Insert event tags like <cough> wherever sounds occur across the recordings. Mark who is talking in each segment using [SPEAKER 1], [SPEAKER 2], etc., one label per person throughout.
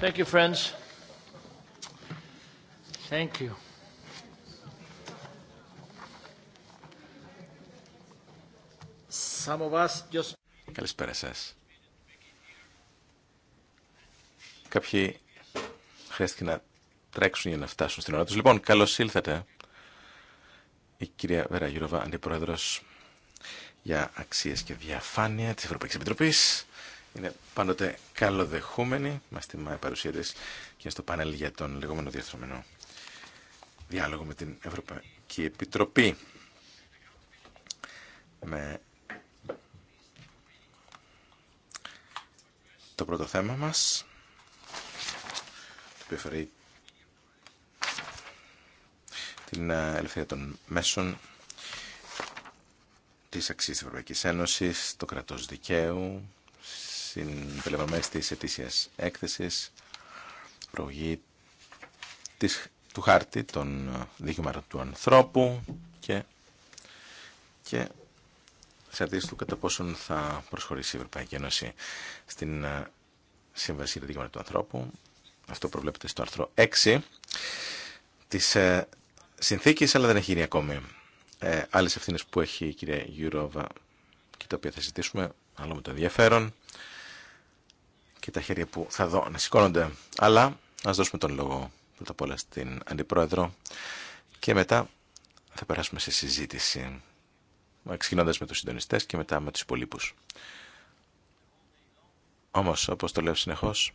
[SPEAKER 1] Thank you, friends.
[SPEAKER 2] Καλησπέρα σας. Κάποιοι χρειάστηκε να τρέξουν για να φτάσουν στην ώρα τους. Λοιπόν, καλώς ήλθατε. Η κυρία Βεραγιουροβά, αντιπρόεδρος για αξίες και διαφάνεια της Ευρωπαϊκής Επιτροπής είναι πάντοτε καλοδεχούμενη. Μας τιμά η παρουσία της και στο πάνελ για τον λεγόμενο διαστρωμένο διάλογο με την Ευρωπαϊκή Επιτροπή. Με το πρώτο θέμα μας, το οποίο αφορεί την ε, ελευθερία των μέσων της αξίας της Ευρωπαϊκής Ένωσης, το κρατός δικαίου, στην περιλαμβανομένη της ετήσιας έκθεσης προηγή της, του χάρτη των δικαιωμάτων του ανθρώπου και, και εξαρτήσει του κατά πόσον θα προσχωρήσει η Ευρωπαϊκή Ένωση στην ε, Σύμβαση για τα του Ανθρώπου. Αυτό προβλέπεται στο άρθρο 6 της ε, συνθήκης, αλλά δεν έχει γίνει ακόμη. Ε, άλλες ευθύνες που έχει η κυρία Γιουρόβα και τα οποία θα συζητήσουμε, άλλο με το ενδιαφέρον, και τα χέρια που θα δω να σηκώνονται. Αλλά ας δώσουμε τον λόγο πρώτα απ' όλα στην Αντιπρόεδρο και μετά θα περάσουμε σε συζήτηση ξεκινώντα με τους συντονιστές και μετά με τους υπολείπους. Όμως, όπως το λέω συνεχώς,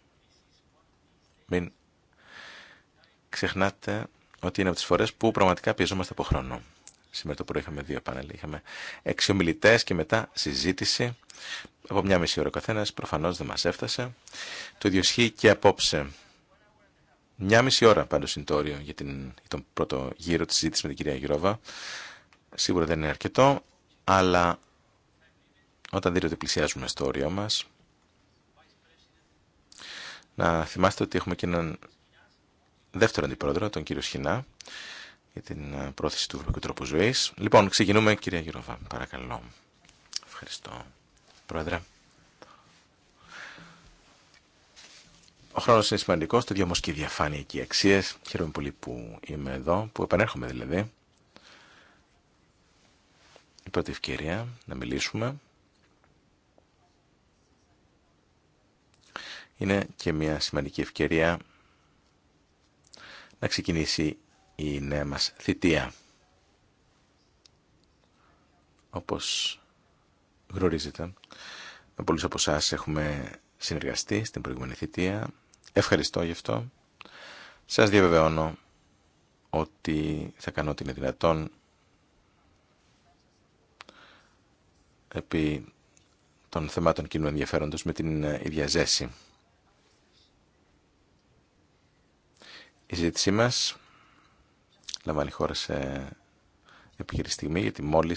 [SPEAKER 2] μην ξεχνάτε ότι είναι από τις φορές που πραγματικά πιεζόμαστε από χρόνο. Σήμερα το πρωί είχαμε δύο πάνελ. Είχαμε έξι ομιλητέ και μετά συζήτηση. Από μια μισή ώρα ο καθένα προφανώ δεν μα έφτασε. Το ίδιο και απόψε. Μια μισή ώρα πάντω είναι το όριο για, την, για τον πρώτο γύρο τη συζήτηση με την κυρία Γιώργα. Σίγουρα δεν είναι αρκετό, αλλά όταν δείτε ότι πλησιάζουμε στο όριό μα, να θυμάστε ότι έχουμε και έναν δεύτερο αντιπρόεδρο, τον κύριο Σχοινά, για την ε, πρόθεση του Ευρωπαϊκού Τρόπου Ζωή. Λοιπόν, ξεκινούμε, κυρία Γιώργα, παρακαλώ. Ευχαριστώ, Πρόεδρε. Ο χρόνο είναι σημαντικό, το ίδιο όμω και η διαφάνεια και οι αξίε. Χαίρομαι πολύ που είμαι εδώ, που επανέρχομαι δηλαδή. Η πρώτη ευκαιρία να μιλήσουμε. Είναι και μια σημαντική ευκαιρία να ξεκινήσει η νέα μας θητεία. Όπως γνωρίζετε, με πολλούς από εσά έχουμε συνεργαστεί στην προηγούμενη θητεία. Ευχαριστώ γι' αυτό. Σας διαβεβαιώνω ότι θα κάνω ό,τι είναι δυνατόν επί των θεμάτων κοινού ενδιαφέροντος με την ίδια ζέση. Η ζήτησή μας λαμβάνει χώρα σε στιγμή γιατί μόλι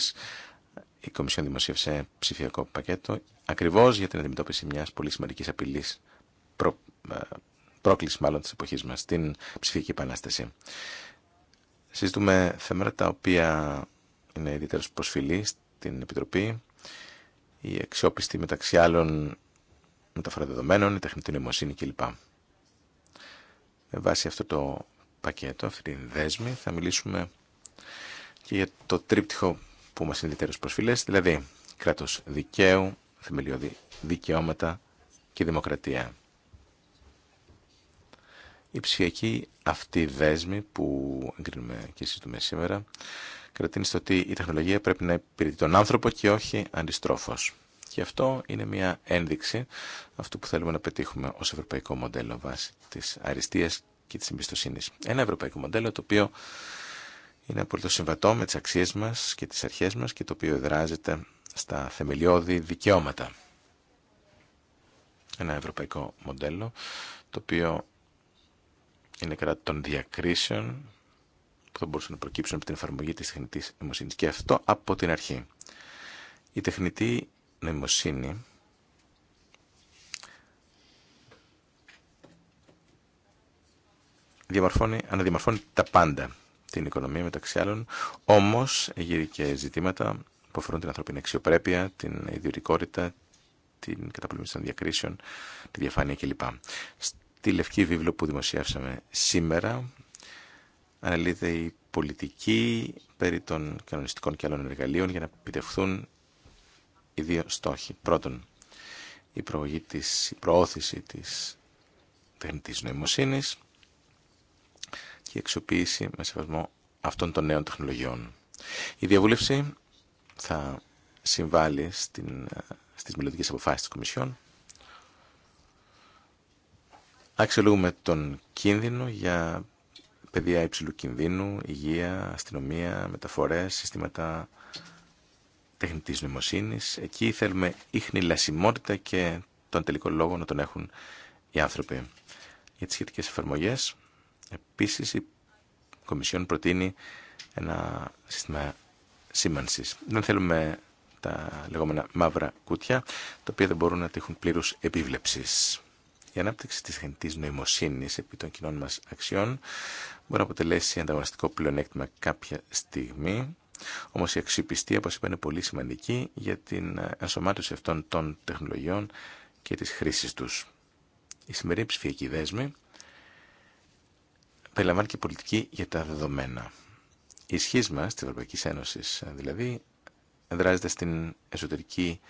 [SPEAKER 2] η Κομισιόν δημοσίευσε ψηφιακό πακέτο Ακριβώ για την αντιμετώπιση μια πολύ σημαντική απειλή, προ, ε, πρόκληση μάλλον τη εποχή μα την ψηφιακή επανάσταση. Συζητούμε θέματα τα οποία είναι ιδιαίτερα προσφυλή στην Επιτροπή, η αξιόπιστη μεταξύ άλλων μεταφορά δεδομένων, η τεχνητή νοημοσύνη κλπ. Με βάση αυτό το πακέτο, αυτή τη δέσμη, θα μιλήσουμε και για το τρίπτυχο που μας είναι ιδιαίτερως προσφυλές, δηλαδή κράτος δικαίου, θεμελιώδη δικαιώματα και δημοκρατία. Η ψηφιακή αυτή δέσμη που εγκρίνουμε και συζητούμε σήμερα κρατείνει στο ότι η τεχνολογία πρέπει να υπηρετεί τον άνθρωπο και όχι αντιστρόφως. Και αυτό είναι μια ένδειξη αυτού που θέλουμε να πετύχουμε ως ευρωπαϊκό μοντέλο βάσει της αριστείας και της εμπιστοσύνη. Ένα ευρωπαϊκό μοντέλο το οποίο είναι απολύτως συμβατό με τις αξίες μας και τις αρχές μας και το οποίο εδράζεται στα θεμελιώδη δικαιώματα. Ένα ευρωπαϊκό μοντέλο το οποίο είναι κατά των διακρίσεων που θα μπορούσαν να προκύψουν από την εφαρμογή της τεχνητής νοημοσύνης και αυτό από την αρχή. Η τεχνητή νοημοσύνη διαμορφώνει, αναδιαμορφώνει τα πάντα την οικονομία μεταξύ άλλων, όμως γύρει και ζητήματα που αφορούν την ανθρωπίνη αξιοπρέπεια, την ιδιωτικότητα, την καταπολέμηση των διακρίσεων, τη διαφάνεια κλπ. Στη λευκή βίβλο που δημοσιεύσαμε σήμερα αναλύεται η πολιτική περί των κανονιστικών και άλλων εργαλείων για να επιτευχθούν οι δύο στόχοι. Πρώτον, η προογή της, η προώθηση της τεχνητής νοημοσύνης και αξιοποίηση με σεβασμό αυτών των νέων τεχνολογιών. Η διαβούλευση θα συμβάλλει στην, ε, στις μελλοντικές αποφάσεις της Κομισιόν. Αξιολογούμε τον κίνδυνο για παιδεία υψηλού κινδύνου, υγεία, αστυνομία, μεταφορές, συστήματα τεχνητής νοημοσύνης. Εκεί θέλουμε ίχνη λασιμότητα και τον τελικό λόγο να τον έχουν οι άνθρωποι. Για τις σχετικές εφαρμογές Επίσης η Κομισιόν προτείνει ένα σύστημα σήμανσης. Δεν θέλουμε τα λεγόμενα μαύρα κούτια, τα οποία δεν μπορούν να τύχουν πλήρους επιβλέψης. Η ανάπτυξη της τεχνητής νοημοσύνης επί των κοινών μας αξιών μπορεί να αποτελέσει ανταγωνιστικό πλεονέκτημα κάποια στιγμή, όμως η αξιοπιστία, όπως είπα, είναι πολύ σημαντική για την ενσωμάτωση αυτών των τεχνολογιών και της χρήσης τους. Η σημερινή ψηφιακή δέσμη περιλαμβάνει και πολιτική για τα δεδομένα. Η ισχύ μα τη Ευρωπαϊκή Ένωση δηλαδή δράζεται στην εσωτερική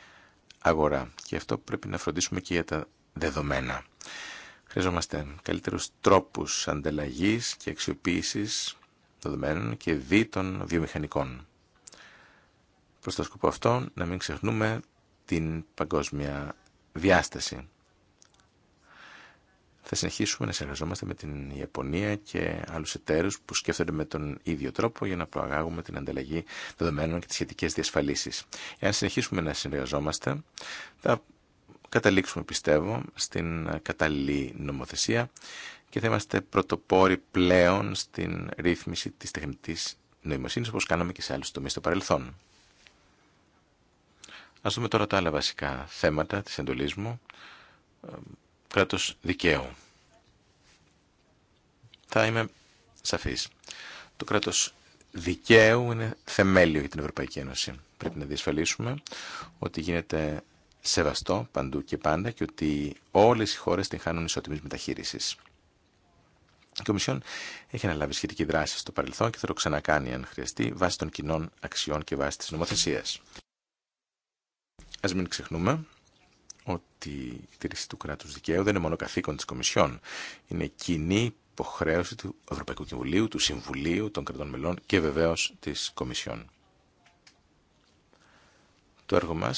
[SPEAKER 2] αγορά και αυτό πρέπει να φροντίσουμε και για τα δεδομένα. Χρειαζόμαστε καλύτερους τρόπους ανταλλαγή και αξιοποίηση δεδομένων και δι των βιομηχανικών. Προ το σκοπό αυτό να μην ξεχνούμε την παγκόσμια διάσταση. Θα συνεχίσουμε να συνεργαζόμαστε με την Ιαπωνία και άλλους εταίρους που σκέφτονται με τον ίδιο τρόπο για να προαγάγουμε την ανταλλαγή δεδομένων και τις σχετικές διασφαλίσεις. Εάν συνεχίσουμε να συνεργαζόμαστε, θα καταλήξουμε, πιστεύω, στην κατάλληλη νομοθεσία και θα είμαστε πρωτοπόροι πλέον στην ρύθμιση της τεχνητής νοημοσύνης, όπως κάναμε και σε άλλους τομείς στο παρελθόν. Ας δούμε τώρα τα άλλα βασικά θέματα της εντολής μου κράτος δικαίου. Θα είμαι σαφής. Το κράτος δικαίου είναι θεμέλιο για την Ευρωπαϊκή Ένωση. Πρέπει να διασφαλίσουμε ότι γίνεται σεβαστό παντού και πάντα και ότι όλες οι χώρες την χάνουν ισότιμης μεταχείρισης. Η Κομισιόν έχει αναλάβει σχετική δράση στο παρελθόν και θα το ξανακάνει αν χρειαστεί βάσει των κοινών αξιών και βάσει της νομοθεσίας. Ας μην ξεχνούμε ότι η τήρηση του κράτου δικαίου δεν είναι μόνο καθήκον της Κομισιόν. Είναι κοινή υποχρέωση του Ευρωπαϊκού Κοινοβουλίου, του Συμβουλίου, των κρατών μελών και βεβαίω της Κομισιόν. Το έργο μα.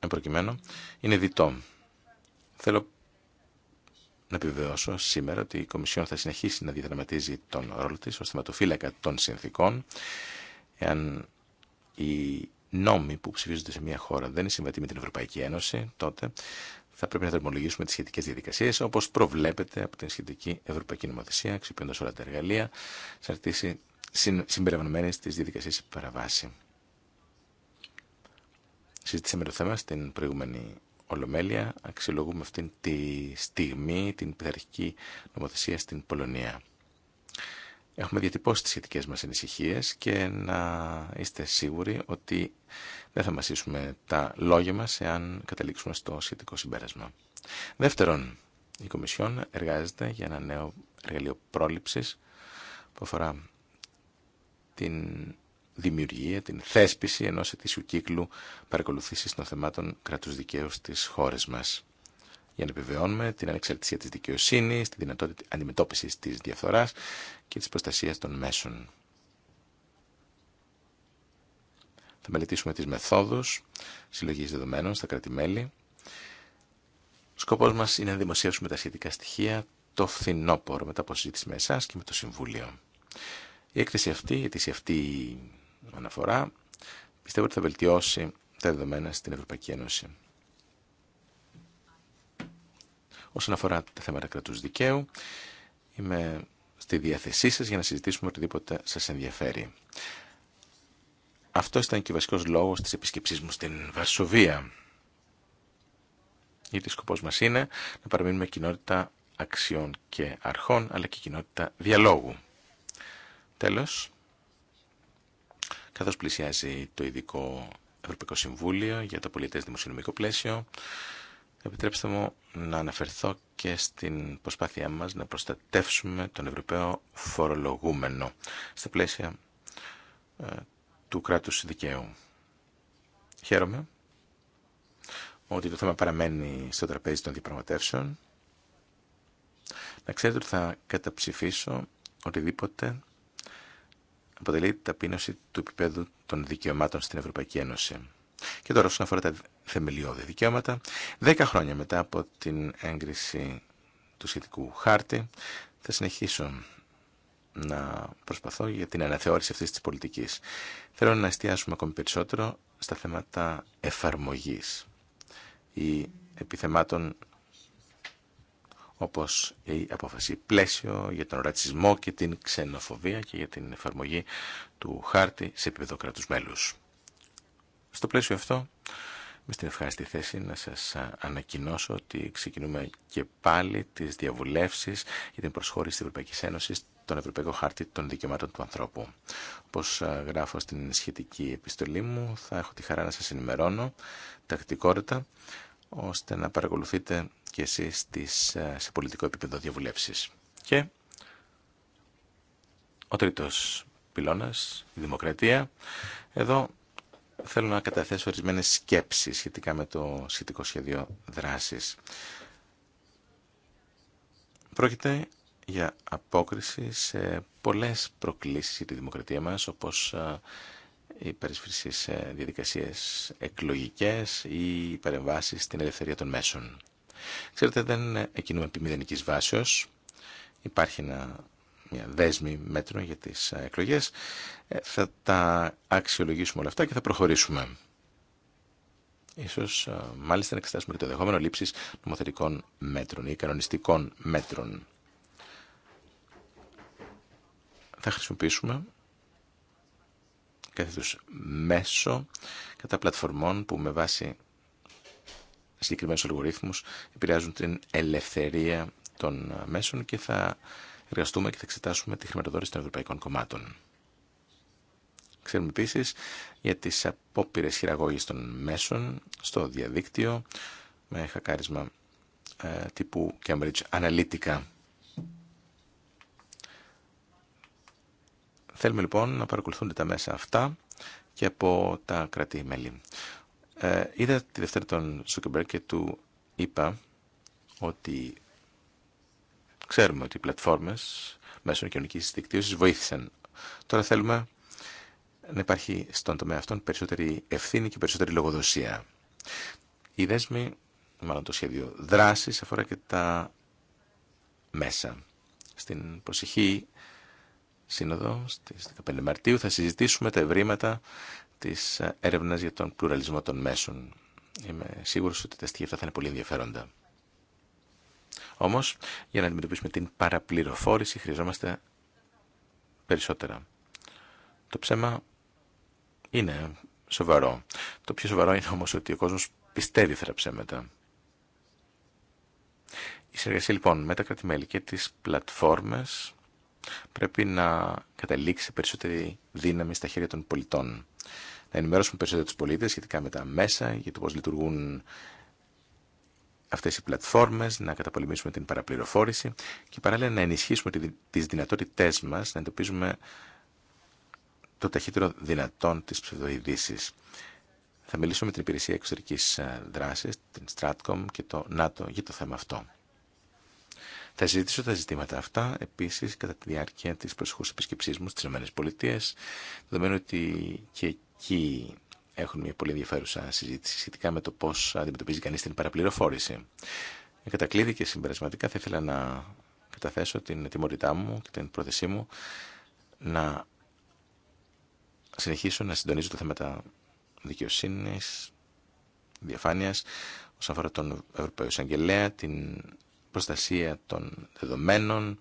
[SPEAKER 2] εν είναι διτό. Θέλω να επιβεβαιώσω σήμερα ότι η Κομισιόν θα συνεχίσει να διαδραματίζει τον ρόλο της ως θεματοφύλακα των συνθήκων, εάν η νόμοι που ψηφίζονται σε μια χώρα δεν είναι συμβατοί με την Ευρωπαϊκή Ένωση, τότε θα πρέπει να δρομολογήσουμε τι σχετικέ διαδικασίε όπω προβλέπεται από την σχετική Ευρωπαϊκή Νομοθεσία, αξιοποιώντα όλα τα εργαλεία, σαρτήσει συμπεριλαμβανομένε τι διαδικασίε παραβάση. Συζήτησαμε το θέμα στην προηγούμενη Ολομέλεια. Αξιολογούμε αυτή τη στιγμή την πειθαρχική νομοθεσία στην Πολωνία. Έχουμε διατυπώσει τις σχετικές μας ανησυχίες και να είστε σίγουροι ότι δεν θα μασίσουμε τα λόγια μας εάν καταλήξουμε στο σχετικό συμπέρασμα. Δεύτερον, η Κομισιόν εργάζεται για ένα νέο εργαλείο πρόληψης που αφορά την δημιουργία, την θέσπιση ενός ετήσιου κύκλου παρακολουθήσεις των θεμάτων κρατούς δικαίου στις χώρες μας για να επιβεβαιώνουμε την ανεξαρτησία της δικαιοσύνης, τη δυνατότητα αντιμετώπισης της διαφθοράς και της προστασίας των μέσων. Θα μελετήσουμε τις μεθόδους συλλογής δεδομένων στα κράτη-μέλη. Σκοπός μας είναι να δημοσιεύσουμε τα σχετικά στοιχεία το φθινόπωρο μετά από συζήτηση με εσάς και με το Συμβούλιο. Η έκθεση αυτή, η αίτηση αυτή αναφορά, πιστεύω ότι θα βελτιώσει τα δεδομένα στην Ευρωπαϊκή Ένωση. Όσον αφορά τα θέματα κρατού δικαίου, είμαι στη διάθεσή σα για να συζητήσουμε οτιδήποτε σα ενδιαφέρει. Αυτό ήταν και ο βασικό λόγο της επισκεψή μου στην Βαρσοβία. Γιατί σκοπό μα είναι να παραμείνουμε κοινότητα αξιών και αρχών, αλλά και κοινότητα διαλόγου. Τέλος, καθώ πλησιάζει το ειδικό Ευρωπαϊκό Συμβούλιο για το πολιτέ δημοσιονομικό πλαίσιο, Επιτρέψτε μου να αναφερθώ και στην προσπάθειά μας να προστατεύσουμε τον Ευρωπαίο φορολογούμενο στα πλαίσια ε, του κράτους δικαίου. Χαίρομαι ότι το θέμα παραμένει στο τραπέζι των διαπραγματεύσεων. Να ξέρετε ότι θα καταψηφίσω οτιδήποτε αποτελεί ταπείνωση του επίπεδου των δικαιωμάτων στην Ευρωπαϊκή Ένωση. Και τώρα όσον αφορά τα θεμελιώδη δικαιώματα. Δέκα χρόνια μετά από την έγκριση του σχετικού χάρτη θα συνεχίσω να προσπαθώ για την αναθεώρηση αυτής της πολιτικής. Θέλω να εστιάσουμε ακόμη περισσότερο στα θέματα εφαρμογής ή επιθεμάτων όπως η απόφαση πλαίσιο για τον ρατσισμό και την ξενοφοβία και για την εφαρμογή του χάρτη σε επίπεδο κράτους μέλους. Στο πλαίσιο αυτό είμαι στην ευχάριστη θέση να σας ανακοινώσω ότι ξεκινούμε και πάλι τις διαβουλεύσεις για την προσχώρηση της Ευρωπαϊκής Ένωσης τον Ευρωπαϊκό Χάρτη των Δικαιωμάτων του Ανθρώπου. Όπω γράφω στην σχετική επιστολή μου, θα έχω τη χαρά να σας ενημερώνω τακτικότητα, ώστε να παρακολουθείτε και εσείς σε πολιτικό επίπεδο διαβουλεύσεις. Και ο τρίτο πυλώνας, η δημοκρατία. Εδώ θέλω να καταθέσω ορισμένε σκέψει σχετικά με το σχετικό σχέδιο δράσης. Πρόκειται για απόκριση σε πολλές προκλήσεις για τη δημοκρατία μας, όπως οι περισφυρσίε σε διαδικασίες εκλογικές ή οι παρεμβάσει στην ελευθερία των μέσων. Ξέρετε, δεν κινούμε επί μηδενική βάσεως. Υπάρχει ένα μια δέσμη μέτρων για τις ε, εκλογές. Ε, θα τα αξιολογήσουμε όλα αυτά και θα προχωρήσουμε. Ίσως ε, μάλιστα να εξετάσουμε και το δεχόμενο λήψης νομοθετικών μέτρων ή κανονιστικών μέτρων. Θα χρησιμοποιήσουμε κάθε τους μέσο κατά πλατφορμών που με βάση συγκεκριμένους αλγορίθμους επηρεάζουν την ελευθερία των μέσων και θα εργαστούμε και θα εξετάσουμε τη χρηματοδότηση των ευρωπαϊκών κομμάτων. Ξέρουμε επίση για τι απόπειρε χειραγώγηση των μέσων στο διαδίκτυο με χακάρισμα ε, τύπου Cambridge Analytica. Θέλουμε λοιπόν να παρακολουθούνται τα μέσα αυτά και από τα κράτη-μέλη. Ε, είδα τη Δευτέρα τον Σούκεμπερ και του είπα ότι Ξέρουμε ότι οι πλατφόρμες μέσω κοινωνική δικτύωσης βοήθησαν. Τώρα θέλουμε να υπάρχει στον τομέα αυτών περισσότερη ευθύνη και περισσότερη λογοδοσία. Η δέσμη, μάλλον το σχέδιο δράση αφορά και τα μέσα. Στην προσεχή σύνοδο στις 15 Μαρτίου θα συζητήσουμε τα ευρήματα της έρευνας για τον πλουραλισμό των μέσων. Είμαι σίγουρος ότι τα στοιχεία αυτά θα είναι πολύ ενδιαφέροντα. Όμω, για να αντιμετωπίσουμε την παραπληροφόρηση χρειαζόμαστε περισσότερα. Το ψέμα είναι σοβαρό. Το πιο σοβαρό είναι όμω ότι ο κόσμος πιστεύει αυτά ψέματα. Η συνεργασία λοιπόν με τα κρατημέλη και τις πλατφόρμες πρέπει να καταλήξει περισσότερη δύναμη στα χέρια των πολιτών. Να ενημερώσουμε περισσότερο του πολίτε σχετικά με τα μέσα, για το πώ λειτουργούν αυτές οι πλατφόρμες, να καταπολεμήσουμε την παραπληροφόρηση και παράλληλα να ενισχύσουμε τις δυνατότητές μας να εντοπίζουμε το ταχύτερο δυνατόν τις ψευδοειδήσεις. Θα μιλήσω με την Υπηρεσία Εξωτερικής ε, Δράσης, την Stratcom και το ΝΑΤΟ για το θέμα αυτό. Θα συζητήσω τα ζητήματα αυτά επίσης κατά τη διάρκεια της προσεχού επισκεψή μου στι ΗΠΑ, δεδομένου ότι και εκεί έχουν μια πολύ ενδιαφέρουσα συζήτηση σχετικά με το πώ αντιμετωπίζει κανεί την παραπληροφόρηση. Ε, Κατακλείδη και συμπερασματικά θα ήθελα να καταθέσω την ετοιμότητά μου και την πρόθεσή μου να συνεχίσω να συντονίζω τα θέματα δικαιοσύνη, διαφάνεια, όσον αφορά τον Ευρωπαϊκό Εισαγγελέα, την προστασία των δεδομένων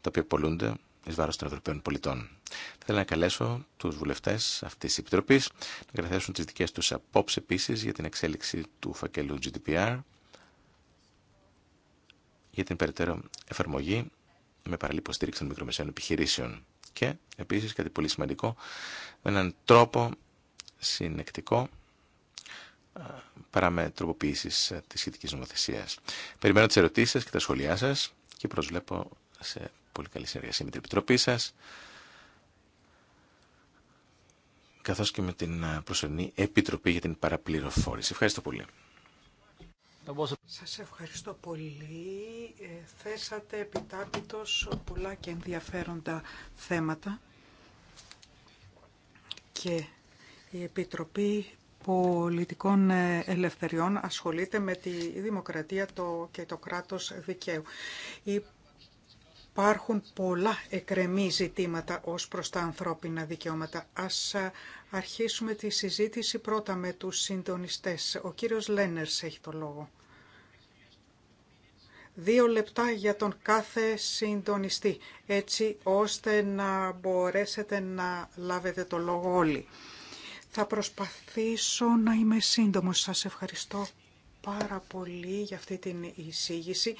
[SPEAKER 2] τα οποία πολλούνται ει βάρο των Ευρωπαίων πολιτών. Θα ήθελα να καλέσω του βουλευτέ αυτή τη επιτροπή να καταθέσουν τι δικέ του απόψει επίση για την εξέλιξη του φακελού GDPR για την περαιτέρω εφαρμογή με παραλή υποστήριξη των μικρομεσαίων επιχειρήσεων και επίση κάτι πολύ σημαντικό με έναν τρόπο συνεκτικό παρά με τροποποίηση τη σχετική νομοθεσία. Περιμένω τι ερωτήσει και τα σχόλιά σα και προσβλέπω σε πολύ καλή συνεργασία με την Επιτροπή σας καθώς και με την ε, προσωρινή Επιτροπή για την παραπληροφόρηση. Ευχαριστώ πολύ.
[SPEAKER 3] Σας ευχαριστώ πολύ. Ε, θέσατε επιτάπητος πολλά και ενδιαφέροντα θέματα και η Επιτροπή Πολιτικών ε, Ελευθεριών ασχολείται με τη δημοκρατία το, και το κράτος δικαίου. Η Υπάρχουν πολλά εκρεμή ζητήματα ως προς τα ανθρώπινα δικαιώματα. Ας αρχίσουμε τη συζήτηση πρώτα με τους συντονιστές. Ο κύριος Λένερς έχει το λόγο. Δύο λεπτά για τον κάθε συντονιστή, έτσι ώστε να μπορέσετε να λάβετε το λόγο όλοι. Θα προσπαθήσω να είμαι σύντομος. Σας ευχαριστώ πάρα πολύ για αυτή την εισήγηση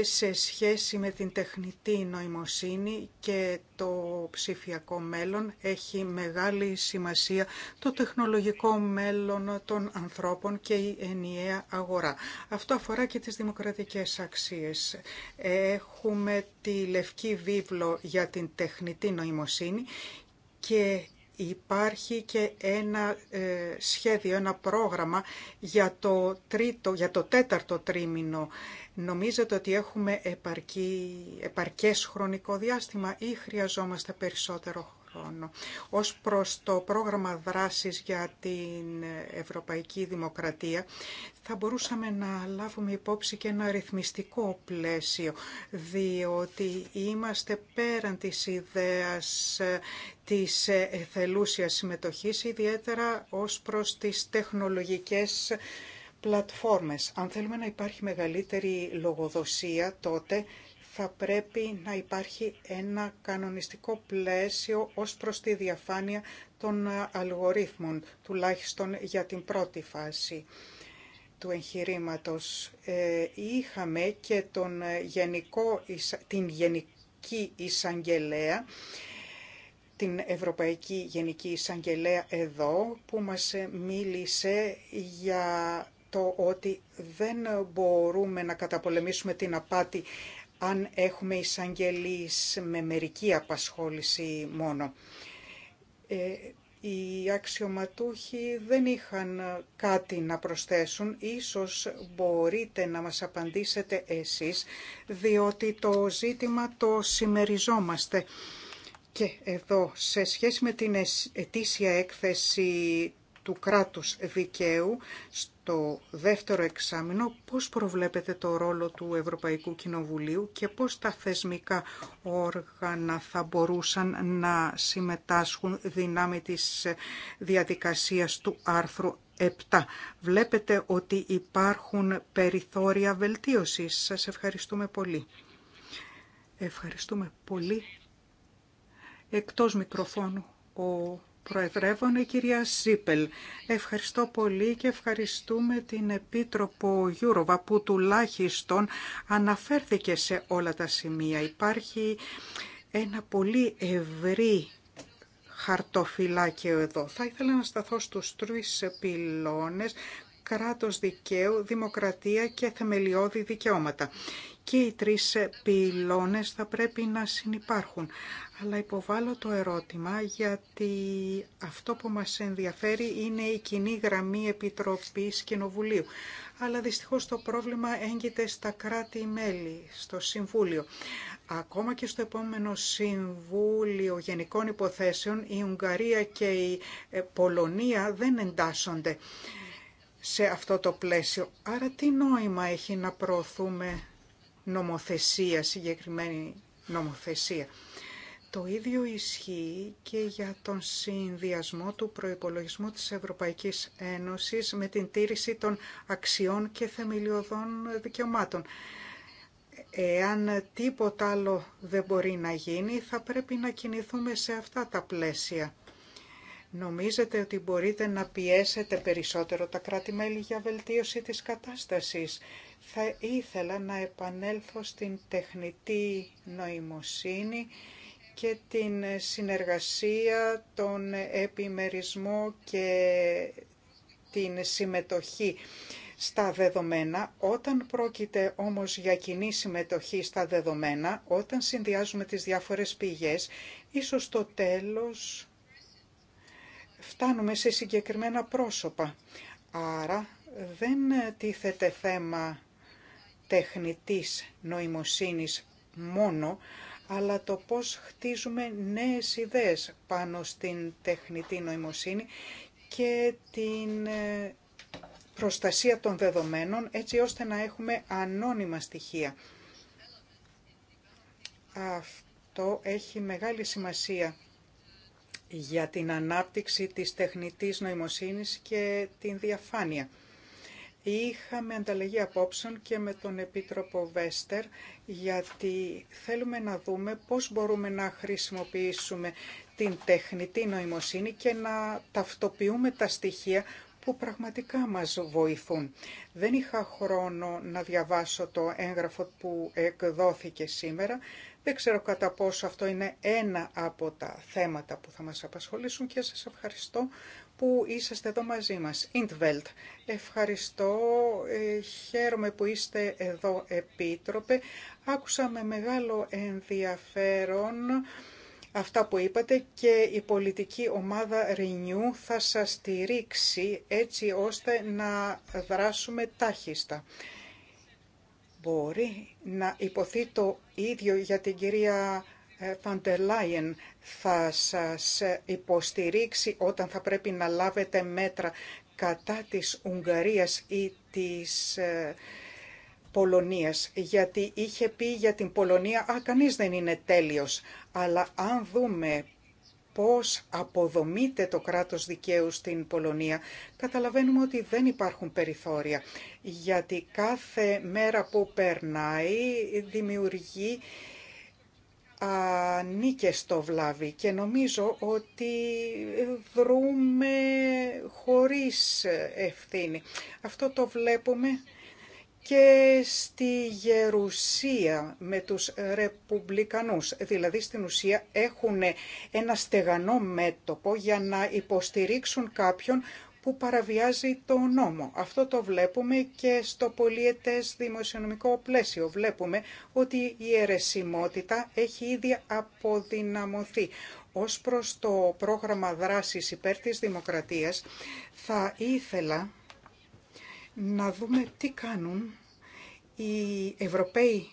[SPEAKER 3] σε σχέση με την τεχνητή νοημοσύνη και το ψηφιακό μέλλον. Έχει μεγάλη σημασία το τεχνολογικό μέλλον των ανθρώπων και η ενιαία αγορά. Αυτό αφορά και τις δημοκρατικές αξίες. Έχουμε τη Λευκή Βίβλο για την τεχνητή νοημοσύνη και υπάρχει και ένα ε, σχέδιο, ένα πρόγραμμα για το, τρίτο, για το τέταρτο τρίμηνο. Νομίζετε ότι έχουμε επαρκή, επαρκές χρονικό διάστημα ή χρειαζόμαστε περισσότερο χρόνο χρόνο. Ως προς το πρόγραμμα δράσης για την Ευρωπαϊκή Δημοκρατία, θα μπορούσαμε να λάβουμε υπόψη και ένα ρυθμιστικό πλαίσιο, διότι είμαστε πέραν της ιδέας ε, της ε, θελούσιας συμμετοχής, ιδιαίτερα ως προς τις τεχνολογικές πλατφόρμες. Αν θέλουμε να υπάρχει μεγαλύτερη λογοδοσία, τότε θα πρέπει να υπάρχει ένα κανονιστικό πλαίσιο ως προς τη διαφάνεια των αλγορίθμων, τουλάχιστον για την πρώτη φάση του εγχειρήματος. Ε, είχαμε και τον γενικό, την Γενική Εισαγγελέα, την Ευρωπαϊκή Γενική Εισαγγελέα εδώ, που μας μίλησε για το ότι δεν μπορούμε να καταπολεμήσουμε την απάτη αν έχουμε εισαγγελείς με μερική απασχόληση μόνο. Ε, οι αξιωματούχοι δεν είχαν κάτι να προσθέσουν. Ίσως μπορείτε να μας απαντήσετε εσείς, διότι το ζήτημα το σημεριζόμαστε. Και εδώ, σε σχέση με την ετήσια έκθεση του κράτους δικαίου στο δεύτερο εξάμεινο, πώς προβλέπετε το ρόλο του Ευρωπαϊκού Κοινοβουλίου και πώς τα θεσμικά όργανα θα μπορούσαν να συμμετάσχουν δυνάμει της διαδικασίας του άρθρου 7. Βλέπετε ότι υπάρχουν περιθώρια βελτίωσης. Σας ευχαριστούμε πολύ. Ευχαριστούμε πολύ. Εκτός μικροφώνου ο Προεδρεύων, κυρία Σίπελ. Ευχαριστώ πολύ και ευχαριστούμε την Επίτροπο Γιούροβα που τουλάχιστον αναφέρθηκε σε όλα τα σημεία. Υπάρχει ένα πολύ ευρύ χαρτοφυλάκιο εδώ. Θα ήθελα να σταθώ στους τρεις πυλώνες κράτος δικαίου, δημοκρατία και θεμελιώδη δικαιώματα και οι τρεις ε, πυλώνες θα πρέπει να συνυπάρχουν. Αλλά υποβάλλω το ερώτημα γιατί αυτό που μας ενδιαφέρει είναι η κοινή γραμμή Επιτροπής Κοινοβουλίου. Αλλά δυστυχώς το πρόβλημα έγκυται στα κράτη-μέλη, στο Συμβούλιο. Ακόμα και στο επόμενο Συμβούλιο Γενικών Υποθέσεων η Ουγγαρία και η ε, Πολωνία δεν εντάσσονται σε αυτό το πλαίσιο. Άρα τι νόημα έχει να προωθούμε νομοθεσία, συγκεκριμένη νομοθεσία. Το ίδιο ισχύει και για τον συνδυασμό του προϋπολογισμού της Ευρωπαϊκής Ένωσης με την τήρηση των αξιών και θεμελιωδών δικαιωμάτων. Εάν τίποτα άλλο δεν μπορεί να γίνει, θα πρέπει να κινηθούμε σε αυτά τα πλαίσια. Νομίζετε ότι μπορείτε να πιέσετε περισσότερο τα κράτη-μέλη για βελτίωση της κατάστασης θα ήθελα να επανέλθω στην τεχνητή νοημοσύνη και την συνεργασία, τον επιμερισμό και την συμμετοχή στα δεδομένα. Όταν πρόκειται όμως για κοινή συμμετοχή στα δεδομένα, όταν συνδυάζουμε τις διάφορες πηγές, ίσως το τέλος φτάνουμε σε συγκεκριμένα πρόσωπα. Άρα δεν τίθεται θέμα τεχνητής νοημοσύνης μόνο, αλλά το πώς χτίζουμε νέες ιδέες πάνω στην τεχνητή νοημοσύνη και την ε, προστασία των δεδομένων έτσι ώστε να έχουμε ανώνυμα στοιχεία. Αυτό έχει μεγάλη σημασία για την ανάπτυξη της τεχνητής νοημοσύνης και την διαφάνεια. Είχαμε ανταλλαγή απόψεων και με τον Επίτροπο Βέστερ γιατί θέλουμε να δούμε πώς μπορούμε να χρησιμοποιήσουμε την τεχνητή νοημοσύνη και να ταυτοποιούμε τα στοιχεία που πραγματικά μας βοηθούν. Δεν είχα χρόνο να διαβάσω το έγγραφο που εκδόθηκε σήμερα. Δεν ξέρω κατά πόσο αυτό είναι ένα από τα θέματα που θα μας απασχολήσουν και σας ευχαριστώ που είσαστε εδώ μαζί μας. Ιντβέλτ, ευχαριστώ, ε, χαίρομαι που είστε εδώ Επίτροπε. Άκουσα με μεγάλο ενδιαφέρον αυτά που είπατε και η πολιτική ομάδα Renew θα σας στηρίξει έτσι ώστε να δράσουμε τάχιστα. Μπορεί να υποθεί το ίδιο για την κυρία Φαντελάιεν ε, θα σας υποστηρίξει όταν θα πρέπει να λάβετε μέτρα κατά της Ουγγαρίας ή της ε, Πολωνίας, γιατί είχε πει για την Πολωνία «Α, κανείς δεν είναι τέλειος». Αλλά αν δούμε πώς αποδομείται το κράτος δικαίου στην Πολωνία, καταλαβαίνουμε ότι δεν υπάρχουν περιθώρια, γιατί κάθε μέρα που περνάει δημιουργεί ανήκε στο βλάβη και νομίζω ότι δρούμε χωρίς ευθύνη. Αυτό το βλέπουμε και στη Γερουσία με τους Ρεπουμπλικανούς. Δηλαδή στην ουσία έχουν ένα στεγανό μέτωπο για να υποστηρίξουν κάποιον που παραβιάζει το νόμο. Αυτό το βλέπουμε και στο πολιετές δημοσιονομικό πλαίσιο. Βλέπουμε ότι η αιρεσιμότητα έχει ήδη αποδυναμωθεί. Ως προς το πρόγραμμα δράσης υπέρ της δημοκρατίας θα ήθελα να δούμε τι κάνουν οι Ευρωπαίοι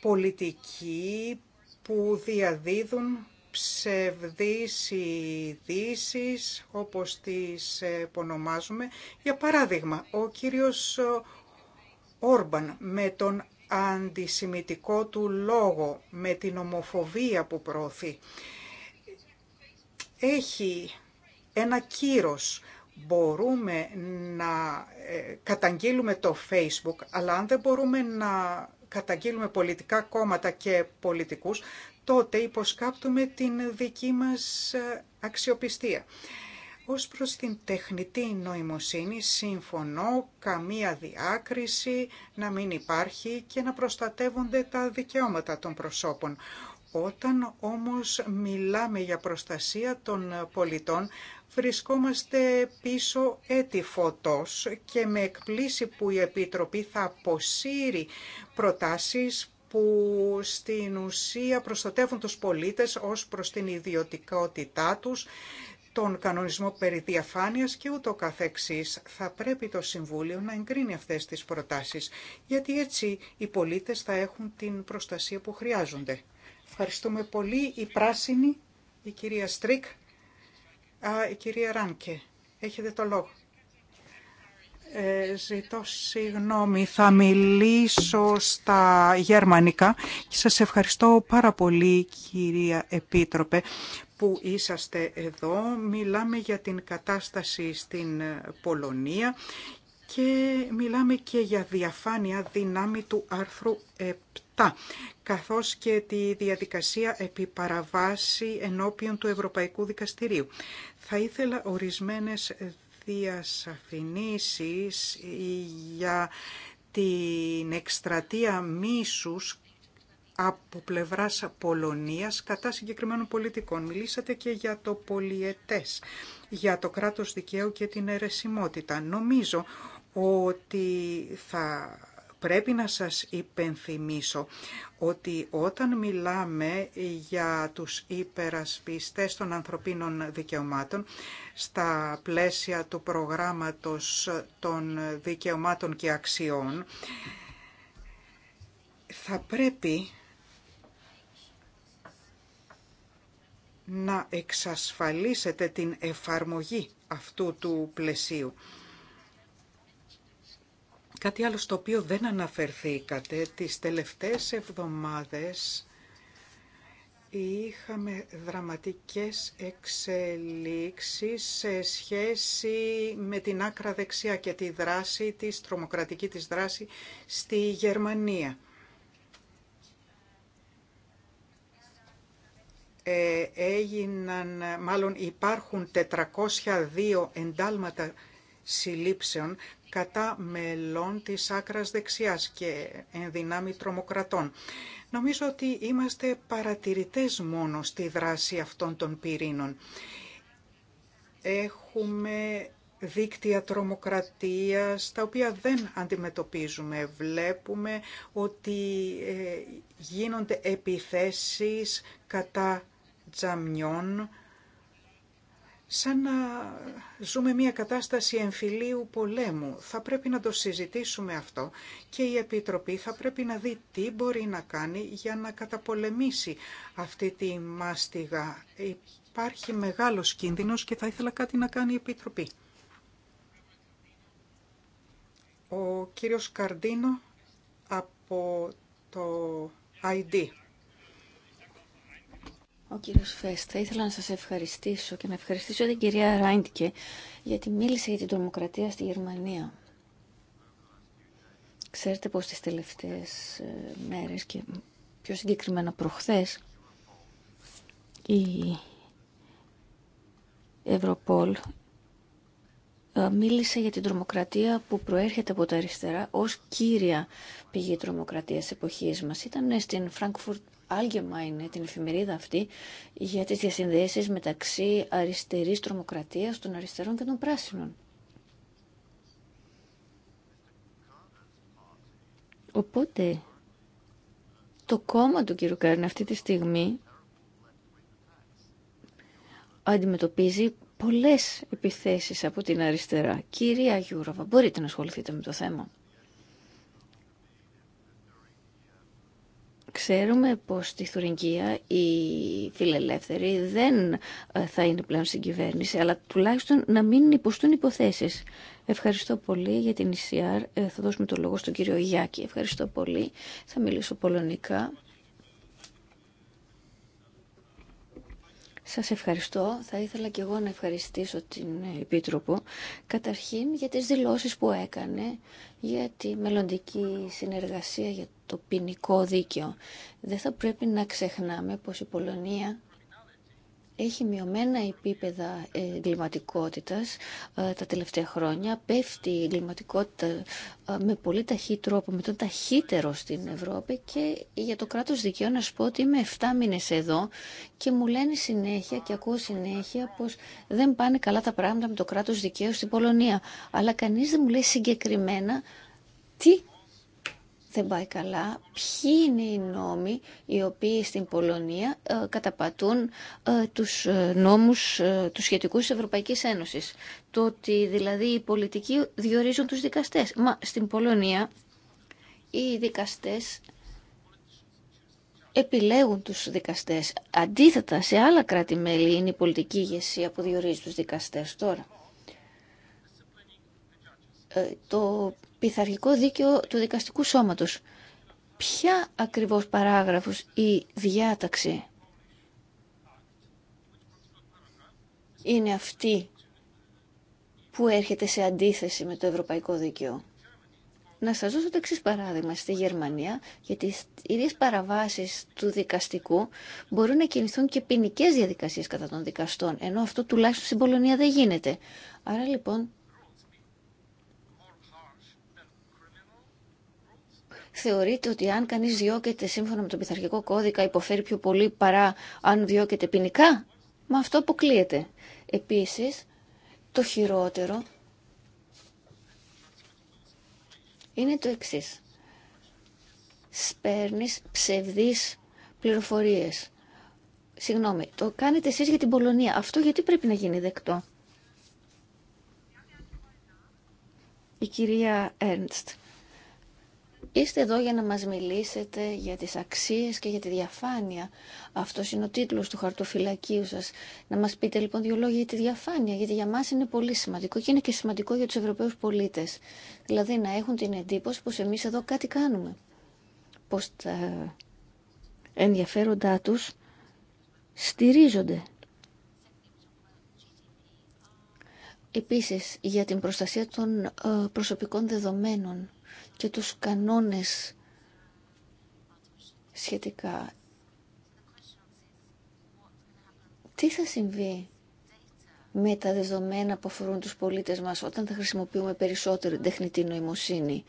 [SPEAKER 3] πολιτικοί που διαδίδουν ψευδείς ειδήσει, όπως τις επωνομάζουμε. Για παράδειγμα, ο κύριος Όρμπαν με τον αντισημιτικό του λόγο, με την ομοφοβία που προωθεί, έχει ένα κύρος. Μπορούμε να ε, καταγγείλουμε το Facebook, αλλά αν δεν μπορούμε να καταγγείλουμε πολιτικά κόμματα και πολιτικούς, τότε υποσκάπτουμε την δική μας ε, αξιοπιστία. Ως προς την τεχνητή νοημοσύνη, συμφωνώ, καμία διάκριση να μην υπάρχει και να προστατεύονται τα δικαιώματα των προσώπων. Όταν όμως μιλάμε για προστασία των πολιτών, βρισκόμαστε πίσω έτη φωτός και με εκπλήσι που η Επιτροπή θα αποσύρει προτάσεις που στην ουσία προστατεύουν τους πολίτες ως προς την ιδιωτικότητά τους, τον κανονισμό περί διαφάνειας και ούτω καθεξής. Θα πρέπει το Συμβούλιο να εγκρίνει αυτές τις προτάσεις, γιατί έτσι οι πολίτες θα έχουν την προστασία που χρειάζονται. Ευχαριστούμε πολύ. Η πράσινη, η κυρία Στρίκ, η κυρία Ράνκε. Έχετε το λόγο. Ε, ζητώ συγγνώμη, θα μιλήσω στα γερμανικά και σας ευχαριστώ πάρα πολύ κυρία Επίτροπε που είσαστε εδώ. Μιλάμε για την κατάσταση στην Πολωνία και μιλάμε και για διαφάνεια δυνάμει του άρθρου 7 καθώς και τη διαδικασία επί παραβάση ενώπιον του Ευρωπαϊκού Δικαστηρίου. Θα ήθελα ορισμένες διασαφηνίσεις για την εκστρατεία μίσους από πλευράς Πολωνίας κατά συγκεκριμένων πολιτικών. Μιλήσατε και για το πολιετές, για το κράτος δικαίου και την αιρεσιμότητα. Νομίζω ότι θα Πρέπει να σας υπενθυμίσω ότι όταν μιλάμε για τους υπερασπιστές των ανθρωπίνων δικαιωμάτων στα πλαίσια του προγράμματος των δικαιωμάτων και αξιών, θα πρέπει να εξασφαλίσετε την εφαρμογή αυτού του πλαισίου. Κάτι άλλο στο οποίο δεν αναφερθήκατε, τις τελευταίες εβδομάδες είχαμε δραματικές εξελίξεις σε σχέση με την άκρα δεξιά και τη δράση της, τρομοκρατική της δράση στη Γερμανία. Ε, έγιναν, μάλλον υπάρχουν 402 εντάλματα συλλήψεων κατά μελών της άκρας δεξιάς και δυνάμει τρομοκρατών. Νομίζω ότι είμαστε παρατηρητές μόνο στη δράση αυτών των πυρήνων. Έχουμε δίκτυα τρομοκρατίας, τα οποία δεν αντιμετωπίζουμε. Βλέπουμε ότι ε, γίνονται επιθέσεις κατά τζαμιών, σαν να ζούμε μια κατάσταση εμφυλίου πολέμου. Θα πρέπει να το συζητήσουμε αυτό και η Επιτροπή θα πρέπει να δει τι μπορεί να κάνει για να καταπολεμήσει αυτή τη μάστιγα. Υπάρχει μεγάλος κίνδυνος και θα ήθελα κάτι να κάνει η Επιτροπή. Ο κύριος Καρντίνο από το ID.
[SPEAKER 4] Ο κύριος Φέστα, ήθελα να σας ευχαριστήσω και να ευχαριστήσω την κυρία Ράιντκε γιατί μίλησε για την τρομοκρατία στη Γερμανία. Ξέρετε πως τις τελευταίες ε, μέρες και πιο συγκεκριμένα προχθές η Ευρωπόλ ε, μίλησε για την τρομοκρατία που προέρχεται από τα αριστερά ως κύρια πηγή τρομοκρατίας εποχής μας. Ήταν στην Frankfurt είναι την εφημερίδα αυτή, για τις διασυνδέσεις μεταξύ αριστερής τρομοκρατίας, των αριστερών και των πράσινων. Οπότε, το κόμμα του κ. Κάρν αυτή τη στιγμή αντιμετωπίζει πολλές επιθέσεις από την αριστερά. Κυρία Γιούροβα, μπορείτε να ασχοληθείτε με το θέμα. Ξέρουμε πως στη Θουρυγγία οι φιλελεύθεροι δεν ε, θα είναι πλέον στην κυβέρνηση, αλλά τουλάχιστον να μην υποστούν υποθέσεις. Ευχαριστώ πολύ για την ECR. Ε, θα δώσουμε το λόγο στον κύριο Γιάκη. Ευχαριστώ πολύ. Θα μιλήσω πολωνικά. Σας ευχαριστώ. Θα ήθελα και εγώ να ευχαριστήσω την Επίτροπο καταρχήν για τις δηλώσεις που έκανε για τη μελλοντική συνεργασία για το ποινικό δίκαιο. Δεν θα πρέπει να ξεχνάμε πως η Πολωνία έχει μειωμένα επίπεδα εγκληματικότητα ε, τα τελευταία χρόνια. Πέφτει η εγκληματικότητα ε, με πολύ ταχύ τρόπο, με τον ταχύτερο στην Ευρώπη και για το κράτος δικαίου να σου πω ότι είμαι 7 μήνες εδώ και μου λένε συνέχεια και ακούω συνέχεια πως δεν πάνε καλά τα πράγματα με το κράτος δικαίου στην Πολωνία. Αλλά κανείς δεν μου λέει συγκεκριμένα τι δεν πάει καλά, ποιοι είναι οι νόμοι οι οποίοι στην Πολωνία ε, καταπατούν ε, τους ε, νόμους τους σχετικούς της Ευρωπαϊκής Ένωσης. Το ότι δηλαδή οι πολιτικοί διορίζουν τους δικαστές. Μα στην Πολωνία οι δικαστές επιλέγουν τους δικαστές. Αντίθετα, σε άλλα κράτη-μέλη είναι η πολιτική ηγεσία που διορίζει τους δικαστές τώρα. Ε, το πειθαρχικό δίκαιο του δικαστικού σώματος. Ποια ακριβώς παράγραφος ή διάταξη είναι αυτή που έρχεται σε αντίθεση με το ευρωπαϊκό δίκαιο. Να σας δώσω το εξή παράδειγμα. Στη Γερμανία, γιατί οι ίδιες παραβάσεις του δικαστικού μπορούν να κινηθούν και ποινικέ διαδικασίες κατά των δικαστών, ενώ αυτό τουλάχιστον στην Πολωνία δεν γίνεται. Άρα λοιπόν θεωρείται ότι αν κανείς διώκεται σύμφωνα με τον πειθαρχικό κώδικα υποφέρει πιο πολύ παρά αν διώκεται ποινικά. Μα αυτό αποκλείεται. Επίσης, το χειρότερο είναι το εξής. Σπέρνεις ψευδείς πληροφορίες. Συγγνώμη, το κάνετε εσείς για την Πολωνία. Αυτό γιατί πρέπει να γίνει δεκτό. Η κυρία Έρνστ. Είστε εδώ για να μας μιλήσετε για τις αξίες και για τη διαφάνεια. Αυτός είναι ο τίτλος του χαρτοφυλακίου σας. Να μας πείτε λοιπόν δύο λόγια για τη διαφάνεια, γιατί για μας είναι πολύ σημαντικό και είναι και σημαντικό για τους Ευρωπαίους πολίτες. Δηλαδή να έχουν την εντύπωση πως εμείς εδώ κάτι κάνουμε. Πως τα ενδιαφέροντά τους στηρίζονται. Επίσης, για την προστασία των ε, προσωπικών δεδομένων και τους κανόνες σχετικά. Τι θα συμβεί με τα δεδομένα που αφορούν τους πολίτες μας όταν θα χρησιμοποιούμε περισσότερη τεχνητή νοημοσύνη.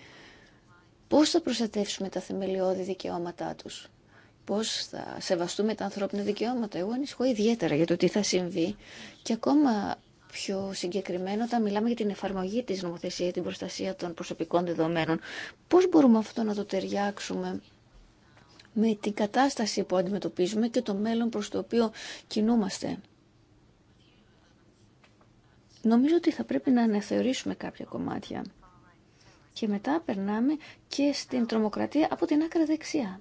[SPEAKER 4] Πώς θα προστατεύσουμε τα θεμελιώδη δικαιώματά τους. Πώς θα σεβαστούμε τα ανθρώπινα δικαιώματα. Εγώ ανησυχώ ιδιαίτερα για το τι θα συμβεί και ακόμα πιο συγκεκριμένο όταν μιλάμε για την εφαρμογή της νομοθεσίας για την προστασία των προσωπικών δεδομένων. Πώς μπορούμε αυτό να το ταιριάξουμε με την κατάσταση που αντιμετωπίζουμε και το μέλλον προς το οποίο κινούμαστε. Νομίζω ότι θα πρέπει να αναθεωρήσουμε κάποια κομμάτια. Και μετά περνάμε και στην τρομοκρατία από την άκρα δεξιά.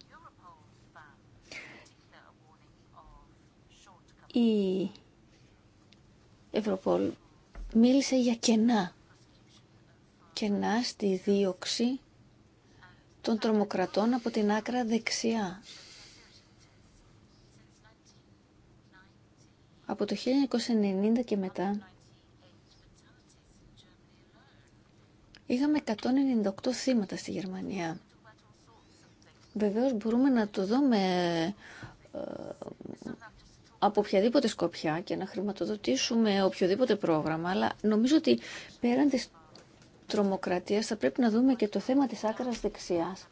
[SPEAKER 4] Ευρωπόλ μίλησε για κενά. Κενά στη δίωξη των τρομοκρατών από την άκρα δεξιά. Από το 1990 και μετά είχαμε 198 θύματα στη Γερμανία. Βεβαίως μπορούμε να το δούμε ε, από οποιαδήποτε σκοπιά και να χρηματοδοτήσουμε οποιοδήποτε πρόγραμμα, αλλά νομίζω ότι πέραν της τρομοκρατίας θα πρέπει να δούμε και το θέμα της άκρας δεξιάς.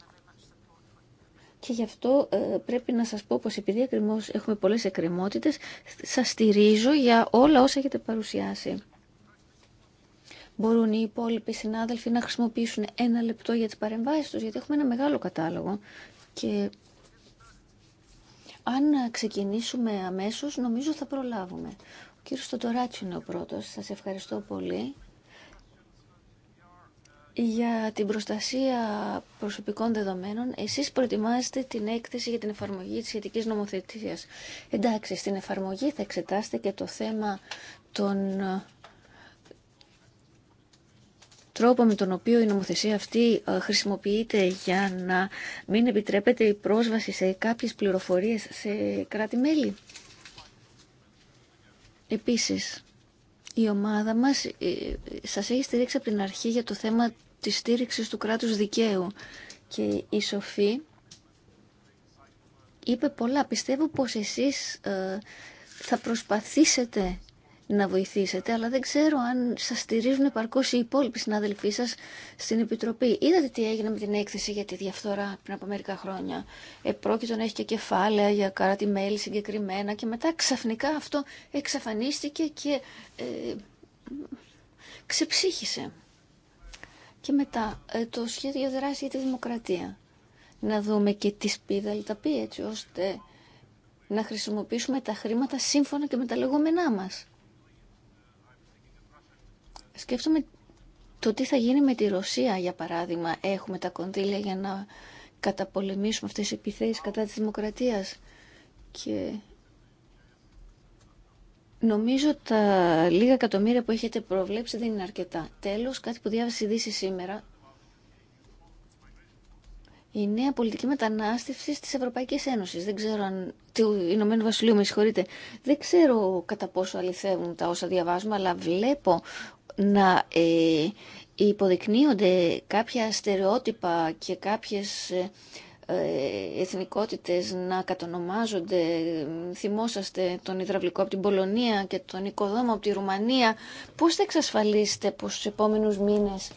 [SPEAKER 4] Και γι' αυτό ε, πρέπει να σας πω πως επειδή έχουμε πολλές εκκρεμότητες, σας στηρίζω για όλα όσα έχετε παρουσιάσει. Μπορούν οι υπόλοιποι συνάδελφοι να χρησιμοποιήσουν ένα λεπτό για τις παρεμβάσεις τους, γιατί έχουμε ένα μεγάλο κατάλογο και αν ξεκινήσουμε αμέσως, νομίζω θα προλάβουμε. Ο κύριος Στοτοράτσι είναι ο πρώτος. Σας ευχαριστώ πολύ για την προστασία προσωπικών δεδομένων, εσείς προετοιμάζετε την έκθεση για την εφαρμογή της σχετικής νομοθετίας. Εντάξει, στην εφαρμογή θα εξετάσετε και το θέμα των τρόπο με τον οποίο η νομοθεσία αυτή ε, χρησιμοποιείται για να μην επιτρέπεται η πρόσβαση σε κάποιες πληροφορίες σε κράτη-μέλη. Επίσης, η ομάδα μας ε, σας έχει στηρίξει από την αρχή για το θέμα της στήριξης του κράτους δικαίου και η Σοφή είπε πολλά. Πιστεύω πως εσείς ε, θα προσπαθήσετε να βοηθήσετε, αλλά δεν ξέρω αν σας στηρίζουν επαρκώ οι υπόλοιποι συνάδελφοί σα στην Επιτροπή. Είδατε τι έγινε με την έκθεση για τη διαφθορά πριν από μερικά χρόνια. Επρόκειτο να έχει και κεφάλαια για κάτι μέλη συγκεκριμένα και μετά ξαφνικά αυτό εξαφανίστηκε και ε, ξεψύχησε. Και μετά ε, το σχέδιο δράση για τη δημοκρατία. Να δούμε και τη σπίδα πει έτσι ώστε να χρησιμοποιήσουμε τα χρήματα σύμφωνα και με τα λεγόμενά μας. Σκέφτομαι το τι θα γίνει με τη Ρωσία, για παράδειγμα. Έχουμε τα κονδύλια για να καταπολεμήσουμε αυτές τις επιθέσεις κατά της δημοκρατίας. Και νομίζω τα λίγα εκατομμύρια που έχετε προβλέψει δεν είναι αρκετά. Τέλος, κάτι που διάβασε ειδήσει σήμερα. Η νέα πολιτική μετανάστευση τη Ευρωπαϊκή Ένωση. Δεν ξέρω αν. του Ηνωμένου Βασιλείου, με συγχωρείτε. Δεν ξέρω κατά πόσο αληθεύουν τα όσα διαβάζουμε, αλλά βλέπω να ε, υποδεικνύονται κάποια στερεότυπα και κάποιες ε, ε, εθνικότητες να κατονομάζονται. Θυμόσαστε τον υδραυλικό από την Πολωνία και τον οικοδόμο από τη Ρουμανία. Πώς θα εξασφαλίσετε πως στους επόμενους μήνες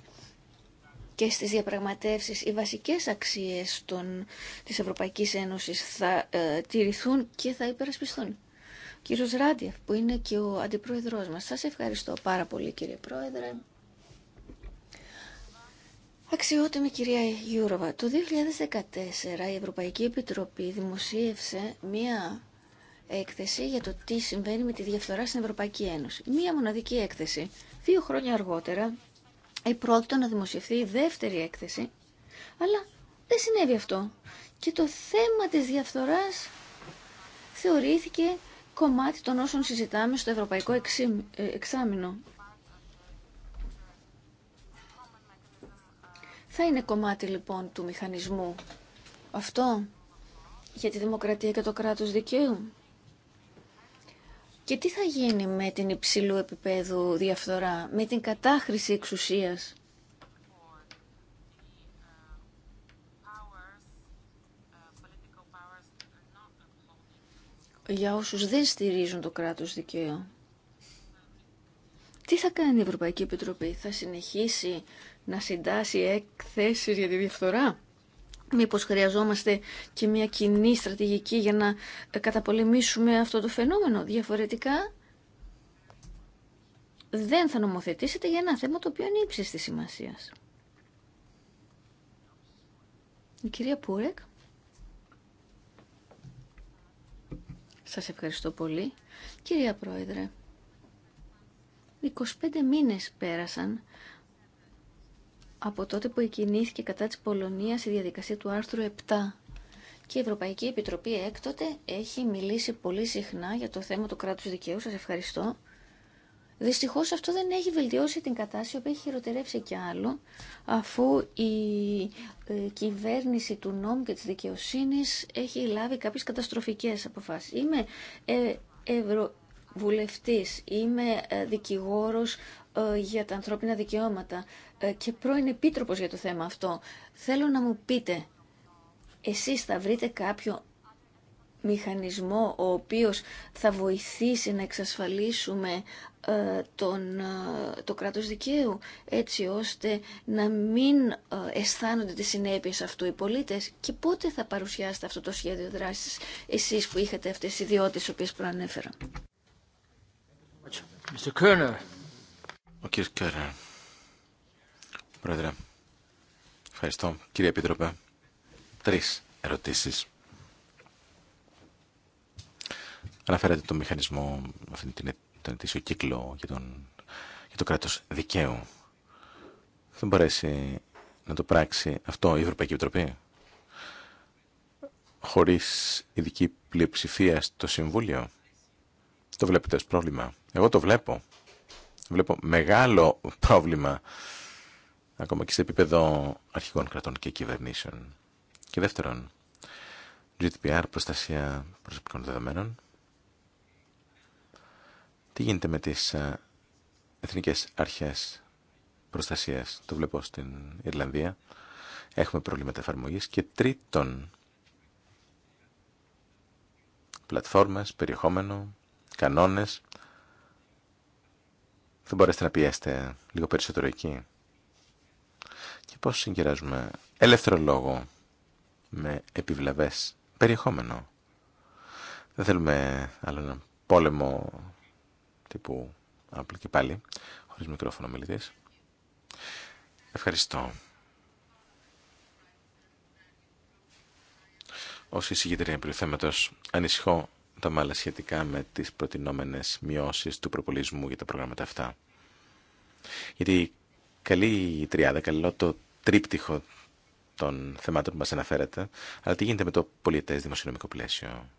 [SPEAKER 4] και στις διαπραγματεύσεις οι βασικές αξίες των, της Ευρωπαϊκής Ένωσης θα ε, τηρηθούν και θα υπερασπιστούν κύριος Ράντιεφ που είναι και ο αντιπρόεδρός μας. Σας ευχαριστώ πάρα πολύ κύριε πρόεδρε. Αξιότιμη κυρία Γιούροβα, το 2014 η Ευρωπαϊκή Επιτροπή δημοσίευσε μία έκθεση για το τι συμβαίνει με τη διαφθορά στην Ευρωπαϊκή Ένωση. Μία μοναδική έκθεση. Δύο χρόνια αργότερα η επρόκειτο να δημοσιευθεί η δεύτερη έκθεση, αλλά δεν συνέβη αυτό. Και το θέμα της διαφθοράς θεωρήθηκε κομμάτι των όσων συζητάμε στο Ευρωπαϊκό ε, Εξάμεινο. Θα είναι κομμάτι λοιπόν του μηχανισμού αυτό για τη δημοκρατία και το κράτος δικαίου. Και τι θα γίνει με την υψηλού επίπεδου διαφθορά, με την κατάχρηση εξουσίας για όσους δεν στηρίζουν το κράτος δικαίου. Τι θα κάνει η Ευρωπαϊκή Επιτροπή, θα συνεχίσει να συντάσσει εκθέσεις για τη διαφθορά. Μήπως χρειαζόμαστε και μια κοινή στρατηγική για να καταπολεμήσουμε αυτό το φαινόμενο. Διαφορετικά δεν θα νομοθετήσετε για ένα θέμα το οποίο είναι ύψης της σημασίας. Η κυρία Πούρεκ. Σας ευχαριστώ πολύ. Κυρία Πρόεδρε, 25 μήνες πέρασαν από τότε που εκκινήθηκε κατά της Πολωνίας η διαδικασία του άρθρου 7. Και η Ευρωπαϊκή Επιτροπή έκτοτε έχει μιλήσει πολύ συχνά για το θέμα του κράτους δικαίου. Σας ευχαριστώ. Δυστυχώς αυτό δεν έχει βελτιώσει την κατάσταση, που έχει χειροτερεύσει κι άλλο, αφού η ε, κυβέρνηση του νόμου και της δικαιοσύνης έχει λάβει κάποιες καταστροφικές αποφάσεις. Είμαι ε, ευρωβουλευτής, είμαι ε, δικηγόρος για τα ανθρώπινα δικαιώματα και πρώην επίτροπος για το θέμα αυτό. Θέλω να μου πείτε, εσείς θα βρείτε κάποιο μηχανισμό ο οποίος θα βοηθήσει να εξασφαλίσουμε ε, τον, ε, το κράτος δικαίου έτσι ώστε να μην ε, αισθάνονται τις συνέπειες αυτού οι πολίτες και πότε θα παρουσιάσετε αυτό το σχέδιο δράσης εσείς που είχατε αυτές τις ιδιότητες τις οποίες προανέφερα.
[SPEAKER 2] Ο κ. Κέρνερ. Πρόεδρε, ευχαριστώ. Κύριε Επίτροπε, τρεις ερωτήσεις. Αναφέρατε το μηχανισμό, αυτή την τον ετήσιο κύκλο για, τον, για το κράτος δικαίου. Δεν μπορέσει να το πράξει αυτό η Ευρωπαϊκή Επιτροπή χωρίς ειδική πλειοψηφία στο Συμβούλιο. Το βλέπετε ως πρόβλημα. Εγώ το βλέπω. Βλέπω μεγάλο πρόβλημα ακόμα και σε επίπεδο αρχικών κρατών και κυβερνήσεων. Και δεύτερον, GDPR, προστασία προσωπικών δεδομένων, τι γίνεται με τις ε, εθνικές αρχές προστασίας, το βλέπω στην Ιρλανδία. Έχουμε προβλήματα εφαρμογής και τρίτον πλατφόρμες, περιεχόμενο, κανόνες. δεν μπορέσετε να πιέσετε λίγο περισσότερο εκεί. Και πώς συγκεράζουμε ελεύθερο λόγο με επιβλαβές περιεχόμενο. Δεν θέλουμε άλλο ένα πόλεμο τύπου Apple και πάλι, χωρίς μικρόφωνο μιλητής. Ευχαριστώ. Ως εισηγήτρια θέματος, ανησυχώ τα μάλλα σχετικά με τις προτινόμενες μειώσεις του προπολισμού για τα προγράμματα αυτά. Γιατί καλή η τριάδα, καλό το τρίπτυχο των θεμάτων που μας αναφέρατε, αλλά τι γίνεται με το πολιετές δημοσιονομικό πλαίσιο.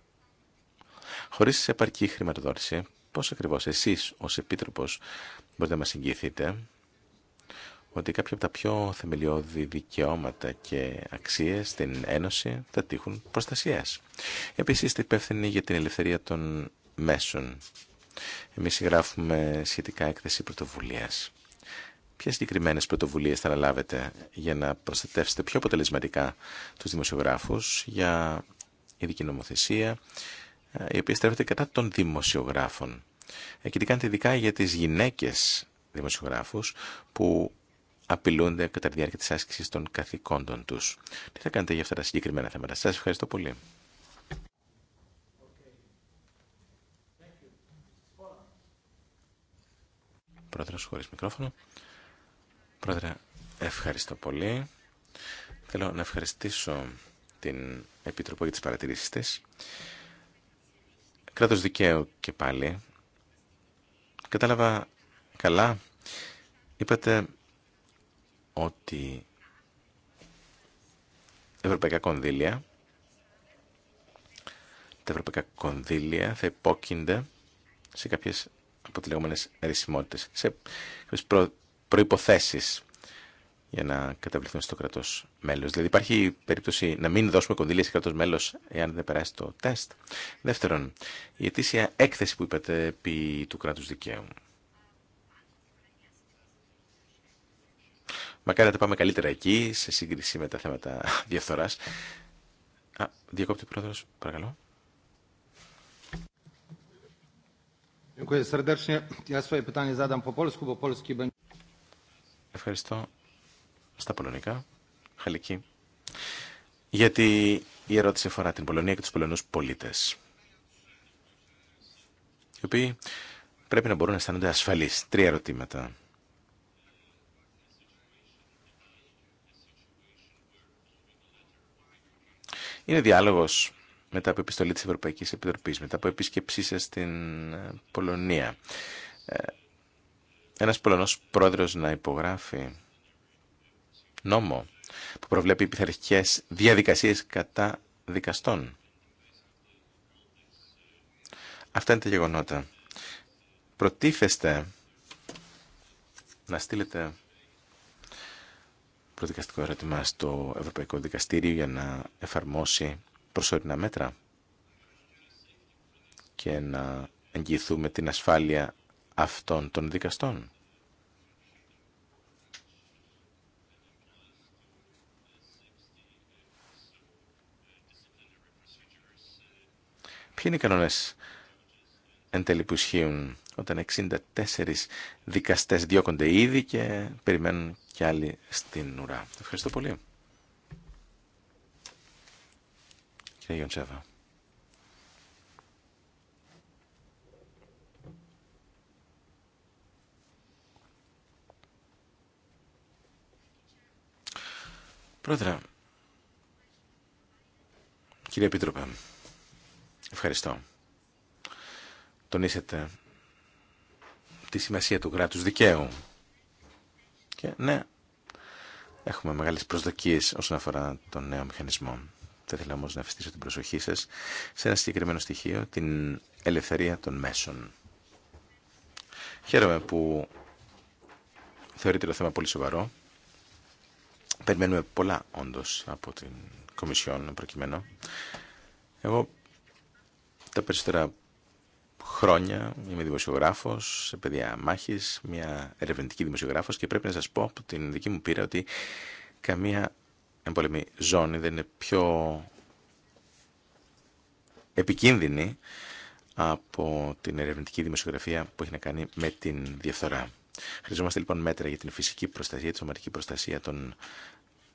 [SPEAKER 2] Χωρίς επαρκή χρηματοδότηση, πώς ακριβώς εσείς ως Επίτροπος μπορείτε να μας εγγυηθείτε ότι κάποια από τα πιο θεμελιώδη δικαιώματα και αξίες στην Ένωση θα τύχουν προστασίας. Επίσης είστε υπεύθυνοι για την ελευθερία των μέσων. Εμείς γράφουμε σχετικά έκθεση πρωτοβουλίας. Ποιε συγκεκριμένε πρωτοβουλίε θα αναλάβετε για να προστατεύσετε πιο αποτελεσματικά τους δημοσιογράφους για ειδική νομοθεσία, η ε, οποία κατά των δημοσιογράφων. Εκεί τι κάνετε ειδικά για τις γυναίκες δημοσιογράφους που απειλούνται κατά τη διάρκεια της άσκησης των καθηκόντων τους. Τι θα κάνετε για αυτά τα συγκεκριμένα θέματα. Σας ευχαριστώ πολύ. Πρόεδρος χωρίς μικρόφωνο. Πρόεδρε, ευχαριστώ πολύ. Θέλω να ευχαριστήσω την Επίτροπο για τις παρατηρήσεις της. Κράτος δικαίου και πάλι. Κατάλαβα καλά. Είπατε ότι ευρωπαϊκά κονδύλια τα ευρωπαϊκά κονδύλια θα υπόκεινται σε κάποιες από τις λεγόμενες αρισιμότητες, σε κάποιες προϋποθέσεις για να καταβληθούν στο κράτο μέλο. Δηλαδή, υπάρχει περίπτωση να μην δώσουμε κονδύλια σε κράτο μέλο, εάν δεν περάσει το τεστ. Δεύτερον, η αιτήσια έκθεση που είπατε επί του κράτου δικαίου. Μακάρι να τα πάμε καλύτερα εκεί, σε σύγκριση με τα θέματα διαφθορά. Α, διακόπτη πρόεδρο, παρακαλώ. Ευχαριστώ στα πολωνικά, χαλική, γιατί η ερώτηση αφορά την Πολωνία και τους Πολωνούς πολίτες, οι οποίοι πρέπει να μπορούν να αισθάνονται ασφαλείς. Τρία ερωτήματα. Είναι διάλογος μετά από επιστολή της Ευρωπαϊκής Επιτροπής, μετά από επίσκεψή σας στην ε, Πολωνία. Ε, ένας Πολωνός πρόεδρος να υπογράφει νόμο που προβλέπει πειθαρχικές διαδικασίες κατά δικαστών. Αυτά είναι τα γεγονότα. Προτίθεστε να στείλετε προδικαστικό ερώτημα στο Ευρωπαϊκό Δικαστήριο για να εφαρμόσει προσωρινά μέτρα και να εγγυηθούμε την ασφάλεια αυτών των δικαστών. Ποιοι είναι οι κανόνε εν τέλει που ισχύουν όταν 64 δικαστέ διώκονται ήδη και περιμένουν κι άλλοι στην ουρά. Ευχαριστώ πολύ. Κύριε Γιοντσέβα. Πρόεδρε, κύριε Επίτροπε, Ευχαριστώ. Τονίσετε τη σημασία του κράτους δικαίου. Και ναι, έχουμε μεγάλες προσδοκίες όσον αφορά τον νέο μηχανισμό. Θα ήθελα όμως να αφιστήσω την προσοχή σας σε ένα συγκεκριμένο στοιχείο, την ελευθερία των μέσων. Χαίρομαι που θεωρείται το θέμα πολύ σοβαρό. Περιμένουμε πολλά όντως από την Κομισιόν προκειμένου. Εγώ τα περισσότερα χρόνια είμαι δημοσιογράφος σε παιδιά μάχης, μια ερευνητική δημοσιογράφος και πρέπει να σας πω από την δική μου πείρα ότι καμία εμπολεμή ζώνη δεν είναι πιο επικίνδυνη από την ερευνητική δημοσιογραφία που έχει να κάνει με την διαφθορά. Χρειαζόμαστε λοιπόν μέτρα για την φυσική προστασία, τη σωματική προστασία των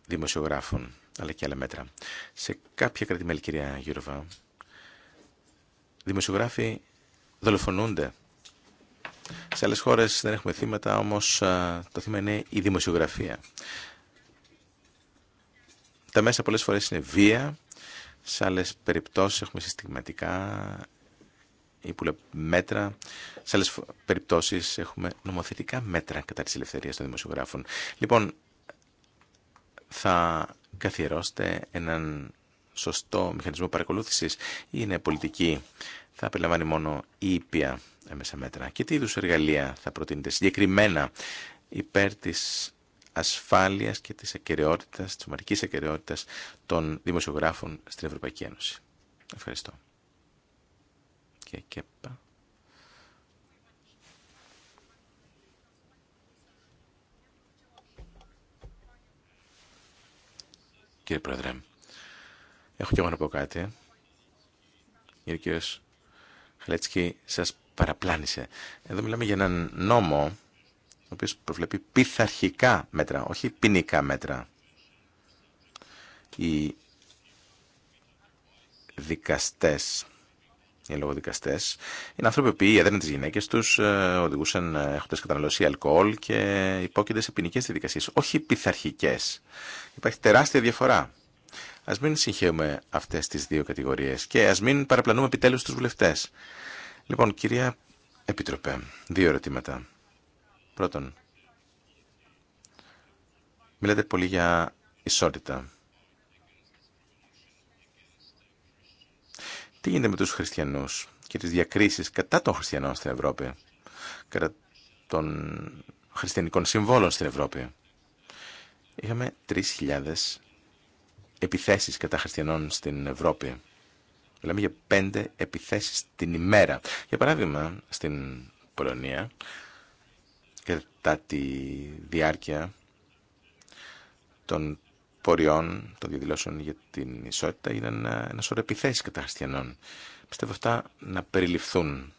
[SPEAKER 2] δημοσιογράφων, αλλά και άλλα μέτρα. Σε κάποια κρατημέλη, κυρία Γιούροβα, δημοσιογράφοι δολοφονούνται. Σε άλλες χώρες δεν έχουμε θύματα, όμως ε, το θύμα είναι η δημοσιογραφία. Τα μέσα πολλές φορές είναι βία, σε άλλες περιπτώσεις έχουμε συστηματικά ή μέτρα, σε άλλες περιπτώσεις έχουμε νομοθετικά μέτρα κατά της ελευθερίας των δημοσιογράφων. Λοιπόν, θα καθιερώστε έναν σωστό μηχανισμό παρακολούθησης είναι πολιτική. Θα περιλαμβάνει μόνο η ήπια μέσα μέτρα. Και τι είδου εργαλεία θα προτείνετε συγκεκριμένα υπέρ της ασφάλειας και της ακαιρεότητας, της ομαρικής ακαιρεότητας των δημοσιογράφων στην Ευρωπαϊκή Ένωση. Ευχαριστώ. Και, και... Κύριε Πρόεδρε, Έχω και εγώ να πω κάτι. ο σας παραπλάνησε. Εδώ μιλάμε για έναν νόμο ο οποίος προβλέπει πειθαρχικά μέτρα, όχι ποινικά μέτρα. Οι δικαστές, οι λογοδικαστέ, είναι άνθρωποι που έδραν τι γυναίκε τους, ε, οδηγούσαν ε, έχοντας καταναλώσει αλκοόλ και υπόκεινται σε ποινικέ διαδικασίε, όχι πειθαρχικέ. Υπάρχει τεράστια διαφορά. Ας μην συγχαίουμε αυτές τις δύο κατηγορίες και ας μην παραπλανούμε επιτέλου του βουλευτέ. Λοιπόν, κυρία Επίτροπε, δύο ερωτήματα. Πρώτον, μιλάτε πολύ για ισότητα. Τι γίνεται με τους χριστιανούς και τις διακρίσεις κατά των χριστιανών στην Ευρώπη, κατά των χριστιανικών συμβόλων στην Ευρώπη. Είχαμε 3.000 επιθέσεις κατά χριστιανών στην Ευρώπη. Μιλάμε για πέντε επιθέσεις την ημέρα. Για παράδειγμα, στην Πολωνία, κατά τη διάρκεια των ποριών, των διαδηλώσεων για την ισότητα, είναι ένα σωρό επιθέσεις κατά χριστιανών. Πιστεύω αυτά να περιληφθούν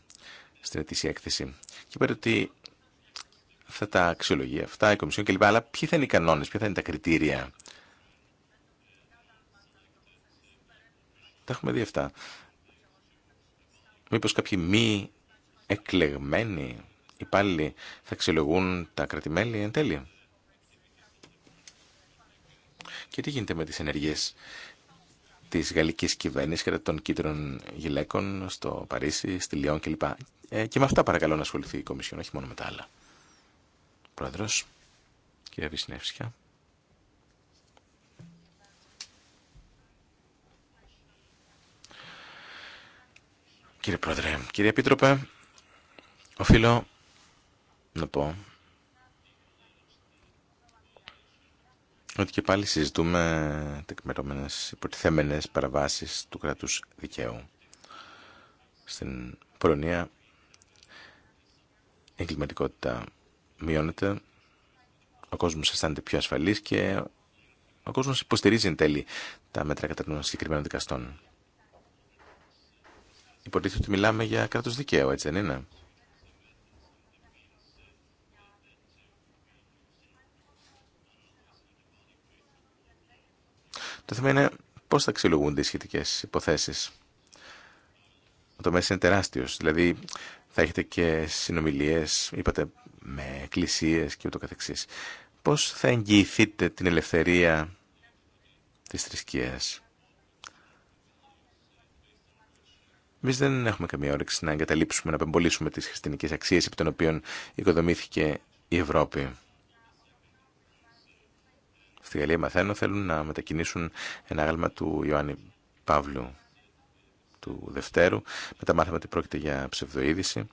[SPEAKER 2] στην ετήσια έκθεση. Και πέρα ότι θα τα αξιολογεί αυτά η Κομισιόν κλπ. Αλλά ποιοι θα είναι οι κανόνες, ποια θα είναι τα κριτήρια Τα έχουμε δει αυτά. Μήπως κάποιοι μη εκλεγμένοι υπάλληλοι θα αξιολογούν τα κρατημέλη εν τέλει. Και τι γίνεται με τις ενεργείες της γαλλικής κυβέρνησης κατά των κίτρων γυλαίκων στο Παρίσι, στη Λιόν κλπ. Ε, και με αυτά παρακαλώ να ασχοληθεί η Κομισιόν, όχι μόνο με τα άλλα. Πρόεδρος, κυρία Βυσνεύσια. Κύριε Πρόεδρε, κύριε Επίτροπε, οφείλω να πω ότι και πάλι συζητούμε τεκμερώμενες υποτιθέμενες παραβάσεις του κράτους δικαίου. Στην Πολωνία η εγκληματικότητα μειώνεται, ο κόσμος αισθάνεται πιο ασφαλής και ο κόσμος υποστηρίζει εν τέλει τα μέτρα κατά των συγκεκριμένων δικαστών. Υποτίθεται ότι μιλάμε για κράτος δικαίου, έτσι δεν είναι. Το θέμα είναι πώς θα αξιολογούνται οι σχετικές υποθέσεις. Ο τομέας είναι τεράστιος, δηλαδή θα έχετε και συνομιλίες, είπατε, με εκκλησίες και ούτω καθεξής. Πώς θα εγγυηθείτε την ελευθερία της θρησκείας. Εμεί δεν έχουμε καμία όρεξη να εγκαταλείψουμε, να απεμπολίσουμε τι χριστιανικέ αξίε επί των οποίων οικοδομήθηκε η Ευρώπη. Στη Γαλλία μαθαίνω θέλουν να μετακινήσουν ένα άγαλμα του Ιωάννη Παύλου του Δευτέρου. Μετά μάθαμε ότι πρόκειται για ψευδοείδηση.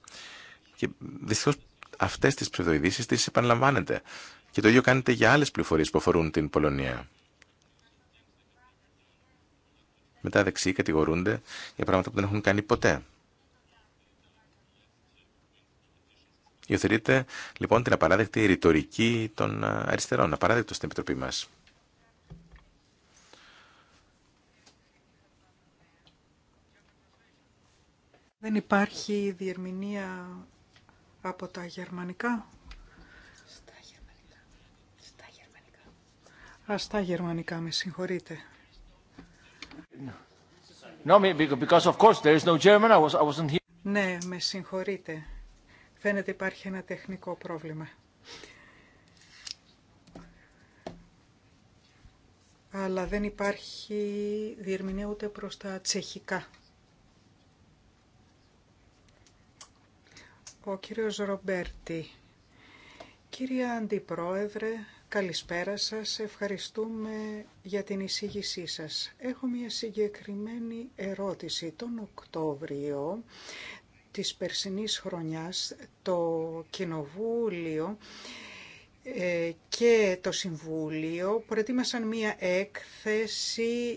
[SPEAKER 2] Και δυστυχώ αυτέ τι ψευδοειδήσει τι επαναλαμβάνεται. Και το ίδιο κάνετε για άλλε πληροφορίε που αφορούν την Πολωνία. Μετά δεξιοί κατηγορούνται για πράγματα που δεν έχουν κάνει ποτέ. Υιοθετείται λοιπόν την απαράδεκτη ρητορική των αριστερών, απαράδεκτο στην Επιτροπή μας.
[SPEAKER 3] Δεν υπάρχει διερμηνία από τα γερμανικά. Στα γερμανικά. Στα γερμανικά. Α, στα γερμανικά, με συγχωρείτε. Ναι, με συγχωρείτε. Φαίνεται υπάρχει ένα τεχνικό πρόβλημα. Αλλά δεν υπάρχει διερμηνία ούτε προς τα τσεχικά. Ο κύριος Ρομπέρτη. Κύριε Αντιπρόεδρε, Καλησπέρα σας, ευχαριστούμε για την εισήγησή σας. Έχω μια συγκεκριμένη ερώτηση. Τον Οκτώβριο της περσινής χρονιάς το Κοινοβούλιο ε, και το Συμβούλιο προετοίμασαν μια έκθεση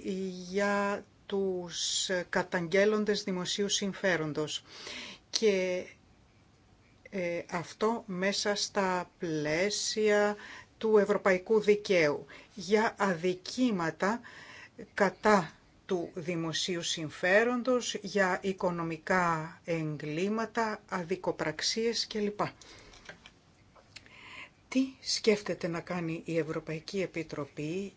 [SPEAKER 3] για τους καταγγέλλοντες δημοσίου συμφέροντος και ε, αυτό μέσα στα πλαίσια του Ευρωπαϊκού Δικαίου για αδικήματα κατά του δημοσίου συμφέροντος, για οικονομικά εγκλήματα, αδικοπραξίες κλπ. Τι σκέφτεται να κάνει η Ευρωπαϊκή Επιτροπή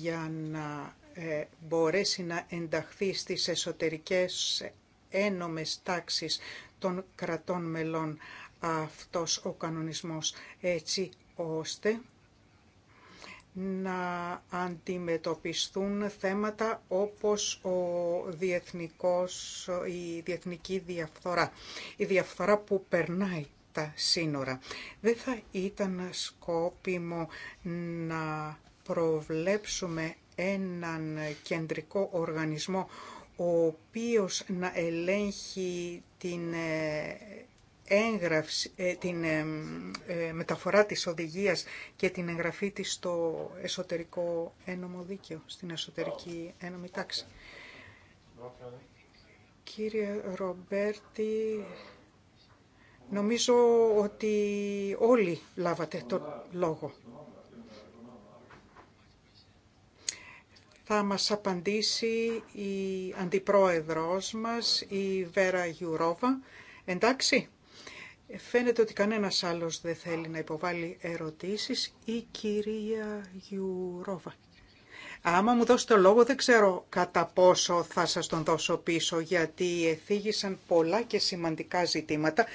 [SPEAKER 3] για να ε, μπορέσει να ενταχθεί στις εσωτερικές ένομες τάξεις των κρατών μελών αυτός ο κανονισμός έτσι ώστε να αντιμετωπιστούν θέματα όπως ο διεθνικός, η διεθνική διαφθορά, η διαφθορά που περνάει τα σύνορα. Δεν θα ήταν σκόπιμο να προβλέψουμε έναν κεντρικό οργανισμό ο οποίος να ελέγχει την ε, έγγραψη, ε, την ε, μεταφορά της οδηγίας και την εγγραφή της στο εσωτερικό ένομο δίκαιο, στην εσωτερική ένομη τάξη. Κύριε Ρομπέρτη, νομίζω ότι όλοι λάβατε το λόγο. θα μας απαντήσει η αντιπρόεδρος μας, η Βέρα Γιουρόβα. Εντάξει. Φαίνεται ότι κανένας άλλος δεν θέλει να υποβάλει ερωτήσεις. Η κυρία Γιουρόβα. Άμα μου δώσετε λόγο δεν ξέρω κατά πόσο θα σας τον δώσω πίσω γιατί εθίγησαν πολλά και σημαντικά ζητήματα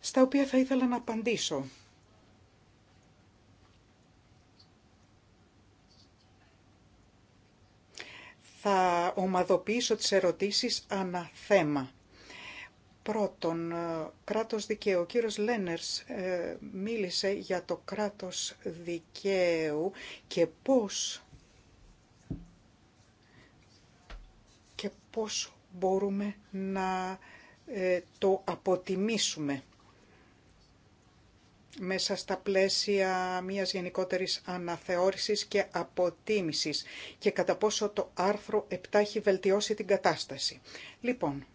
[SPEAKER 3] στα οποία θα ήθελα να απαντήσω. Θα ομαδοποιήσω τις ερωτήσεις ανά θέμα. Πρώτον, ε, κράτος δικαίου. Ο κύριος Λένερς ε, μίλησε για το κράτος δικαίου και πώς, και πώς μπορούμε να ε, το αποτιμήσουμε μέσα στα πλαίσια μιας γενικότερης αναθεώρησης και αποτίμησης και κατά πόσο το άρθρο 7 έχει βελτιώσει την κατάσταση. Λοιπόν,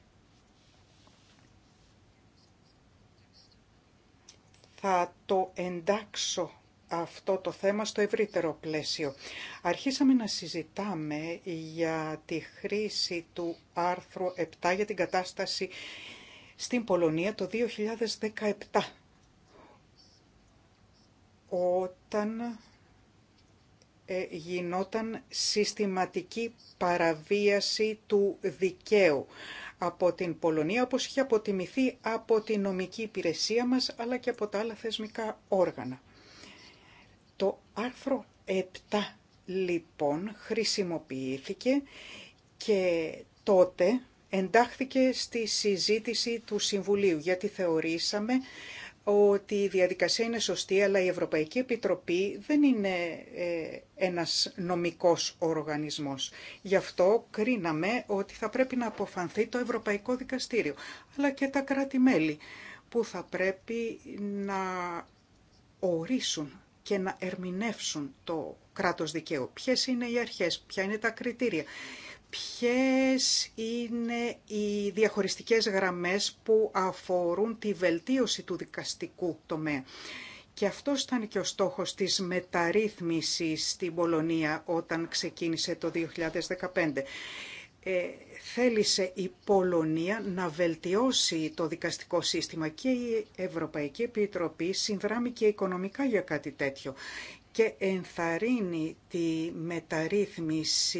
[SPEAKER 3] θα το εντάξω αυτό το θέμα στο ευρύτερο πλαίσιο. Αρχίσαμε να συζητάμε για τη χρήση του άρθρου 7 για την κατάσταση στην Πολωνία το 2017 όταν ε, γινόταν συστηματική παραβίαση του δικαίου από την Πολωνία, όπως είχε αποτιμηθεί από την νομική υπηρεσία μας, αλλά και από τα άλλα θεσμικά όργανα. Το άρθρο 7, λοιπόν, χρησιμοποιήθηκε και τότε εντάχθηκε στη συζήτηση του Συμβουλίου, γιατί θεωρήσαμε ότι η διαδικασία είναι σωστή, αλλά η Ευρωπαϊκή Επιτροπή δεν είναι ε, ένας νομικός οργανισμός. Γι' αυτό κρίναμε ότι θα πρέπει να αποφανθεί το Ευρωπαϊκό Δικαστήριο, αλλά και τα κράτη-μέλη, που θα πρέπει να ορίσουν και να ερμηνεύσουν το κράτος δικαίου. Ποιες είναι οι αρχές, ποια είναι τα κριτήρια ποιες είναι οι διαχωριστικές γραμμές που αφορούν τη βελτίωση του δικαστικού τομέα. Και αυτό ήταν και ο στόχος της μεταρρύθμισης στην Πολωνία όταν ξεκίνησε το 2015. Ε, θέλησε η Πολωνία να βελτιώσει το δικαστικό σύστημα και η Ευρωπαϊκή Επιτροπή συνδράμει και οικονομικά για κάτι τέτοιο και ενθαρρύνει τη μεταρρύθμιση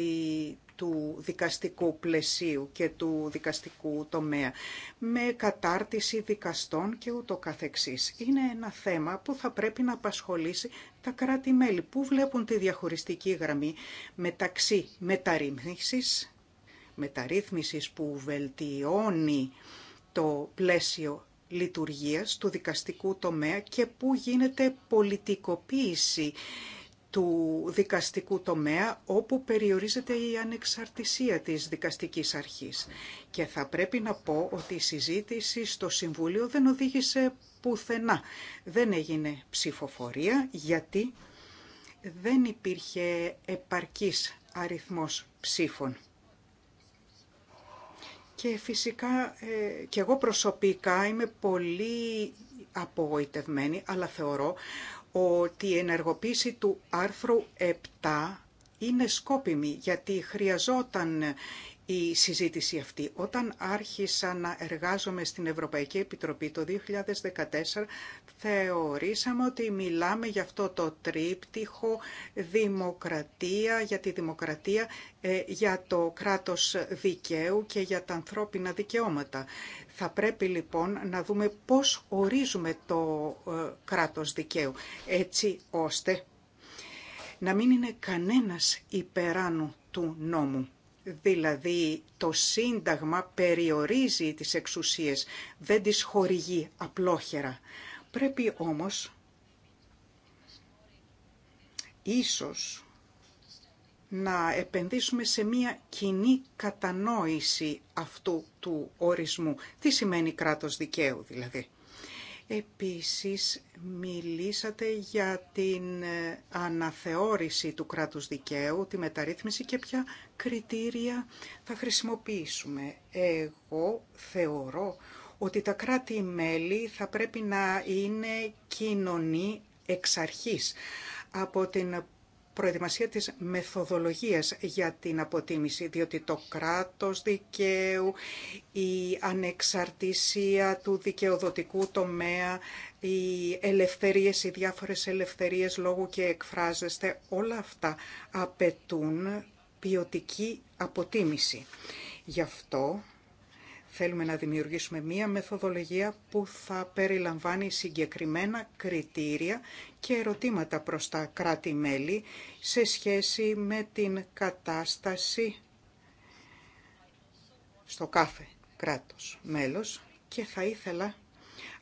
[SPEAKER 3] του δικαστικού πλαισίου και του δικαστικού τομέα, με κατάρτιση δικαστών και ούτω καθεξής. Είναι ένα θέμα που θα πρέπει να απασχολήσει τα κράτη-μέλη που βλέπουν τη διαχωριστική γραμμή μεταξύ μεταρρύθμισης, μεταρρύθμισης που βελτιώνει το πλαίσιο λειτουργίας του δικαστικού τομέα και που γίνεται πολιτικοποίηση του δικαστικού τομέα όπου περιορίζεται η ανεξαρτησία της δικαστικής αρχής. Και θα πρέπει να πω ότι η συζήτηση στο Συμβούλιο δεν οδήγησε πουθενά. Δεν έγινε ψηφοφορία γιατί δεν υπήρχε επαρκής αριθμός ψήφων. Και φυσικά ε, και εγώ προσωπικά είμαι πολύ απογοητευμένη, αλλά θεωρώ ότι η ενεργοποίηση του άρθρου 7 είναι σκόπιμη γιατί χρειαζόταν η συζήτηση αυτή. Όταν άρχισα να εργάζομαι στην Ευρωπαϊκή Επιτροπή το 2014, θεωρήσαμε ότι μιλάμε για αυτό το τρίπτυχο δημοκρατία, για τη δημοκρατία, ε, για το κράτος δικαίου και για τα ανθρώπινα δικαιώματα. Θα πρέπει λοιπόν να δούμε πώς ορίζουμε το ε, κράτος δικαίου, έτσι ώστε να μην είναι κανένας υπεράνω του νόμου Δηλαδή το Σύνταγμα περιορίζει τις εξουσίες, δεν τις χορηγεί απλόχερα. Πρέπει όμως ίσως να επενδύσουμε σε μία κοινή κατανόηση αυτού του ορισμού. Τι σημαίνει κράτος δικαίου δηλαδή. Επίσης, μιλήσατε για την ε, αναθεώρηση του κράτους δικαίου, τη μεταρρύθμιση και ποια κριτήρια θα χρησιμοποιήσουμε. Εγώ θεωρώ ότι τα κράτη-μέλη θα πρέπει να είναι κοινωνή εξ αρχής από την προετοιμασία της μεθοδολογίας για την αποτίμηση, διότι το κράτος δικαίου, η ανεξαρτησία του δικαιοδοτικού τομέα, οι ελευθερίες, οι διάφορες ελευθερίες λόγου και εκφράζεστε, όλα αυτά απαιτούν ποιοτική αποτίμηση. Γι' αυτό Θέλουμε να δημιουργήσουμε μία μεθοδολογία που θα περιλαμβάνει συγκεκριμένα κριτήρια και ερωτήματα προς τα κράτη-μέλη σε σχέση με την κατάσταση στο κάθε κράτος μέλος και θα ήθελα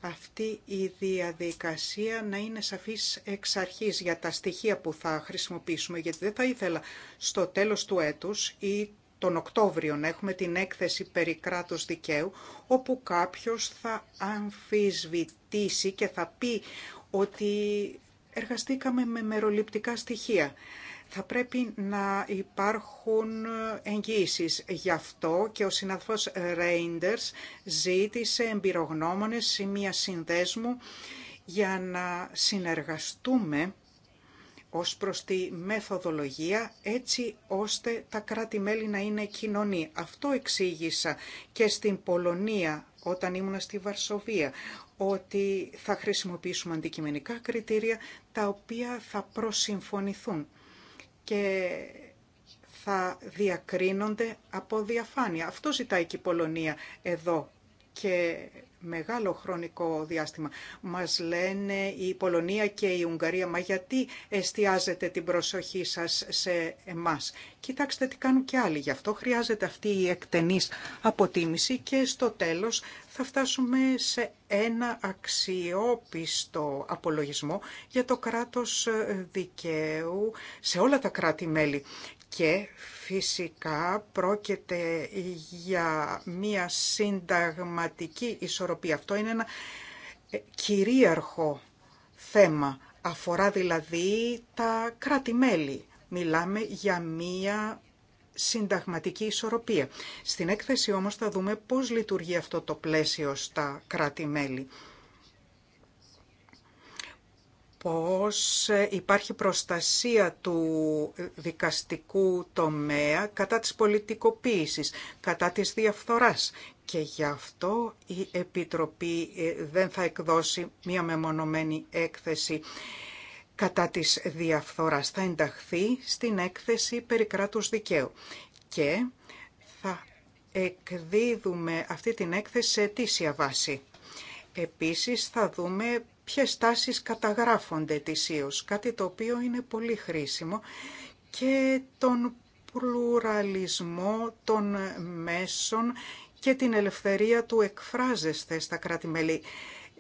[SPEAKER 3] αυτή η διαδικασία να είναι σαφής εξ αρχής για τα στοιχεία που θα χρησιμοποιήσουμε, γιατί δεν θα ήθελα στο τέλος του έτους ή τον Οκτώβριο έχουμε την έκθεση περί κράτους δικαίου, όπου κάποιος θα αμφισβητήσει και θα πει ότι εργαστήκαμε με μεροληπτικά στοιχεία. Θα πρέπει να υπάρχουν εγγύησεις. Γι' αυτό και ο συνάδελφος Reinders ζήτησε εμπειρογνώμονες σε μία συνδέσμου για να συνεργαστούμε ως προς τη μεθοδολογία έτσι ώστε τα κράτη-μέλη να είναι κοινωνή. Αυτό εξήγησα και στην Πολωνία όταν ήμουν στη Βαρσοβία, ότι θα χρησιμοποιήσουμε αντικειμενικά κριτήρια τα οποία θα προσυμφωνηθούν και θα διακρίνονται από διαφάνεια. Αυτό ζητάει και η Πολωνία εδώ και μεγάλο χρονικό διάστημα. Μας λένε η Πολωνία και η Ουγγαρία, μα γιατί εστιάζετε την προσοχή σας σε εμάς. Κοιτάξτε τι κάνουν και άλλοι, γι' αυτό χρειάζεται αυτή η εκτενής αποτίμηση και στο τέλος θα φτάσουμε σε ένα αξιόπιστο απολογισμό για το κράτος δικαίου σε όλα τα κράτη-μέλη και φυσικά πρόκειται για μία συνταγματική ισορροπία. Αυτό είναι ένα ε, κυρίαρχο θέμα. Αφορά δηλαδή τα κράτη-μέλη. Μιλάμε για μία συνταγματική ισορροπία. Στην έκθεση όμως θα δούμε πώς λειτουργεί αυτό το πλαίσιο στα κράτη-μέλη πως ε, υπάρχει προστασία του δικαστικού τομέα κατά της πολιτικοποίησης, κατά της διαφθοράς. Και γι' αυτό η Επιτροπή ε, δεν θα εκδώσει μία μεμονωμένη έκθεση κατά της διαφθοράς. Θα ενταχθεί στην έκθεση περί κράτους δικαίου. Και θα εκδίδουμε αυτή την έκθεση σε αιτήσια βάση. Επίσης θα δούμε ποιες τάσεις καταγράφονται ετησίως, κάτι το οποίο είναι πολύ χρήσιμο και τον πλουραλισμό των μέσων και την ελευθερία του εκφράζεστε στα κράτη-μέλη.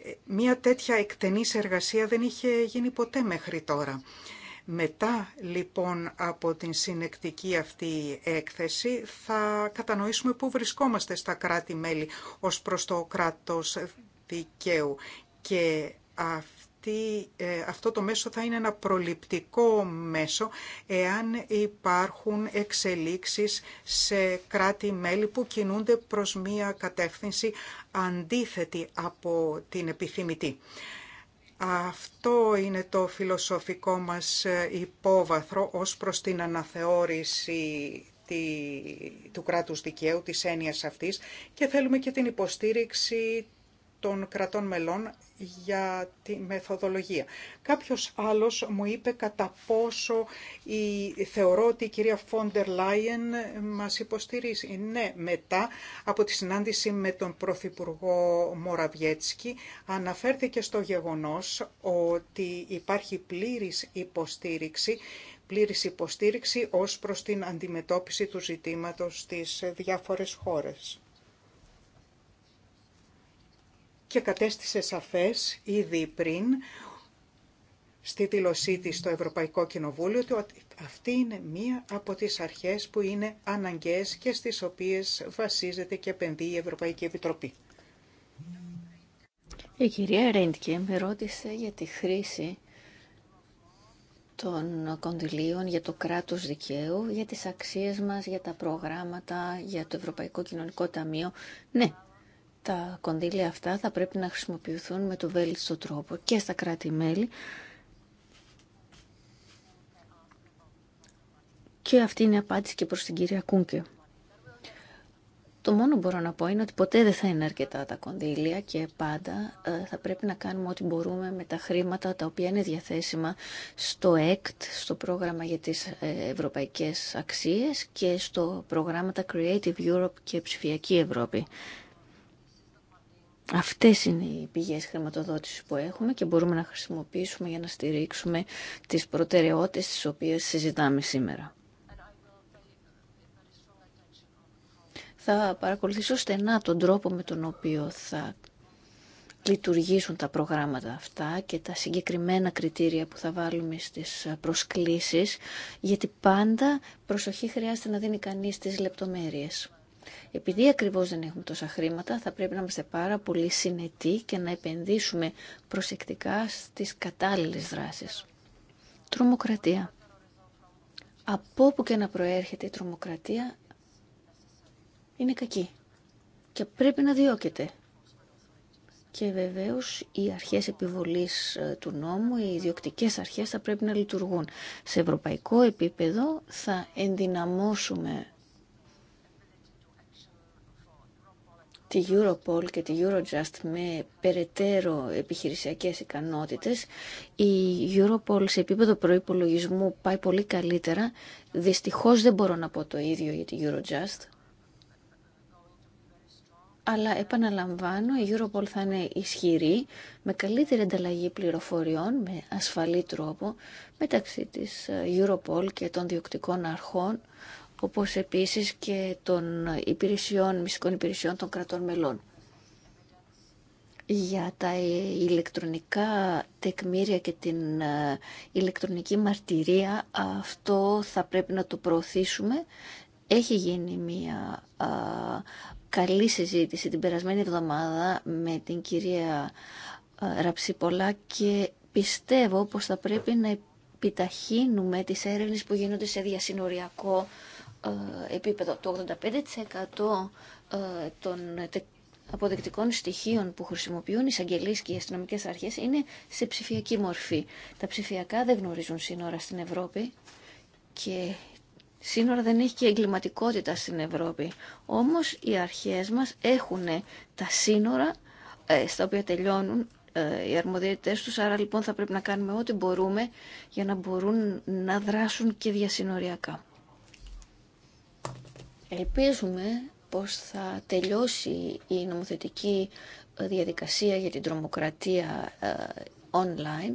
[SPEAKER 3] Ε, Μία τέτοια εκτενής εργασία δεν είχε γίνει ποτέ μέχρι τώρα. Μετά λοιπόν από την συνεκτική αυτή έκθεση θα κατανοήσουμε πού βρισκόμαστε στα κράτη-μέλη ως προς το κράτος δικαίου και ε, αυτό το μέσο θα είναι ένα προληπτικό μέσο εάν υπάρχουν εξελίξεις σε κράτη-μέλη που κινούνται προς μία κατεύθυνση αντίθετη από την επιθυμητή. Αυτό είναι το φιλοσοφικό μας ε, υπόβαθρο ως προς την αναθεώρηση του κράτους δικαίου, της έννοιας αυτής και θέλουμε και την υποστήριξη των κρατών μελών για τη μεθοδολογία. Κάποιος άλλος μου είπε κατά πόσο η, θεωρώ ότι η κυρία Φόντερ Λάιεν μας υποστηρίζει. Ναι, μετά από τη συνάντηση με τον Πρωθυπουργό Μοραβιέτσκι αναφέρθηκε στο γεγονός ότι υπάρχει πλήρης υποστήριξη πλήρης υποστήριξη ως προς την αντιμετώπιση του ζητήματος στις διάφορες χώρες και κατέστησε σαφές ήδη πριν στη δήλωσή της στο Ευρωπαϊκό Κοινοβούλιο ότι αυτή είναι μία από τις αρχές που είναι αναγκαίες και στις οποίες βασίζεται και επενδύει η Ευρωπαϊκή Επιτροπή.
[SPEAKER 4] Η κυρία Ρέντκε με ρώτησε για τη χρήση των κονδυλίων για το κράτος δικαίου, για τις αξίες μας, για τα προγράμματα, για το Ευρωπαϊκό Κοινωνικό Ταμείο. Ναι, τα κονδύλια αυτά θα πρέπει να χρησιμοποιηθούν με το βέλτιστο τρόπο και στα κράτη-μέλη και αυτή είναι η απάντηση και προς την κυρία Κούνκε. Το μόνο που μπορώ να πω είναι ότι ποτέ δεν θα είναι αρκετά τα κονδύλια και πάντα ε, θα πρέπει να κάνουμε ό,τι μπορούμε με τα χρήματα τα οποία είναι διαθέσιμα στο ΕΚΤ, στο πρόγραμμα για τις ε, ευρωπαϊκές αξίες και στο πρόγραμμα Creative Europe και Ψηφιακή Ευρώπη. Αυτές είναι οι πηγές χρηματοδότησης που έχουμε και μπορούμε να χρησιμοποιήσουμε για να στηρίξουμε τις προτεραιότητες τις οποίες συζητάμε σήμερα. Θα παρακολουθήσω στενά τον τρόπο με τον οποίο θα λειτουργήσουν τα προγράμματα αυτά και τα συγκεκριμένα κριτήρια που θα βάλουμε στις προσκλήσεις, γιατί πάντα προσοχή χρειάζεται να δίνει κανείς τις λεπτομέρειες. Επειδή ακριβώς δεν έχουμε τόσα χρήματα, θα πρέπει να είμαστε πάρα πολύ συνετοί και να επενδύσουμε προσεκτικά στις κατάλληλες δράσεις. Τρομοκρατία. Από όπου και να προέρχεται η τρομοκρατία, είναι κακή και πρέπει να διώκεται. Και βεβαίως οι αρχές επιβολής ε, του νόμου, οι ιδιοκτικές αρχές θα πρέπει να λειτουργούν. Σε ευρωπαϊκό επίπεδο θα ενδυναμώσουμε τη Europol και τη Eurojust με περαιτέρω επιχειρησιακές ικανότητες. Η Europol σε επίπεδο προϋπολογισμού πάει πολύ καλύτερα. Δυστυχώς δεν μπορώ να πω το ίδιο για τη Eurojust. Αλλά επαναλαμβάνω, η Europol θα είναι ισχυρή, με καλύτερη ανταλλαγή πληροφοριών, με ασφαλή τρόπο, μεταξύ της Europol και των διοκτικών αρχών όπως επίσης και των υπηρεσιών, μυστικών υπηρεσιών των κρατών μελών. Για τα ηλεκτρονικά τεκμήρια και την ε, ηλεκτρονική μαρτυρία αυτό θα πρέπει να το προωθήσουμε. Έχει γίνει μια ε, καλή συζήτηση την περασμένη εβδομάδα με την κυρία ε, Ραψίπολα και πιστεύω πως θα πρέπει να επιταχύνουμε τις έρευνες που γίνονται σε διασυνοριακό ε, επίπεδο. Το 85% ε, των αποδεκτικών στοιχείων που χρησιμοποιούν οι εισαγγελίε και οι αστυνομικέ αρχέ είναι σε ψηφιακή μορφή. Τα ψηφιακά δεν γνωρίζουν σύνορα στην Ευρώπη και σύνορα δεν έχει και εγκληματικότητα στην Ευρώπη. Όμως οι αρχές μας έχουν τα σύνορα ε, στα οποία τελειώνουν οι αρμοδιότητες τους, άρα λοιπόν θα πρέπει να κάνουμε ό,τι μπορούμε για να μπορούν να δράσουν και διασυνοριακά. Ελπίζουμε πως θα τελειώσει η νομοθετική ε, διαδικασία για την τρομοκρατία ε, online.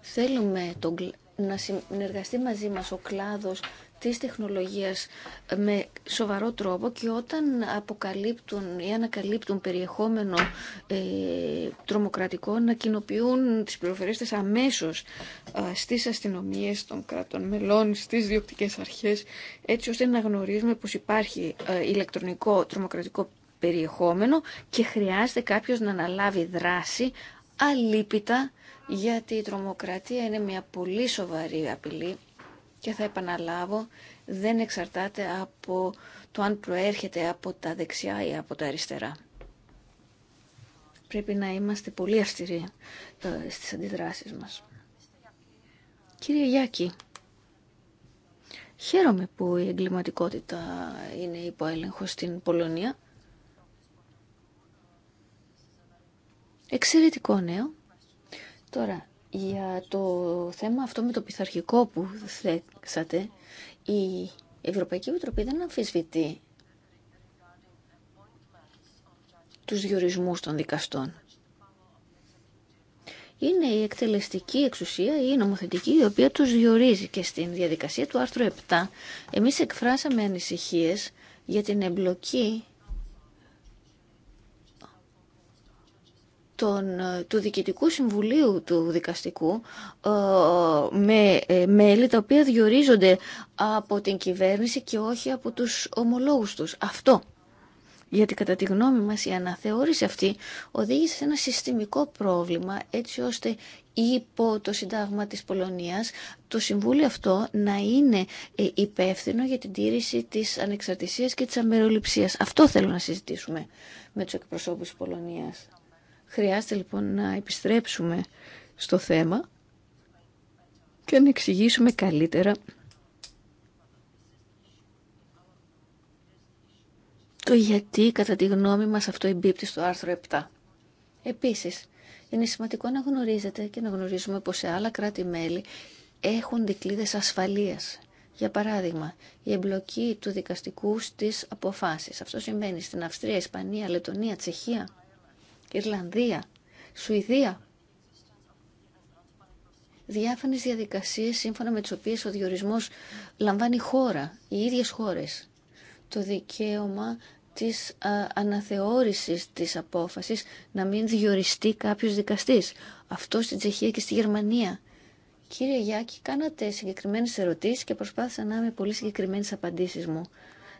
[SPEAKER 4] Θέλουμε τον, να συνεργαστεί μαζί μας ο κλάδος της τεχνολογίας ε, με σοβαρό τρόπο και όταν αποκαλύπτουν ή ανακαλύπτουν περιεχόμενο ε, τρομοκρατικό να κοινοποιούν τις πληροφορίες αμέσως στις αστυνομίες των κρατών μελών, στις διοκτικές αρχές έτσι ώστε να γνωρίζουμε πως υπάρχει ε, ηλεκτρονικό τρομοκρατικό περιεχόμενο και χρειάζεται κάποιος να αναλάβει δράση αλίπητα γιατί η τρομοκρατία είναι μια πολύ σοβαρή απειλή και θα επαναλάβω δεν εξαρτάται από το αν προέρχεται από τα δεξιά ή από τα αριστερά. Πρέπει να είμαστε πολύ αυστηροί στις αντιδράσεις μας. Κύριε Γιάκη, χαίρομαι που η εγκληματικότητα είναι υπό έλεγχο στην Πολωνία. Εξαιρετικό νέο. Τώρα, για το θέμα αυτό με το πειθαρχικό που θέξατε. Η Ευρωπαϊκή Επιτροπή δεν αμφισβητεί τους διορισμούς των δικαστών. Είναι η εκτελεστική εξουσία ή η νομοθετική η οποία τους διορίζει και στην διαδικασία του άρθρου 7 εμείς εκφράσαμε ανησυχίες για την εμπλοκή τον, ε, του Διοικητικού Συμβουλίου του Δικαστικού ε, με ε, μέλη τα οποία διορίζονται από την κυβέρνηση και όχι από τους ομολόγους τους. Αυτό. Γιατί κατά τη γνώμη μας η αναθεώρηση αυτή οδήγησε σε ένα συστημικό πρόβλημα έτσι ώστε υπό το Συντάγμα της Πολωνίας το Συμβούλιο αυτό να είναι υπεύθυνο για την τήρηση της ανεξαρτησίας και της αμεροληψίας. Αυτό θέλω να συζητήσουμε με τους εκπροσώπους της Πολωνίας. Χρειάζεται λοιπόν να επιστρέψουμε στο θέμα και να εξηγήσουμε καλύτερα το γιατί κατά τη γνώμη μας αυτό εμπίπτει στο άρθρο 7. Επίσης, είναι σημαντικό να γνωρίζετε και να γνωρίζουμε πως σε άλλα κράτη-μέλη έχουν δικλείδες ασφαλείας. Για παράδειγμα, η εμπλοκή του δικαστικού στις αποφάσεις. Αυτό σημαίνει στην Αυστρία, Ισπανία, Λετωνία, Τσεχία. Ιρλανδία, Σουηδία. Διάφανες διαδικασίες σύμφωνα με τις οποίες ο διορισμός λαμβάνει χώρα, οι ίδιες χώρες. Το δικαίωμα της α, αναθεώρησης της απόφασης να μην διοριστεί κάποιος δικαστής. Αυτό στην Τσεχία και στη Γερμανία. Κύριε Γιάκη, κάνατε συγκεκριμένες ερωτήσεις και προσπάθησα να είμαι πολύ συγκεκριμένη απαντήσεις μου.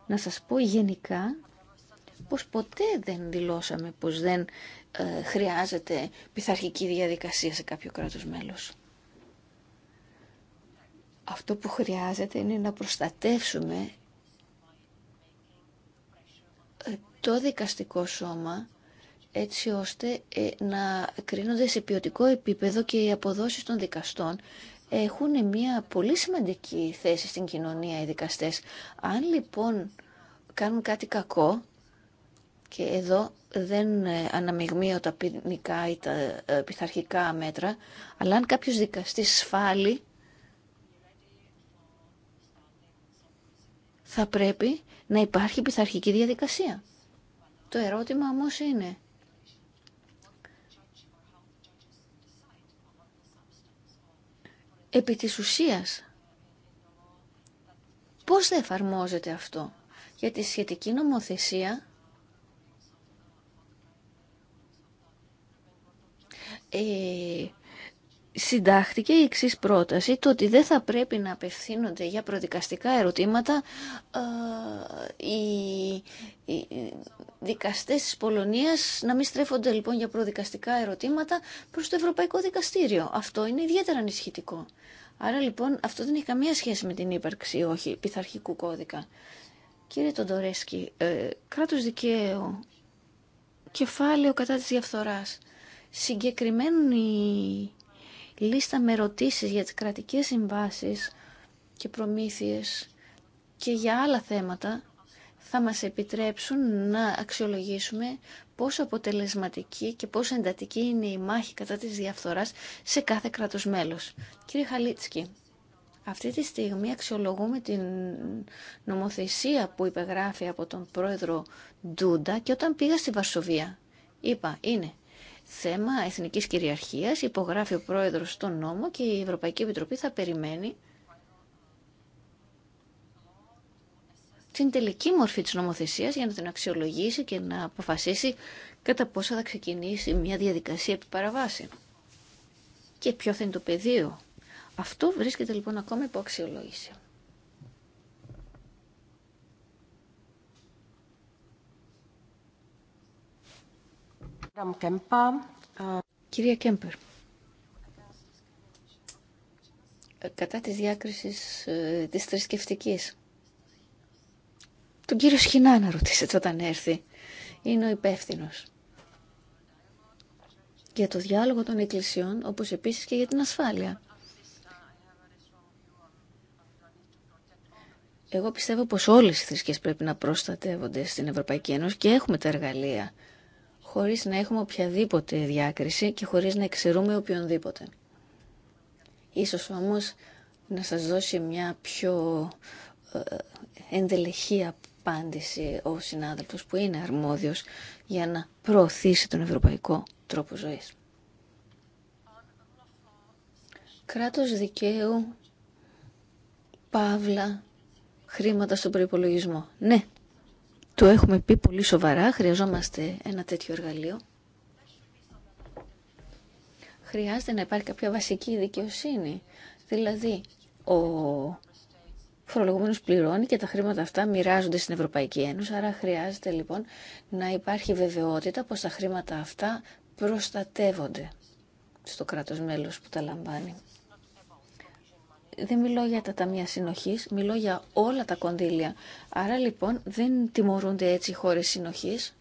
[SPEAKER 4] Να σας πω γενικά πως ποτέ δεν δηλώσαμε πως δεν ε, χρειάζεται πειθαρχική διαδικασία σε κάποιο κράτος μέλος. Αυτό που χρειάζεται είναι να προστατεύσουμε ε, το δικαστικό σώμα έτσι ώστε ε, να κρίνονται σε ποιοτικό επίπεδο και οι αποδόσεις των δικαστών έχουν μια πολύ σημαντική θέση στην κοινωνία οι δικαστές. Αν λοιπόν κάνουν κάτι κακό, και εδώ δεν ε, αναμειγμύω τα ποινικά ή τα ε, πειθαρχικά μέτρα, αλλά αν κάποιος δικαστής σφάλει, θα πρέπει να υπάρχει πειθαρχική διαδικασία. Το ερώτημα όμως είναι, επί της ουσίας, πώς θα εφαρμόζεται αυτό, γιατί η σχετική ερωτημα ομως ειναι επι της ουσιας πως θα εφαρμοζεται αυτο γιατι τη σχετικη νομοθεσια Ε, συντάχθηκε η εξής πρόταση, το ότι δεν θα πρέπει να απευθύνονται για προδικαστικά ερωτήματα ε, οι, οι δικαστές της Πολωνίας να μην στρέφονται λοιπόν για προδικαστικά ερωτήματα προς το Ευρωπαϊκό Δικαστήριο. Αυτό είναι ιδιαίτερα ανησυχητικό. Άρα λοιπόν αυτό δεν έχει καμία σχέση με την ύπαρξη όχι πειθαρχικού κώδικα. Κύριε Τοντορέσκη, ε, κράτος δικαίου, κεφάλαιο κατά της διαφθοράς συγκεκριμένη λίστα με ερωτήσει για τις κρατικές συμβάσεις και προμήθειες και για άλλα θέματα θα μας επιτρέψουν να αξιολογήσουμε πόσο αποτελεσματική και πόσο εντατική είναι η μάχη κατά της διαφθοράς σε κάθε κράτος μέλος. Κύριε Χαλίτσκι, αυτή τη στιγμή αξιολογούμε την νομοθεσία που υπεγράφει από τον πρόεδρο Ντούντα και όταν πήγα στη Βαρσοβία είπα είναι θέμα εθνικής κυριαρχίας, υπογράφει ο πρόεδρος τον νόμο και η Ευρωπαϊκή Επιτροπή θα περιμένει την τελική μορφή της νομοθεσίας για να την αξιολογήσει και να αποφασίσει κατά πόσο θα ξεκινήσει μια διαδικασία επί παραβάση και ποιο θα είναι το πεδίο. Αυτό βρίσκεται λοιπόν ακόμα υπό αξιολόγηση. Ε, Κυρία Κέμπερ. Ε, κατά της διάκρισης ε, της θρησκευτική. Τον κύριο Σχοινά να ρωτήσετε όταν έρθει. Είναι ο υπεύθυνο. Για το διάλογο των εκκλησιών, όπως επίσης και για την ασφάλεια. Εγώ πιστεύω πως όλες οι θρησκείες πρέπει να προστατεύονται στην Ευρωπαϊκή Ένωση και έχουμε τα εργαλεία χωρίς να έχουμε οποιαδήποτε διάκριση και χωρίς να εξαιρούμε οποιονδήποτε. Ίσως όμως να σας δώσει μια πιο ε, εντελεχή απάντηση ο συνάδελφος που είναι αρμόδιος για να προωθήσει τον ευρωπαϊκό τρόπο ζωής. Κράτος δικαίου, παύλα, χρήματα στον προϋπολογισμό. Ναι, το έχουμε πει πολύ σοβαρά, χρειαζόμαστε ένα τέτοιο εργαλείο. Χρειάζεται να υπάρχει κάποια βασική δικαιοσύνη. Δηλαδή, ο φορολογούμενος πληρώνει και τα χρήματα αυτά μοιράζονται στην Ευρωπαϊκή Ένωση, άρα χρειάζεται λοιπόν να υπάρχει βεβαιότητα πως τα χρήματα αυτά προστατεύονται στο κράτος μέλος που τα λαμβάνει δεν μιλώ για τα ταμεία συνοχή, μιλώ για όλα τα κονδύλια. Άρα λοιπόν δεν τιμωρούνται έτσι οι χώρε συνοχής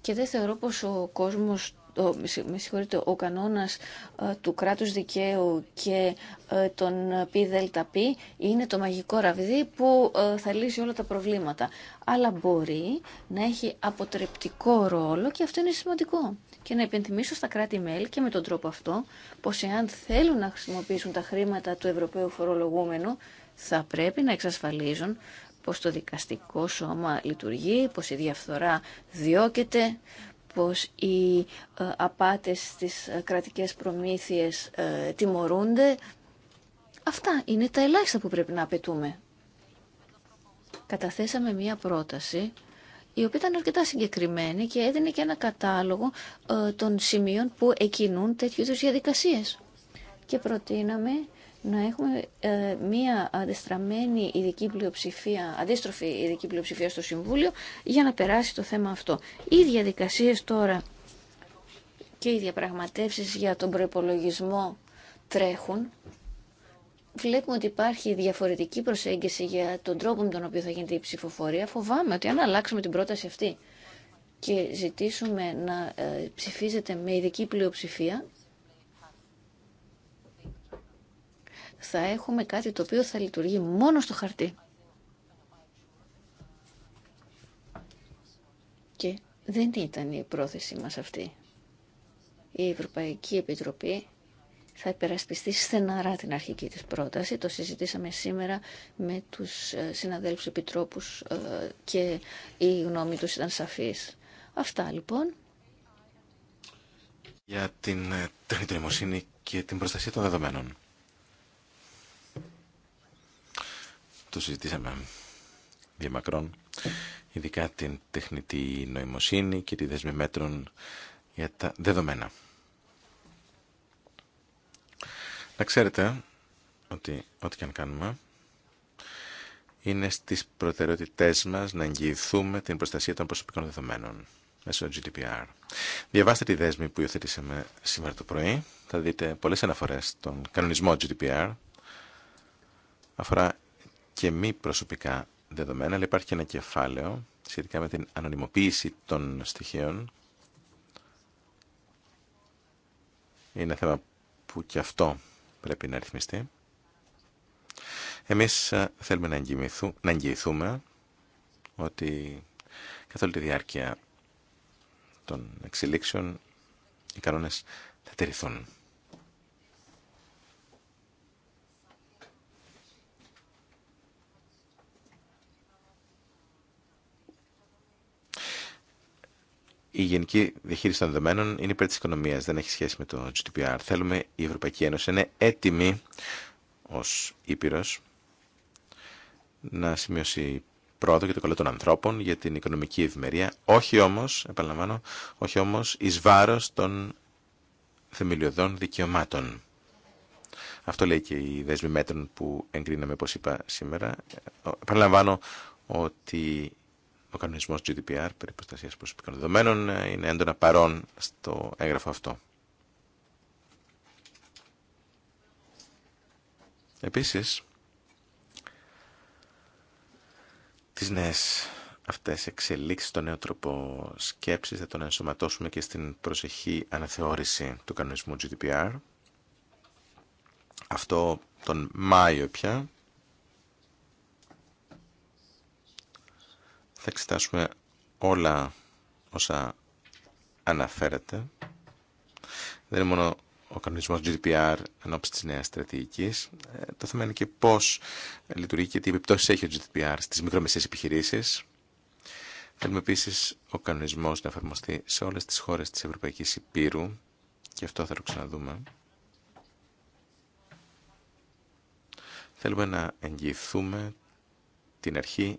[SPEAKER 4] και δεν θεωρώ πως ο κόσμος ο, με συγχωρείτε, ο κανόνας ε, του κράτους δικαίου και ε, των πι είναι το μαγικό ραβδί που ε, θα λύσει όλα τα προβλήματα. Αλλά μπορεί να έχει αποτρεπτικό ρόλο και αυτό είναι σημαντικό. Και να υπενθυμίσω στα κράτη-μέλη και με τον τρόπο αυτό πως εάν θέλουν να χρησιμοποιήσουν τα χρήματα του Ευρωπαίου φορολογούμενου θα πρέπει να εξασφαλίζουν πως το δικαστικό σώμα λειτουργεί, πως η διαφθορά διώκεται, πως οι ε, απάτες στις ε, κρατικές προμήθειες ε, τιμωρούνται. Αυτά είναι τα ελάχιστα που πρέπει να απαιτούμε. Καταθέσαμε μία πρόταση η οποία ήταν αρκετά συγκεκριμένη και έδινε και ένα κατάλογο των σημείων που εκινούν τέτοιου είδους διαδικασίες. Και προτείναμε να έχουμε ε, μία αντιστραμμένη ειδική πλειοψηφία, αντίστροφη ειδική πλειοψηφία στο Συμβούλιο για να περάσει το θέμα αυτό. Οι διαδικασίε τώρα και οι διαπραγματεύσεις για τον προϋπολογισμό τρέχουν. Βλέπουμε ότι υπάρχει διαφορετική προσέγγιση για τον τρόπο με τον οποίο θα γίνεται η ψηφοφορία. Φοβάμαι ότι αν αλλάξουμε την πρόταση αυτή και ζητήσουμε να ε, ψηφίζεται με ειδική πλειοψηφία, θα έχουμε κάτι το οποίο θα λειτουργεί μόνο στο χαρτί. Και δεν ήταν η πρόθεσή μας αυτή. Η Ευρωπαϊκή Επιτροπή θα υπερασπιστεί στεναρά την αρχική της πρόταση. Το συζητήσαμε σήμερα με τους ε, συναδέλφους επιτρόπους ε, και η γνώμη τους ήταν σαφής. Αυτά λοιπόν.
[SPEAKER 2] Για την ε, τεχνητή και την προστασία των δεδομένων. Το συζητήσαμε διαμακρών, ειδικά την τεχνητή νοημοσύνη και τη δέσμη μέτρων για τα δεδομένα. Να ξέρετε ότι ό,τι και αν κάνουμε είναι στις προτεραιότητές μας να εγγυηθούμε την προστασία των προσωπικών δεδομένων μέσω GDPR. Διαβάστε τη δέσμη που υιοθετήσαμε σήμερα το πρωί. Θα δείτε πολλές αναφορές στον κανονισμό GDPR. Αφορά και μη προσωπικά δεδομένα, αλλά υπάρχει ένα κεφάλαιο σχετικά με την ανωνυμοποίηση των στοιχείων. Είναι θέμα που και αυτό πρέπει να ρυθμιστεί. Εμείς ε, θέλουμε να, να εγγυηθούμε ότι καθ' όλη τη διάρκεια των εξελίξεων οι κανόνες θα τηρηθούν. Η γενική διαχείριση των δεδομένων είναι υπέρ τη οικονομία, δεν έχει σχέση με το GDPR. Θέλουμε η Ευρωπαϊκή Ένωση είναι έτοιμη ω ήπειρο να σημειώσει πρόοδο για το καλό των ανθρώπων, για την οικονομική ευημερία, όχι όμω, επαναλαμβάνω, όχι όμω ει βάρο των θεμελιωδών δικαιωμάτων. Αυτό λέει και η δέσμη μέτρων που εγκρίναμε, όπω είπα σήμερα. Ε, επαναλαμβάνω ότι ο κανονισμός GDPR περί προστασίας προσωπικών δεδομένων ε, είναι έντονα παρόν στο έγγραφο αυτό. Επίσης, τις νέες αυτές εξελίξεις, τον νέο τρόπο σκέψης θα τον ενσωματώσουμε και στην προσεχή αναθεώρηση του κανονισμού GDPR. Αυτό τον Μάιο πια Θα εξετάσουμε όλα όσα αναφέρεται. Δεν είναι μόνο ο κανονισμός GDPR εν της νέας στρατηγικής. Ε, το θέμα είναι και πώς λειτουργεί και τι επιπτώσεις έχει ο GDPR στις μικρομεσαίες επιχειρήσεις. Θέλουμε επίσης ο κανονισμός να εφαρμοστεί σε όλες τις χώρες της Ευρωπαϊκής Υπήρου και αυτό θα το ξαναδούμε. Θέλουμε να εγγυηθούμε την αρχή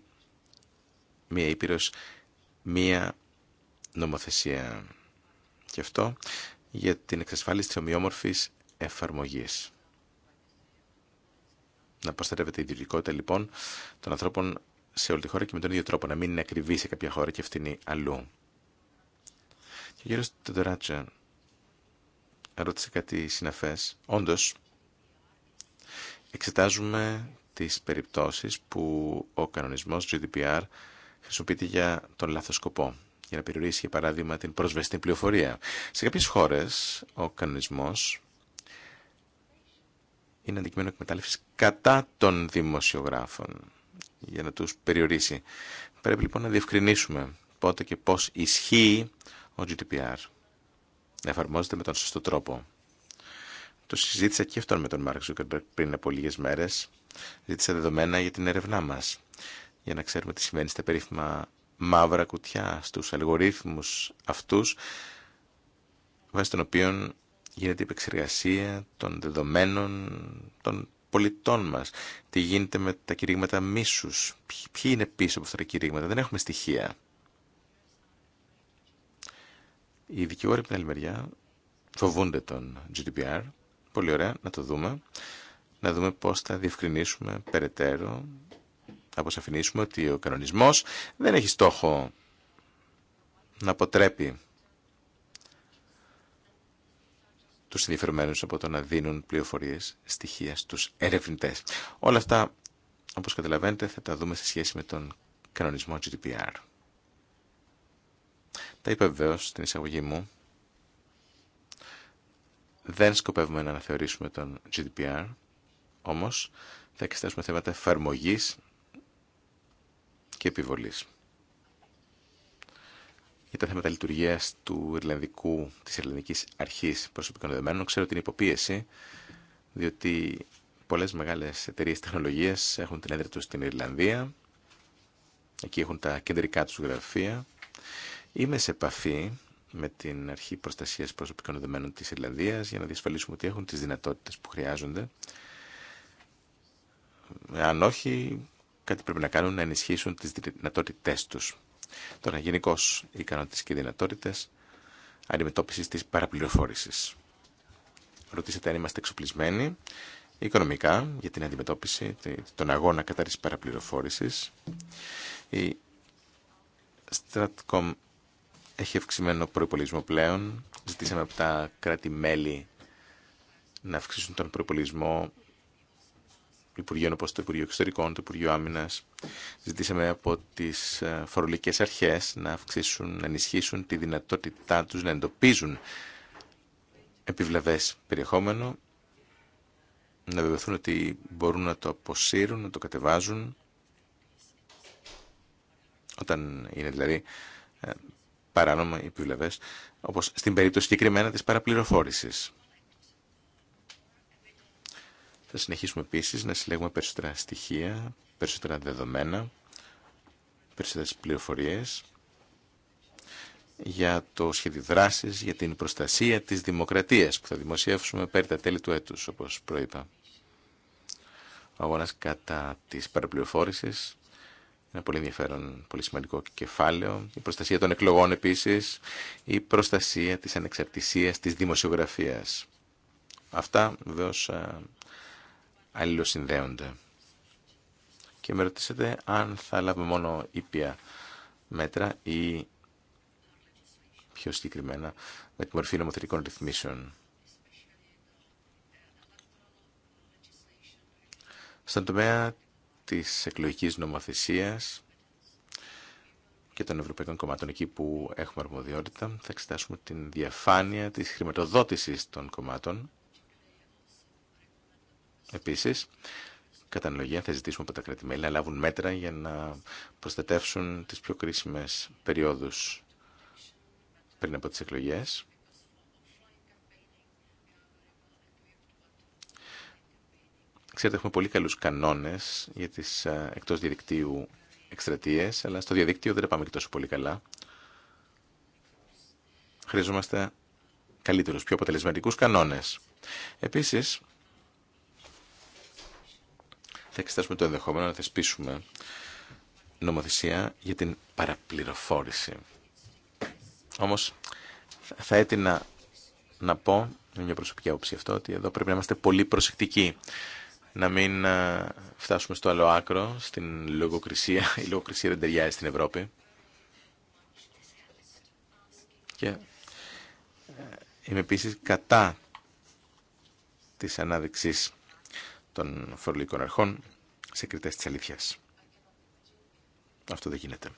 [SPEAKER 2] μία ήπειρος, μία νομοθεσία. Και αυτό για την εξασφάλιση της ομοιόμορφης εφαρμογής. Να προστατεύεται η ιδιωτικότητα λοιπόν των ανθρώπων σε όλη τη χώρα και με τον ίδιο τρόπο, να μην είναι ακριβή σε κάποια χώρα και φτηνή αλλού. Και ο κύριος Τεντοράτσα ρώτησε κάτι συναφές. Όντως, εξετάζουμε τις περιπτώσεις που ο κανονισμός GDPR χρησιμοποιείται για τον λάθος σκοπό για να περιορίσει για παράδειγμα την προσβεστή πληροφορία. Σε κάποιε χώρες ο κανονισμός είναι αντικείμενο εκμετάλλευση κατά των δημοσιογράφων για να τους περιορίσει. Πρέπει λοιπόν να διευκρινίσουμε πότε και πώς ισχύει ο GDPR να εφαρμόζεται με τον σωστό τρόπο. Το συζήτησα και αυτόν με τον Μάρκ Ζούκερμπερκ πριν από λίγες μέρες. Ζήτησα δεδομένα για την έρευνά μας για να ξέρουμε τι συμβαίνει στα περίφημα μαύρα κουτιά, στους αλγορίθμους αυτούς, βάσει των οποίων γίνεται η επεξεργασία των δεδομένων των πολιτών μας. Τι γίνεται με τα κηρύγματα μίσους, ποιοι είναι πίσω από αυτά τα κηρύγματα, δεν έχουμε στοιχεία. Οι δικηγόροι από την άλλη μεριά φοβούνται τον GDPR, πολύ ωραία, να το δούμε, να δούμε πώς θα διευκρινίσουμε περαιτέρω αποσαφηνίσουμε ότι ο κανονισμός δεν έχει στόχο να αποτρέπει τους ενδιαφερμένους από το να δίνουν πληροφορίες, στοιχεία στους ερευνητές. Όλα αυτά, όπως καταλαβαίνετε, θα τα δούμε σε σχέση με τον κανονισμό GDPR. Τα είπα βεβαίω στην εισαγωγή μου. Δεν σκοπεύουμε να αναθεωρήσουμε τον GDPR, όμως θα εξετάσουμε θέματα εφαρμογή και επιβολής. Για τα θέματα λειτουργία του Ιρλανδικού, της ελληνικής Αρχής Προσωπικών Δεδομένων, ξέρω την υποπίεση, διότι πολλές μεγάλες εταιρείες τεχνολογίας έχουν την έδρα τους στην Ιρλανδία, εκεί έχουν τα κεντρικά τους γραφεία. Είμαι σε επαφή με την Αρχή Προστασίας Προσωπικών Δεδομένων της Ιρλανδίας για να διασφαλίσουμε ότι έχουν τις δυνατότητες που χρειάζονται. Αν όχι, κάτι πρέπει να κάνουν να ενισχύσουν τις δυνατότητές τους. Τώρα, γενικώ οι ικανότητες και οι δυνατότητες αντιμετώπισης της παραπληροφόρησης. Ρωτήσατε αν είμαστε εξοπλισμένοι οικονομικά για την αντιμετώπιση, τον αγώνα κατά της παραπληροφόρησης. Η Stratcom έχει αυξημένο προϋπολισμό πλέον. Ζητήσαμε από τα κράτη-μέλη να αυξήσουν τον προϋπολισμό Υπουργείων όπως το Υπουργείο Εξωτερικών, το Υπουργείο Άμυνας. Ζητήσαμε από τις ε, φορολογικές αρχές να αυξήσουν, να ενισχύσουν τη δυνατότητά τους να εντοπίζουν επιβλαβές περιεχόμενο, να βεβαιωθούν ότι μπορούν να το αποσύρουν, να το κατεβάζουν, όταν είναι δηλαδή ε, παράνομα οι επιβλαβές, όπως στην περίπτωση συγκεκριμένα της παραπληροφόρησης. Θα συνεχίσουμε επίσης να συλλέγουμε περισσότερα στοιχεία, περισσότερα δεδομένα, περισσότερες πληροφορίες για το σχέδιο δράσης, για την προστασία της δημοκρατίας που θα δημοσιεύσουμε πέρι τα τέλη του έτους, όπως προείπα. Ο αγώνας κατά της παραπληροφόρησης, ένα πολύ ενδιαφέρον, πολύ σημαντικό κεφάλαιο. Η προστασία των εκλογών επίσης, η προστασία της ανεξαρτησίας της δημοσιογραφίας. Αυτά βεβαίω αλληλοσυνδέονται. Και με ρωτήσετε αν θα λάβουμε μόνο ήπια μέτρα ή πιο συγκεκριμένα με τη μορφή νομοθετικών ρυθμίσεων. Στον τομέα της εκλογικής νομοθεσίας και των ευρωπαϊκών κομμάτων, εκεί που έχουμε αρμοδιότητα, θα εξετάσουμε την διαφάνεια της χρηματοδότησης των κομμάτων Επίσης, κατά αναλογία θα ζητήσουμε από τα κράτη-μέλη να λάβουν μέτρα για να προστατεύσουν τις πιο κρίσιμε περιόδους πριν από τις εκλογέ. Ξέρετε, έχουμε πολύ καλούς κανόνες για τις εκτός διαδικτύου εκστρατείες, αλλά στο διαδίκτυο δεν πάμε και τόσο πολύ καλά. Χρειαζόμαστε καλύτερους, πιο αποτελεσματικούς κανόνες. Επίσης, θα εξετάσουμε το ενδεχόμενο να θεσπίσουμε νομοθεσία για την παραπληροφόρηση. Όμως θα έτεινα να πω, με μια προσωπική άποψη αυτό, ότι εδώ πρέπει να είμαστε πολύ προσεκτικοί. Να μην ε, φτάσουμε στο άλλο άκρο, στην λογοκρισία. <laughs> Η λογοκρισία δεν ταιριάζει στην Ευρώπη. Και ε, είμαι επίσης κατά της ανάδειξης των φορολογικών αρχών σε κριτές της αλήθειας. Αυτό δεν γίνεται.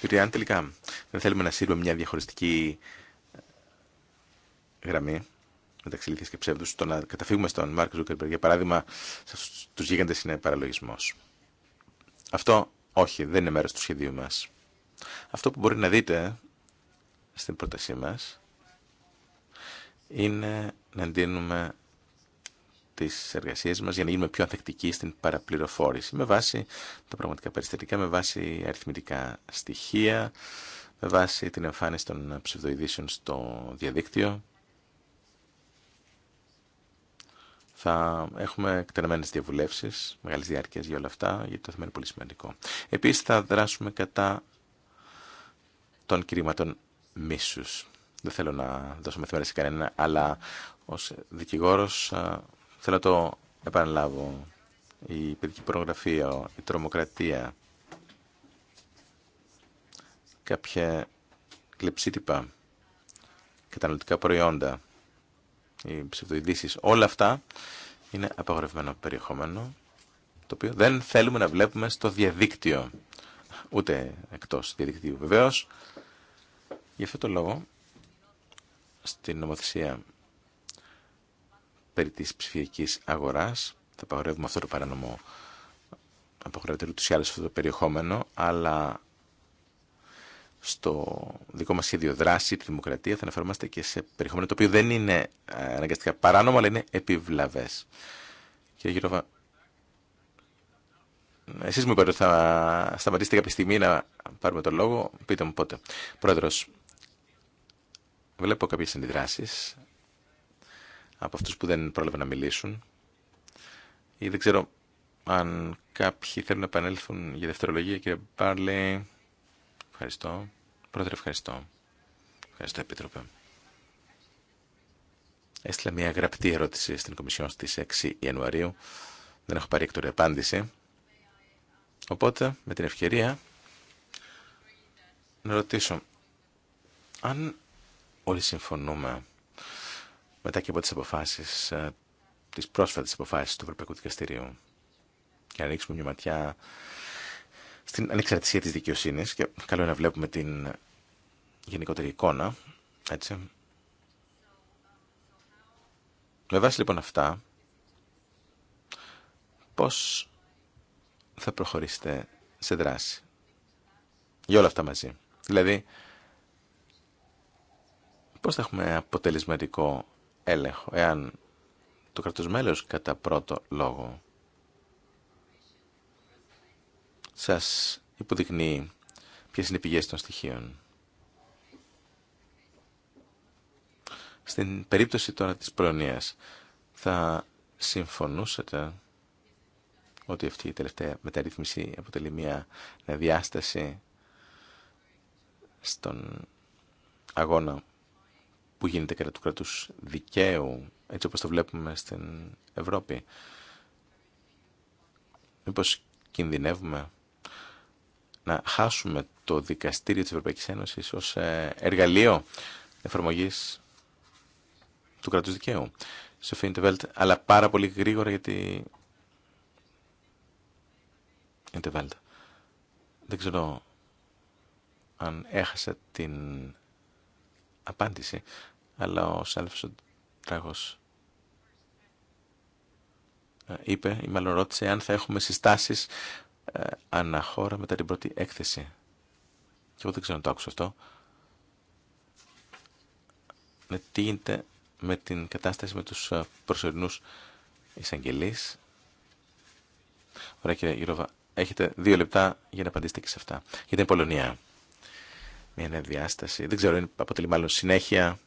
[SPEAKER 2] Διότι αν τελικά δεν θέλουμε να σύρουμε μια διαχωριστική ε, γραμμή μεταξύ αλήθειας και ψεύδους, το να καταφύγουμε στον Μάρκ Ζούκερπερ, για παράδειγμα, στους γίγαντες είναι παραλογισμός. Αυτό όχι, δεν είναι μέρος του σχεδίου μας. Αυτό που μπορεί να δείτε στην πρότασή μας είναι να εντείνουμε τις εργασίε μας για να γίνουμε πιο ανθεκτικοί στην παραπληροφόρηση με βάση τα πραγματικά περιστατικά, με βάση αριθμητικά στοιχεία, με βάση την εμφάνιση των ψευδοειδήσεων στο διαδίκτυο. Θα έχουμε εκτεναμένε διαβουλεύσει μεγάλες διάρκεια για όλα αυτά, γιατί το θέμα είναι πολύ σημαντικό. Επίση θα δράσουμε κατά των κηρύγματων μίσου. Δεν θέλω να δώσω μεθυμένες σε κανένα, αλλά ως δικηγόρος θέλω να το επαναλάβω. Η παιδική πορνογραφία, η τρομοκρατία, κάποια κλεψίτυπα, καταναλωτικά προϊόντα, οι ψευδοειδήσεις, όλα αυτά είναι απαγορευμένο περιεχόμενο, το οποίο δεν θέλουμε να βλέπουμε στο διαδίκτυο, ούτε εκτός διαδικτύου βεβαίως. Γι' αυτό το λόγο στην νομοθεσία περί της ψηφιακής αγοράς. Θα απαγορεύουμε αυτό το παρανομό απαγορεύεται ούτως ή άλλως αυτό το περιεχόμενο, αλλά στο δικό μας σχέδιο δράση, τη δημοκρατία, θα αναφερόμαστε και σε περιεχόμενο το οποίο δεν είναι ε, αναγκαστικά παράνομο, αλλά είναι επιβλαβές. Κύριε Γυρόβα, εσείς μου είπατε ότι θα σταματήσετε κάποια στιγμή να πάρουμε τον λόγο. Πείτε μου πότε. Πρόεδρος, Βλέπω κάποιες αντιδράσεις από αυτούς που δεν πρόλαβαν να μιλήσουν ή δεν ξέρω αν κάποιοι θέλουν να επανέλθουν για δευτερολογία. Κύριε Μπάρλε, ευχαριστώ. Πρόεδρε, ευχαριστώ. Ευχαριστώ, Επίτροπε. Έστειλα μια γραπτή ερώτηση στην Κομισιόν στις 6 Ιανουαρίου. Δεν έχω πάρει έκτορη απάντηση. Οπότε, με την ευκαιρία, να ρωτήσω αν όλοι συμφωνούμε μετά και από τις αποφάσεις, ε, τις πρόσφατες αποφάσεις του Ευρωπαϊκού Δικαστηρίου και να ρίξουμε μια ματιά στην ανεξαρτησία της δικαιοσύνης και καλό είναι να βλέπουμε την γενικότερη εικόνα, έτσι. Με βάση λοιπόν αυτά, πώς θα προχωρήσετε σε δράση για όλα αυτά μαζί. Δηλαδή, Πώς θα έχουμε αποτελεσματικό έλεγχο, εάν το κρατός κατά πρώτο λόγο σας υποδεικνύει ποιες είναι οι πηγές των στοιχείων. Στην περίπτωση τώρα της προνοίας, θα συμφωνούσατε ότι αυτή η τελευταία μεταρρύθμιση αποτελεί μια διάσταση στον αγώνα που γίνεται κατά του κρατούς δικαίου, έτσι όπως το βλέπουμε στην Ευρώπη. Μήπως κινδυνεύουμε να χάσουμε το δικαστήριο της Ευρωπαϊκής Ένωσης ως ε, εργαλείο εφαρμογής του κρατούς δικαίου. Σοφία Βέλτ, αλλά πάρα πολύ γρήγορα γιατί... Ε, δεν ξέρω αν έχασα την απάντηση, αλλά ο Σάλφος ο Τράγος ε, είπε ή μάλλον ρώτησε αν θα έχουμε συστάσεις ε, αναχώρα μετά την πρώτη έκθεση. Και εγώ δεν ξέρω να το άκουσα αυτό. Ναι, τι γίνεται με την κατάσταση με τους ε, προσωρινούς εισαγγελείς. Ωραία κύριε Γύροβα, έχετε δύο λεπτά για να απαντήσετε και σε αυτά. Για την Πολωνία μια νέα διάσταση. Δεν ξέρω, αποτελεί μάλλον συνέχεια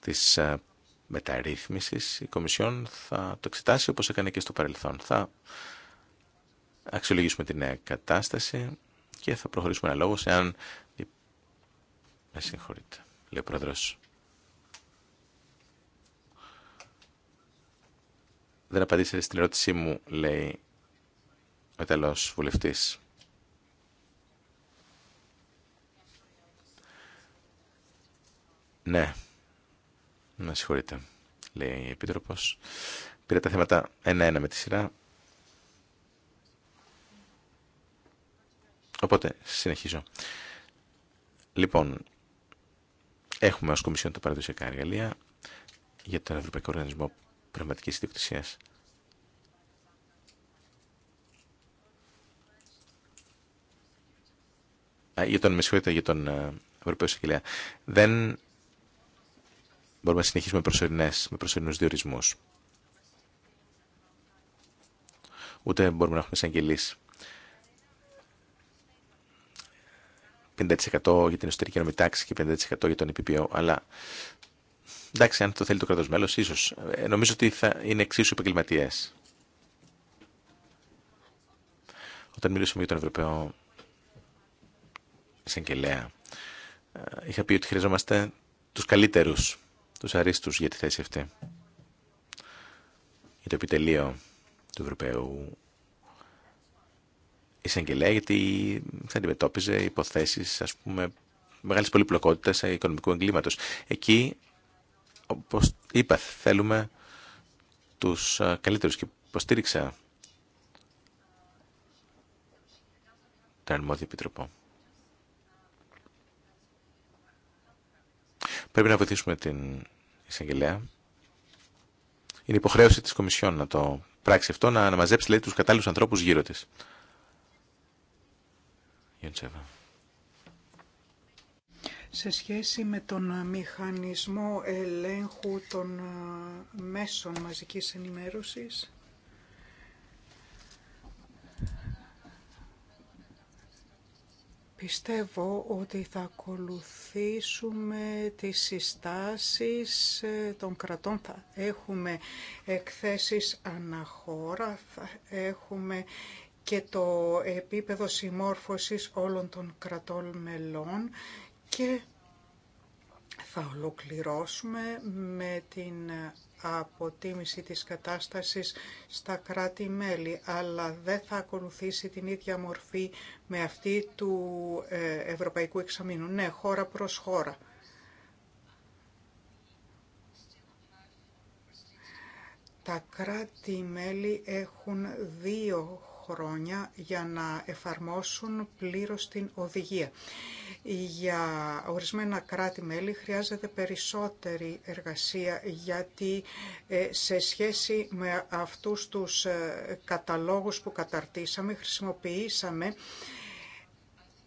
[SPEAKER 2] της ε, μεταρρύθμισης. Η Κομισιόν θα το εξετάσει όπως έκανε και στο παρελθόν. Θα αξιολογήσουμε τη νέα κατάσταση και θα προχωρήσουμε ένα λόγο αν... Με συγχωρείτε, λέει ο Πρόεδρος. Δεν απαντήσατε στην ερώτησή μου, λέει ο Ιταλός βουλευτής. Ναι, Με συγχωρείτε, λέει η Επίτροπος. Πήρα τα θέματα ένα-ένα με τη σειρά. Οπότε, συνεχίζω. Λοιπόν, έχουμε ως Κομισιόν τα παραδοσιακά εργαλεία για τον Ευρωπαϊκό Οργανισμό Πνευματικής Ιδιοκτησίας. για τον, με για τον ε, ευρωπαϊκό Συγγελέα. Δεν μπορούμε να συνεχίσουμε με προσωρινούς διορισμούς. Ούτε μπορούμε να έχουμε εισαγγελείς. 50% για την εσωτερική νομή τάξη και 50% για τον ΕΠΠΟ. Αλλά εντάξει, αν το θέλει το κράτο μέλο, ίσω. Ε, νομίζω ότι θα είναι εξίσου επαγγελματίε. Όταν μιλήσαμε για τον Ευρωπαίο εισαγγελέα, ε, είχα πει ότι χρειαζόμαστε τους καλύτερους τους αρίστους για τη θέση αυτή. Για το επιτελείο του Ευρωπαίου εισαγγελέα, γιατί θα αντιμετώπιζε υποθέσεις, ας πούμε, μεγάλης πολυπλοκότητας οικονομικού εγκλήματος. Εκεί, όπως είπα, θέλουμε τους ε, καλύτερους και υποστήριξα τον αρμόδιο επιτροπό. Πρέπει να βοηθήσουμε την εισαγγελέα. Είναι υποχρέωση της Κομισιόν να το πράξει αυτό, να αναμαζέψει λέει, τους κατάλληλους ανθρώπους γύρω της.
[SPEAKER 3] Σε σχέση με τον μηχανισμό ελέγχου των ε, μέσων μαζικής ενημέρωσης, Πιστεύω ότι θα ακολουθήσουμε τις συστάσεις ε, των κρατών. Θα έχουμε εκθέσεις αναχώρα, θα έχουμε και το επίπεδο συμμόρφωσης όλων των κρατών μελών και θα ολοκληρώσουμε με την αποτίμηση της κατάστασης στα κράτη-μέλη, αλλά δεν θα ακολουθήσει την ίδια μορφή με αυτή του ε, Ευρωπαϊκού Εξαμήνου. Ναι, χώρα προς χώρα. Τα κράτη-μέλη έχουν δύο για να εφαρμόσουν πλήρως την οδηγία. Για ορισμένα κράτη-μέλη χρειάζεται περισσότερη εργασία γιατί ε, σε σχέση με αυτούς τους ε, καταλόγους που καταρτήσαμε χρησιμοποιήσαμε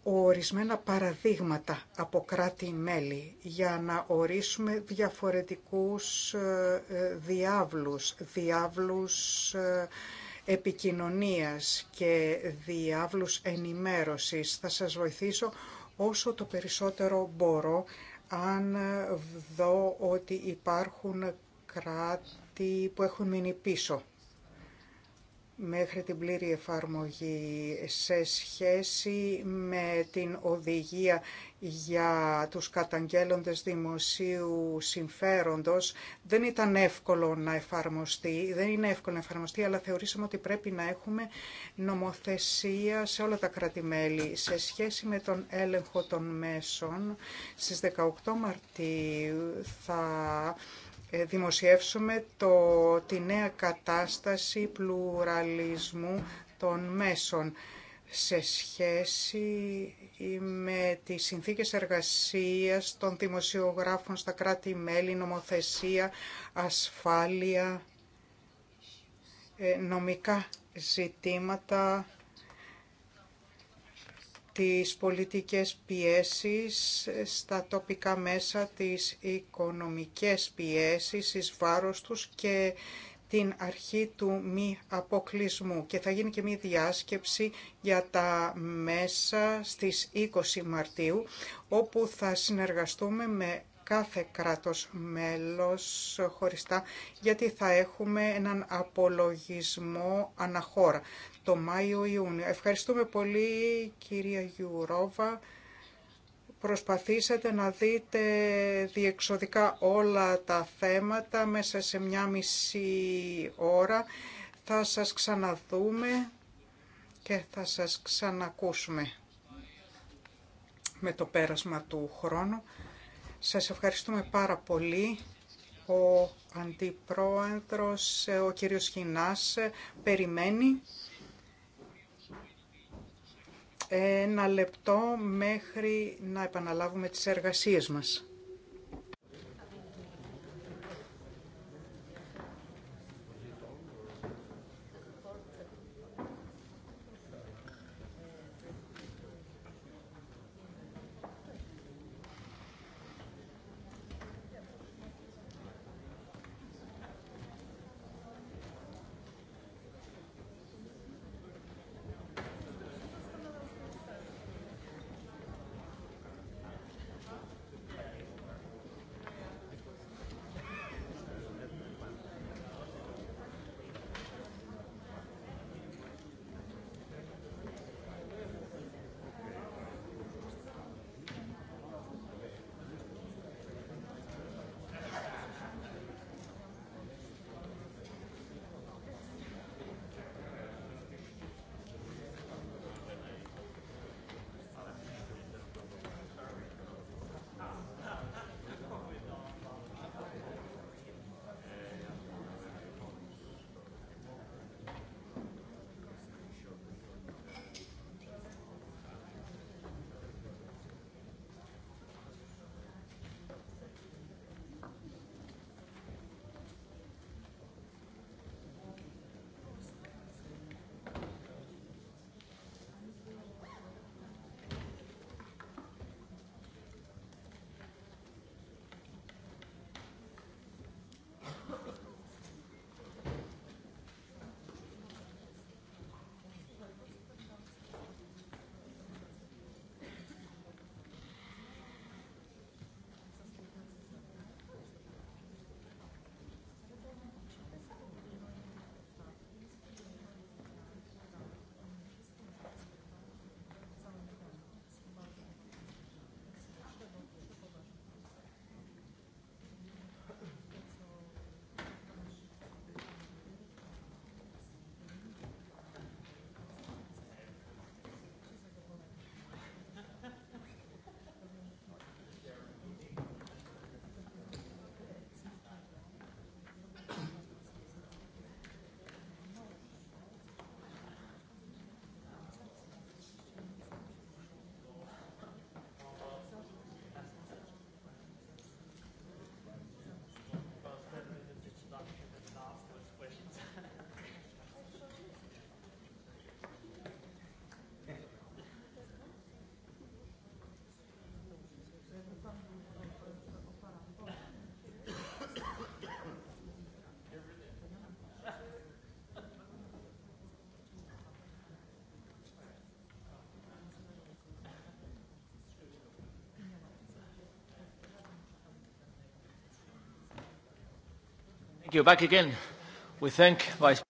[SPEAKER 3] ορισμένα παραδείγματα από κράτη-μέλη για να ορίσουμε διαφορετικούς ε, διάβλους, διάβλους επικοινωνίας και διάβλους ενημέρωσης. Θα σας βοηθήσω όσο το περισσότερο μπορώ αν δω ότι υπάρχουν κράτη που έχουν μείνει πίσω μέχρι την πλήρη εφαρμογή σε σχέση με την οδηγία για τους καταγγέλλοντες δημοσίου συμφέροντος. Δεν ήταν εύκολο να εφαρμοστεί, δεν είναι εύκολο να εφαρμοστεί, αλλά θεωρήσαμε ότι πρέπει να έχουμε νομοθεσία σε όλα τα κρατημέλη. Σε σχέση με τον έλεγχο των μέσων, στις 18 Μαρτίου θα ε, δημοσιεύσουμε το, τη νέα κατάσταση πλουραλισμού των μέσων σε σχέση με τις συνθήκες εργασίας των δημοσιογράφων στα κράτη-μέλη, νομοθεσία, ασφάλεια, ε, νομικά ζητήματα τις πολιτικές πιέσεις στα τοπικά μέσα, τις οικονομικές πιέσεις εις βάρος τους και την αρχή του μη αποκλεισμού και θα γίνει και μια διάσκεψη για τα μέσα στις 20 Μαρτίου όπου θα συνεργαστούμε με κάθε κράτος μέλος χωριστά γιατί θα έχουμε έναν απολογισμό αναχώρα το Μάιο-Ιούνιο. Ευχαριστούμε πολύ κυρία Γιουρόβα. Προσπαθήσατε να δείτε διεξοδικά όλα τα θέματα μέσα σε μια μισή ώρα. Θα σας ξαναδούμε και θα σας ξανακούσουμε με το πέρασμα του χρόνου. Σας ευχαριστούμε πάρα πολύ. Ο Αντιπρόεδρος, ο κύριος Χινάς, περιμένει ένα λεπτό μέχρι να επαναλάβουμε τις εργασίες μας.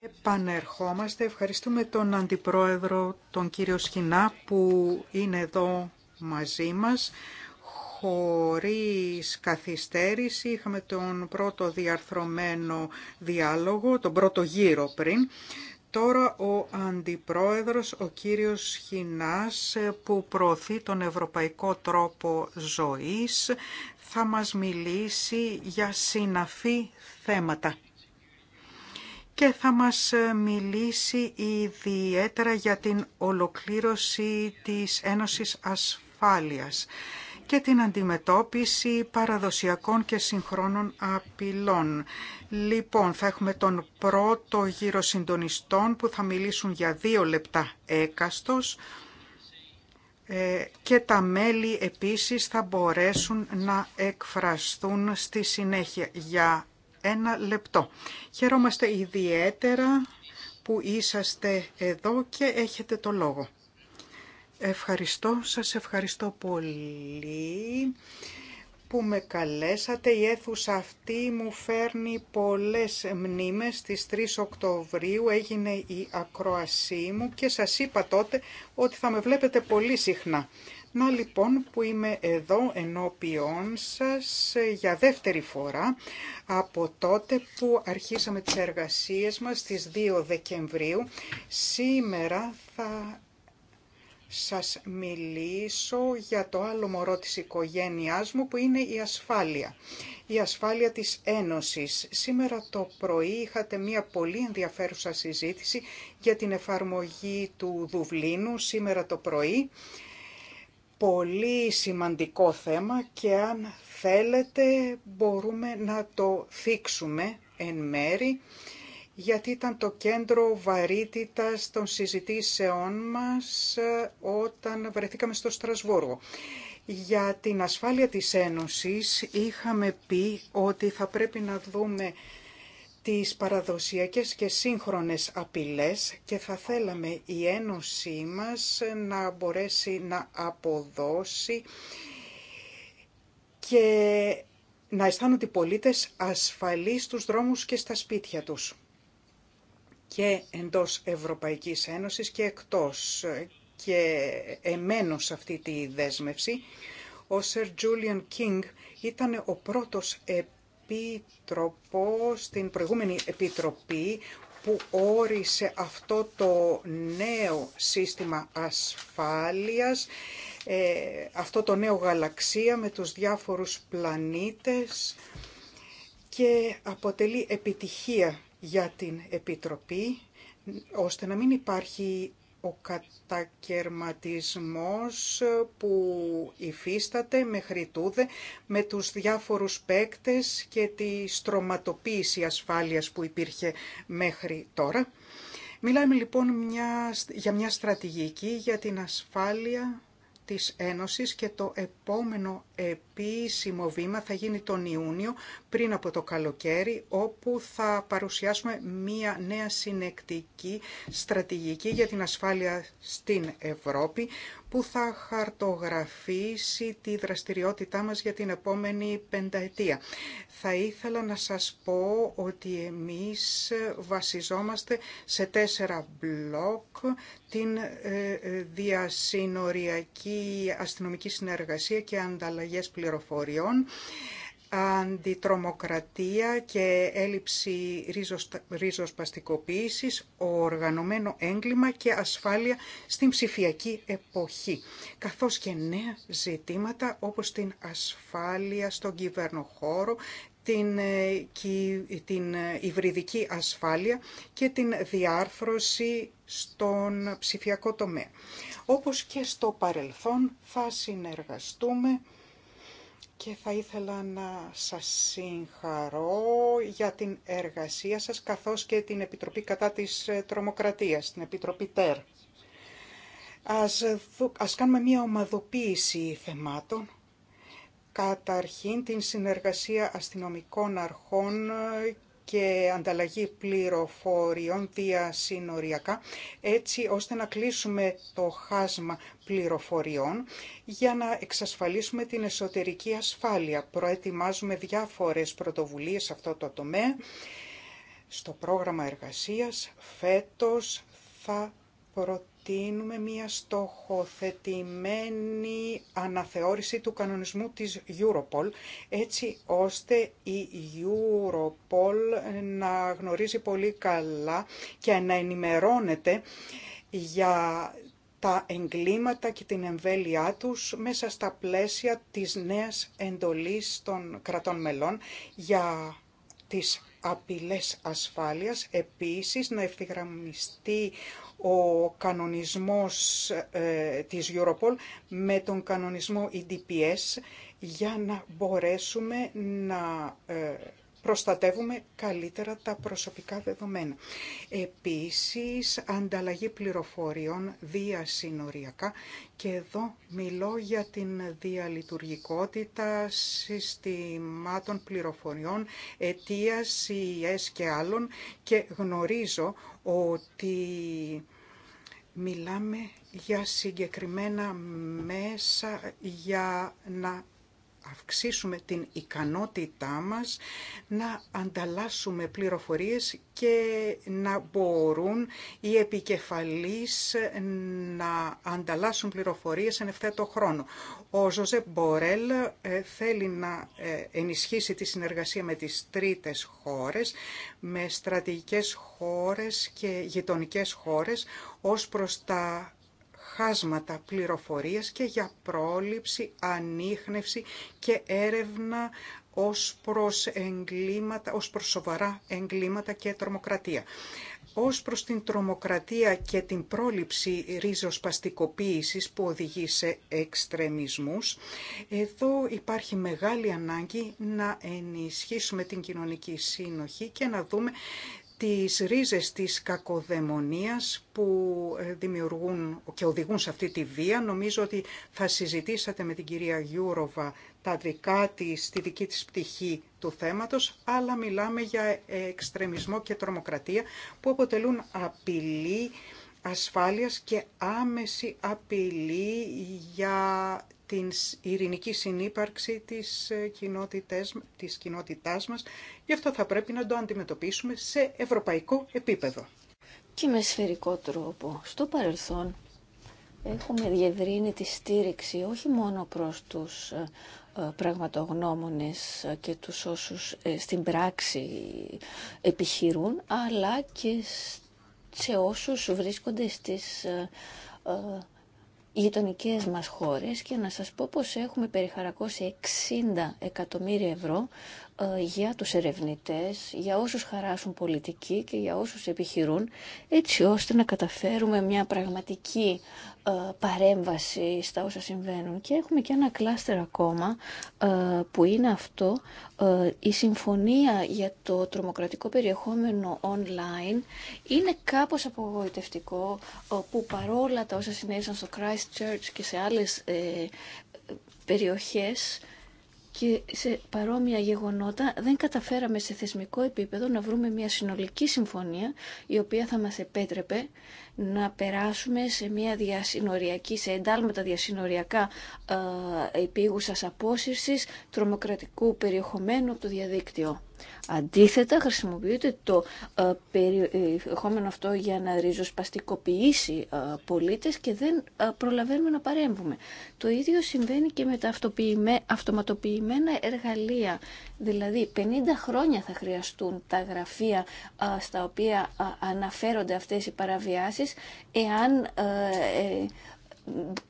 [SPEAKER 3] Επανερχόμαστε. Ευχαριστούμε τον Αντιπρόεδρο, τον κύριο Σχοινά, που είναι εδώ μαζί μας. Χωρίς καθυστέρηση είχαμε τον πρώτο διαρθρωμένο διάλογο, τον πρώτο γύρο πριν τώρα ο Αντιπρόεδρος, ο κύριος Χινάς, που προωθεί τον ευρωπαϊκό τρόπο ζωής, θα μας μιλήσει για συναφή θέματα και θα μας μιλήσει ιδιαίτερα για την ολοκλήρωση της Ένωσης Ασφάλειας και την αντιμετώπιση παραδοσιακών και συγχρόνων απειλών. Λοιπόν, θα έχουμε τον πρώτο γύρο συντονιστών που θα μιλήσουν για δύο λεπτά έκαστος ε, και τα μέλη επίσης θα μπορέσουν να εκφραστούν στη συνέχεια για ένα λεπτό. Χαιρόμαστε ιδιαίτερα που είσαστε εδώ και έχετε το λόγο. Ευχαριστώ, σας ευχαριστώ πολύ που με καλέσατε. Η αίθουσα αυτή μου φέρνει πολλές μνήμες. Στις 3 Οκτωβρίου έγινε η ακροασή μου και σας είπα τότε ότι θα με βλέπετε πολύ συχνά. Να λοιπόν που είμαι εδώ ενώπιόν σας για δεύτερη φορά από τότε που αρχίσαμε τις εργασίες μας στις 2 Δεκεμβρίου. Σήμερα θα σας μιλήσω για το άλλο μωρό της οικογένειάς μου που είναι η ασφάλεια. Η ασφάλεια της Ένωσης. Σήμερα το πρωί είχατε μια πολύ ενδιαφέρουσα συζήτηση για την εφαρμογή του Δουβλίνου σήμερα το πρωί. Πολύ σημαντικό θέμα και αν θέλετε μπορούμε να το θίξουμε εν μέρη γιατί ήταν το κέντρο βαρύτητας των συζητήσεών μας ε, όταν βρεθήκαμε στο Στρασβούργο. Για την ασφάλεια της Ένωσης είχαμε πει ότι θα πρέπει να δούμε τις παραδοσιακές και σύγχρονες απειλές και θα θέλαμε η Ένωσή μας να μπορέσει να αποδώσει και να αισθάνονται οι πολίτες ασφαλείς στους δρόμους και στα σπίτια τους και εντός Ευρωπαϊκής Ένωσης και εκτός και εμένω αυτή τη δέσμευση. Ο Σερ Τζούλιαν Κίνγκ ήταν ο πρώτος επίτροπος στην προηγούμενη επιτροπή που όρισε αυτό το νέο σύστημα ασφάλειας, ε, αυτό το νέο γαλαξία με τους διάφορους πλανήτες και αποτελεί επιτυχία για την Επιτροπή, ώστε να μην υπάρχει ο κατακαιρματισμός που υφίσταται μέχρι τούδε με τους διάφορους πέκτες και τη στρωματοποίηση ασφάλειας που υπήρχε μέχρι τώρα. Μιλάμε λοιπόν για μια στρατηγική για την ασφάλεια της Ένωσης και το επόμενο επίσημο βήμα θα γίνει τον Ιούνιο πριν από το καλοκαίρι όπου θα παρουσιάσουμε μία νέα συνεκτική στρατηγική για την ασφάλεια στην Ευρώπη που θα χαρτογραφήσει τη δραστηριότητά μας για την επόμενη πενταετία. Θα ήθελα να σας πω ότι εμείς βασιζόμαστε σε τέσσερα μπλοκ, την ε, ε, διασυνοριακή αστυνομική συνεργασία και ανταλλαγές πληροφοριών, αντιτρομοκρατία και έλλειψη ριζοσπαστικοποίησης, οργανωμένο έγκλημα και ασφάλεια στην ψηφιακή εποχή, καθώς και νέα ζητήματα όπως την ασφάλεια στον κυβερνοχώρο, την, ε, την ε, υβριδική ασφάλεια και την διάρθρωση στον ψηφιακό τομέα. Όπως και στο παρελθόν θα συνεργαστούμε και θα ήθελα να σας συγχαρώ για την εργασία σας καθώς και την Επιτροπή κατά της ε, τρομοκρατίας, την Επιτροπή ΤΕΡ. Ας, ας κάνουμε μία ομαδοποίηση θεμάτων. Καταρχήν την συνεργασία αστυνομικών αρχών ε, και ανταλλαγή πληροφοριών διασυνοριακά, έτσι ώστε να κλείσουμε το χάσμα πληροφοριών για να εξασφαλίσουμε την εσωτερική ασφάλεια. Προετοιμάζουμε διάφορες πρωτοβουλίες σε αυτό το τομέα. Στο πρόγραμμα εργασίας φέτος θα προτείνουμε προτείνουμε μία στοχοθετημένη αναθεώρηση του κανονισμού της Europol, έτσι ώστε η Europol να γνωρίζει πολύ καλά και να ενημερώνεται για τα εγκλήματα και την εμβέλειά τους μέσα στα πλαίσια της νέας εντολής των κρατών μελών για τις απειλές ασφάλειας. Επίσης, να ευθυγραμμιστεί ο κανονισμός ε, της Europol με τον κανονισμό EDPS για να μπορέσουμε να ε, προστατεύουμε καλύτερα τα προσωπικά δεδομένα. Επίσης, ανταλλαγή πληροφοριών διασυνοριακά και εδώ μιλώ για την διαλειτουργικότητα συστημάτων πληροφοριών, αιτίας, ΙΕΣ και άλλων και γνωρίζω ότι μιλάμε για συγκεκριμένα μέσα για να αυξήσουμε την ικανότητά μας να ανταλλάσσουμε πληροφορίες και να μπορούν οι επικεφαλείς να ανταλλάσσουν πληροφορίες εν ευθέτω χρόνο. Ο Ζωζέ Μπορέλ ε, θέλει να ε, ενισχύσει τη συνεργασία με τις τρίτες χώρες, με στρατηγικές χώρες και γειτονικές χώρες ως προς τα χάσματα πληροφορίας και για πρόληψη, ανείχνευση και έρευνα ως προς, εγκλήματα, ως προς σοβαρά εγκλήματα και τρομοκρατία. Ως προς την τρομοκρατία και την πρόληψη ρίζοσπαστικοποίησης που οδηγεί σε εξτρεμισμούς, εδώ υπάρχει μεγάλη ανάγκη να ενισχύσουμε την κοινωνική σύνοχη και να δούμε τις ρίζες της κακοδαιμονίας που ε, δημιουργούν και οδηγούν σε αυτή τη βία. Νομίζω ότι θα συζητήσατε με την κυρία Γιούροβα τα δικά της, τη δική της πτυχή του θέματος, αλλά μιλάμε για εξτρεμισμό και τρομοκρατία που αποτελούν απειλή ασφάλειας και άμεση απειλή για την ειρηνική συνύπαρξη της, ε, κοινότητας, της κοινότητάς μας. Γι' αυτό θα πρέπει να το αντιμετωπίσουμε σε ευρωπαϊκό επίπεδο. Και με σφαιρικό τρόπο. Στο
[SPEAKER 4] παρελθόν έχουμε διευρύνει τη στήριξη όχι μόνο προς τους ε, ε, πραγματογνώμονες και τους όσους στην πράξη επιχειρούν, αλλά και σε όσους βρίσκονται στις ε, ε, γειτονικέ μας χώρες και να σας πω πως έχουμε περιχαρακώσει 60 εκατομμύρια ευρώ ε, για τους ερευνητές, για όσους χαράσουν πολιτική και για όσους επιχειρούν, έτσι ώστε να καταφέρουμε μια πραγματική ε, παρέμβαση στα όσα συμβαίνουν. Και έχουμε και ένα κλάστερ ακόμα ε, που είναι αυτό, η συμφωνία για το τρομοκρατικό περιεχόμενο online είναι κάπως απογοητευτικό που παρόλα τα όσα συνέβησαν στο Christchurch και σε άλλες περιοχές και σε παρόμοια γεγονότα δεν καταφέραμε σε θεσμικό επίπεδο να βρούμε μια συνολική συμφωνία η οποία θα μας επέτρεπε να περάσουμε σε μια διασυνοριακή, σε εντάλματα διασυνοριακά ε, επίγουσας απόσυρσης τρομοκρατικού περιεχομένου από το διαδίκτυο. Αντίθετα, χρησιμοποιείται το ε, περιεχόμενο αυτό για να ριζοσπαστικοποιήσει ε, πολίτες και δεν ε, προλαβαίνουμε να παρέμβουμε. Το ίδιο συμβαίνει και με τα αυτοματοποιημένα εργαλεία. Δηλαδή, 50 χρόνια θα χρειαστούν τα γραφεία στα οποία αναφέρονται αυτές οι παραβιάσεις, εάν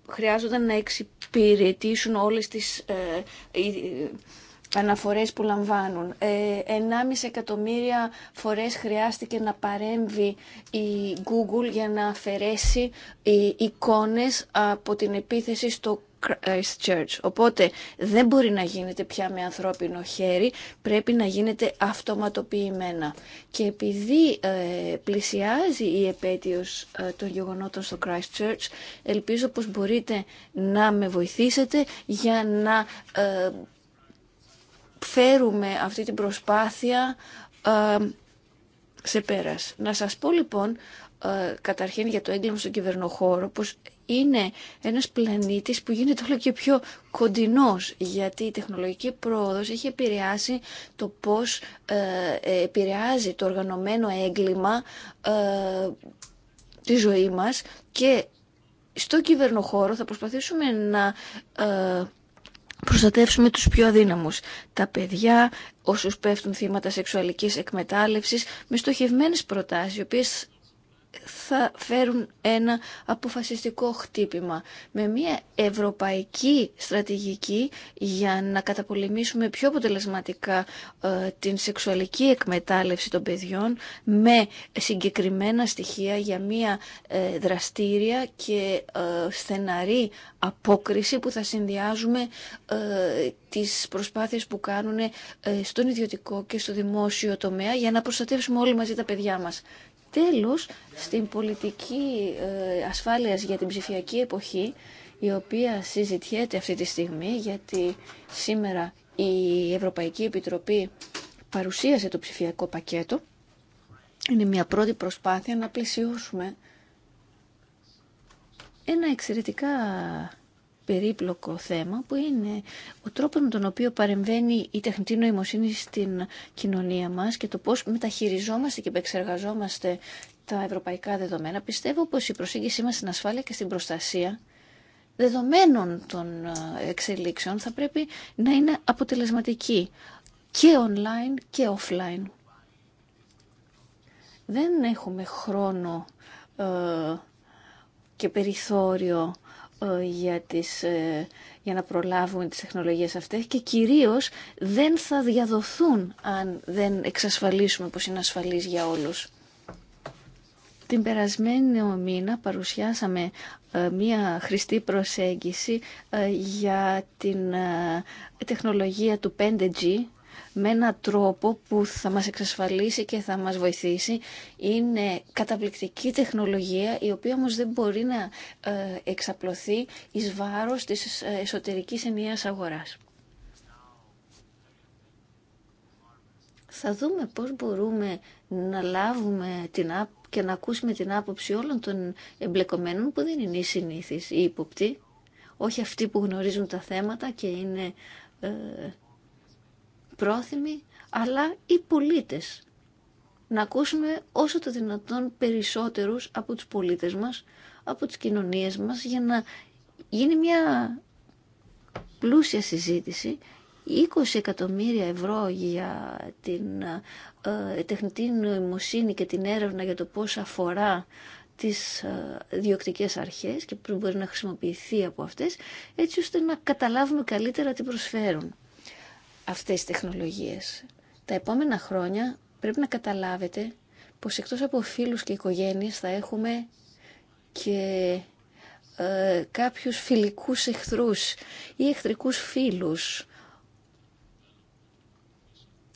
[SPEAKER 4] χρειάζονταν να εξυπηρετήσουν όλες τις αναφορές που λαμβάνουν. 1,5 ε, εκατομμύρια φορές χρειάστηκε να παρέμβει η Google για να αφαιρέσει οι ε, εικόνες από την επίθεση στο Christchurch. Οπότε δεν μπορεί να γίνεται πια με ανθρώπινο χέρι, πρέπει να γίνεται αυτοματοποιημένα. Και επειδή ε, πλησιάζει η επέτειος των γεγονότων στο Christchurch, ελπίζω πως μπορείτε να με βοηθήσετε για να φέρουμε αυτή την προσπάθεια ε, σε πέρας. Να σας πω λοιπόν ε, καταρχήν για το έγκλημα στον κυβερνοχώρο πως είναι ένας πλανήτης που γίνεται όλο και πιο κοντινός γιατί η τεχνολογική πρόοδος έχει επηρεάσει το πώς ε, επηρεάζει το οργανωμένο έγκλημα τη ζωή μας και στο κυβερνοχώρο θα προσπαθήσουμε να προστατεύσουμε τους πιο αδύναμους, τα παιδιά, όσους πέφτουν θύματα σεξουαλικής εκμετάλλευσης, με στοχευμένες προτάσεις, οι οποίες θα φέρουν ένα αποφασιστικό χτύπημα με μια ευρωπαϊκή στρατηγική για να καταπολεμήσουμε πιο αποτελεσματικά ε, την σεξουαλική εκμετάλλευση των παιδιών με συγκεκριμένα στοιχεία για μια ε, δραστήρια και ε, στεναρή απόκριση που θα συνδυάζουμε τις προσπάθειες που κάνουν στον ιδιωτικό και στο δημόσιο τομέα για να προστατεύσουμε όλοι μαζί τα παιδιά μας τέλος, στην πολιτική ε, ασφάλειας για την ψηφιακή εποχή, η οποία συζητιέται αυτή τη στιγμή, γιατί σήμερα η Ευρωπαϊκή Επιτροπή παρουσίασε το ψηφιακό πακέτο. Είναι μια πρώτη προσπάθεια να πλησιώσουμε ένα εξαιρετικά περίπλοκο θέμα που είναι ο τρόπος με τον οποίο παρεμβαίνει η τεχνητή νοημοσύνη στην κοινωνία μας και το πώς μεταχειριζόμαστε και επεξεργαζόμαστε τα ευρωπαϊκά δεδομένα. Πιστεύω πως η προσέγγιση μας στην ασφάλεια και στην προστασία δεδομένων των ε, εξελίξεων θα πρέπει να είναι αποτελεσματική και online και offline. Δεν έχουμε χρόνο ε, και περιθώριο ε, για, τις, ε, για να προλάβουμε τις τεχνολογίες αυτές και κυρίως δεν θα διαδοθούν αν δεν εξασφαλίσουμε πως είναι ασφαλής για όλους. Την περασμένη μήνα παρουσιάσαμε ε, μία χρηστή προσέγγιση για την τεχνολογία του 5G με έναν τρόπο που θα μας εξασφαλίσει και θα μας βοηθήσει. Είναι καταπληκτική τεχνολογία η οποία όμως δεν μπορεί να ε, εξαπλωθεί εις βάρος της ε, εσωτερικής ενιαίας αγοράς. Θα δούμε πώς μπορούμε να λάβουμε την και να ακούσουμε την άποψη όλων των εμπλεκομένων που δεν είναι οι συνήθεις, οι υποπτοί, όχι αυτοί που γνωρίζουν τα θέματα και είναι ε, πρόθυμοι, αλλά οι πολίτες. Να ακούσουμε όσο το δυνατόν περισσότερους από τους πολίτες μας, από τις κοινωνίες μας, για να γίνει μια πλούσια συζήτηση 20 εκατομμύρια ευρώ για την ε, τεχνητή νοημοσύνη και την έρευνα για το πώς αφορά τις ε, διοκτικές αρχές και που μπορεί να χρησιμοποιηθεί από αυτές, έτσι ώστε να καταλάβουμε καλύτερα τι προσφέρουν αυτές τις τεχνολογίες. Τα επόμενα χρόνια πρέπει να καταλάβετε πως εκτός από φίλους και οικογένειες θα έχουμε και ε, κάποιους φιλικούς εχθρούς ή εχθρικούς φίλους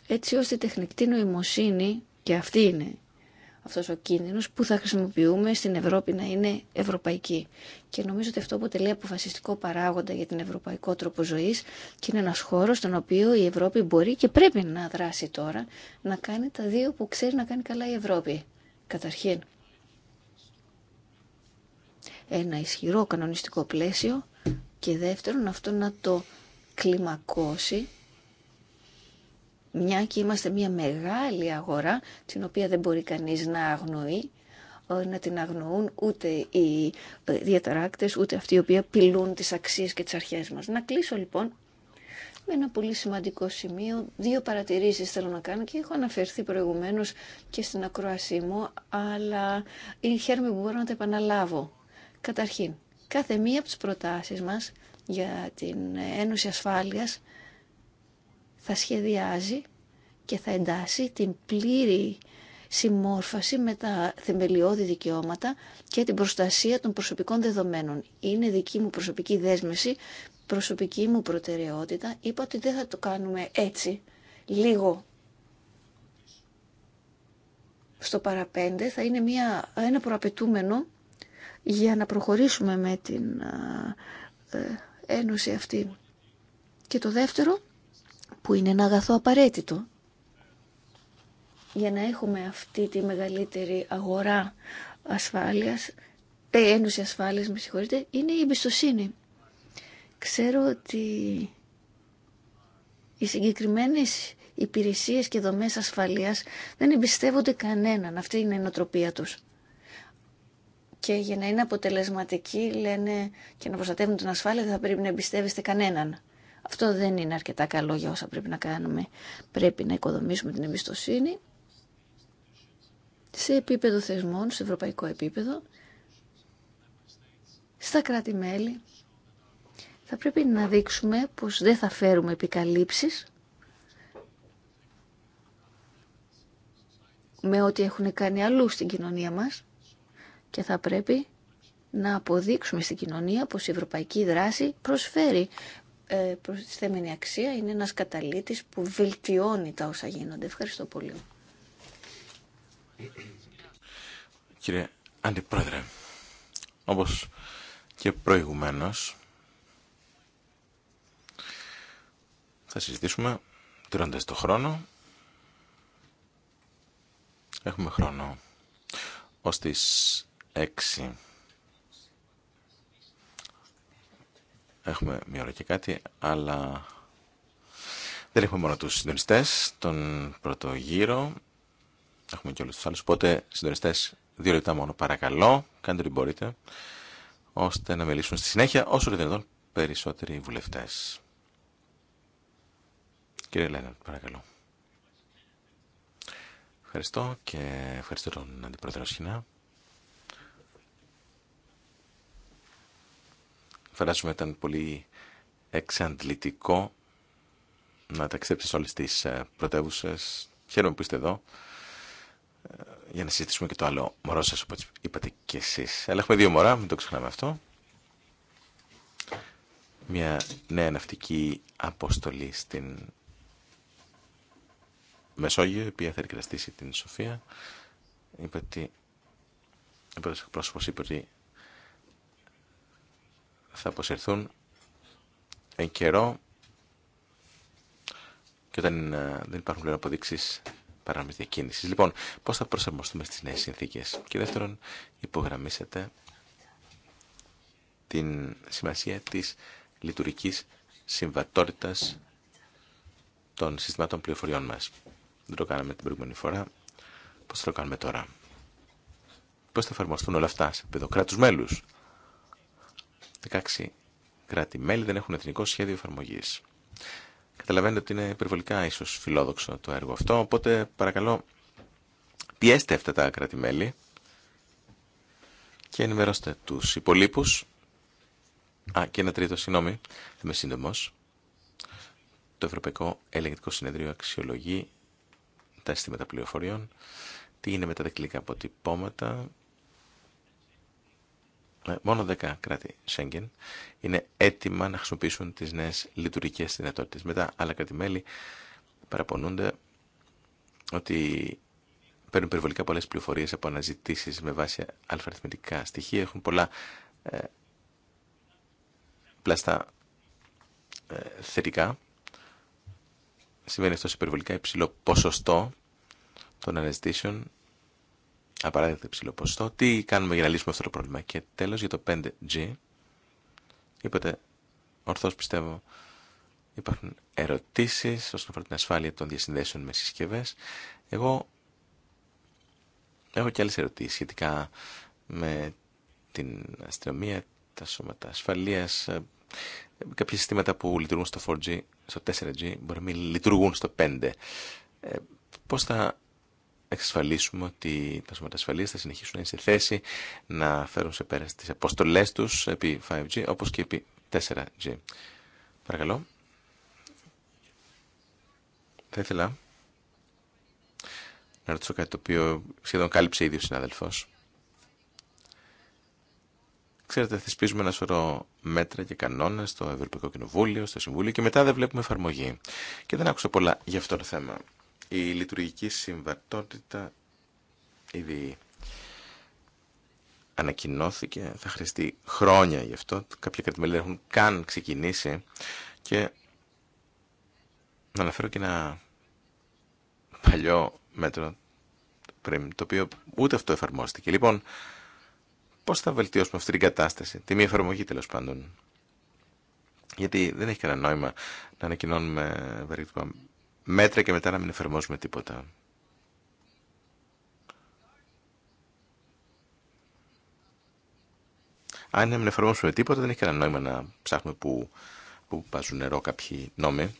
[SPEAKER 4] έτσι ώστε η τεχνητή νοημοσύνη και αυτή είναι αυτός ο κίνδυνος που θα χρησιμοποιούμε στην Ευρώπη να είναι ευρωπαϊκή. Και νομίζω ότι αυτό αποτελεί αποφασιστικό παράγοντα για την ευρωπαϊκό τρόπο ζωής και είναι ένας χώρος στον οποίο η Ευρώπη μπορεί και πρέπει να δράσει τώρα να κάνει τα δύο που ξέρει να κάνει καλά η Ευρώπη. Καταρχήν, ένα ισχυρό κανονιστικό πλαίσιο και δεύτερον αυτό να το κλιμακώσει μια και είμαστε μια μεγάλη αγορά την οποία δεν μπορεί κανείς να αγνοεί ε, να την αγνοούν ούτε οι ε, διαταράκτες, ούτε αυτοί οι οποίοι απειλούν τις αξίες και τις αρχές μας. Να κλείσω λοιπόν με ένα πολύ σημαντικό σημείο. Δύο παρατηρήσεις θέλω να κάνω και έχω αναφερθεί προηγουμένως και στην ακρόασή μου, αλλά ε, χαίρομαι που μπορώ να τα επαναλάβω. Καταρχήν, κάθε μία από τις προτάσεις μας για την Ένωση Ασφάλειας θα σχεδιάζει και θα εντάσσει την πλήρη συμμόρφωση με τα θεμελιώδη δικαιώματα και την προστασία των προσωπικών δεδομένων. Είναι δική μου προσωπική δέσμευση, προσωπική μου προτεραιότητα. Είπα ότι δεν θα το κάνουμε έτσι, λίγο στο παραπέντε. Θα είναι μια, ένα προαπαιτούμενο για να προχωρήσουμε με την ε, ένωση αυτή. Και το δεύτερο, που είναι ένα αγαθό απαραίτητο για να έχουμε αυτή τη μεγαλύτερη αγορά ασφάλειας, ε, ένωση ασφάλειας, με συγχωρείτε, είναι η εμπιστοσύνη. Ξέρω ότι οι συγκεκριμένες υπηρεσίες και δομές ασφαλείας δεν εμπιστεύονται κανέναν. Αυτή είναι η νοοτροπία τους. Και για να είναι αποτελεσματικοί λένε και να προστατεύουν την ασφάλεια δεν θα πρέπει να εμπιστεύεστε κανέναν. Αυτό δεν είναι αρκετά καλό για όσα πρέπει να κάνουμε. Πρέπει να οικοδομήσουμε την εμπιστοσύνη σε επίπεδο θεσμών, σε ευρωπαϊκό επίπεδο, στα κράτη-μέλη. Θα πρέπει να δείξουμε πως δεν θα φέρουμε επικαλύψεις με ό,τι έχουν κάνει αλλού στην κοινωνία μας και θα πρέπει να αποδείξουμε στην κοινωνία πως η ευρωπαϊκή δράση προσφέρει ε, προσθέμενη αξία είναι ένας καταλήτης που βελτιώνει τα όσα γίνονται. Ευχαριστώ πολύ.
[SPEAKER 2] Κύριε Αντιπρόεδρε, όπως και προηγουμένως θα συζητήσουμε τρώντας το χρόνο. Έχουμε χρόνο ως τις 6. Έχουμε μία ώρα και κάτι, αλλά δεν έχουμε μόνο τους συντονιστές, τον πρώτο γύρο. Έχουμε και όλους τους άλλους, οπότε συντονιστές δύο λεπτά μόνο παρακαλώ, κάντε ό,τι μπορείτε, ώστε να μιλήσουν στη συνέχεια όσο δυνατόν περισσότεροι βουλευτές. Κύριε Λένα, παρακαλώ. Ευχαριστώ και ευχαριστώ τον Αντιπρόεδρο Σχοινά. φαντάζομαι ήταν πολύ εξαντλητικό να ταξιδέψει όλε όλες τις ε, πρωτεύουσες. Χαίρομαι που είστε εδώ ε, για να συζητήσουμε και το άλλο μωρό σας, όπως είπατε και εσείς. Αλλά έχουμε δύο μωρά, μην το ξεχνάμε αυτό. Μια νέα ναυτική αποστολή στην Μεσόγειο, η οποία θα εκκραστήσει την Σοφία. Είπε ότι... Ο είπε ότι θα αποσυρθούν εν καιρό και όταν ε, δεν υπάρχουν πλέον αποδείξεις παράνομης διακίνησης. Λοιπόν, πώς θα προσαρμοστούμε στις νέες συνθήκες. Και δεύτερον, υπογραμμίσατε την σημασία της λειτουργικής συμβατότητας των συστημάτων πληροφοριών μας. Δεν το κάναμε την προηγούμενη φορά. Πώς θα το κάνουμε τώρα. Πώς θα εφαρμοστούν όλα αυτά σε επίπεδο μέλους. 16 κράτη-μέλη δεν έχουν εθνικό σχέδιο εφαρμογή. Καταλαβαίνετε ότι είναι υπερβολικά ίσω φιλόδοξο το έργο αυτό, οπότε παρακαλώ πιέστε αυτά τα κράτη-μέλη και ενημερώστε του υπολείπου. Α, και ένα τρίτο, συγγνώμη, θα είμαι σύντομο. Το Ευρωπαϊκό Ελεγκτικό Συνεδρίο αξιολογεί τα αισθήματα πληροφοριών, τι είναι με τα δεκτυλικά αποτυπώματα, ναι, μόνο 10 κράτη Σέγγεν είναι έτοιμα να χρησιμοποιήσουν τις νέες λειτουργικές δυνατότητες. Μετά άλλα κράτη-μέλη παραπονούνται ότι παίρνουν περιβολικά πολλές πληροφορίες από αναζητήσεις με βάση αλφαριθμητικά στοιχεία, έχουν πολλά ε, πλάστα ε, θετικά. Συμβαίνει αυτό σε περιβολικά υψηλό ποσοστό των αναζητήσεων Απαραίτητα υψηλό ποσοστό. Τι κάνουμε για να λύσουμε αυτό το πρόβλημα. Και τέλος για το 5G. Είπατε, ορθώς πιστεύω, υπάρχουν ερωτήσεις όσον αφορά την ασφάλεια των διασυνδέσεων με συσκευέ. Εγώ έχω και άλλες ερωτήσεις σχετικά με την αστυνομία, τα σώματα ασφαλείας, ε, κάποια συστήματα που λειτουργούν στο 4G, στο 4G μπορεί να μην λειτουργούν στο 5. Ε, πώς θα εξασφαλίσουμε ότι τα σώματα ασφαλείας θα συνεχίσουν να είναι σε θέση να φέρουν σε πέρα τις αποστολές τους επί 5G όπως και επί 4G. Παρακαλώ. Θα ήθελα να ρωτήσω κάτι το οποίο σχεδόν κάλυψε ήδη ο συνάδελφος. Ξέρετε, θεσπίζουμε ένα σωρό μέτρα και κανόνε στο Ευρωπαϊκό Κοινοβούλιο, στο Συμβούλιο και μετά δεν βλέπουμε εφαρμογή. Και δεν άκουσα πολλά γι' αυτό το θέμα η λειτουργική συμβατότητα ήδη ανακοινώθηκε, θα χρειαστεί χρόνια γι' αυτό, κάποια κρατημέλη έχουν καν ξεκινήσει και να αναφέρω και ένα παλιό μέτρο πριν, το οποίο ούτε αυτό εφαρμόστηκε. Λοιπόν, πώς θα βελτιώσουμε αυτή την κατάσταση, τη μη εφαρμογή τέλο πάντων. Γιατί δεν έχει κανένα νόημα να ανακοινώνουμε μέτρα και μετά να μην εφαρμόζουμε τίποτα. Αν δεν εφαρμόσουμε τίποτα, δεν έχει κανένα νόημα να ψάχνουμε που, που βάζουν νερό κάποιοι νόμοι.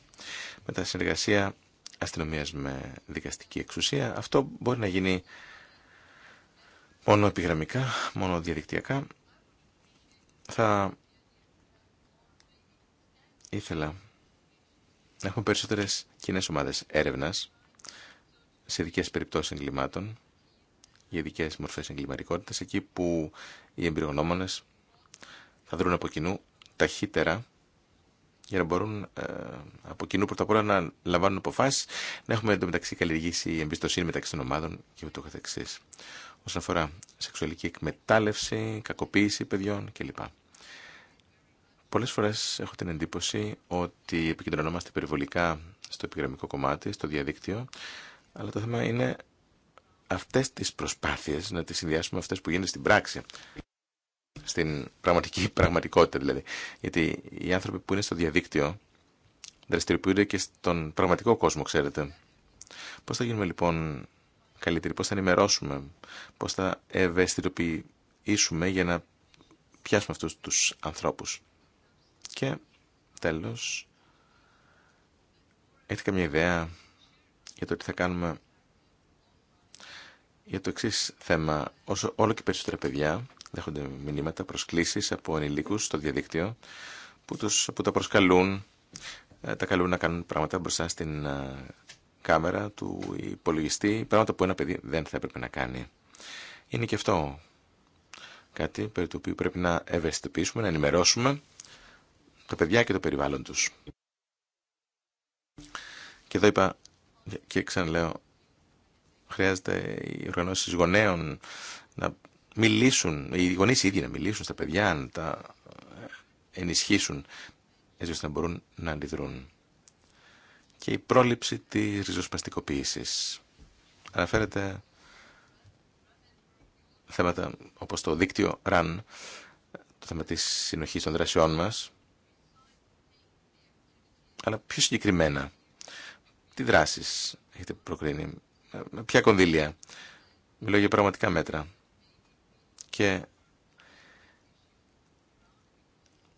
[SPEAKER 2] Μετά συνεργασία αστυνομία με δικαστική εξουσία, αυτό μπορεί να γίνει μόνο επιγραμμικά, μόνο διαδικτυακά. Θα ήθελα να έχουμε περισσότερες κοινέ ομάδε έρευνα σε ειδικέ περιπτώσει εγκλημάτων, για ειδικέ μορφέ εγκληματικότητα, εκεί που οι εμπειρογνωμονε θα δρουν από κοινού ταχύτερα για να μπορούν ε, από κοινού πρώτα απ' όλα να λαμβάνουν αποφάσει, να έχουμε εντωμεταξύ καλλιεργήσει η εμπιστοσύνη μεταξύ των ομάδων και ούτω καθεξή. Όσον αφορά σεξουαλική εκμετάλλευση, κακοποίηση παιδιών κλπ. Πολλές φορές έχω την εντύπωση ότι επικεντρωνόμαστε περιβολικά στο επιγραμμικό κομμάτι, στο διαδίκτυο, αλλά το θέμα είναι αυτές τις προσπάθειες να τις συνδυάσουμε αυτές που γίνονται στην πράξη. Στην πραγματική <laughs> πραγματικότητα δηλαδή. Γιατί οι άνθρωποι που είναι στο διαδίκτυο δραστηριοποιούνται και στον πραγματικό κόσμο, ξέρετε. Πώς θα γίνουμε λοιπόν καλύτεροι, πώς θα ενημερώσουμε, πώς θα ευαισθητοποιήσουμε για να πιάσουμε αυτούς τους ανθρώπους. Και τέλος, έχετε μια ιδέα για το τι θα κάνουμε για το εξή θέμα. Όσο όλο και περισσότερα παιδιά δέχονται μηνύματα, προσκλήσεις από ανηλίκους στο διαδίκτυο που, τους, που τα προσκαλούν, ε, τα καλούν να κάνουν πράγματα μπροστά στην ε, κάμερα του υπολογιστή, πράγματα που ένα παιδί δεν θα έπρεπε να κάνει. Είναι και αυτό κάτι περί του οποίου πρέπει να ευαισθητοποιήσουμε, να ενημερώσουμε τα παιδιά και το περιβάλλον τους. Και εδώ είπα και ξαναλέω, χρειάζεται οι οργανώσεις γονέων να μιλήσουν, οι γονείς οι ίδιοι να μιλήσουν στα παιδιά, να τα ενισχύσουν έτσι ώστε να μπορούν να αντιδρούν. Και η πρόληψη της ριζοσπαστικοποίησης. Αναφέρεται θέματα όπως το δίκτυο RAN, το θέμα της συνοχής των δρασιών μας, αλλά πιο συγκεκριμένα. Τι δράσεις έχετε προκρίνει, με ποια κονδύλια. Μιλώ για πραγματικά μέτρα. Και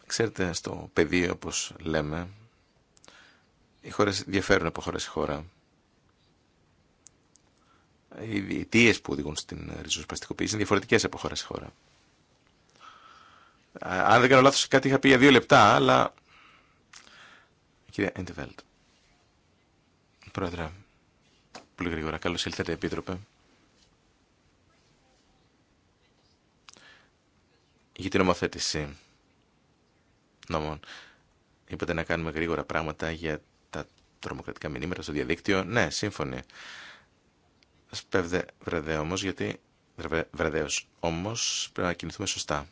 [SPEAKER 2] ξέρετε, στο πεδίο, όπω λέμε, οι χώρε διαφέρουν από χώρα σε χώρα. Οι αιτίε που οδηγούν στην ριζοσπαστικοποίηση είναι διαφορετικέ από χώρα σε χώρα. Αν δεν κάνω λάθο, κάτι είχα πει για δύο λεπτά, αλλά Κύριε Εντεβέλτ. Πρόεδρε, πολύ γρήγορα. Καλώς ήλθατε, Επίτροπε. Για την ομοθέτηση νόμων. Είπατε να κάνουμε γρήγορα πράγματα για τα τρομοκρατικά μηνύματα στο διαδίκτυο. Ναι, σύμφωνοι. Σπέβδε βραδέ όμω γιατί βραδέως όμως πρέπει να κινηθούμε σωστά.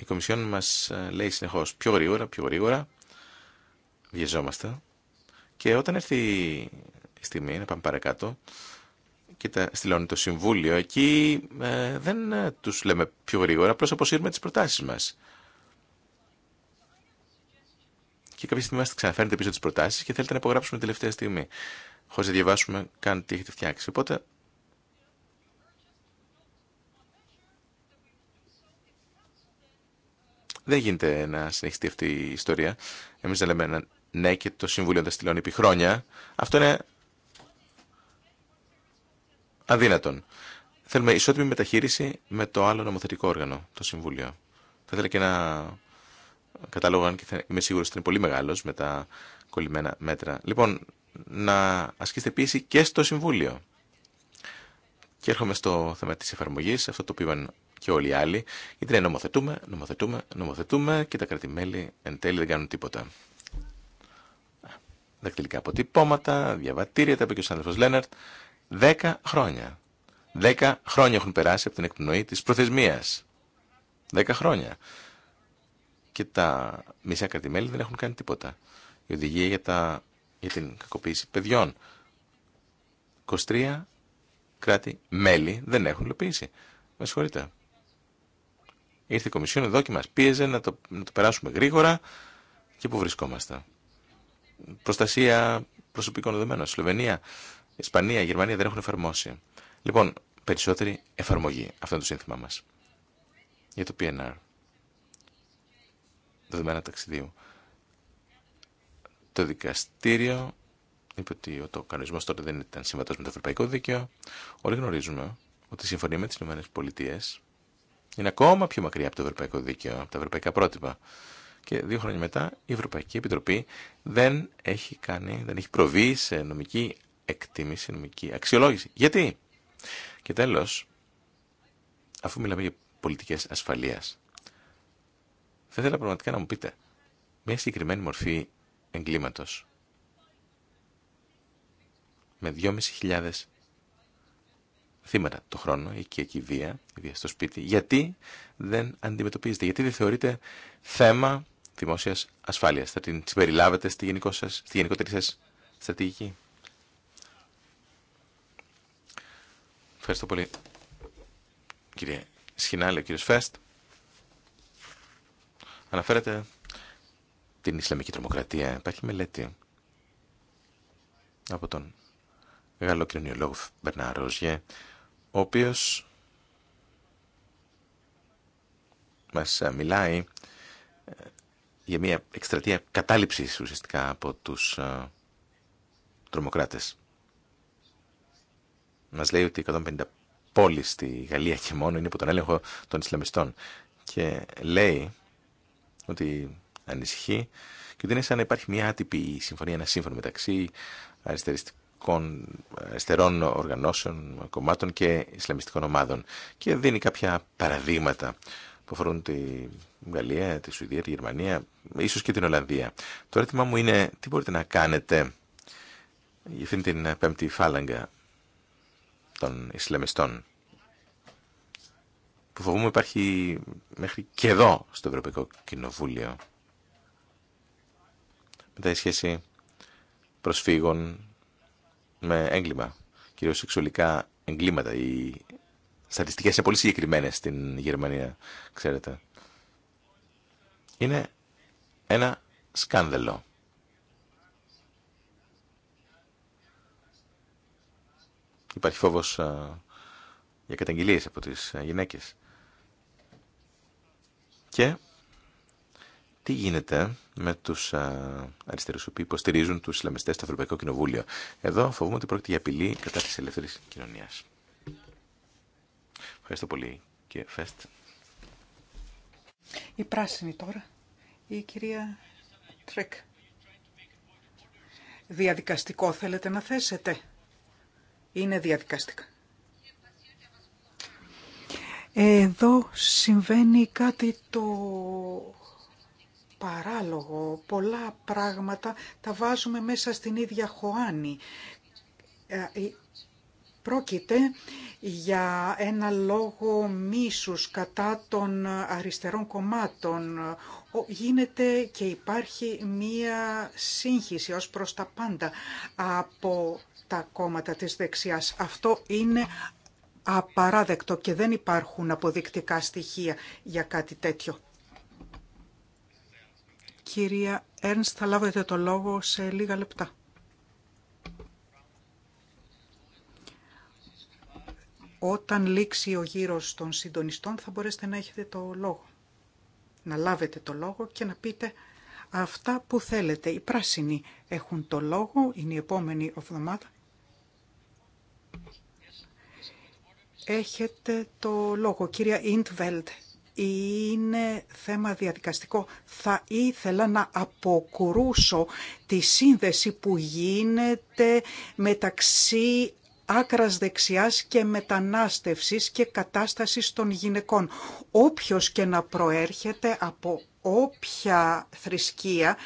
[SPEAKER 2] Η Κομισιόν μας ε, λέει συνεχώς πιο γρήγορα, πιο γρήγορα, βιαζόμαστε και όταν έρθει η στιγμή να πάμε παρακάτω και τα στυλώνει το Συμβούλιο, εκεί ε, δεν ε, τους λέμε πιο γρήγορα, απλώς αποσύρουμε τις προτάσεις μας. Και κάποια στιγμή μας ξαναφέρνετε πίσω τις προτάσεις και θέλετε να υπογράψουμε τελευταία στιγμή, χωρίς να διαβάσουμε καν τι έχετε φτιάξει. Οπότε Δεν γίνεται να συνεχιστεί αυτή η ιστορία. Εμείς δεν λέμε ναι και το Συμβούλιο τα στυλώνει επί χρόνια. Αυτό είναι αδύνατον. Θέλουμε ισότιμη μεταχείριση με το άλλο νομοθετικό όργανο, το Συμβούλιο. Θα ήθελα και ένα κατάλογο, αν και θα... είμαι σίγουρος ότι είναι πολύ μεγάλος με τα κολλημένα μέτρα. Λοιπόν, να ασκήσετε πίεση και στο Συμβούλιο. Και έρχομαι στο θέμα της εφαρμογής, αυτό το οποίο και όλοι οι άλλοι, γιατί νομοθετούμε, νομοθετούμε, νομοθετούμε και τα κρατημέλη εν τέλει δεν κάνουν τίποτα. Δακτυλικά αποτυπώματα, διαβατήρια, τα είπε και ο συνάδελφο Λέναρτ. Δέκα χρόνια. Δέκα χρόνια έχουν περάσει από την εκπνοή τη προθεσμία. Δέκα χρόνια. Και τα μισά κρατημέλη δεν έχουν κάνει τίποτα. Η οδηγία για, τα, για την κακοποίηση παιδιών. 23 κράτη-μέλη δεν έχουν υλοποιήσει. Με συγχωρείτε. Ήρθε η Κομισιόν εδώ και μας πίεζε να το, να το περάσουμε γρήγορα και πού βρισκόμαστε. Προστασία προσωπικών δεδομένων. Σλοβενία, Ισπανία, Γερμανία δεν έχουν εφαρμόσει. Λοιπόν, περισσότερη εφαρμογή. Αυτό είναι το σύνθημά μας. Για το PNR. Δεδομένα ταξιδίου. Το δικαστήριο είπε ότι ο κανονισμό τότε δεν ήταν συμβατό με το ευρωπαϊκό δίκαιο. Όλοι γνωρίζουμε ότι η συμφωνία με τι ΗΠΑ είναι ακόμα πιο μακριά από το ευρωπαϊκό δίκαιο, από τα ευρωπαϊκά πρότυπα. Και δύο χρόνια μετά η Ευρωπαϊκή Επιτροπή δεν έχει κάνει, δεν έχει προβεί σε νομική εκτίμηση, νομική αξιολόγηση. Γιατί? Και τέλος, αφού μιλάμε για πολιτικές ασφαλείας, θα ήθελα πραγματικά να μου πείτε μια συγκεκριμένη μορφή εγκλήματος με 2.500 θύματα το χρόνο, η οικιακή βία, η βία στο σπίτι, γιατί δεν αντιμετωπίζετε, γιατί δεν θεωρείτε θέμα δημόσιας ασφάλειας. Θα την συμπεριλάβετε στη, σας, στη γενικότερη σας στρατηγική. Ευχαριστώ πολύ. Κύριε Σχινάλη, ο κύριος Φέστ, αναφέρατε την Ισλαμική τρομοκρατία. Υπάρχει μελέτη από τον Γαλλοκοινωνιολόγο Μπερνά Ρόζιε ο οποίος μας μιλάει ε, για μια εκστρατεία κατάληψης ουσιαστικά από τους ε, τρομοκράτες. Μας λέει ότι 150 πόλεις στη Γαλλία και μόνο είναι υπό τον έλεγχο των Ισλαμιστών και λέει ότι ανησυχεί και ότι είναι σαν να υπάρχει μια άτυπη συμφωνία, ένα σύμφωνο μεταξύ αριστεριστικών. Ε, εστερών οργανώσεων, κομμάτων και Ισλαμιστικών ομάδων. Και δίνει κάποια παραδείγματα που αφορούν τη Γαλλία, τη Σουηδία, τη Γερμανία, ίσως και την Ολλανδία. Το ερώτημά μου είναι τι μπορείτε να κάνετε για αυτήν την πέμπτη φάλαγγα των Ισλαμιστών που φοβούμαι υπάρχει μέχρι και εδώ στο Ευρωπαϊκό Κοινοβούλιο μετά η σχέση προσφύγων με έγκλημα, κυρίως σεξουαλικά εγκλήματα. Οι στατιστικέ είναι πολύ συγκεκριμένε στην Γερμανία, ξέρετε. Είναι ένα σκάνδαλο. Υπάρχει φόβο για καταγγελίε από τις ε, γυναίκες. Και τι γίνεται με του αριστερού που υποστηρίζουν του Ισλαμιστέ στο Ευρωπαϊκό Κοινοβούλιο. Εδώ φοβούμαι ότι πρόκειται για απειλή κατά τη ελεύθερη κοινωνία. Ευχαριστώ πολύ, και Φέστ.
[SPEAKER 3] Η πράσινη τώρα, η κυρία Τρεκ. Διαδικαστικό θέλετε να θέσετε. Είναι διαδικαστικά. Εδώ συμβαίνει κάτι το παράλογο. Πολλά πράγματα τα βάζουμε μέσα στην ίδια χωάνη. Ε, ε, πρόκειται για ένα λόγο μίσους κατά των αριστερών κομμάτων. Γίνεται και υπάρχει μία σύγχυση ως προς τα πάντα από τα κόμματα της δεξιάς. Αυτό είναι απαράδεκτο και δεν υπάρχουν αποδεικτικά στοιχεία για κάτι τέτοιο. Κυρία Έρνστ, θα λάβετε το λόγο σε λίγα λεπτά. Όταν λήξει ο γύρος των συντονιστών θα μπορέσετε να έχετε το λόγο. Να λάβετε το λόγο και να πείτε αυτά που θέλετε. Οι πράσινοι έχουν το λόγο, είναι η επόμενη εβδομάδα. Έχετε το λόγο, κυρία Ιντβέλτ είναι θέμα διαδικαστικό. Θα ήθελα να αποκρούσω τη σύνδεση που γίνεται μεταξύ άκρας δεξιάς και μετανάστευσης και κατάστασης των γυναικών. Όποιος και να προέρχεται από όποια θρησκεία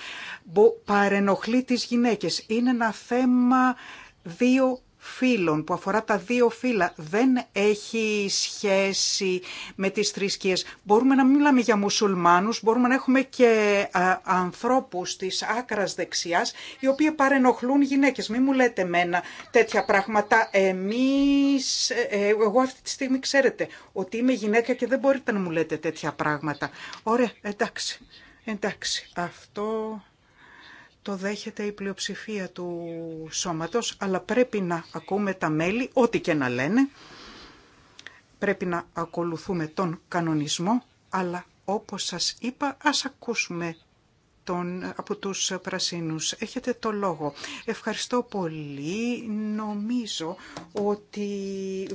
[SPEAKER 3] παρενοχλεί τις γυναίκες. Είναι ένα θέμα δύο φύλων που αφορά τα δύο φύλλα δεν έχει σχέση με τις θρησκείες. Μπορούμε να μιλάμε για μουσουλμάνους, μπορούμε να έχουμε και ανθρώπους της άκρας δεξιάς οι οποίοι παρενοχλούν γυναίκες. Μην μου λέτε μένα τέτοια πράγματα. Εμείς, ε, ε, εγώ αυτή τη στιγμή ξέρετε ότι είμαι γυναίκα και δεν μπορείτε να μου λέτε τέτοια πράγματα. Ωραία, εντάξει, εντάξει, αυτό το δέχεται η πλειοψηφία του σώματος, αλλά πρέπει να ακούμε τα μέλη, ό,τι και να λένε. Πρέπει να ακολουθούμε τον κανονισμό, αλλά όπως σας είπα, ας ακούσουμε τον, από τους πρασίνους. Έχετε το λόγο. Ευχαριστώ πολύ. Νομίζω ότι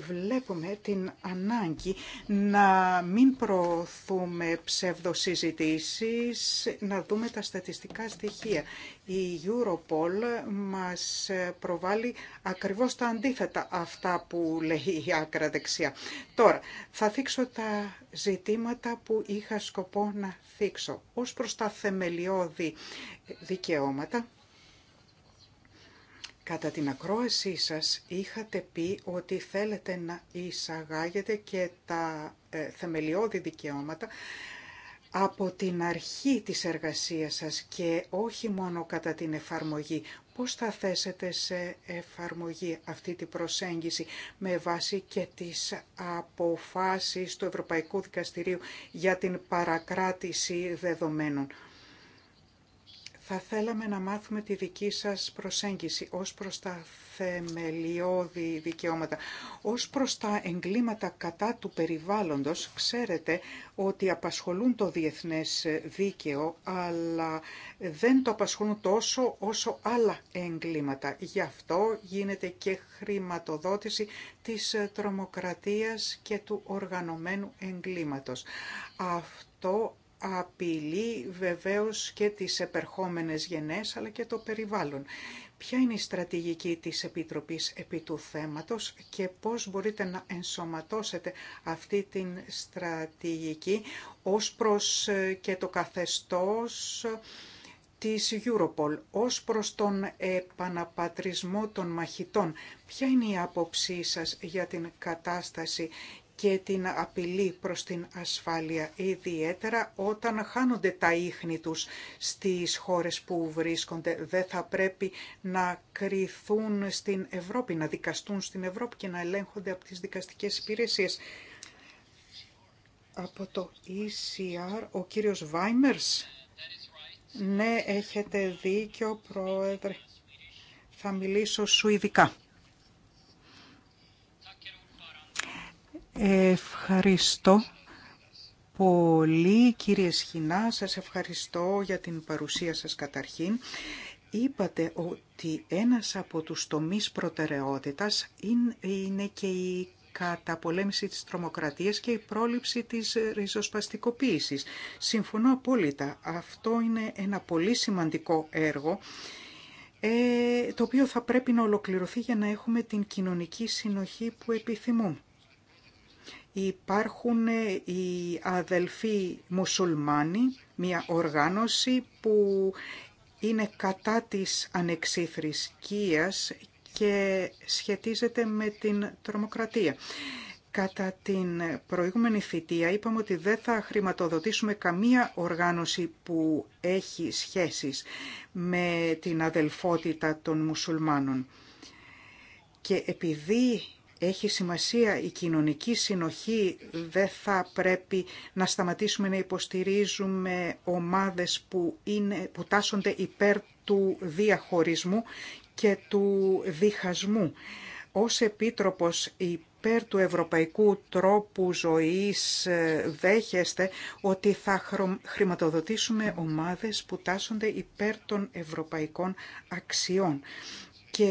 [SPEAKER 3] βλέπουμε την ανάγκη να μην προωθούμε ψευδοσυζητήσεις, να δούμε τα στατιστικά στοιχεία. Η Europol μας προβάλλει ακριβώς τα αντίθετα αυτά που λέει η άκρα δεξιά. Τώρα, θα θίξω τα ζητήματα που είχα σκοπό να θίξω ως προς τα θεμελιώδη δικαιώματα. Κατά την ακρόασή σας είχατε πει ότι θέλετε να εισαγάγετε και τα ε, θεμελιώδη δικαιώματα από την αρχή της εργασίας σας και όχι μόνο κατά την εφαρμογή. Πώς θα θέσετε σε εφαρμογή αυτή την προσέγγιση με βάση και τις αποφάσεις του Ευρωπαϊκού Δικαστηρίου για την παρακράτηση δεδομένων. Θα θέλαμε να μάθουμε τη δική σας προσέγγιση ως προς τα θεμελιώδη δικαιώματα. Ως προς τα εγκλήματα κατά του περιβάλλοντος, ξέρετε ότι απασχολούν το διεθνές δίκαιο, αλλά δεν το απασχολούν τόσο όσο άλλα εγκλήματα. Γι' αυτό γίνεται και χρηματοδότηση της τρομοκρατίας και του οργανωμένου εγκλήματος. Αυτό απειλεί βεβαίως και τις επερχόμενες γενές αλλά και το περιβάλλον. Ποια είναι η στρατηγική της Επιτροπής επί του θέματος και πώς μπορείτε να ενσωματώσετε αυτή την στρατηγική ως προς ε, και το καθεστώς ε, της Europol, ως προς τον επαναπατρισμό των μαχητών. Ποια είναι η άποψή σας για την κατάσταση και την απειλή προς την ασφάλεια, ιδιαίτερα όταν χάνονται τα ίχνη τους στις χώρες που βρίσκονται. Δεν θα πρέπει να κριθούν στην Ευρώπη, να δικαστούν στην Ευρώπη και να ελέγχονται από τις δικαστικές υπηρεσίες. Από το ECR, ο κύριος Βάιμερς. Ναι, έχετε δίκιο, πρόεδρε. Θα μιλήσω σου ειδικά. Ευχαριστώ πολύ κύριε Σχοινά, σας ευχαριστώ για την παρουσία σας καταρχήν. Είπατε ότι ένας από τους τομείς προτεραιότητας είναι και η καταπολέμηση της τρομοκρατίας και η πρόληψη της ριζοσπαστικοποίησης. Συμφωνώ απόλυτα. Αυτό είναι ένα πολύ σημαντικό έργο ε, το οποίο θα πρέπει να ολοκληρωθεί για να έχουμε την κοινωνική συνοχή που επιθυμούμε υπάρχουν ε, οι αδελφοί μουσουλμάνοι, μια οργάνωση που είναι κατά της ανεξίθρησκείας και σχετίζεται με την τρομοκρατία. Κατά την προηγούμενη θητεία είπαμε ότι δεν θα χρηματοδοτήσουμε καμία οργάνωση που έχει σχέσεις με την αδελφότητα των μουσουλμάνων. Και επειδή έχει σημασία η κοινωνική συνοχή. Δεν θα πρέπει να σταματήσουμε να υποστηρίζουμε ομάδες που, είναι, που τάσσονται υπέρ του διαχωρισμού και του διχασμού. Ως Επίτροπος υπέρ του ευρωπαϊκού τρόπου ζωής ε, δέχεστε ότι θα χρηματοδοτήσουμε ομάδες που τάσσονται υπέρ των ευρωπαϊκών αξιών και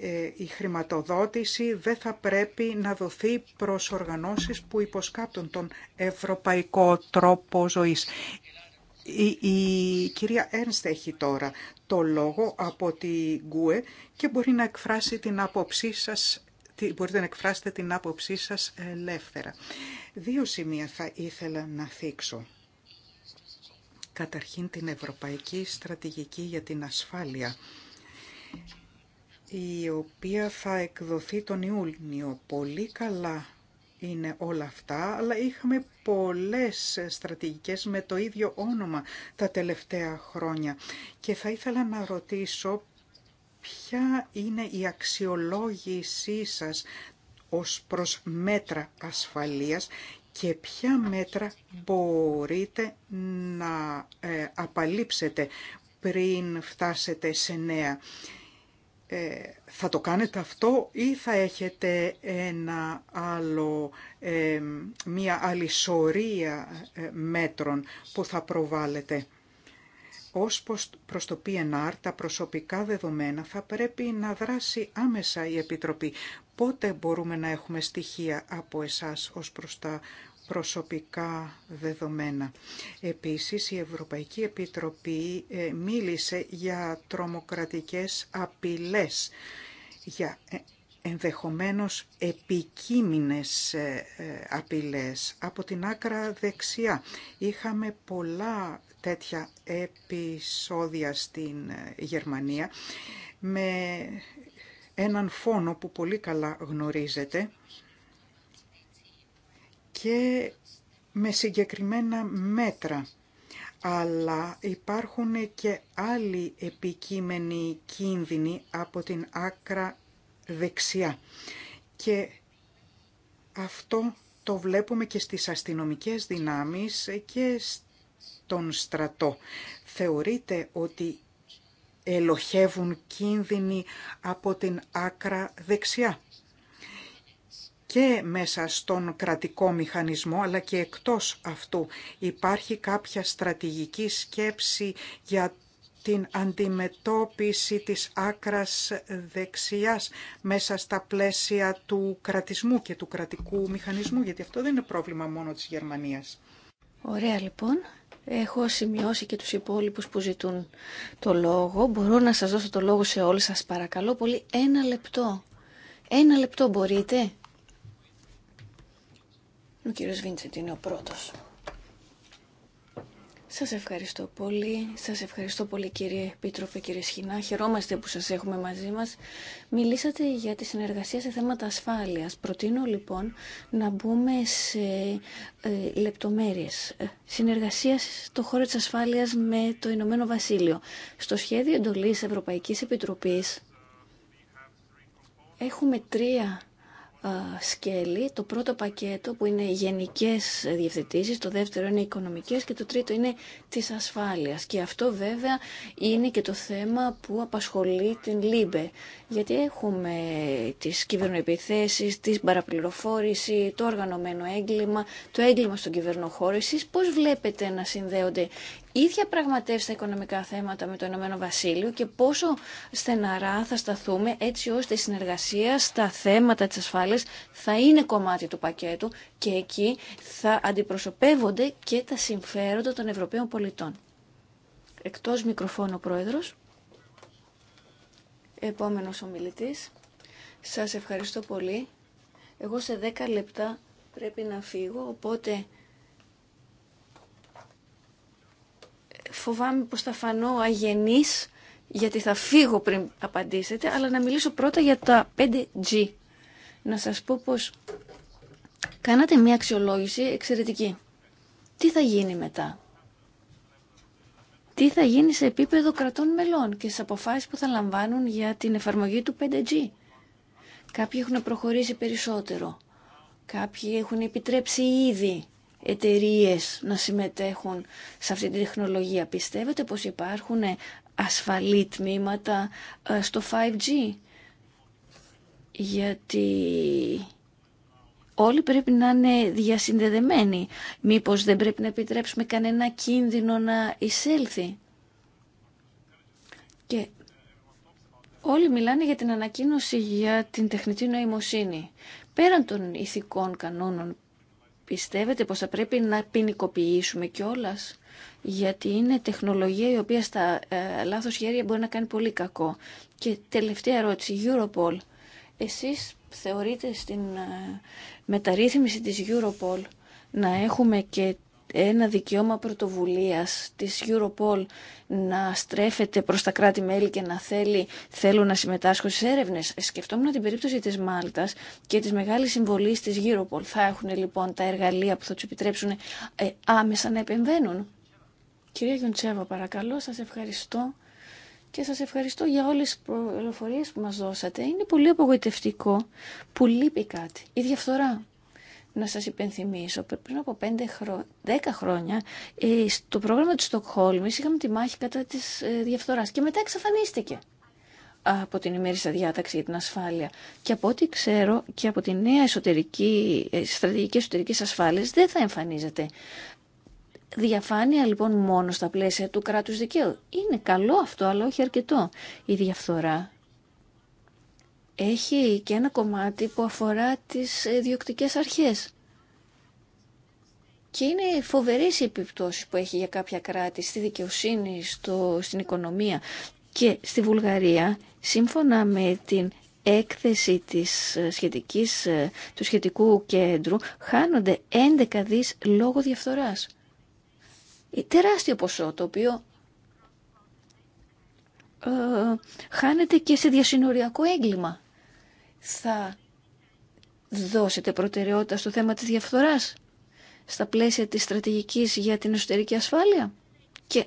[SPEAKER 3] ε, η χρηματοδότηση δεν θα πρέπει να δοθεί προς οργανώσεις που υποσκάπτουν τον ευρωπαϊκό τρόπο ζωής. Η, κυρία Έρνστε έχει τώρα το λόγο από τη Γκουε και μπορεί να εκφράσει την άποψή μπορείτε να εκφράσετε την άποψή σας ελεύθερα. Δύο σημεία θα ήθελα να θίξω. Καταρχήν την Ευρωπαϊκή Στρατηγική για την Ασφάλεια η οποία θα εκδοθεί τον Ιούλιο. Πολύ καλά είναι όλα αυτά, αλλά είχαμε πολλές στρατηγικές με το ίδιο όνομα τα τελευταία χρόνια. Και θα ήθελα να ρωτήσω ποια είναι η αξιολόγησή σας ως προς μέτρα ασφαλείας και ποια μέτρα μπορείτε να ε, απαλείψετε πριν φτάσετε σε νέα ε, θα το κάνετε αυτό ή θα έχετε ένα άλλο, ε, μία άλλη σωρία ε, μέτρων που θα προβάλλετε. Ως προς το PNR, τα προσωπικά δεδομένα θα πρέπει να δράσει άμεσα η Επιτροπή. Πότε μπορούμε να έχουμε στοιχεία από εσάς ως προς τα προσωπικά δεδομένα. Επίσης, η Ευρωπαϊκή Επιτροπή ε, μίλησε για τρομοκρατικές απειλές, για ε, ενδεχομένως επικείμενες ε, απειλές από την άκρα δεξιά. Είχαμε πολλά τέτοια επεισόδια στην Γερμανία με έναν φόνο που πολύ καλά γνωρίζετε και με συγκεκριμένα μέτρα. Αλλά υπάρχουν και άλλοι επικείμενοι κίνδυνοι από την άκρα δεξιά. Και αυτό το βλέπουμε και στις αστυνομικές δυνάμεις και στον στρατό. Θεωρείται ότι ελοχεύουν κίνδυνοι από την άκρα δεξιά και μέσα στον κρατικό μηχανισμό αλλά και εκτός αυτού. Υπάρχει κάποια στρατηγική σκέψη για την αντιμετώπιση της άκρας δεξιάς μέσα στα πλαίσια του κρατισμού και του κρατικού μηχανισμού, γιατί αυτό δεν είναι πρόβλημα μόνο της Γερμανίας. Ωραία λοιπόν. Έχω σημειώσει και τους υπόλοιπους που ζητούν
[SPEAKER 4] το λόγο. Μπορώ να σας δώσω το λόγο σε όλους σας παρακαλώ πολύ. Ένα λεπτό. Ένα λεπτό μπορείτε. Ο κύριος Βίντσετ είναι ο πρώτος. Σας ευχαριστώ πολύ. Σας ευχαριστώ πολύ κύριε Επίτροπε, κύριε Σχοινά. Χαιρόμαστε που σας έχουμε μαζί μας. Μιλήσατε για τη συνεργασία σε θέματα ασφάλειας. Προτείνω λοιπόν να μπούμε σε ε, λεπτομέρειες. Ε, συνεργασία στο χώρο της ασφάλειας με το Ηνωμένο Βασίλειο. Στο σχέδιο εντολής Ευρωπαϊκής Επιτροπής έχουμε τρία σκέλη. Το πρώτο πακέτο που είναι γενικές διευθετήσεις, το δεύτερο είναι οικονομικές και το τρίτο είναι της ασφάλειας. Και αυτό βέβαια είναι και το θέμα που απασχολεί την ΛΥΜΠΕ. Γιατί έχουμε τις κυβερνοεπιθέσεις, την παραπληροφόρηση, το οργανωμένο έγκλημα, το έγκλημα στον κυβερνοχώρο. Εσείς πώς βλέπετε να συνδέονται ίδια πραγματεύσει τα οικονομικά θέματα με το Ηνωμένο Βασίλειο και πόσο στεναρά θα σταθούμε έτσι ώστε η συνεργασία στα θέματα της ασφάλειας θα είναι κομμάτι του πακέτου και εκεί θα αντιπροσωπεύονται και τα συμφέροντα των Ευρωπαίων πολιτών. Εκτός μικροφώνου Επόμενος ομιλητής. Σας ευχαριστώ πολύ. Εγώ σε 10 λεπτά πρέπει να φύγω, οπότε φοβάμαι πως θα φανώ αγενής, γιατί θα φύγω πριν απαντήσετε, αλλά να μιλήσω πρώτα για τα 5G. Να σας πω πως κάνατε μια αξιολόγηση εξαιρετική. Τι θα γίνει μετά τι θα γίνει σε επίπεδο κρατών μελών και στι αποφάσει που θα λαμβάνουν για την εφαρμογή του 5G. Κάποιοι έχουν προχωρήσει περισσότερο. Κάποιοι έχουν επιτρέψει ήδη εταιρείε να συμμετέχουν σε αυτή τη τεχνολογία. Πιστεύετε πως υπάρχουν ασφαλή τμήματα ε, στο 5G. Γιατί όλοι πρέπει να είναι διασυνδεδεμένοι. Μήπως δεν πρέπει να επιτρέψουμε κανένα κίνδυνο να εισέλθει. Και όλοι μιλάνε για την ανακοίνωση για την τεχνητή νοημοσύνη. Πέραν των ηθικών κανόνων, πιστεύετε πως θα πρέπει να ποινικοποιήσουμε κιόλα. Γιατί είναι τεχνολογία η οποία στα ε, λάθος χέρια μπορεί να κάνει πολύ κακό. Και τελευταία ερώτηση, Europol. Εσείς θεωρείται στην ε, μεταρρύθμιση της Europol να έχουμε και ένα δικαίωμα πρωτοβουλίας της Europol να στρέφεται προς τα κράτη-μέλη και να θέλει, θέλουν να συμμετάσχουν στις έρευνες. Ε, σκεφτόμουν την περίπτωση της Μάλτας και της μεγάλης συμβολής της Europol. Θα έχουν λοιπόν τα εργαλεία που θα τους επιτρέψουν ε, άμεσα να επεμβαίνουν. Κυρία Γιοντσέβα, παρακαλώ, σας ευχαριστώ και σας ευχαριστώ για όλες τις πληροφορίες που μας δώσατε. Είναι πολύ απογοητευτικό που λείπει κάτι. Η διαφθορά. Να σας υπενθυμίσω, πριν από 5 χρο... 10 χρόνια, ε, στο πρόγραμμα του Στοκχόλμης είχαμε τη μάχη κατά της ε, διαφθοράς και μετά εξαφανίστηκε από την ημέρησα διάταξη για την ασφάλεια. Και από ό,τι ξέρω και από τη νέα εσωτερική, ε, στρατηγική εσωτερική ασφάλεια δεν θα εμφανίζεται. Διαφάνεια λοιπόν μόνο στα πλαίσια του κράτους δικαίου. Είναι καλό αυτό, αλλά όχι αρκετό. Η διαφθορά έχει και ένα κομμάτι που αφορά τις διοκτικές αρχές. Και είναι φοβερής η επιπτώση που έχει για κάποια κράτη στη δικαιοσύνη, στο, στην οικονομία. Και στη Βουλγαρία, σύμφωνα με την έκθεση της ε, σχετικής, ε, του σχετικού κέντρου, χάνονται 11 δις λόγω διαφθοράς τεράστιο ποσό το οποίο ε, χάνεται και σε διασυνοριακό έγκλημα. Θα δώσετε προτεραιότητα στο θέμα της διαφθοράς στα πλαίσια της στρατηγικής για την εσωτερική ασφάλεια και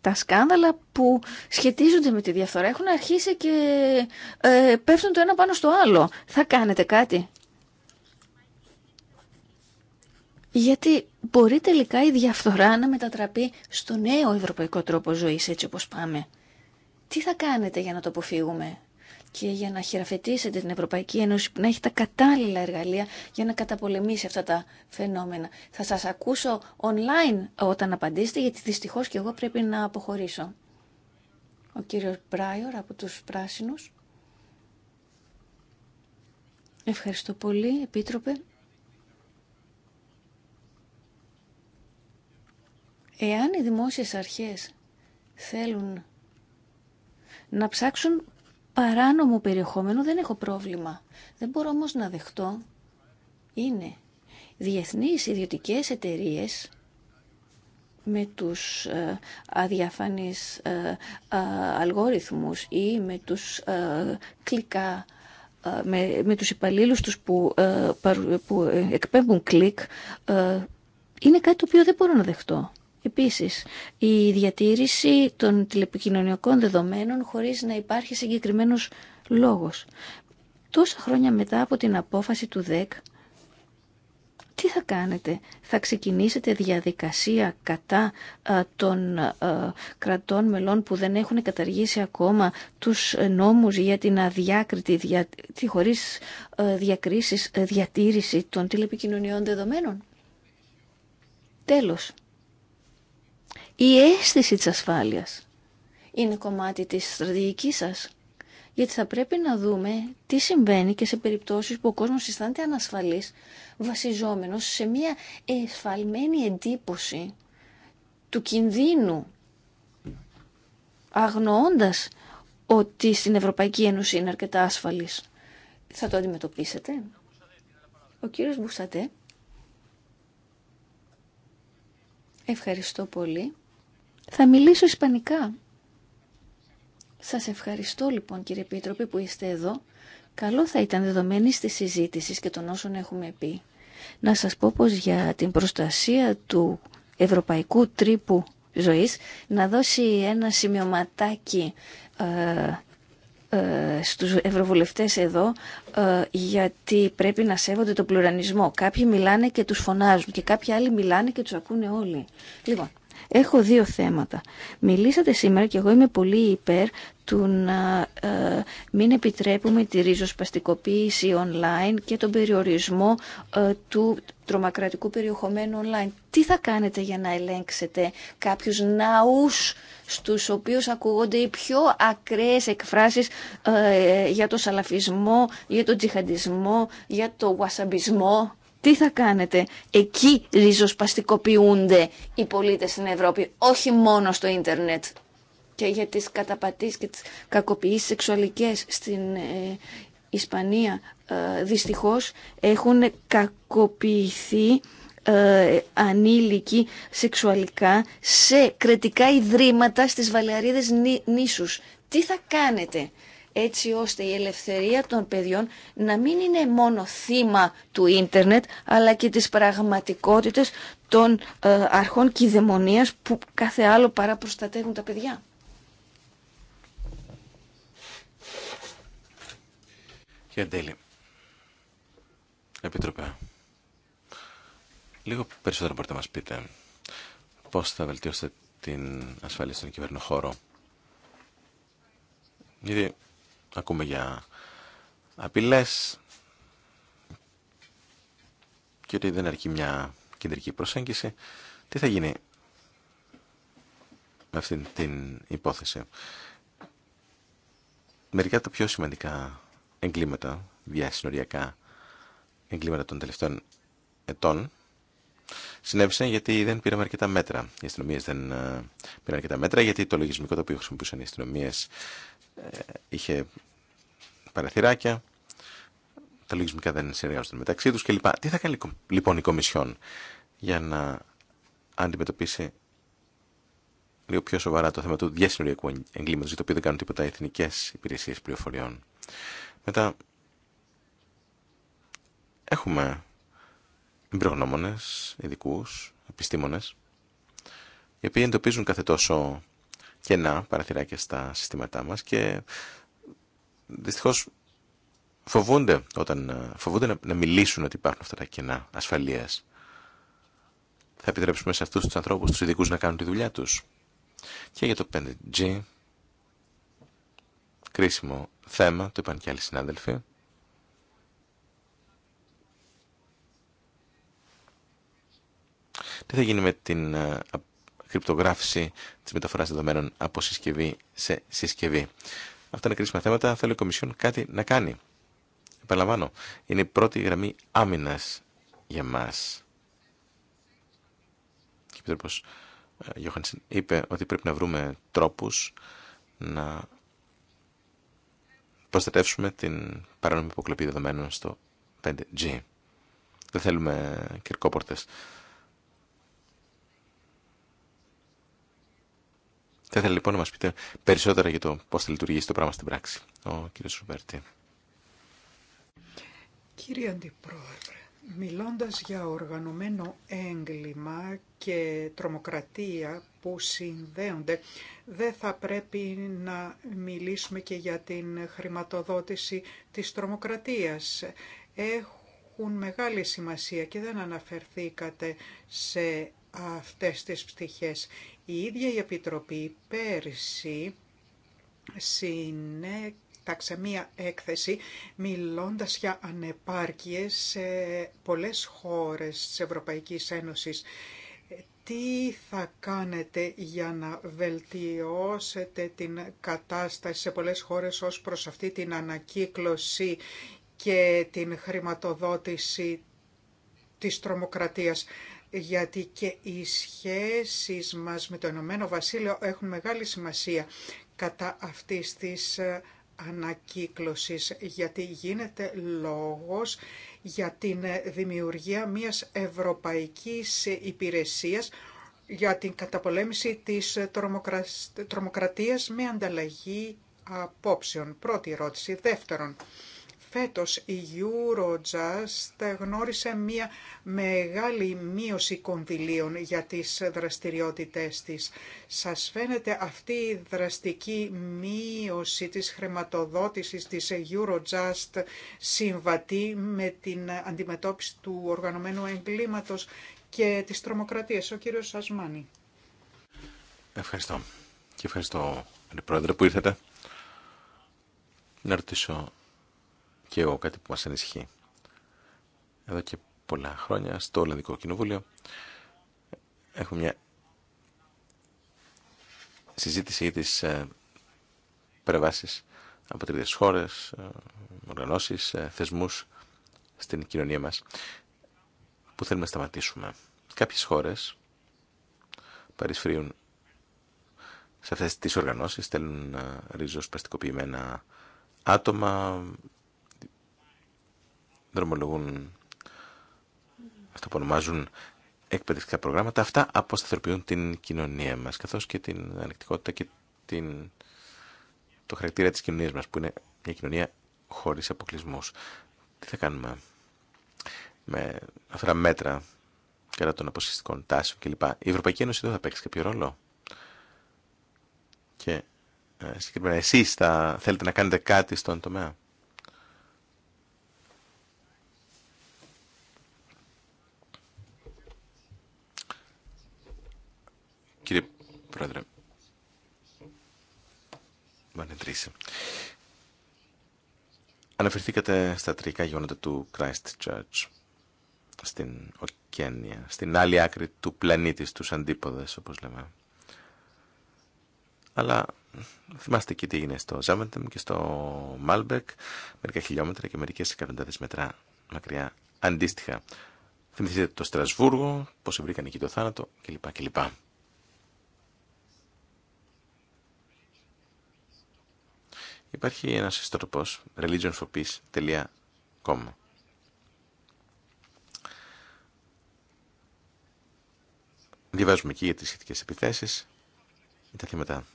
[SPEAKER 4] τα σκάνδαλα που σχετίζονται με τη διαφθορά έχουν αρχίσει και ε, πέφτουν το ένα πάνω στο άλλο. Θα κάνετε κάτι. Γιατί μπορεί τελικά η διαφθορά να μετατραπεί στο νέο ευρωπαϊκό τρόπο ζωής έτσι όπως πάμε. Τι θα κάνετε για να το αποφύγουμε και για να χειραφετήσετε την Ευρωπαϊκή Ένωση να έχει τα κατάλληλα εργαλεία για να καταπολεμήσει αυτά τα φαινόμενα. Θα σας ακούσω online όταν απαντήσετε γιατί δυστυχώς και εγώ πρέπει να αποχωρήσω. Ο κύριος Μπράιορ από τους Πράσινους. Ευχαριστώ πολύ, Επίτροπε. Εάν οι δημόσιες αρχές θέλουν να ψάξουν παράνομο περιεχόμενο, δεν έχω πρόβλημα. Δεν μπορώ όμως να δεχτώ. Είναι διεθνείς ιδιωτικές εταιρείες με τους ε, αδιαφανείς ε, αλγόριθμους ή με τους ε, κλικά με, τους υπαλλήλους τους που, που εκπέμπουν κλικ είναι κάτι το οποίο δεν μπορώ να δεχτώ. Επίσης, η διατήρηση των τηλεπικοινωνιακών δεδομένων χωρίς να υπάρχει συγκεκριμένος λόγος. Τόσα χρόνια μετά από την απόφαση του ΔΕΚ, τι θα κάνετε, θα ξεκινήσετε διαδικασία κατά των κρατών μελών που δεν έχουν καταργήσει ακόμα τους νόμους για την αδιάκριτη, δια, τη χωρίς διακρίσεις, διατήρηση των τηλεπικοινωνιών δεδομένων. Τέλος, η αίσθηση της ασφάλειας είναι κομμάτι της στρατηγικής σας. Γιατί θα πρέπει να δούμε τι συμβαίνει και σε περιπτώσεις που ο κόσμος αισθάνεται ανασφαλής βασιζόμενος σε μια εσφαλμένη εντύπωση του κινδύνου αγνοώντας ότι στην Ευρωπαϊκή Ένωση είναι αρκετά ασφαλής. Θα το αντιμετωπίσετε. Ο κύριος Μπουσατέ. Ευχαριστώ πολύ. Θα μιλήσω ισπανικά. Σας ευχαριστώ λοιπόν κύριε Επίτροπε που είστε εδώ. Καλό θα ήταν δεδομένη τη συζήτηση και των όσων έχουμε πει. Να σας πω πως για την προστασία του ευρωπαϊκού τρύπου ζωής να δώσει ένα σημειωματάκι ε, ε στους ευρωβουλευτές εδώ ε, γιατί πρέπει να σέβονται τον πλουρανισμό. Κάποιοι μιλάνε και τους φωνάζουν και κάποιοι άλλοι μιλάνε και τους ακούνε όλοι. Λοιπόν, Έχω δύο θέματα. Μιλήσατε σήμερα και εγώ είμαι πολύ υπέρ του να ε, μην επιτρέπουμε τη ριζοσπαστικοποίηση online και τον περιορισμό ε, του τρομακρατικού περιεχομένου online. Τι θα κάνετε για να ελέγξετε κάποιους ναούς στους οποίους ακούγονται οι πιο ακραίες εκφράσεις ε, για το σαλαφισμό, για τον τζιχαντισμό, για το βασαμπισμό. Τι θα κάνετε. Εκεί ριζοσπαστικοποιούνται οι πολίτες στην Ευρώπη, όχι μόνο στο ίντερνετ. Και για τις καταπατήσεις και τις κακοποιήσεις σεξουαλικές στην ε, Ισπανία ε, δυστυχώς έχουν κακοποιηθεί ε, ανήλικοι σεξουαλικά σε κρετικά ιδρύματα στις Βαλαιαρίδες νήσους. Τι θα κάνετε έτσι ώστε η ελευθερία των παιδιών να μην είναι μόνο θύμα του ίντερνετ αλλά και της πραγματικότητας των ε, αρχών κυδαιμονίας που κάθε άλλο παρά προστατεύουν τα παιδιά.
[SPEAKER 2] Κύριε Ντέλη, Επιτροπέ, λίγο περισσότερο μπορείτε να μας πείτε πώς θα βελτιώσετε την ασφάλεια στον κυβερνοχώρο. Γιατί ακούμε για απειλές και ότι δεν αρκεί μια κεντρική προσέγγιση. Τι θα γίνει με αυτή την υπόθεση. Μερικά τα πιο σημαντικά εγκλήματα, διασυνοριακά εγκλήματα των τελευταίων ετών, συνέβησαν γιατί δεν πήραμε αρκετά μέτρα. Οι αστυνομίε δεν ε, πήραν αρκετά μέτρα γιατί το λογισμικό το οποίο χρησιμοποιούσαν οι αστυνομίε είχε παραθυράκια, τα λογισμικά δεν συνεργάζονταν μεταξύ του κλπ. Τι θα κάνει λοιπόν η Κομισιόν για να αντιμετωπίσει λίγο πιο σοβαρά το θέμα του διασυνοριακού εγκλήματο για το οποίο δεν κάνουν τίποτα οι εθνικές υπηρεσίες πληροφοριών. Μετά, έχουμε εμπειρογνώμονε, ειδικού, επιστήμονε, οι οποίοι εντοπίζουν κάθε τόσο κενά παραθυράκια στα συστήματά μας και δυστυχώς φοβούνται, όταν, φοβούνται να, μιλήσουν ότι υπάρχουν αυτά τα κενά ασφαλείας. Θα επιτρέψουμε σε αυτούς τους ανθρώπους, τους ειδικούς να κάνουν τη δουλειά τους. Και για το 5G, κρίσιμο θέμα, το είπαν και άλλοι συνάδελφοι, Τι θα γίνει με την κρυπτογράφηση της μεταφοράς δεδομένων από συσκευή σε συσκευή. Αυτά είναι κρίσιμα θέματα. Θέλει η Κομισιόν κάτι να κάνει. Επαναλαμβάνω, είναι η πρώτη γραμμή άμυνα για μα. Και ο ε, Γιώχανσεν είπε ότι πρέπει να βρούμε τρόπους να προστατεύσουμε την παράνομη υποκλοπή δεδομένων στο 5G. Δεν θέλουμε κυρκόπορτες. Θα ήθελα λοιπόν να μας πείτε περισσότερα για το πώς θα λειτουργήσει το πράγμα στην πράξη. Ο κύριος Ρουμπέρτη.
[SPEAKER 3] Κύριε Αντιπρόεδρε, μιλώντας για οργανωμένο έγκλημα και τρομοκρατία που συνδέονται, δεν θα πρέπει να μιλήσουμε και για την χρηματοδότηση της τρομοκρατίας. Έχουν μεγάλη σημασία και δεν αναφερθήκατε σε αυτές τις πτυχές. Η ίδια η Επιτροπή πέρσι συνέταξε μία έκθεση μιλώντας για ανεπάρκειες σε πολλές χώρες της Ευρωπαϊκής Ένωσης. Τι θα κάνετε για να βελτιώσετε την κατάσταση σε πολλές χώρες ως προς αυτή την ανακύκλωση και την χρηματοδότηση της τρομοκρατίας γιατί και οι σχέσεις μας με το Ηνωμένο Βασίλειο έχουν μεγάλη σημασία κατά αυτής της ε, ανακύκλωσης, γιατί γίνεται λόγος για την ε, δημιουργία μιας ευρωπαϊκής υπηρεσίας για την καταπολέμηση της ε, τρομοκρατίας με ανταλλαγή απόψεων. Πρώτη ερώτηση. Δεύτερον, Φέτος η Eurojust γνώρισε μία μεγάλη μείωση κονδυλίων για τις δραστηριότητές της. Σας φαίνεται αυτή η δραστική μείωση της χρηματοδότησης της Eurojust συμβατή με την αντιμετώπιση του οργανωμένου εγκλήματος και της τρομοκρατίας. Ο κύριος Σασμάνη.
[SPEAKER 2] Ευχαριστώ. Και ευχαριστώ, Πρόεδρε, που ήρθατε. Να ρωτήσω και εγώ κάτι που μας ανησυχεί. Εδώ και πολλά χρόνια στο Ολλανδικό Κοινοβούλιο έχουμε μια συζήτηση για τις ε, παρεμβάσεις από τρίτες χώρες, ε, οργανώσεις, ε, θεσμούς στην κοινωνία μας που θέλουμε να σταματήσουμε. Κάποιες χώρες παρισφρίουν σε αυτές τις οργανώσεις, στέλνουν ρίζος παστικοποιημένα άτομα, δρομολογούν αυτό που ονομάζουν εκπαιδευτικά προγράμματα. Αυτά αποσταθεροποιούν την κοινωνία μας, καθώς και την ανεκτικότητα και την... το χαρακτήρα της κοινωνίας μας, που είναι μια κοινωνία χωρίς αποκλεισμούς. Τι θα κάνουμε με αυτά τα μέτρα κατά των αποσυστικών τάσεων κλπ. Η Ευρωπαϊκή Ένωση εδώ θα παίξει κάποιο ρόλο. Και ε, συγκεκριμένα εσείς θα θέλετε να κάνετε κάτι στον τομέα. Πρόεδρε. Αναφερθήκατε στα τρικά γεγονότα του Christchurch στην Οκένια, στην άλλη άκρη του πλανήτη, στους αντίποδες, όπως λέμε. Αλλά θυμάστε και τι έγινε στο Ζάμεντεμ και στο Μάλμπεκ, μερικά χιλιόμετρα και μερικές εκατοντάδες μετρά μακριά, αντίστοιχα. Θυμηθείτε το Στρασβούργο, πώς βρήκαν εκεί το θάνατο κλπ. κλπ. Υπάρχει ένας ιστοτοπός religionforpeace.com Διαβάζουμε εκεί για τις σχετικές επιθέσεις τα θύματα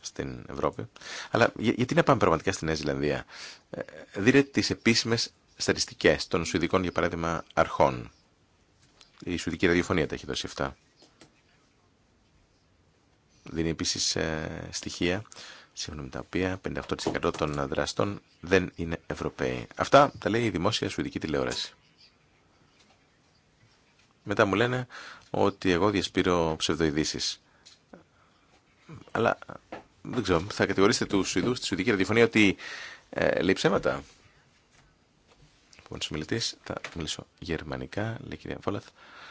[SPEAKER 2] στην Ευρώπη. Αλλά γιατί να πάμε πραγματικά στην Νέα Ζηλανδία. Ε, δείτε τις επίσημες στατιστικές των Σουηδικών, για παράδειγμα, αρχών. Η Σουηδική Ραδιοφωνία τα έχει δώσει αυτά. Δίνει επίσης ε, στοιχεία σύμφωνα με τα οποία 58% των δραστών δεν είναι Ευρωπαίοι. Αυτά τα λέει η δημόσια σουηδική τηλεόραση. Μετά μου λένε ότι εγώ διασπείρω ψευδοειδήσει. Αλλά δεν ξέρω, θα κατηγορήσετε τους Σουηδού, στη Σουηδική Ραδιοφωνία ότι ε, λέει ψέματα. Λοιπόν, θα μιλήσω γερμανικά, λέει η κυρία Βόλαθ.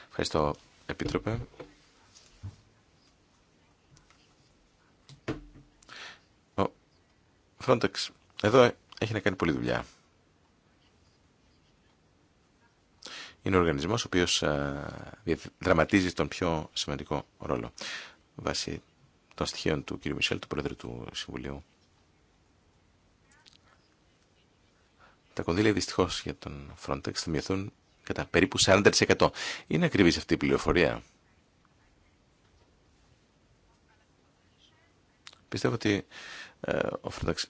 [SPEAKER 2] Ευχαριστώ, Επίτροπε. Frontex. Εδώ έχει να κάνει πολλή δουλειά. Είναι ο οργανισμός ο οποίος δραματίζει τον πιο σημαντικό ρόλο βάσει των στοιχείων του κ. Μισελ, του Πρόεδρου του Συμβουλίου. Τα κονδύλια δυστυχώ για τον Frontex θα μειωθούν κατά περίπου 40%. Είναι ακριβής αυτή η πληροφορία. Πιστεύω ότι ε,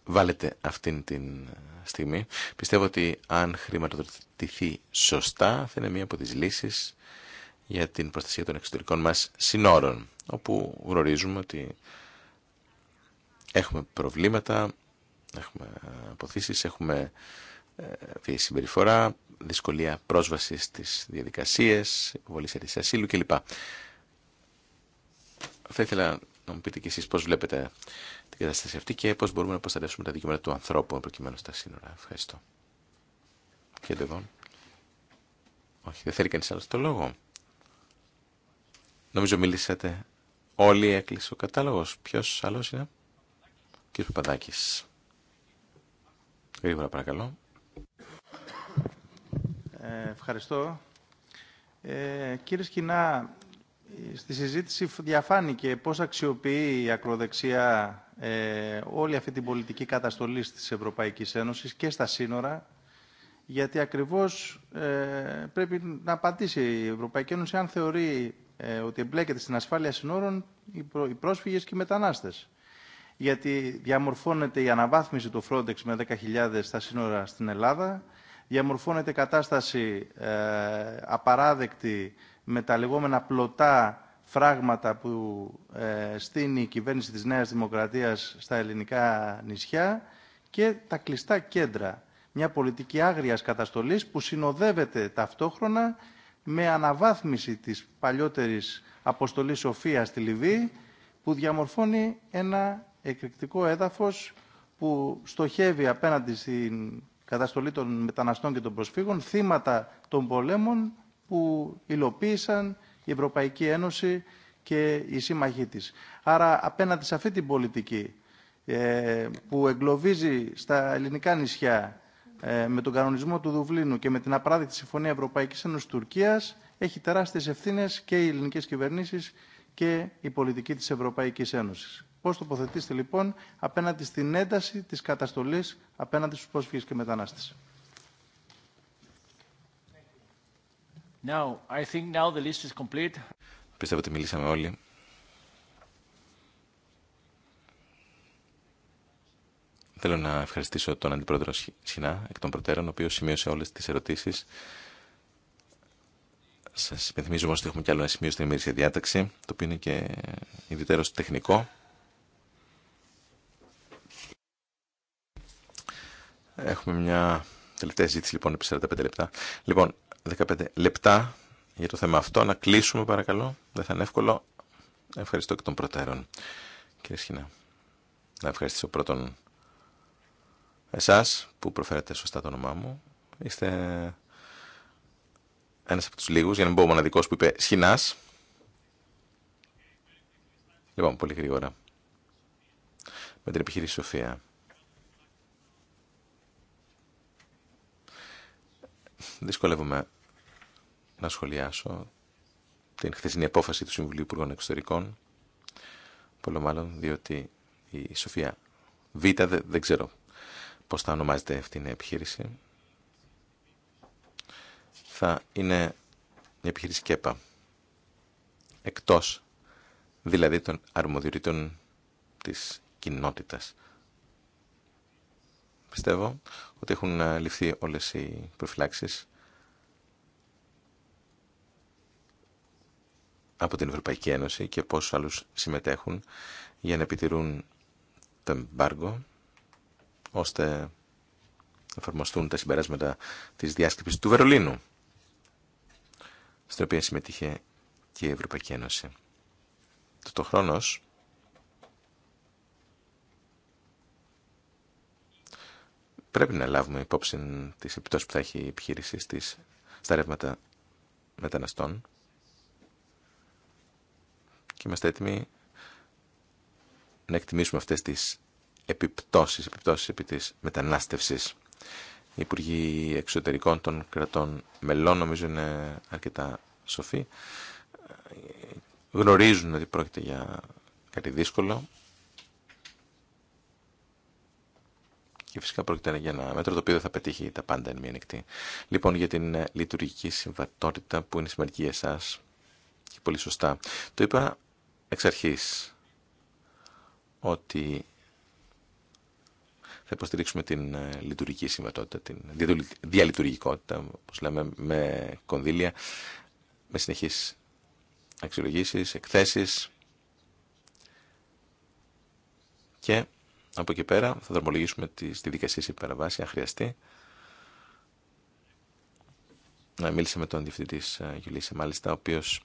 [SPEAKER 2] βάλετε αυτήν την ε, στιγμή. Πιστεύω ότι αν χρηματοδοτηθεί σωστά θα είναι μία από τις λύσεις για την προστασία των εξωτερικών μας συνόρων, όπου γνωρίζουμε ότι έχουμε προβλήματα, έχουμε αποθήσεις, έχουμε ε, βίαιη συμπεριφορά, δυσκολία πρόσβασης στις διαδικασίες, βολής ασύλου κλπ. Θα ήθελα να μου πείτε κι εσείς πώς βλέπετε την κατάσταση αυτή και πώς μπορούμε να προστατεύσουμε τα δικαιώματα του ανθρώπου προκειμένου στα σύνορα. Ευχαριστώ. Και εδώ. Όχι, δεν θέλει κανείς άλλο το λόγο. Νομίζω μιλήσατε. Όλοι έκλεισε ο κατάλογος. Ποιος άλλος είναι. Κύριος Παπαδάκης. Γρήγορα παρακαλώ.
[SPEAKER 5] Ε, ευχαριστώ. Ε, κύριε Σκηνά, Στη συζήτηση διαφάνηκε πώς αξιοποιεί η ακροδεξιά ε, όλη αυτή την πολιτική καταστολή της Ευρωπαϊκής Ένωσης και στα σύνορα, γιατί ακριβώς ε, πρέπει να απαντήσει η Ευρωπαϊκή Ένωση αν θεωρεί ε, ότι εμπλέκεται στην ασφάλεια σύνορων οι, προ, οι πρόσφυγες και οι μετανάστες. Γιατί διαμορφώνεται η αναβάθμιση του Frontex με 10.000 στα σύνορα στην Ελλάδα, διαμορφώνεται κατάσταση ε, απαράδεκτη με τα λεγόμενα πλωτά φράγματα που ε, στείνει η κυβέρνηση της Νέας Δημοκρατίας στα ελληνικά νησιά και τα κλειστά κέντρα. Μια πολιτική άγριας καταστολής που συνοδεύεται ταυτόχρονα με αναβάθμιση της παλιότερης αποστολής Σοφία στη Λιβύη που διαμορφώνει ένα εκρηκτικό έδαφος που στοχεύει απέναντι στην καταστολή των μεταναστών και των προσφύγων, θύματα των πολέμων που υλοποίησαν η Ευρωπαϊκή Ένωση και οι σύμμαχοί της. Άρα απέναντι σε αυτή την πολιτική ε, που εγκλωβίζει στα ελληνικά νησιά ε, με τον κανονισμό του Δουβλίνου και με την απράδεκτη Συμφωνία Ευρωπαϊκής Ένωσης Τουρκίας έχει τεράστιες ευθύνες και οι ελληνικές κυβερνήσεις και η πολιτική της Ευρωπαϊκής Ένωσης. Πώς τοποθετήσετε λοιπόν απέναντι στην ένταση της καταστολής απέναντι στους πρόσφυγες και μετανάστες.
[SPEAKER 2] Πιστεύω ότι μιλήσαμε όλοι. Θέλω να ευχαριστήσω τον Αντιπρόεδρο Σινά εκ των προτέρων, ο οποίος σημείωσε όλες τις ερωτήσεις. Σας υπενθυμίζω όμως ότι έχουμε κι άλλο ένα σημείο στην ημερήσια διάταξη, το οποίο είναι και ιδιαίτερος τεχνικό. Έχουμε μια τελευταία ζήτηση λοιπόν επί 45 λεπτά. Λοιπόν, 15 λεπτά για το θέμα αυτό. Να κλείσουμε παρακαλώ. Δεν θα είναι εύκολο. Ευχαριστώ και τον προτέρων. Κύριε Σχοινά, να ευχαριστήσω πρώτον εσάς που προφέρετε σωστά το όνομά μου. Είστε ένας από τους λίγους, για να μην πω μοναδικός που είπε Σχοινάς. Λοιπόν, πολύ γρήγορα. Με την επιχείρηση Σοφία. Δυσκολεύομαι να σχολιάσω την χθεσινή απόφαση του Συμβουλίου Υπουργών Εξωτερικών. Πολύ μάλλον διότι η Σοφία Β δεν, ξέρω πώς θα ονομάζεται αυτή η επιχείρηση. Θα είναι μια επιχείρηση ΚΕΠΑ. Εκτός δηλαδή των αρμοδιορίτων της κοινότητας. Πιστεύω ότι έχουν ληφθεί όλες οι προφυλάξεις από την Ευρωπαϊκή Ένωση και πόσους άλλους συμμετέχουν για να επιτηρούν το εμπάργκο ώστε να εφαρμοστούν τα συμπεράσματα της διάσκεψης του Βερολίνου στην οποία συμμετείχε και η Ευρωπαϊκή Ένωση. Το χρόνος πρέπει να λάβουμε υπόψη τις επιπτώσεις που θα έχει η επιχείρηση στις, στα ρεύματα μεταναστών και είμαστε έτοιμοι να εκτιμήσουμε αυτές τις επιπτώσεις, επιπτώσεις επί της μετανάστευσης. Οι Υπουργοί Εξωτερικών των κρατών μελών νομίζω είναι αρκετά σοφοί. Γνωρίζουν ότι πρόκειται για κάτι δύσκολο. Και φυσικά πρόκειται για ένα μέτρο το οποίο δεν θα πετύχει τα πάντα εν μία νυχτή. Λοιπόν, για την λειτουργική συμβατότητα που είναι σημαντική για εσά και πολύ σωστά. Το είπα εξ αρχής ότι θα υποστηρίξουμε την ε, λειτουργική συμβατότητα, την διαλειτουργικότητα, όπως λέμε, με κονδύλια, με συνεχείς αξιολογήσεις, εκθέσεις και από εκεί πέρα θα δρομολογήσουμε τις διδικασίες υπεραβάση, αν χρειαστεί. μίλησε με τον διευθυντή ε, Γιουλίση, μάλιστα, ο οποίος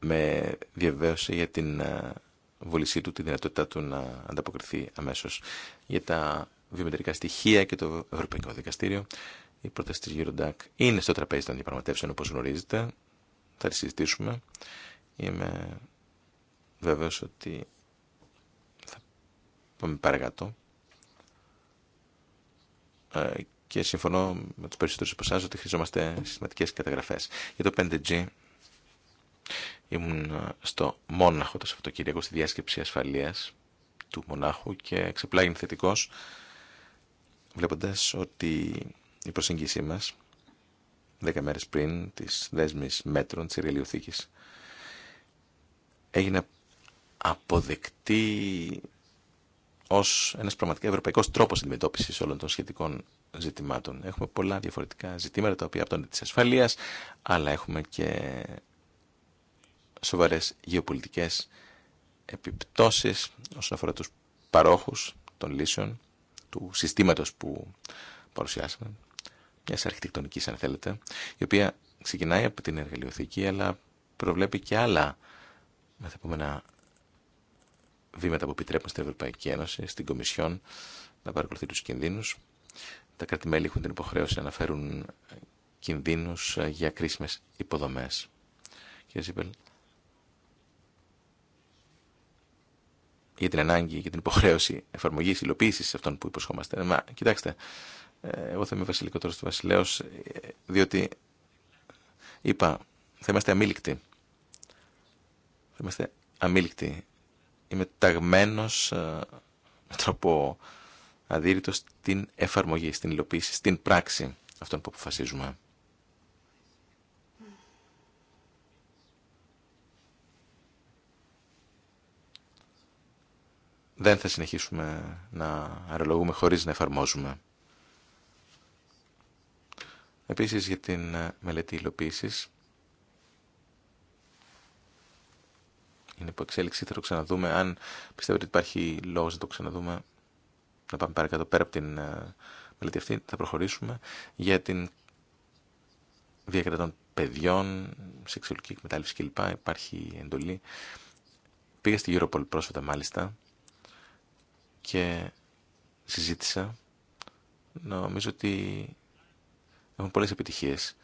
[SPEAKER 2] με διαβεβαίωση για την ε, βολησή του, τη δυνατότητά του να ανταποκριθεί αμέσως. Για τα βιομετρικά στοιχεία και το Ευρωπαϊκό Δικαστήριο, η πρόταση της Eurodac είναι στο τραπέζι των διαπραγματεύσεων, όπως γνωρίζετε. Θα τη συζητήσουμε. Είμαι βέβαιος ότι θα πάμε παρακάτω. Ε, και συμφωνώ με τους περισσότερους από εσάς ότι χρειαζόμαστε συστηματικές καταγραφές. Για το 5G Ήμουν ε, στο Μόναχο το Σαββατοκύριακο στη διάσκεψη ασφαλείας του Μονάχου και ξεπλάγει θετικό βλέποντας ότι η προσέγγιση μας δέκα μέρες πριν της δέσμης μέτρων της Ιρελιοθήκης έγινε αποδεκτή ως ένας πραγματικά ευρωπαϊκός τρόπος αντιμετώπισης όλων των σχετικών ζητημάτων. Έχουμε πολλά διαφορετικά ζητήματα, τα οποία απτώνται της ασφαλείας, αλλά έχουμε και σοβαρές γεωπολιτικές επιπτώσεις όσον αφορά τους παρόχους των λύσεων του συστήματος που παρουσιάσαμε, μιας αρχιτεκτονικής αν θέλετε, η οποία ξεκινάει από την εργαλειοθήκη αλλά προβλέπει και άλλα με τα επόμενα βήματα που επιτρέπουν στην Ευρωπαϊκή Ένωση, στην Κομισιόν, να παρακολουθεί τους κινδύνους. Τα κρατη έχουν την υποχρέωση να αναφέρουν κινδύνους για κρίσιμες υποδομές. Κύριε για την ανάγκη και την υποχρέωση εφαρμογή υλοποίηση αυτών που υποσχόμαστε. Μα κοιτάξτε, ε, εγώ θα είμαι βασιλικό τώρα του βασιλέο ε, διότι είπα, θα είμαστε αμήλικτοι. Θα είμαστε αμήλικτοι. Είμαι ταγμένο ε, με τρόπο αδύρυτο στην εφαρμογή, στην υλοποίηση, στην πράξη αυτών που αποφασίζουμε. δεν θα συνεχίσουμε να αερολογούμε χωρίς να εφαρμόζουμε. Επίσης για την ε, μελέτη υλοποίησης είναι υπό εξέλιξη, θα το ξαναδούμε. Αν πιστεύετε ότι υπάρχει λόγος να το ξαναδούμε, να πάμε παρακάτω πέρα από την ε, μελέτη αυτή, θα προχωρήσουμε. Για την των παιδιών, σεξουαλική εκμετάλλευση κλπ. Υπάρχει εντολή. Πήγα στη Europol πρόσφατα μάλιστα και συζήτησα, νομίζω ότι έχουν πολλές επιτυχίες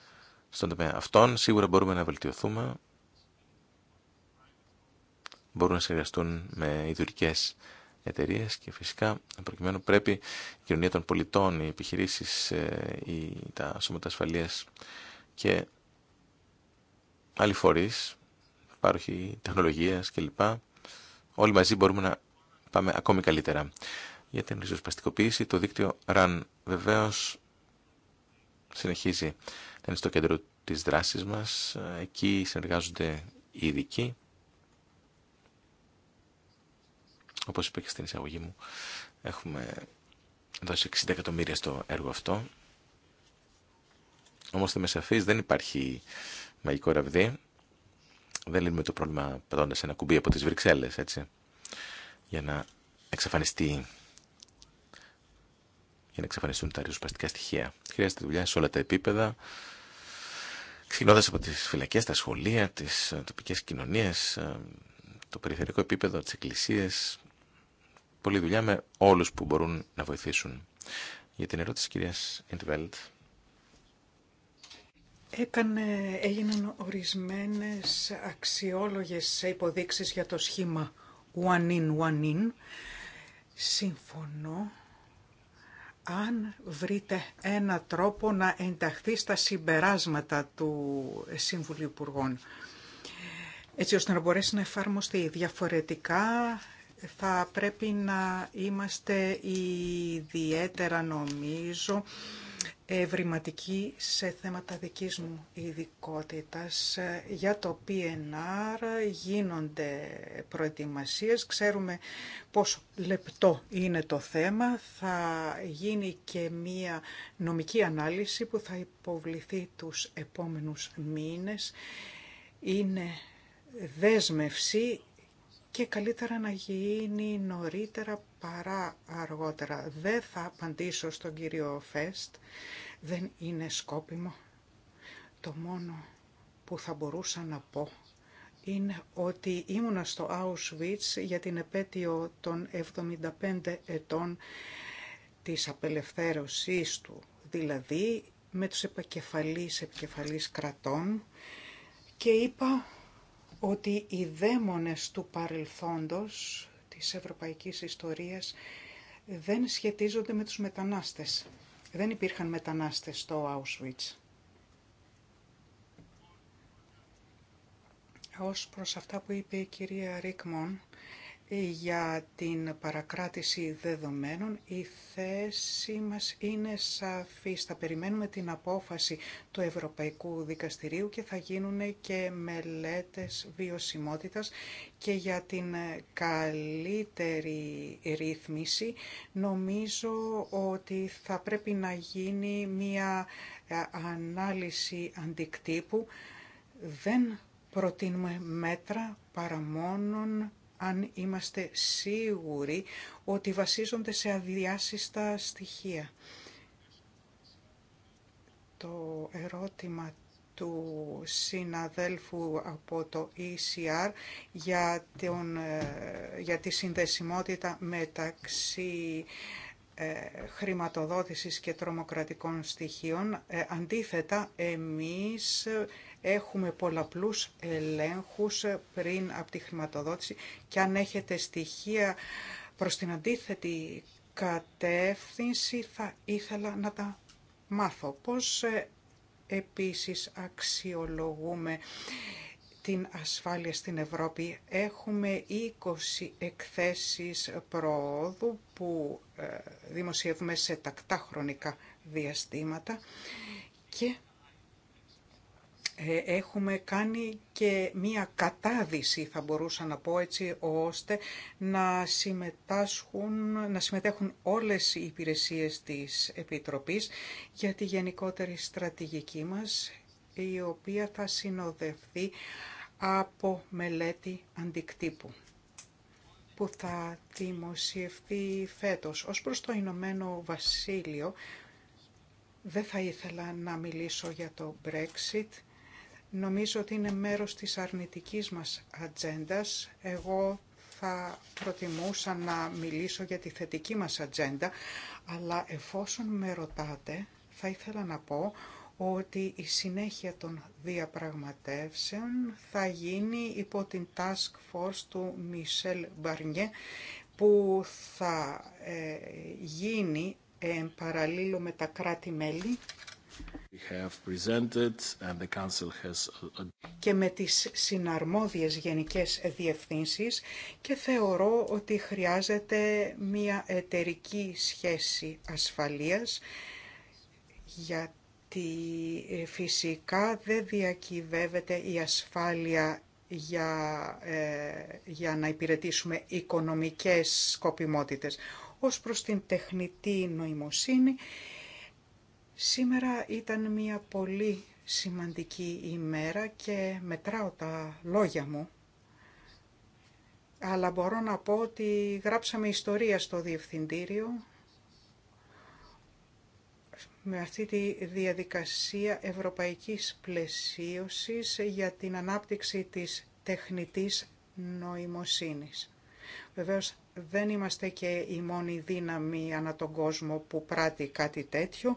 [SPEAKER 2] στον τομέα αυτών. Σίγουρα μπορούμε να βελτιωθούμε. Μπορούν να συνεργαστούν με ιδιωτικές εταιρείε και φυσικά προκειμένου πρέπει η κοινωνία των πολιτών, οι επιχειρήσει, ε, τα σώματα ασφαλεία και άλλοι φορεί, υπάρχει τεχνολογία κλπ. Όλοι μαζί μπορούμε να πάμε ακόμη καλύτερα. Για την ριζοσπαστικοποίηση, το δίκτυο RAN βεβαίως συνεχίζει να είναι στο κέντρο της δράσης μας. Εκεί συνεργάζονται οι ειδικοί. Όπως είπα και στην εισαγωγή μου, έχουμε δώσει 60 εκατομμύρια στο έργο αυτό. Όμως στη Μεσαφής δεν υπάρχει μαγικό ραβδί. Δεν λύνουμε το πρόβλημα πατώντας ένα κουμπί από τις Βρυξέλλες, έτσι για να εξαφανιστεί για να εξαφανιστούν τα ριζοσπαστικά στοιχεία. Χρειάζεται δουλειά σε όλα τα επίπεδα, Ξεκινώντα από τις φυλακέ, τα σχολεία, τι ε, τοπικές κοινωνίες, ε, το περιφερειακό επίπεδο, τις εκκλησίες. Πολλή δουλειά με όλους που μπορούν να βοηθήσουν. Για την ερώτηση τη κυρίας Ιντβέλτ.
[SPEAKER 3] Έκανε, έγιναν ορισμένες αξιόλογες υποδείξεις για το σχήμα one-in, one-in. Συμφωνώ αν βρείτε ένα τρόπο να ενταχθεί στα συμπεράσματα του Σύμβουλου Υπουργών, έτσι ώστε να μπορέσει να εφαρμοστεί διαφορετικά, θα πρέπει να είμαστε ιδιαίτερα νομίζω ευρηματική σε θέματα δικής μου ειδικότητα. Για το PNR γίνονται προετοιμασίες, ξέρουμε πόσο λεπτό είναι το θέμα. Θα γίνει και μία νομική ανάλυση που θα υποβληθεί τους επόμενους μήνες. Είναι δέσμευση και καλύτερα να γίνει νωρίτερα παρά αργότερα. Δεν θα απαντήσω στον κύριο Φέστ, δεν είναι σκόπιμο. Το μόνο που θα μπορούσα να πω είναι ότι ήμουνα στο Auschwitz για την επέτειο των 75 ετών της απελευθέρωσής του, δηλαδή με τους επικεφαλείς επικεφαλείς κρατών και είπα ότι οι δαίμονες του παρελθόντος της ευρωπαϊκής ιστορίας δεν σχετίζονται με τους μετανάστες. Δεν υπήρχαν μετανάστες στο Auschwitz. Ως προς αυτά που είπε η κυρία Ρίκμον, ε, για την παρακράτηση δεδομένων. Η θέση μας είναι σαφής. Θα περιμένουμε την απόφαση του Ευρωπαϊκού Δικαστηρίου και θα γίνουν και μελέτες βιωσιμότητας και για την καλύτερη ρύθμιση νομίζω ότι θα πρέπει να γίνει μια ε, ανάλυση αντικτύπου. Δεν προτείνουμε μέτρα παρά μόνον αν είμαστε σίγουροι ότι βασίζονται σε αδιάσυστα στοιχεία. Το ερώτημα του συναδέλφου από το ECR για, τον, ε, για τη συνδεσιμότητα μεταξύ ε, χρηματοδότησης και τρομοκρατικών στοιχείων. Ε, αντίθετα, εμείς έχουμε πολλαπλούς ελέγχους πριν από τη χρηματοδότηση και αν έχετε στοιχεία προς την αντίθετη κατεύθυνση θα ήθελα να τα μάθω. Πώς ε, επίσης αξιολογούμε την ασφάλεια στην Ευρώπη. Έχουμε 20 εκθέσεις προόδου που ε, δημοσιεύουμε σε τακτά χρονικά διαστήματα και ε, έχουμε κάνει και μία κατάδυση, θα μπορούσα να πω έτσι, ώστε να, συμμετάσχουν, να συμμετέχουν όλες οι υπηρεσίες της Επιτροπής για τη γενικότερη στρατηγική μας, η οποία θα συνοδευτεί από μελέτη αντικτύπου που θα δημοσιευτεί φέτος. Ως προς το Ηνωμένο Βασίλειο, δεν θα ήθελα να μιλήσω για το Brexit. Νομίζω ότι είναι μέρος της αρνητικής μας ατζέντα. Εγώ θα προτιμούσα να μιλήσω για τη θετική μας ατζέντα, αλλά εφόσον με ρωτάτε, θα ήθελα να πω ότι η συνέχεια των διαπραγματεύσεων θα γίνει υπό την Task Force του Μισελ Μπαρνιέ που θα ε, γίνει ε, με τα κράτη-μέλη και με τις συναρμόδιες γενικές διευθύνσεις και θεωρώ ότι χρειάζεται μια εταιρική σχέση ασφαλείας για ότι ε, φυσικά δεν διακυβεύεται η ασφάλεια για, ε, για να υπηρετήσουμε οικονομικές σκοπιμότητες. Ως προς την τεχνητή νοημοσύνη, σήμερα ήταν μια πολύ σημαντική ημέρα και μετράω τα λόγια μου, αλλά μπορώ να πω ότι γράψαμε ιστορία στο Διευθυντήριο με αυτή τη διαδικασία ευρωπαϊκής πλαισίωσης για την ανάπτυξη της τεχνητής νοημοσύνης. Βεβαίως δεν είμαστε και η μόνη δύναμη ανά τον κόσμο που πράττει κάτι τέτοιο.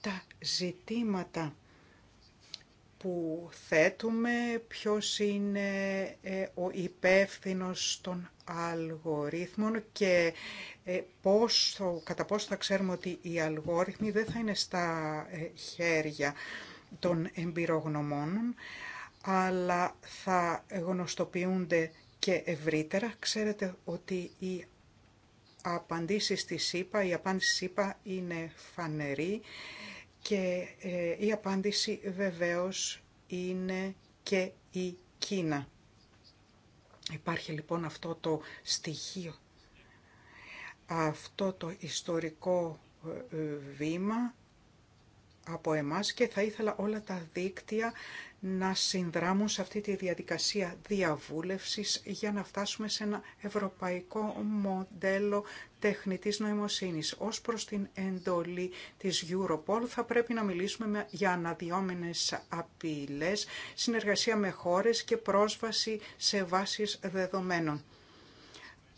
[SPEAKER 3] Τα ζητήματα που θέτουμε, ποιος είναι ε, ο υπεύθυνος των αλγορίθμων και ε, πώς, κατά πόσο θα ξέρουμε ότι οι αλγόριθμοι δεν θα είναι στα ε, χέρια των εμπειρογνωμόνων, αλλά θα γνωστοποιούνται και ευρύτερα. Ξέρετε ότι οι απαντήσεις της ΣΥΠΑ, η απάντηση ΣΥΠΑ είναι φανερή και ε, η απάντηση βεβαίως είναι και η Κίνα. Υπάρχει λοιπόν αυτό το στοιχείο, αυτό το ιστορικό ε, ε, βήμα από εμάς και θα ήθελα όλα τα δίκτυα να συνδράμουν σε αυτή τη διαδικασία διαβούλευσης για να φτάσουμε σε ένα ευρωπαϊκό μοντέλο τεχνητής νοημοσύνης. Ως προς την εντολή της Europol θα πρέπει να μιλήσουμε για αναδιόμενες απειλές, συνεργασία με χώρες και πρόσβαση σε βάσεις δεδομένων.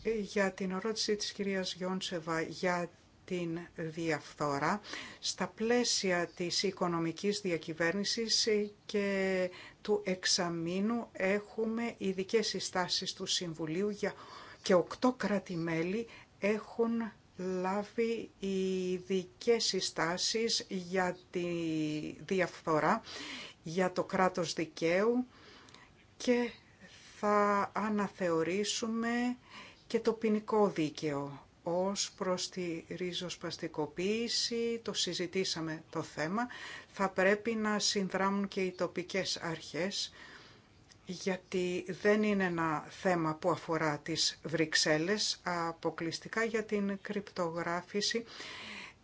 [SPEAKER 3] Ε, για την ερώτηση της κυρίας Γιόντσεβα για την διαφθόρα στα πλαίσια της οικονομικής διακυβέρνησης και του εξαμήνου έχουμε ειδικέ συστάσεις του Συμβουλίου για και οκτώ κράτη-μέλη έχουν λάβει ειδικέ συστάσεις για τη διαφθορά, για το κράτος δικαίου και θα αναθεωρήσουμε και το ποινικό δίκαιο ως προς τη ριζοσπαστικοποίηση, το συζητήσαμε το θέμα, θα πρέπει να συνδράμουν και οι τοπικές αρχές, γιατί δεν είναι ένα θέμα που αφορά τις Βρυξέλλες, αποκλειστικά για την κρυπτογράφηση.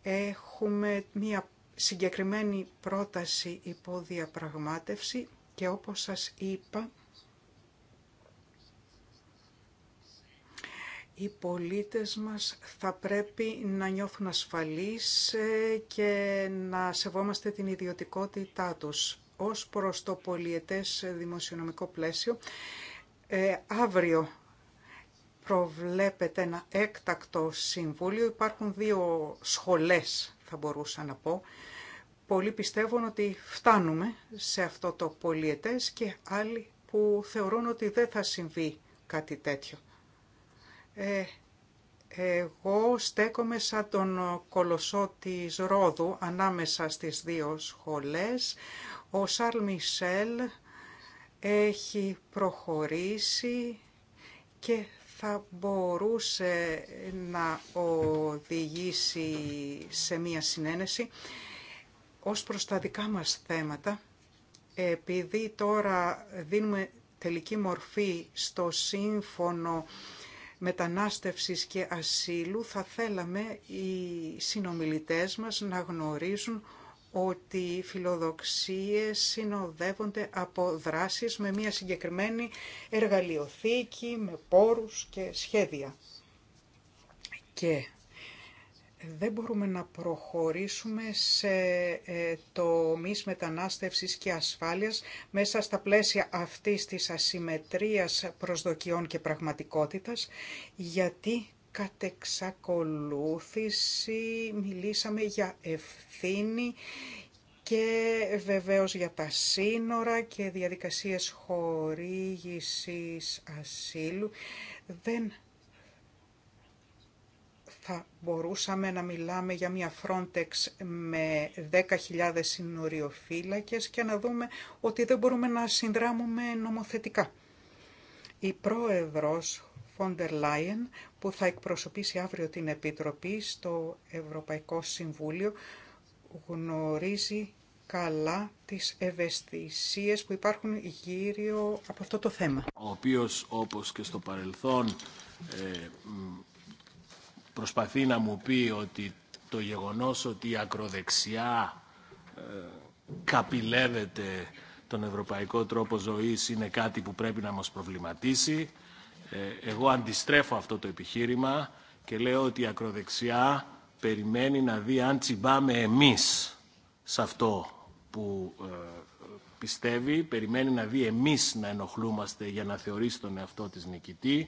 [SPEAKER 3] Έχουμε μια συγκεκριμένη πρόταση διαπραγμάτευση και όπως σας είπα, οι πολίτες μας θα πρέπει να νιώθουν ασφαλείς ε, και να σεβόμαστε την ιδιωτικότητά τους. Ως προς το πολιετές δημοσιονομικό πλαίσιο, ε, αύριο προβλέπεται ένα έκτακτο συμβούλιο. Υπάρχουν δύο σχολές, θα μπορούσα να πω. Πολλοί πιστεύουν ότι φτάνουμε σε αυτό το πολιετές και άλλοι που θεωρούν ότι δεν θα συμβεί κάτι τέτοιο. Ε, εγώ στέκομαι σαν τον κολοσσό της Ρόδου ανάμεσα στις δύο σχολές. Ο Σαρλ Μισελ έχει προχωρήσει και θα μπορούσε να οδηγήσει σε μία συνένεση ως προς τα δικά μας θέματα. Επειδή τώρα δίνουμε τελική μορφή στο σύμφωνο μετανάστευσης και ασύλου θα θέλαμε οι συνομιλητές μας να γνωρίζουν ότι οι φιλοδοξίες συνοδεύονται από δράσεις με μια συγκεκριμένη εργαλειοθήκη, με πόρους και σχέδια. Και δεν μπορούμε να προχωρήσουμε σε ε, τομείς μετανάστευσης και ασφάλειας μέσα στα πλαίσια αυτής της ασυμμετρίας προσδοκιών και πραγματικότητας, γιατί κατ' εξακολούθηση μιλήσαμε για ευθύνη και βεβαίως για τα σύνορα και διαδικασίες χορήγησης ασύλου. Δεν θα μπορούσαμε να μιλάμε για μια Frontex με 10.000 συνοριοφύλακες και να δούμε ότι δεν μπορούμε να συνδράμουμε νομοθετικά. Η πρόεδρος Φόντερ Λάιεν που θα εκπροσωπήσει αύριο την Επιτροπή στο Ευρωπαϊκό Συμβούλιο γνωρίζει καλά τις ευαισθησίες που υπάρχουν γύρω από αυτό το θέμα.
[SPEAKER 6] Ο οποίος όπως και στο παρελθόν ε, προσπαθεί να μου πει ότι το γεγονός ότι η ακροδεξιά ε, καπηλεύεται τον ευρωπαϊκό τρόπο ζωής είναι κάτι που πρέπει να μας προβληματίσει. Ε, εγώ αντιστρέφω αυτό το επιχείρημα και λέω ότι η ακροδεξιά περιμένει να δει αν τσιμπάμε εμείς σε αυτό που ε, πιστεύει, περιμένει να δει εμείς να ενοχλούμαστε για να θεωρήσει τον εαυτό της νικητή.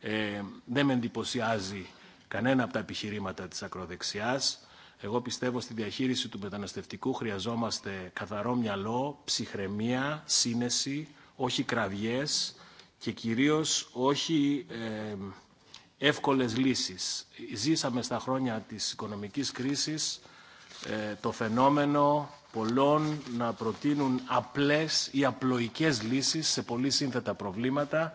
[SPEAKER 6] Ε, δεν με εντυπωσιάζει κανένα από τα επιχειρήματα της ακροδεξιάς. Εγώ πιστεύω στη διαχείριση του μεταναστευτικού χρειαζόμαστε καθαρό μυαλό, ψυχραιμία, σύνεση, όχι κραυγές και κυρίως όχι ε, εύκολες λύσεις. Ζήσαμε στα χρόνια της οικονομικής κρίσης ε, το φαινόμενο πολλών να προτείνουν απλές ή απλοϊκές λύσεις σε πολύ σύνθετα προβλήματα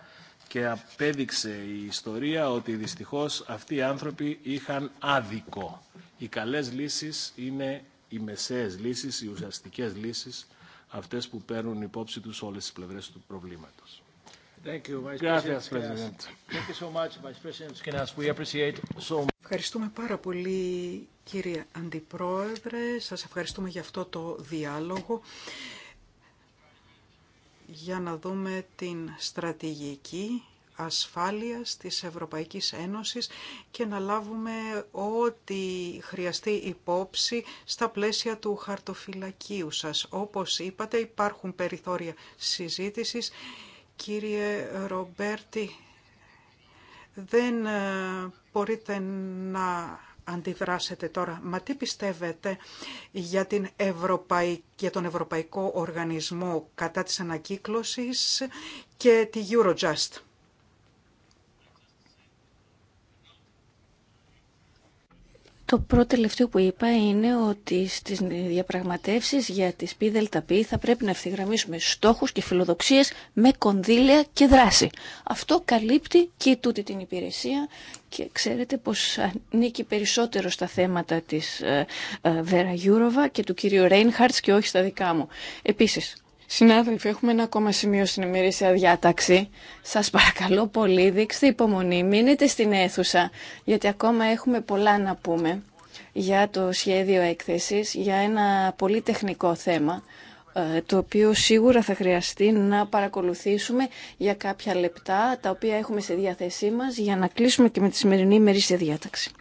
[SPEAKER 6] και απέδειξε η ιστορία ότι δυστυχώς αυτοί οι άνθρωποι είχαν άδικο. Οι καλές λύσεις είναι οι μεσαίες λύσεις, οι ουσιαστικές λύσεις, αυτές που παίρνουν υπόψη τους όλες τις πλευρές του προβλήματος.
[SPEAKER 3] Ευχαριστούμε πάρα πολύ κύριε Αντιπρόεδρε, σας ευχαριστούμε για αυτό το διάλογο για να δούμε την στρατηγική ασφάλειας της Ευρωπαϊκής Ένωσης και να λάβουμε ό,τι χρειαστεί υπόψη στα πλαίσια του χαρτοφυλακίου σας. Όπως είπατε υπάρχουν περιθώρια συζήτησης. Κύριε Ρομπέρτη, δεν ε, μπορείτε να αντιδράσετε τώρα. Μα τι πιστεύετε για, την Ευρωπαϊ... τον Ευρωπαϊκό Οργανισμό κατά της ανακύκλωσης και τη Eurojust.
[SPEAKER 4] Το πρώτο τελευταίο που είπα είναι ότι στις διαπραγματεύσεις για τις ΠΔΠ θα πρέπει να ευθυγραμμίσουμε στόχους και φιλοδοξίες με κονδύλια και δράση. Αυτό καλύπτει και τούτη την υπηρεσία και ξέρετε πως ανήκει περισσότερο στα θέματα της ε, ε, Βέρα Γιούροβα και του κυρίου Ρέινχαρτς και όχι στα δικά μου. Επίσης, Συνάδελφοι, έχουμε ένα ακόμα σημείο στην ημερήσια διάταξη. Σας παρακαλώ πολύ, δείξτε υπομονή, μείνετε στην αίθουσα, γιατί ακόμα έχουμε πολλά να πούμε για το σχέδιο έκθεση, για ένα πολύ τεχνικό θέμα, ε, το οποίο σίγουρα θα χρειαστεί να παρακολουθήσουμε για κάποια λεπτά, τα οποία έχουμε στη διάθεσή μα για να κλείσουμε και με τη σημερινή ημερήσια διάταξη.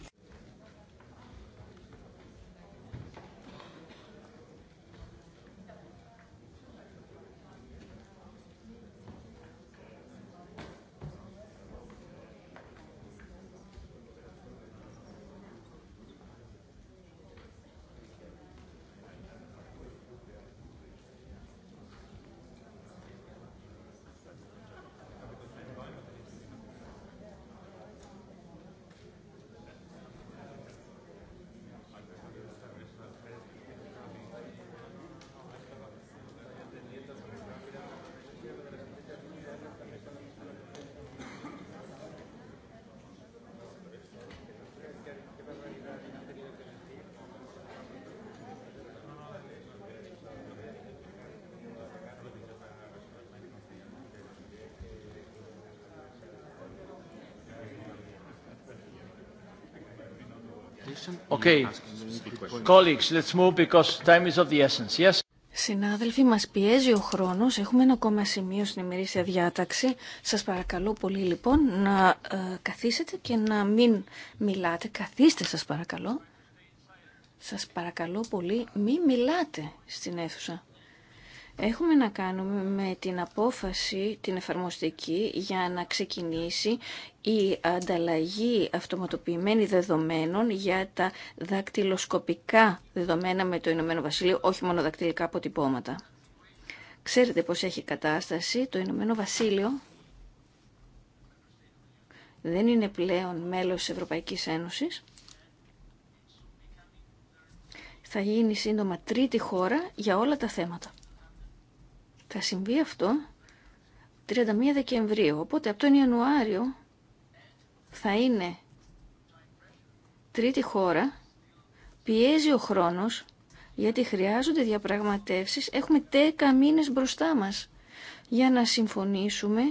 [SPEAKER 4] Συνάδελφοι, μας πιέζει ο χρόνος. Έχουμε ένα ακόμα σημείο στην ημερήσια διάταξη. Σας παρακαλώ πολύ λοιπόν να ε, καθίσετε και να μην μιλάτε. Καθίστε σας παρακαλώ. Σας παρακαλώ πολύ, μην μιλάτε στην αίθουσα. Έχουμε να κάνουμε με την απόφαση, την εφαρμοστική, για να ξεκινήσει η ανταλλαγή αυτοματοποιημένη δεδομένων για τα δακτυλοσκοπικά δεδομένα με το Ηνωμένο Βασίλειο, όχι μόνο δακτυλικά αποτυπώματα. Ξέρετε πως έχει κατάσταση το Ηνωμένο Βασίλειο. Δεν είναι πλέον μέλος της Ευρωπαϊκής Ένωσης. Θα γίνει σύντομα τρίτη χώρα για όλα τα θέματα. Θα συμβεί αυτό 31 Δεκεμβρίου, οπότε από τον Ιανουάριο θα είναι τρίτη χώρα, πιέζει ο χρόνος, γιατί χρειάζονται διαπραγματεύσεις, έχουμε 10 μήνες μπροστά μας για να συμφωνήσουμε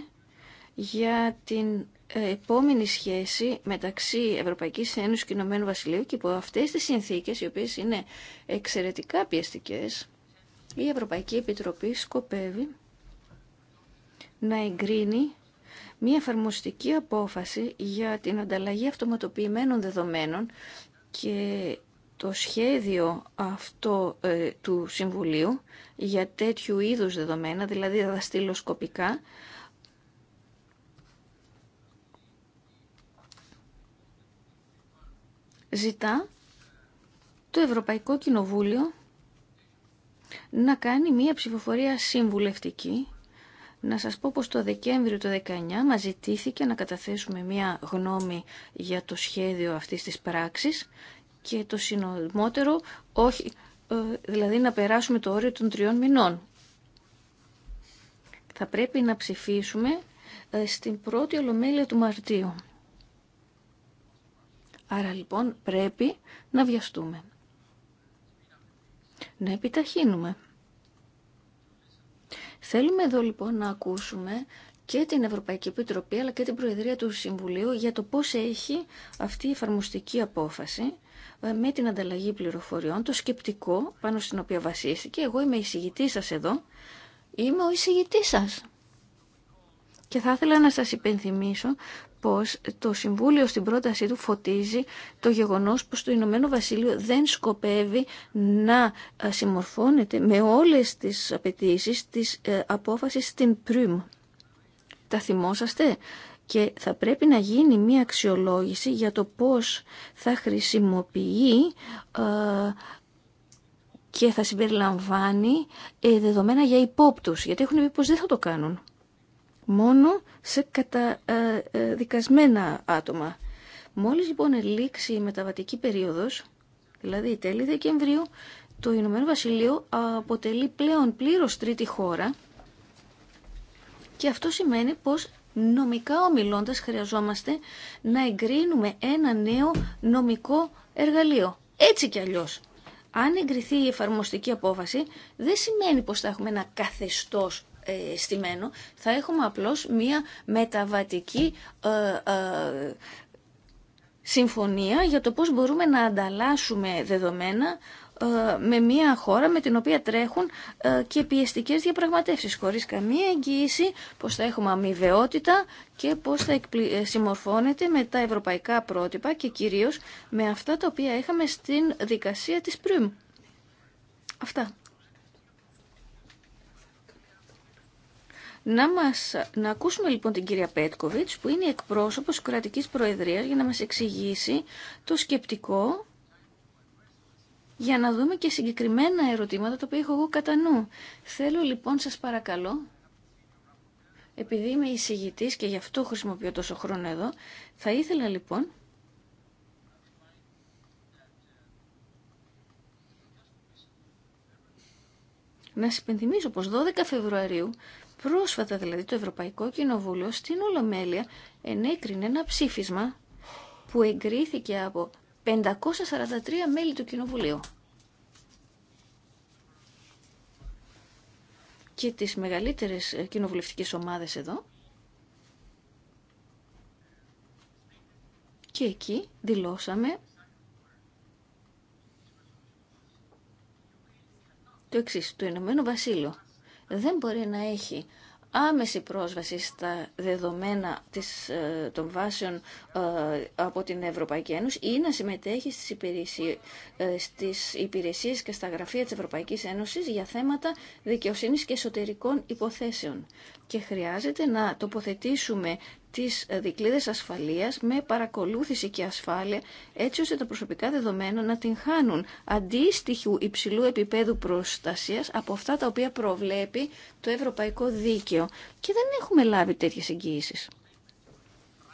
[SPEAKER 4] για την ε, επόμενη σχέση μεταξύ Ευρωπαϊκής Ένωσης και Ηνωμένου Βασιλείου και υπό αυτές τις συνθήκες, οι οποίες είναι εξαιρετικά πιεστικές, η Ευρωπαϊκή Επιτροπή σκοπεύει να εγκρίνει μία εφαρμοστική απόφαση για την ανταλλαγή αυτοματοποιημένων δεδομένων και το σχέδιο αυτό ε, του Συμβουλίου για τέτοιου είδους δεδομένα, δηλαδή δαστηλοσκοπικά, ζητά το Ευρωπαϊκό Κοινοβούλιο να κάνει μία ψηφοφορία συμβουλευτική. Να σας πω πως το Δεκέμβριο του 19 μας ζητήθηκε να καταθέσουμε μία γνώμη για το σχέδιο αυτής της πράξης και το συνομότερο όχι, ε, δηλαδή να περάσουμε το όριο των τριών μηνών. Θα πρέπει να ψηφίσουμε ε, στην πρώτη ολομέλεια του Μαρτίου. Άρα λοιπόν πρέπει να βιαστούμε να επιταχύνουμε. Θέλουμε εδώ λοιπόν να ακούσουμε και την Ευρωπαϊκή Επιτροπή αλλά και την Προεδρία του Συμβουλίου για το πώς έχει αυτή η εφαρμοστική απόφαση ε, με την ανταλλαγή πληροφοριών, το σκεπτικό πάνω στην οποία βασίστηκε. Εγώ είμαι εισηγητή σας εδώ, είμαι ο εισηγητή σας. Και θα ήθελα να σας υπενθυμίσω πως το Συμβούλιο στην πρότασή του φωτίζει το γεγονός πως το Ηνωμένο Βασίλειο δεν σκοπεύει να ε, συμμορφώνεται με όλες τις απαιτήσεις της ε, απόφασης στην ΠΡΥΜ. Τα θυμόσαστε και θα πρέπει να γίνει μια αξιολόγηση για το πώς θα χρησιμοποιεί ε, και θα συμπεριλαμβάνει δεδομένα για υπόπτους, γιατί έχουν πει δεν θα το κάνουν μόνο σε καταδικασμένα άτομα. Μόλις λοιπόν λήξει η μεταβατική περίοδος, δηλαδή η τέλη Δεκεμβρίου, το Ηνωμένο Βασιλείο αποτελεί πλέον πλήρως τρίτη χώρα και αυτό σημαίνει πως νομικά ομιλώντας χρειαζόμαστε να εγκρίνουμε ένα νέο νομικό εργαλείο. Έτσι κι αλλιώς. Αν εγκριθεί η εφαρμοστική απόφαση, δεν σημαίνει πως θα έχουμε ένα καθεστώς ε, θα έχουμε απλώς μία μεταβατική ε, ε, συμφωνία για το πώς μπορούμε να ανταλλάσσουμε δεδομένα με μία χώρα με την οποία τρέχουν και πιεστικές διαπραγματεύσεις χωρίς καμία εγγύηση πως θα έχουμε αμοιβαιότητα και πως θα συμμορφώνεται με τα ευρωπαϊκά πρότυπα και κυρίως με αυτά τα οποία είχαμε στην δικασία της ΠΡΙΜ. Αυτά. Να, μας, να ακούσουμε λοιπόν την κυρία Πέτκοβιτς που είναι εκπρόσωπος κρατικής προεδρίας για να μας εξηγήσει το σκεπτικό για να δούμε και συγκεκριμένα ερωτήματα τα οποία έχω εγώ κατά νου. Θέλω λοιπόν σας παρακαλώ, επειδή είμαι εισηγητή και γι' αυτό χρησιμοποιώ τόσο χρόνο εδώ, θα ήθελα λοιπόν να σας υπενθυμίσω πως 12 Φεβρουαρίου Πρόσφατα δηλαδή το Ευρωπαϊκό Κοινοβούλιο στην Ολομέλεια ενέκρινε ένα ψήφισμα που εγκρίθηκε από 543 μέλη του Κοινοβουλίου. και τις μεγαλύτερες ε, κοινοβουλευτικές ομάδες εδώ. Και εκεί δηλώσαμε το εξής, το Ηνωμένο Βασίλειο δεν μπορεί να έχει άμεση πρόσβαση στα δεδομένα της, ε, των βάσεων ε, από την Ευρωπαϊκή Ένωση ή να συμμετέχει στις υπηρεσίες, στις υπηρεσίες και στα γραφεία της Ευρωπαϊκής Ένωσης για θέματα δικαιοσύνης και εσωτερικών υποθέσεων. Και χρειάζεται να τοποθετήσουμε τις ε, δικλείδες ασφαλείας με παρακολούθηση και ασφάλεια έτσι ώστε τα προσωπικά δεδομένα να την χάνουν αντίστοιχου υψηλού επίπεδου προστασίας από αυτά τα οποία προβλέπει το Ευρωπαϊκό Δίκαιο και δεν έχουμε λάβει τέτοιες εγγύησεις.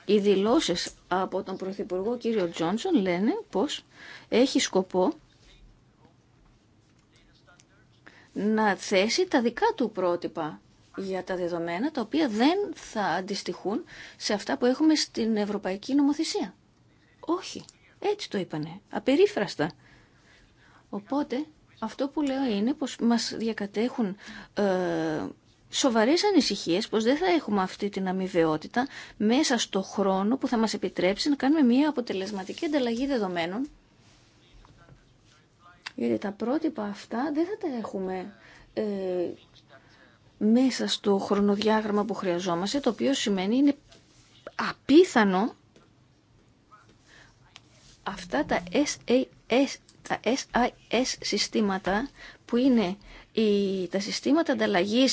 [SPEAKER 4] Οι δηλώσεις από τον Πρωθυπουργό κύριο Τζόνσον λένε πως έχει σκοπό να θέσει τα δικά του πρότυπα για τα δεδομένα τα οποία δεν θα αντιστοιχούν σε αυτά που έχουμε στην Ευρωπαϊκή Νομοθεσία. Όχι. Έτσι το είπανε. Απερίφραστα. Οπότε αυτό που λέω είναι πως μας διακατέχουν ε, σοβαρές ανησυχίες πως δεν θα έχουμε αυτή την αμοιβαιότητα μέσα στο χρόνο που θα μας επιτρέψει να κάνουμε μια αποτελεσματική ανταλλαγή δεδομένων γιατί τα πρότυπα αυτά δεν θα τα έχουμε ε, μέσα στο χρονοδιάγραμμα που χρειαζόμαστε, το οποίο σημαίνει είναι απίθανο αυτά τα SAS, τα SIS συστήματα που είναι τα συστήματα ανταλλαγή,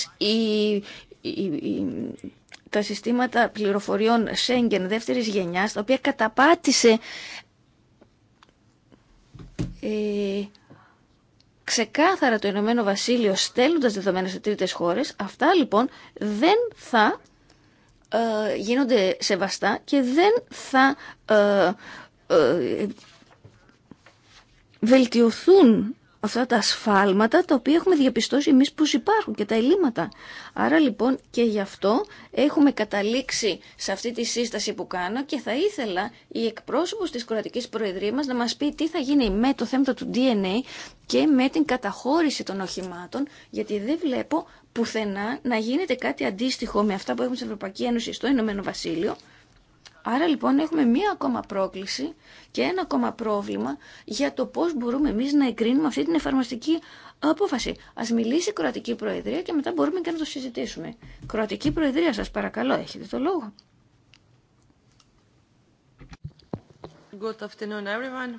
[SPEAKER 4] τα συστήματα πληροφοριών Schengen δεύτερης γενιάς, τα οποία καταπάτησε ε, ξεκάθαρα το Ηνωμένο Βασίλειο στέλνοντας δεδομένα σε τρίτες χώρες, αυτά λοιπόν δεν θα ε, γίνονται σεβαστά και δεν θα ε, ε, βελτιωθούν αυτά τα σφάλματα τα οποία έχουμε διαπιστώσει εμείς πως υπάρχουν και τα ελλείμματα. Άρα λοιπόν και γι' αυτό έχουμε καταλήξει σε αυτή τη σύσταση που κάνω και θα ήθελα η εκπρόσωπος της Κροατικής Προεδρίας μας να μας πει τι θα γίνει με το θέμα του DNA και με την καταχώρηση των οχημάτων γιατί δεν βλέπω πουθενά να γίνεται κάτι αντίστοιχο με αυτά που έχουμε στην Ευρωπαϊκή Ένωση στο Ηνωμένο Βασίλειο Άρα λοιπόν έχουμε μία ακόμα πρόκληση και ένα ακόμα πρόβλημα για το πώς μπορούμε εμείς να εγκρίνουμε αυτή την εφαρμοστική απόφαση. Ας μιλήσει η Κροατική Προεδρία και μετά μπορούμε και να το συζητήσουμε. Κροατική Προεδρία σας παρακαλώ, έχετε το λόγο.
[SPEAKER 3] Good everyone.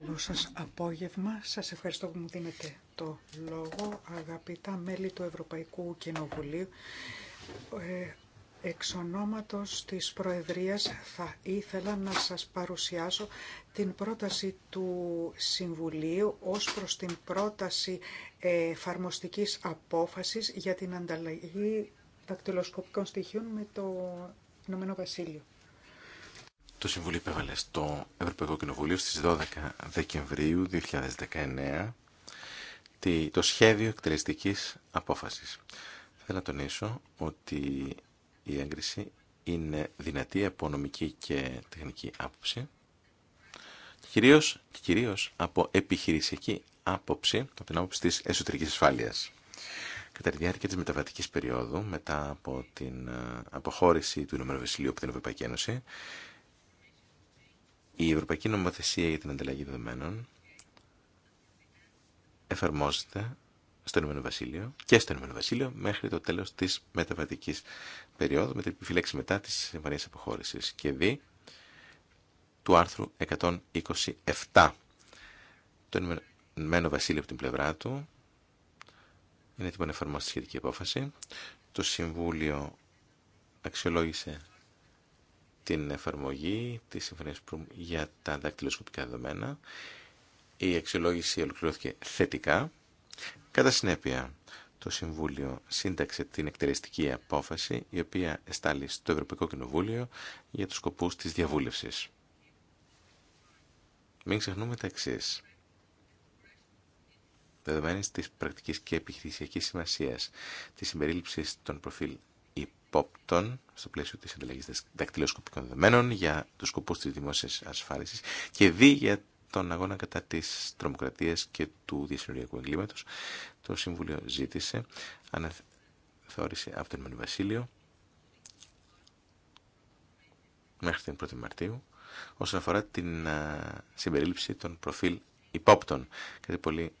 [SPEAKER 3] Καλό σας απόγευμα. Σας ευχαριστώ που μου δίνετε το λόγο, αγαπητά μέλη του Ευρωπαϊκού Κοινοβουλίου. Ε, Εξ ονόματος της Προεδρίας θα ήθελα να σας παρουσιάσω την πρόταση του Συμβουλίου ως προς την πρόταση εφαρμοστικής απόφασης για την ανταλλαγή δακτυλοσκοπικών στοιχείων με το Ηνωμένο Βασίλειο.
[SPEAKER 2] Το Συμβούλιο υπέβαλε στο Ευρωπαϊκό Κοινοβουλίο στις 12 Δεκεμβρίου 2019 το σχέδιο εκτελεστικής απόφασης. Θέλω να τονίσω ότι η έγκριση είναι δυνατή από νομική και τεχνική άποψη και κυρίως, κυρίως από επιχειρησιακή άποψη, από την άποψη της εσωτερικής ασφάλειας. Κατά τη διάρκεια της μεταβατικής περίοδου, μετά από την ε, αποχώρηση του Ηνωμένου Βασιλείου από την Ευρωπαϊκή Ένωση, η Ευρωπαϊκή Νομοθεσία για την Ανταλλαγή Δεδομένων εφαρμόζεται στο Ηνωμένο Βασίλειο και στο Ηνωμένο Βασίλειο μέχρι το τέλος της μεταβατικής περίοδου με την επιφύλαξη μετά της συμφωνία αποχώρησης και δι του άρθρου 127. Το Ηνωμένο Βασίλειο από την πλευρά του είναι έτοιμο να εφαρμόσει τη σχετική απόφαση. Το Συμβούλιο αξιολόγησε την εφαρμογή της Συμφωνίας για τα δακτυλοσκοπικά δεδομένα. Η αξιολόγηση ολοκληρώθηκε θετικά Κατά συνέπεια, το Συμβούλιο σύνταξε την εκτελεστική απόφαση η οποία εστάλει στο Ευρωπαϊκό Κοινοβούλιο για τους σκοπούς της διαβούλευσης. Μην ξεχνούμε τα εξή. Δεδομένη τη πρακτική και επιχειρησιακή σημασία τη συμπερίληψη των προφίλ υπόπτων στο πλαίσιο τη ανταλλαγή δακτυλοσκοπικών δεδομένων για του σκοπού τη δημόσια ασφάλιση και δι για τον αγώνα κατά της τρομοκρατίας και του διασυνοριακού εγκλήματο. το Συμβούλιο ζήτησε αναθεώρηση από τον Ηνωμένο Βασίλειο μέχρι την 1η Μαρτίου όσον αφορά την συμπερίληψη των προφίλ υπόπτων. Κάτι πολύ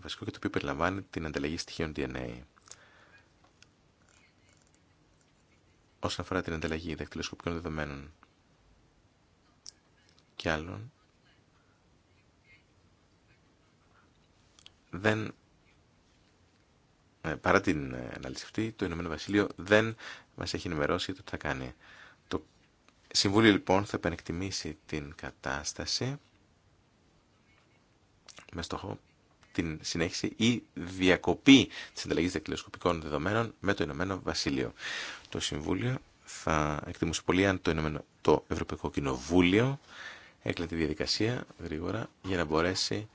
[SPEAKER 2] βασικό και το οποίο περιλαμβάνει την ανταλλαγή στοιχείων DNA. Όσον αφορά την ανταλλαγή δακτυλοσκοπικών δεδομένων και άλλων, δεν ε, παρά την ε, ανάλυση αυτή, το Ηνωμένο Βασίλειο δεν μας έχει ενημερώσει το τι θα κάνει. Το Συμβούλιο λοιπόν θα επανεκτιμήσει την κατάσταση με στόχο την συνέχιση ή διακοπή της ανταλλαγής δακτυλοσκοπικών δεδομένων με το Ηνωμένο Βασίλειο. Το Συμβούλιο θα εκτιμούσε πολύ αν το, Ηνωμένο, το Ευρωπαϊκό Κοινοβούλιο έκλεινε τη διαδικασία γρήγορα για να μπορέσει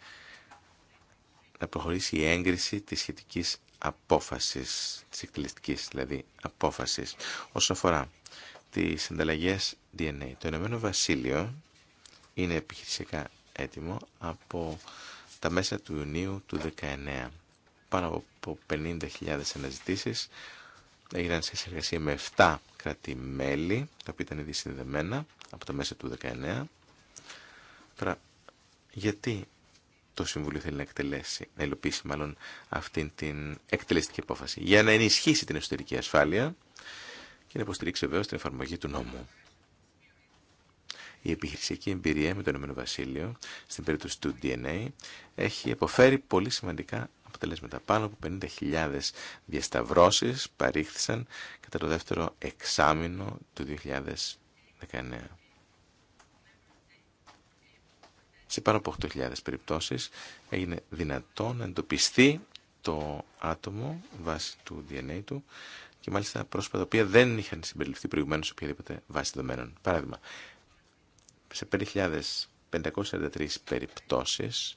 [SPEAKER 2] να προχωρήσει η έγκριση της σχετικής απόφασης, της εκτελεστικής δηλαδή απόφασης. Όσο αφορά τις ανταλλαγές DNA, το Ηνωμένο Βασίλειο είναι επιχειρησιακά έτοιμο από τα μέσα του Ιουνίου του 19. Πάνω από 50.000 αναζητήσεις έγιναν σε συνεργασία με 7 κρατημέλη τα οποία ήταν ήδη συνδεμένα από τα μέσα του 19. Τώρα, γιατί το Συμβούλιο θέλει να εκτελέσει, να υλοποιήσει μάλλον αυτή την εκτελεστική απόφαση για να ενισχύσει την εσωτερική ασφάλεια και να υποστηρίξει βεβαίω την εφαρμογή του νόμου. Η επιχειρησιακή εμπειρία με το Ηνωμένο Βασίλειο, στην περίπτωση του DNA, έχει αποφέρει πολύ σημαντικά αποτελέσματα. Πάνω από 50.000 διασταυρώσει παρήχθησαν κατά το δεύτερο εξάμεινο του 2019. σε πάνω από 8.000 περιπτώσεις έγινε δυνατό να εντοπιστεί το άτομο βάσει του DNA του και μάλιστα πρόσωπα τα οποία δεν είχαν συμπεριληφθεί προηγουμένως σε οποιαδήποτε βάση δεδομένων. Παράδειγμα, σε 5.543 περιπτώσεις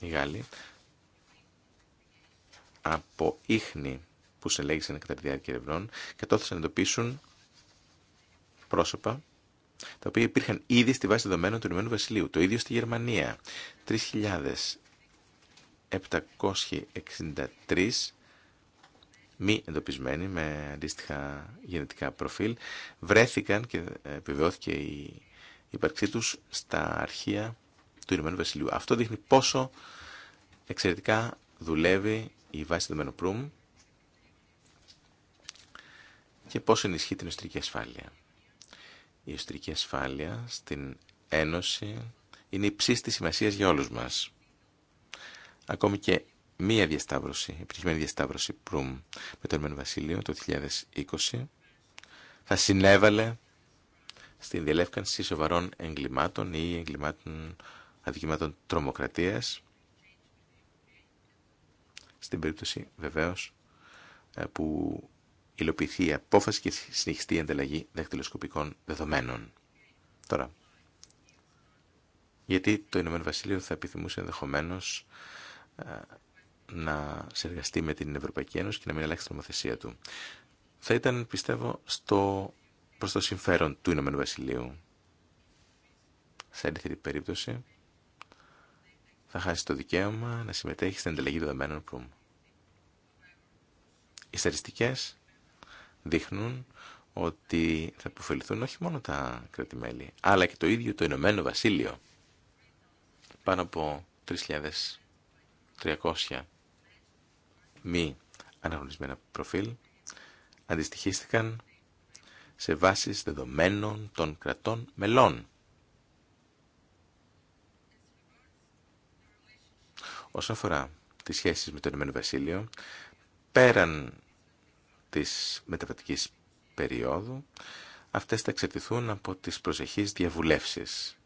[SPEAKER 2] οι Γάλλοι από ίχνη που συνελέγησαν κατά τη διάρκεια ερευνών κατόρθωσαν να εντοπίσουν πρόσωπα τα οποία υπήρχαν ήδη στη βάση δεδομένων του Ηνωμένου Βασιλείου. Το ίδιο στη Γερμανία. 3.763 μη εντοπισμένοι με αντίστοιχα γενετικά προφίλ βρέθηκαν και επιβεβαιώθηκε η ύπαρξή τους στα αρχεία του Ηνωμένου Βασιλείου. Αυτό δείχνει πόσο εξαιρετικά δουλεύει η βάση δεδομένων προύμ και πόσο ενισχύει την ιστορική ασφάλεια η ιστορική ασφάλεια στην Ένωση είναι υψής της σημασίας για όλους μας. Ακόμη και μία διασταύρωση, επιτυχημένη διασταύρωση προύμ με το Ερμένο Βασίλειο το 2020 θα συνέβαλε στην διελεύκανση σοβαρών εγκλημάτων ή εγκλημάτων αδικημάτων τρομοκρατίας στην περίπτωση βεβαίως ε, που υλοποιηθεί η απόφαση και συνεχιστεί η ανταλλαγή δακτυλοσκοπικών δεδομένων. Τώρα, γιατί το Ηνωμένο Βασίλειο θα επιθυμούσε ενδεχομένω ε, να συνεργαστεί με την Ευρωπαϊκή Ένωση και να μην αλλάξει την νομοθεσία του. Θα ήταν, πιστεύω, στο, προς το συμφέρον του Ηνωμένου Βασιλείου. Σε αντίθετη περίπτωση, θα χάσει το δικαίωμα να συμμετέχει στην ανταλλαγή δεδομένων που οι δείχνουν ότι θα υποφεληθούν όχι μόνο τα κρατημέλη, αλλά και το ίδιο το Ηνωμένο Βασίλειο. Πάνω από 3.300 μη αναγνωρισμένα προφίλ αντιστοιχίστηκαν σε βάσεις δεδομένων των κρατών μελών. Όσον αφορά τις σχέσεις με το Ηνωμένο Βασίλειο, πέραν της μεταβατικής περίοδου, αυτές θα εξαρτηθούν από τις προσεχείς διαβουλεύσεις.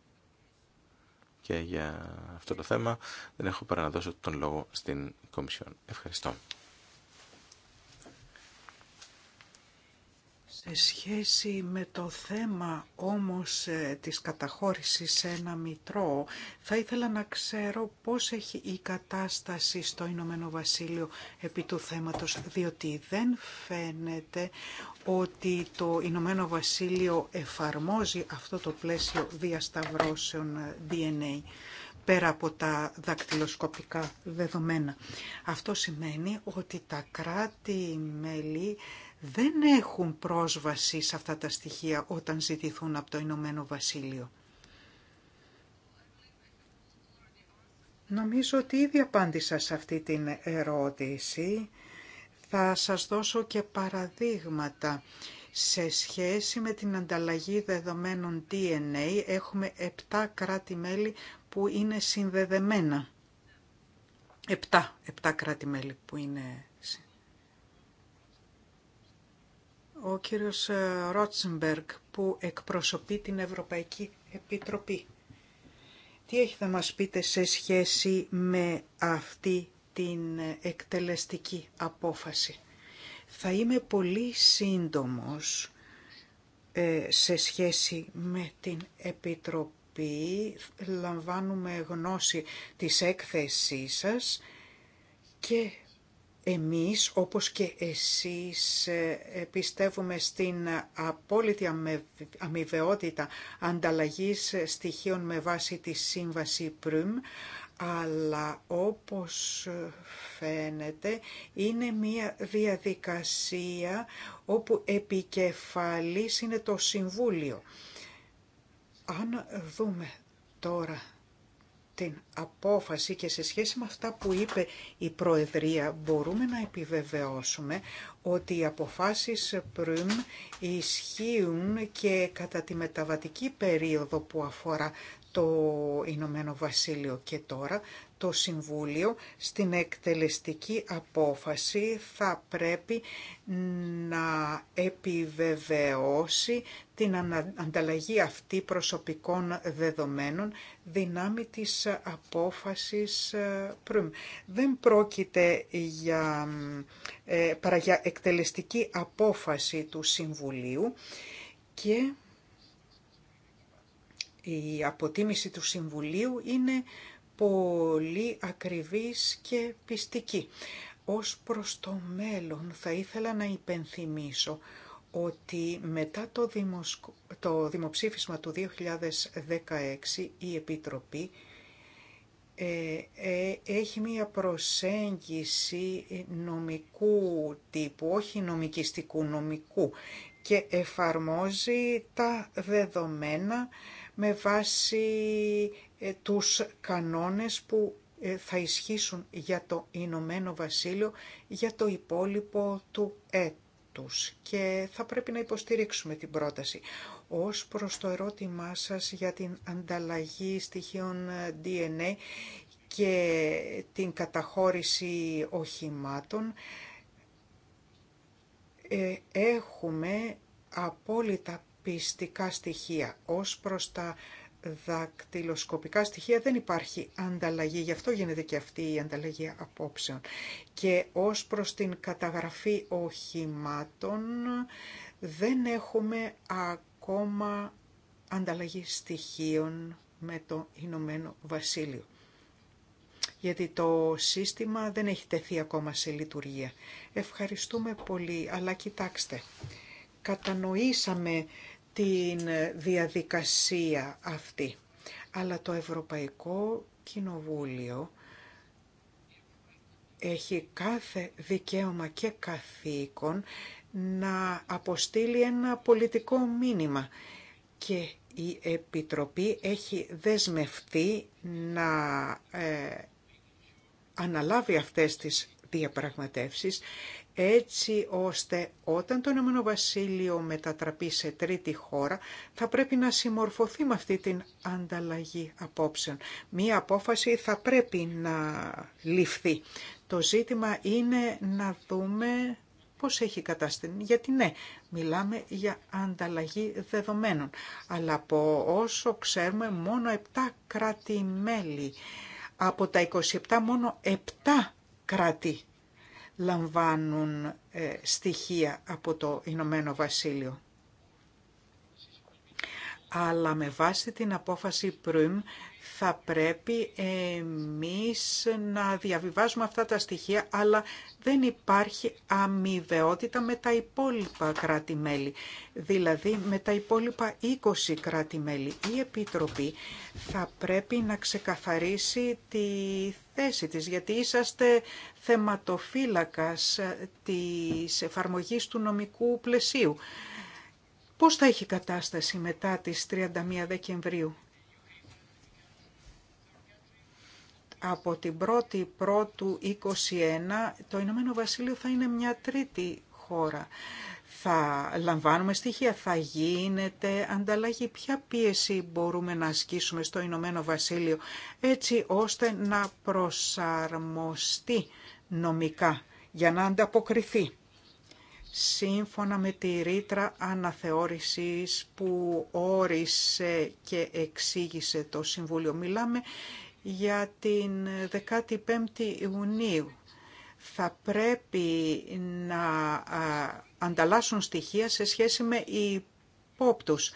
[SPEAKER 2] Και για αυτό το θέμα δεν έχω παρά να δώσω τον λόγο στην Κομισιόν. Ευχαριστώ.
[SPEAKER 3] Σε σχέση με το θέμα όμως ε, της καταχώρησης σε ένα μητρό, θα ήθελα να ξέρω πώς έχει η κατάσταση στο Ηνωμένο Βασίλειο επί του θέματος, διότι δεν φαίνεται ότι το Ηνωμένο Βασίλειο εφαρμόζει αυτό το πλαίσιο διασταυρώσεων DNA ε, πέρα από τα δακτυλοσκοπικά δεδομένα. Αυτό σημαίνει ότι τα κράτη-μέλη δεν έχουν πρόσβαση σε αυτά τα στοιχεία όταν ζητηθούν από το Ηνωμένο Βασίλειο. Νομίζω ότι ήδη απάντησα σε αυτή την ερώτηση. Θα σας δώσω και παραδείγματα. Σε σχέση με την ανταλλαγή δεδομένων DNA έχουμε 7 κράτη-μέλη που είναι συνδεδεμένα. 7, 7 κράτη-μέλη που είναι ο κύριος ε, Ρότσενμπεργκ που εκπροσωπεί την Ευρωπαϊκή Επιτροπή. Τι έχει να μας πείτε σε σχέση με αυτή την ε, εκτελεστική απόφαση. Θα είμαι πολύ σύντομος ε, σε σχέση με την Επιτροπή. Λαμβάνουμε γνώση της έκθεσής σας και εμείς, όπως και εσείς, ε, πιστεύουμε στην απόλυτη αμοιβαιότητα ανταλλαγής στοιχείων με βάση τη σύμβαση ΠΡΟΥΜ, αλλά όπως φαίνεται είναι μία διαδικασία όπου επικεφαλής είναι το Συμβούλιο. Αν δούμε τώρα την απόφαση και σε σχέση με αυτά που είπε η Προεδρία μπορούμε να επιβεβαιώσουμε ότι οι αποφάσεις πριν ισχύουν και κατά τη μεταβατική περίοδο που αφορά το Ηνωμένο Βασίλειο και τώρα το Συμβούλιο στην εκτελεστική απόφαση θα πρέπει να επιβεβαιώσει την ανταλλαγή αυτή προσωπικών δεδομένων δυνάμει της απόφασης ε, πρώην. Δεν πρόκειται για, ε, για εκτελεστική απόφαση του Συμβουλίου και η αποτίμηση του Συμβουλίου είναι πολύ ακριβής και πιστική. Ως προς το μέλλον θα ήθελα να υπενθυμίσω ότι μετά το, το δημοψήφισμα του 2016 η Επιτροπή ε, ε, έχει μία προσέγγιση νομικού τύπου, όχι νομικιστικού, νομικού και εφαρμόζει τα δεδομένα με βάση ε, τους κανόνες που ε, θα ισχύσουν για το Ηνωμένο Βασίλειο για το υπόλοιπο του έτου και θα πρέπει να υποστηρίξουμε την πρόταση. Ως προς το ερώτημά σας για την ανταλλαγή στοιχείων DNA και την καταχώρηση οχημάτων, ε, έχουμε απόλυτα πιστικά στοιχεία ως προς τα δακτυλοσκοπικά στοιχεία δεν υπάρχει ανταλλαγή, γι' αυτό γίνεται και αυτή η ανταλλαγή απόψεων. Και ως προς την καταγραφή οχημάτων δεν έχουμε ακόμα ανταλλαγή στοιχείων με το Ηνωμένο Βασίλειο. Γιατί το σύστημα δεν έχει τεθεί ακόμα σε λειτουργία. Ευχαριστούμε πολύ, αλλά κοιτάξτε, κατανοήσαμε την διαδικασία αυτή. Αλλά το Ευρωπαϊκό Κοινοβούλιο έχει κάθε δικαίωμα και καθήκον να αποστείλει ένα πολιτικό μήνυμα και η Επιτροπή έχει δεσμευτεί να ε, αναλάβει αυτές τις διαπραγματεύσεις έτσι ώστε όταν το Ηνωμένο Βασίλειο μετατραπεί σε τρίτη χώρα θα πρέπει να συμμορφωθεί με αυτή την ανταλλαγή απόψεων. Μία απόφαση θα πρέπει να ληφθεί. Το ζήτημα είναι να δούμε πώς έχει κατάσταση. Γιατί ναι, μιλάμε για ανταλλαγή δεδομένων. Αλλά από όσο ξέρουμε μόνο 7 κράτη-μέλη. Από τα 27 μόνο 7 κράτη λαμβάνουν ε, στοιχεία από το Ηνωμένο Βασίλειο. Αλλά με βάση την απόφαση πριν θα πρέπει εμείς να διαβιβάζουμε αυτά τα στοιχεία, αλλά δεν υπάρχει αμοιβαιότητα με τα υπόλοιπα κράτη-μέλη, δηλαδή με τα υπόλοιπα 20 κράτη-μέλη. Η Επιτροπή θα πρέπει να ξεκαθαρίσει τη θέση της, γιατί είσαστε θεματοφύλακας της εφαρμογής του νομικού πλαισίου. Πώς θα έχει κατάσταση μετά τις 31 Δεκεμβρίου. από την 1η Πρώτου 21 το Ηνωμένο Βασίλειο θα είναι μια τρίτη χώρα. Θα λαμβάνουμε στοιχεία, θα γίνεται ανταλλαγή. Ποια πίεση μπορούμε να ασκήσουμε στο Ηνωμένο Βασίλειο έτσι ώστε να προσαρμοστεί νομικά για να ανταποκριθεί σύμφωνα με τη ρήτρα αναθεώρησης που όρισε και εξήγησε το Συμβούλιο. Μιλάμε για την 15η Ιουνίου. Θα πρέπει να ανταλλάσσουν στοιχεία σε σχέση με υπόπτους.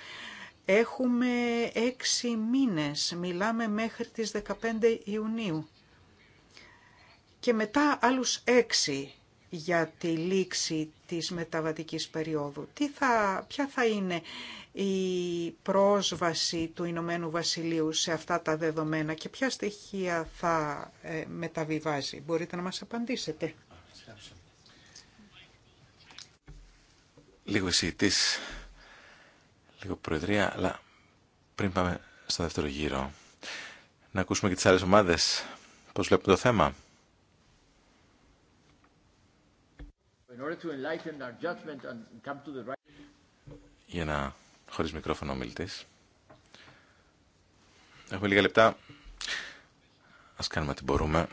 [SPEAKER 3] Έχουμε έξι μήνες, μιλάμε μέχρι τις 15 Ιουνίου. Και μετά άλλους έξι για τη λήξη της μεταβατικής περίοδου. Τι θα, ποια θα είναι η πρόσβαση του Ηνωμένου Βασιλείου σε αυτά τα δεδομένα και ποια στοιχεία θα ε, μεταβιβάζει. Μπορείτε να μας απαντήσετε.
[SPEAKER 2] Λίγο εισηγητής, λίγο προεδρία, αλλά πριν πάμε στο δεύτερο γύρο, να ακούσουμε και τις άλλες ομάδες πώς βλέπουν το θέμα. Για να χωρίς μικρόφωνο ομιλητής. Έχουμε λίγα λεπτά. Ας κάνουμε ό,τι μπορούμε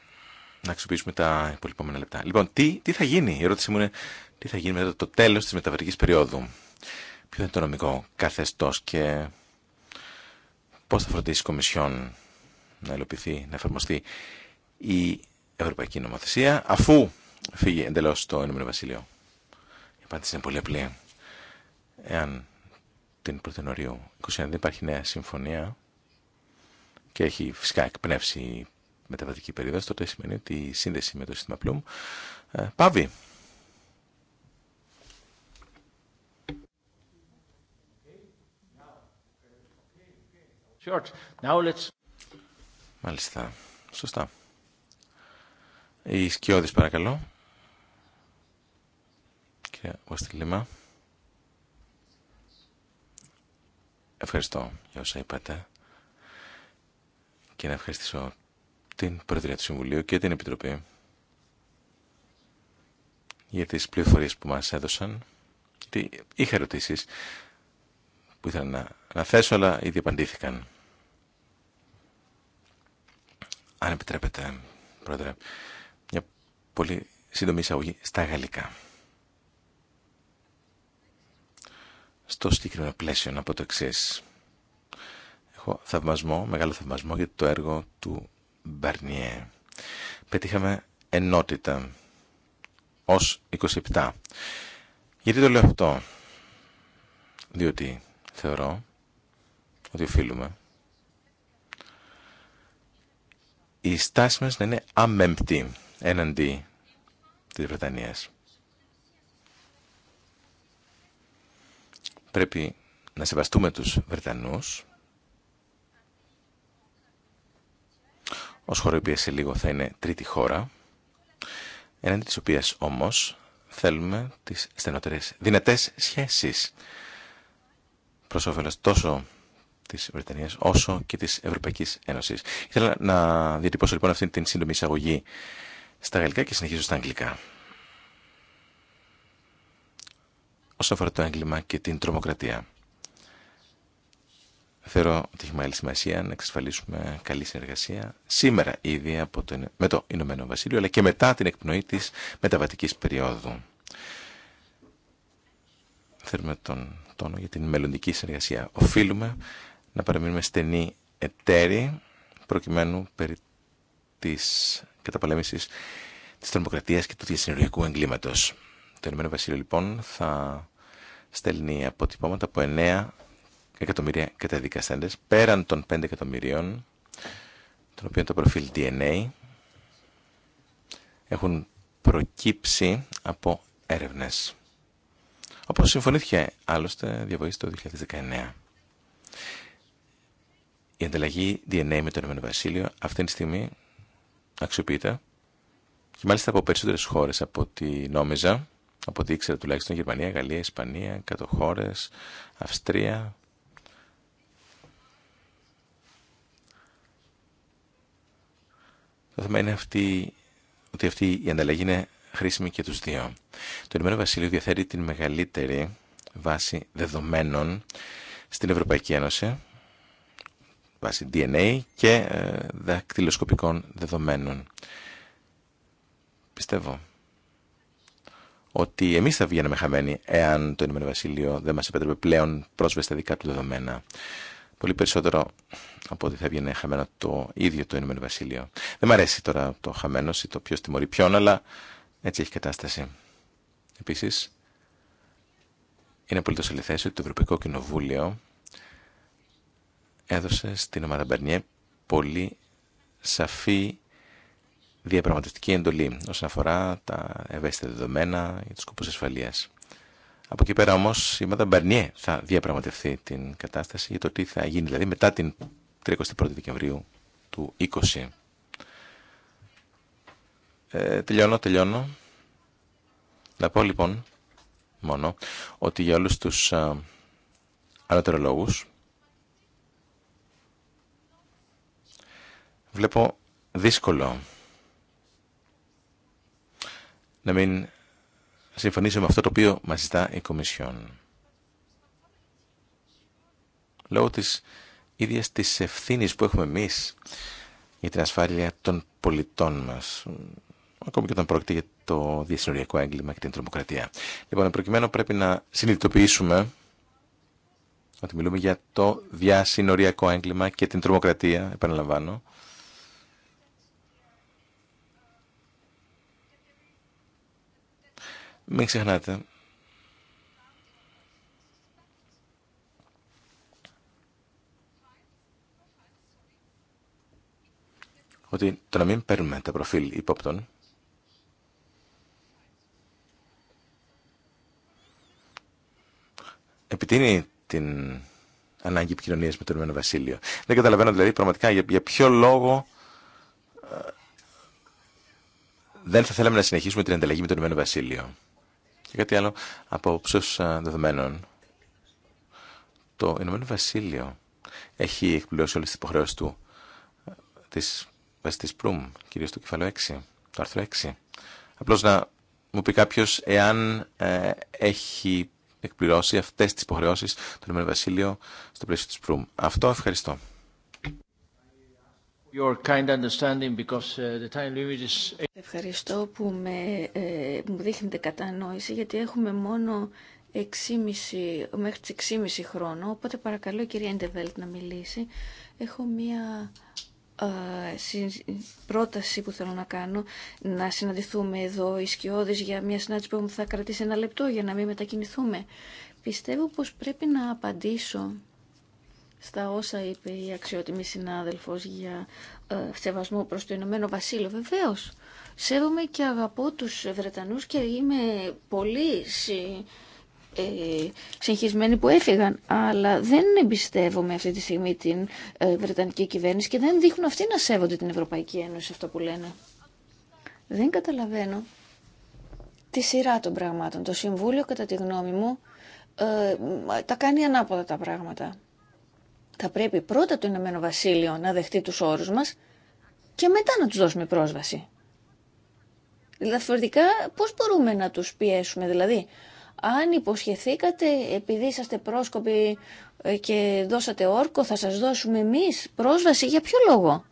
[SPEAKER 2] να αξιοποιήσουμε τα υπολοιπόμενα λεπτά. Λοιπόν, τι, τι θα γίνει, η ερώτησή μου είναι τι θα γίνει μετά το τέλος της μεταβατικής περίοδου. Ποιο θα είναι το νομικό καθεστώς και πώς θα φροντίσει η Κομισιόν να υλοποιηθεί, να εφαρμοστεί η Ευρωπαϊκή Νομοθεσία αφού φύγει εντελώς το Ηνωμένο Βασίλειο. Η απάντηση είναι πολύ απλή. Εάν την πρώτη 2021 δεν υπάρχει νέα συμφωνία και έχει φυσικά εκπνεύσει η μεταβατική περίοδο, τότε σημαίνει ότι η σύνδεση με το σύστημα Πλουμ ε, πάβει. Μάλιστα. Σωστά. Οι σκιώδεις παρακαλώ. Κυρία Βαστιλίμα. Ευχαριστώ για όσα είπατε και να ευχαριστήσω την Προεδρία του Συμβουλίου και την Επιτροπή για τις πληροφορίες που μας έδωσαν. Γιατί είχα ερωτήσεις που ήθελα να, να θέσω, αλλά ήδη απαντήθηκαν. Αν επιτρέπετε, Πρόεδρε, μια πολύ σύντομη εισαγωγή στα γαλλικά. στο συγκεκριμένο πλαίσιο να πω το εξή. Έχω θαυμασμό, μεγάλο θαυμασμό για το έργο του Μπαρνιέ. Πετύχαμε ενότητα ως 27. Γιατί το λέω αυτό. Διότι θεωρώ ότι οφείλουμε οι στάση μας να είναι αμέμπτη έναντι της Βρετανίας. πρέπει να σεβαστούμε τους Βρετανούς ως χώρα η οποία σε λίγο θα είναι τρίτη χώρα έναντι της οποίας όμως θέλουμε τις στενότερες δυνατές σχέσεις προς όφελος τόσο της Βρετανίας όσο και της Ευρωπαϊκής Ένωσης. Ήθελα να διατυπώσω λοιπόν αυτή την σύντομη εισαγωγή στα γαλλικά και συνεχίζω στα αγγλικά. όσον αφορά το έγκλημα και την τρομοκρατία. Θεωρώ ότι έχει μεγάλη σημασία να εξασφαλίσουμε καλή συνεργασία σήμερα ήδη από το, με το Ηνωμένο Βασίλειο, αλλά και μετά την εκπνοή της μεταβατικής περίοδου. Θέλουμε τον τόνο για την μελλοντική συνεργασία. Οφείλουμε να παραμείνουμε στενοί εταίροι προκειμένου περί της καταπολέμησης της τρομοκρατίας και του διασυνοριακού εγκλήματος. Το Ηνωμένο Βασίλειο λοιπόν θα στέλνει αποτυπώματα από 9 εκατομμύρια καταδικασέντες πέραν των 5 εκατομμυρίων των οποίων το προφίλ DNA έχουν προκύψει από έρευνες. Όπως συμφωνήθηκε άλλωστε διαβοήθηκε το 2019. Η ανταλλαγή DNA με το Ηνωμένο Βασίλειο αυτή τη στιγμή αξιοποιείται και μάλιστα από περισσότερες χώρες από ό,τι νόμιζα ήξερα, τουλάχιστον Γερμανία, Γαλλία, Ισπανία, κατοχώρες, Αυστρία. Το θέμα είναι αυτή, ότι αυτή η ανταλλαγή είναι χρήσιμη και τους δύο. Το Ηνωμένο Βασίλειο διαθέτει την μεγαλύτερη βάση δεδομένων στην Ευρωπαϊκή Ένωση, βάση DNA και ε, δακτυλοσκοπικών δεδομένων. Πιστεύω ότι εμείς θα βγαίναμε χαμένοι εάν το Ηνωμένο Βασίλειο δεν μας επέτρεπε πλέον πρόσβαση δικά του δεδομένα. Πολύ περισσότερο από ότι θα βγαίνει χαμένο το ίδιο το Ηνωμένο Βασίλειο. Δεν μ' αρέσει τώρα το χαμένο ή το ποιο τιμωρεί ποιον, αλλά έτσι έχει κατάσταση. Επίσης, είναι απολύτω αληθέ ότι το Ευρωπαϊκό Κοινοβούλιο έδωσε στην ομάδα Μπερνιέ πολύ σαφή διαπραγματευτική εντολή όσον αφορά τα ευαίσθητα δεδομένα για τους σκοπούς ασφαλείας. Από εκεί πέρα ομω η Μπαρνιέ θα διαπραγματευτεί την κατάσταση για το τι θα γίνει δηλαδή μετά την 31η Δεκεμβρίου του 20. Ε, τελειώνω, τελειώνω. Να πω λοιπόν μόνο ότι για όλους τους ε, α, βλέπω δύσκολο να μην συμφωνήσω με αυτό το οποίο μας ζητά η Κομισιόν. Λόγω της ίδιας της ευθύνης που έχουμε εμείς για την ασφάλεια των πολιτών μας, ακόμη και όταν πρόκειται για το διασυνοριακό έγκλημα και την τρομοκρατία. Λοιπόν, προκειμένου πρέπει να συνειδητοποιήσουμε ότι μιλούμε για το διασυνοριακό έγκλημα και την τρομοκρατία, επαναλαμβάνω, Μην ξεχνάτε ότι το να μην παίρνουμε τα προφίλ υπόπτων επιτείνει την ανάγκη επικοινωνία με το Ηνωμένο Βασίλειο. Δεν καταλαβαίνω δηλαδή πραγματικά για, ποιο λόγο ε, δεν θα θέλαμε να συνεχίσουμε την ανταλλαγή με το Ηνωμένο Βασίλειο. Και κάτι άλλο από όψος ε, δεδομένων. Το Ηνωμένο Βασίλειο έχει εκπληρώσει όλες τις υποχρεώσεις του ε, της τη Προύμ, κυρίως το κεφάλαιο 6, το άρθρο 6. Απλώς να μου πει κάποιο εάν ε, έχει εκπληρώσει αυτές τις υποχρεώσεις το Ηνωμένο Βασίλειο στο πλαίσιο της Προύμ. Αυτό ευχαριστώ.
[SPEAKER 1] Uh,
[SPEAKER 4] Ευχαριστώ που με, ε, μου δείχνετε κατανόηση γιατί έχουμε μόνο 6,5, μέχρι τις 6,5 χρόνο οπότε παρακαλώ η κυρία Εντεβέλτ να μιλήσει. Έχω μία ε, πρόταση που θέλω να κάνω να συναντηθούμε εδώ οι σκιώδεις για μια συνάντηση που θα κρατήσει ένα λεπτό για να μην μετακινηθούμε. Πιστεύω πως πρέπει να απαντήσω στα όσα είπε η αξιότιμη συνάδελφος για ε, σεβασμό προς το Ηνωμένο Βασίλειο. Βεβαίως, σέβομαι και αγαπώ τους Βρετανούς και είμαι πολύ ε, που έφυγαν. Αλλά δεν εμπιστεύομαι αυτή τη στιγμή την ε, Βρετανική κυβέρνηση και δεν δείχνουν αυτοί να σέβονται την Ευρωπαϊκή Ένωση αυτό που λένε. Δεν καταλαβαίνω τη σειρά των πραγμάτων. Το Συμβούλιο, κατά τη γνώμη μου, ε, τα κάνει ανάποδα τα πράγματα θα πρέπει πρώτα το Ηνωμένο Βασίλειο να δεχτεί τους όρους μας και μετά να τους δώσουμε πρόσβαση. Διαφορετικά πώς μπορούμε να τους πιέσουμε δηλαδή. Αν υποσχεθήκατε επειδή είσαστε πρόσκοποι ε, και δώσατε όρκο θα σας δώσουμε εμείς πρόσβαση για ποιο λόγο.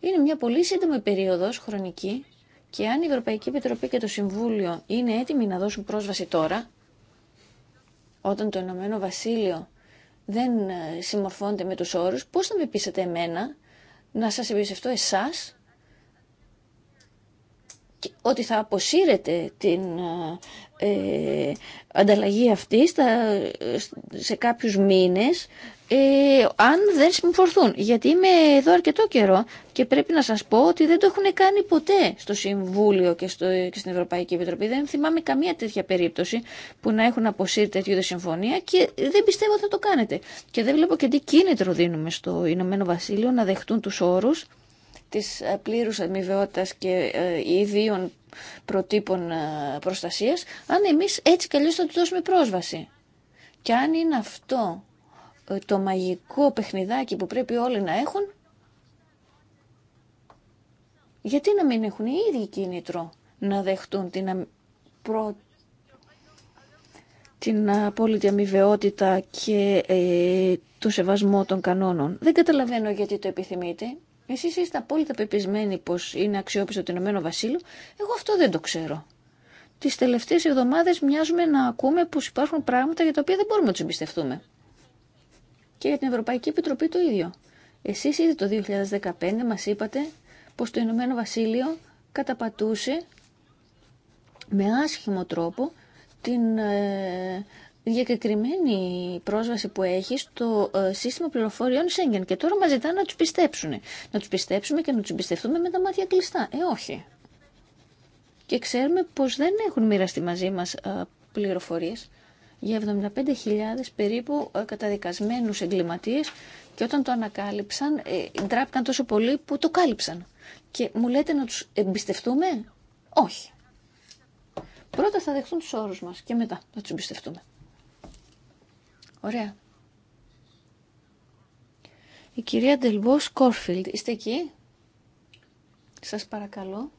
[SPEAKER 4] Είναι μια πολύ σύντομη περίοδος χρονική και αν η Ευρωπαϊκή Επιτροπή και το Συμβούλιο είναι έτοιμοι να δώσουν πρόσβαση τώρα όταν το Ηνωμένο Βασίλειο δεν ε, συμμορφώνεται με τους όρους, πώς θα με πείσετε εμένα να σας εμπιστευτώ εσάς ότι θα αποσύρετε την ε, ε ανταλλαγή αυτή ε, σε κάποιους μήνες ε, αν δεν συμφορθούν. Γιατί είμαι εδώ αρκετό καιρό και πρέπει να σας πω ότι δεν το έχουν κάνει ποτέ στο Συμβούλιο και, στο, και στην Ευρωπαϊκή Επιτροπή. Δεν θυμάμαι καμία τέτοια περίπτωση που να έχουν αποσύρει τέτοιου είδους συμφωνία και δεν πιστεύω ότι θα το κάνετε. Και δεν βλέπω και τι κίνητρο δίνουμε στο Ηνωμένο Βασίλειο να δεχτούν τους όρους της πλήρους αμοιβαιότητας και ε, ιδίων προτύπων ε, προστασίας, αν εμείς έτσι καλώς θα του δώσουμε πρόσβαση. Και αν είναι αυτό το μαγικό παιχνιδάκι που πρέπει όλοι να έχουν, γιατί να μην έχουν οι ίδιοι κίνητρο να δεχτούν την, προ... απόλυτη αμοιβαιότητα και ε, το σεβασμό των κανόνων. Δεν καταλαβαίνω γιατί το επιθυμείτε. Εσείς είστε απόλυτα πεπισμένοι πως είναι αξιόπιστο το Ηνωμένο Βασίλειο. Εγώ αυτό δεν το ξέρω. Τις τελευταίες εβδομάδες μοιάζουμε να ακούμε πως υπάρχουν πράγματα για τα οποία δεν μπορούμε να τους εμπιστευτούμε. Και για την Ευρωπαϊκή Επιτροπή το ίδιο. Εσείς ήδη το 2015 μας είπατε πως το Ηνωμένο Βασίλειο καταπατούσε με άσχημο τρόπο την ε, διακεκριμένη πρόσβαση που έχει στο ε, σύστημα πληροφοριών Σέγγεν. Και τώρα μας ζητάνε να τους πιστέψουν. Να τους πιστέψουμε και να τους εμπιστευτούμε με τα μάτια κλειστά. Ε, όχι. Και ξέρουμε πως δεν έχουν μοιραστεί μαζί μας ε, πληροφορίες για 75.000 περίπου ε, καταδικασμένους εγκληματίες και όταν το ανακάλυψαν ε, ντράπηκαν τόσο πολύ που το κάλυψαν. Και μου λέτε να τους εμπιστευτούμε. Όχι. Πρώτα θα δεχτούν τους όρους μας και μετά να τους εμπιστευτούμε. Ωραία. Η κυρία Ντελμπό Σκόρφιλντ, είστε εκεί. Σας παρακαλώ.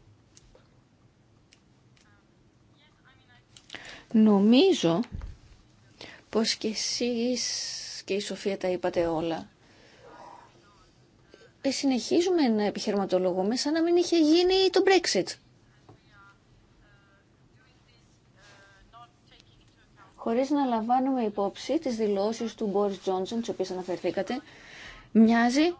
[SPEAKER 4] Νομίζω πως και εσείς και η Σοφία τα είπατε όλα. Ε, συνεχίζουμε να επιχειρηματολογούμε σαν να μην είχε γίνει το Brexit. χωρίς να λαμβάνουμε υπόψη τις δηλώσεις του Μπόρις Τζόνσον, τις οποίες αναφερθήκατε, μοιάζει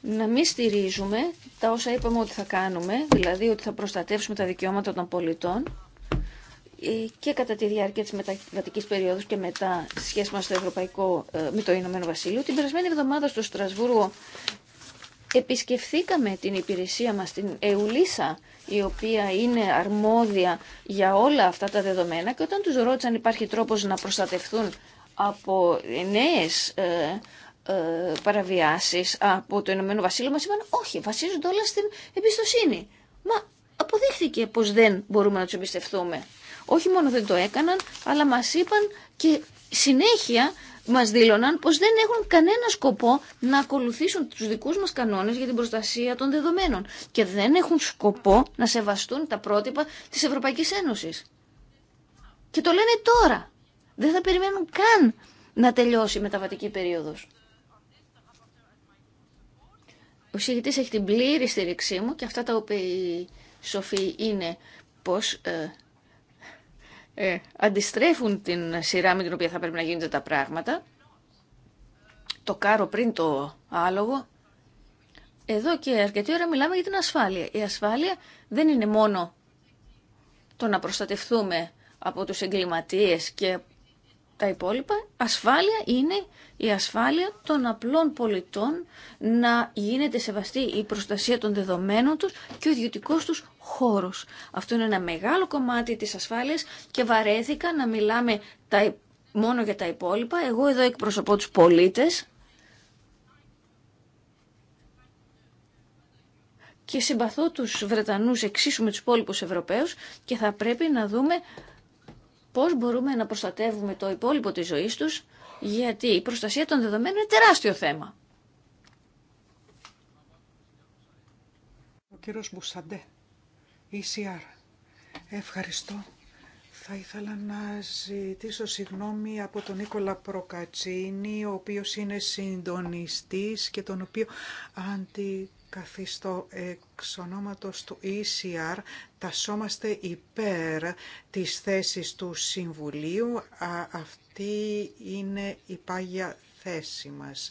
[SPEAKER 4] να μην στηρίζουμε τα όσα είπαμε ότι θα κάνουμε, δηλαδή ότι θα προστατεύσουμε τα δικαιώματα των πολιτών ε, και κατά τη διάρκεια της μεταβατικής περίοδου και μετά στη σχέση μας στο Ευρωπαϊκό, ε, με το Ηνωμένο Βασίλειο. Την περασμένη εβδομάδα στο Στρασβούργο επισκεφθήκαμε την υπηρεσία μας, την Εουλίσα, η οποία είναι αρμόδια για όλα αυτά τα δεδομένα και όταν τους ρώτησαν υπάρχει τρόπος να προστατευθούν από νέες ε, ε, παραβιάσεις από το Ηνωμένο Βασίλειο μας είπαν όχι, βασίζονται όλα στην εμπιστοσύνη. Μα αποδείχθηκε πως δεν μπορούμε να του εμπιστευτούμε. Όχι μόνο δεν το έκαναν, αλλά μας είπαν και συνέχεια μας δήλωναν πως δεν έχουν κανένα σκοπό να ακολουθήσουν τους δικούς μας κανόνες για την προστασία των δεδομένων και δεν έχουν σκοπό να σεβαστούν τα πρότυπα τη Ευρωπαϊκή Ένωση. Και το λένε τώρα. Δεν θα περιμένουν καν να τελειώσει η μεταβατική περίοδος ο συγητής έχει την πλήρη στήριξή μου και αυτά τα οποία η Σοφή είναι πως ε, ε, αντιστρέφουν την σειρά με την οποία θα πρέπει να γίνονται τα πράγματα. Το κάρο πριν το άλογο. Εδώ και αρκετή ώρα μιλάμε για την ασφάλεια. Η ασφάλεια δεν είναι μόνο το να προστατευτούμε από τους εγκληματίες και τα υπόλοιπα, ασφάλεια είναι η ασφάλεια των απλών πολιτών να γίνεται σεβαστή η προστασία των δεδομένων τους και ο ιδιωτικό τους χώρος. Αυτό είναι ένα μεγάλο κομμάτι της ασφάλειας και βαρέθηκα να μιλάμε τα, μόνο για τα υπόλοιπα. Εγώ εδώ εκπροσωπώ τους πολίτες και συμπαθώ τους Βρετανούς εξίσου με τους υπόλοιπους Ευρωπαίους και θα πρέπει να δούμε πώς μπορούμε να προστατεύουμε το υπόλοιπο της ζωής τους, γιατί η προστασία των δεδομένων είναι τεράστιο θέμα.
[SPEAKER 3] Ο κύριος Μπουσαντέ, ECR. Ευχαριστώ. Θα ήθελα να ζητήσω συγγνώμη από τον Νίκολα Προκατσίνη, ο οποίος είναι συντονιστής και τον οποίο αντι καθίστο εξ ονόματος του ECR τασόμαστε υπέρ της θέσης του Συμβουλίου. αυτή είναι η πάγια θέση μας.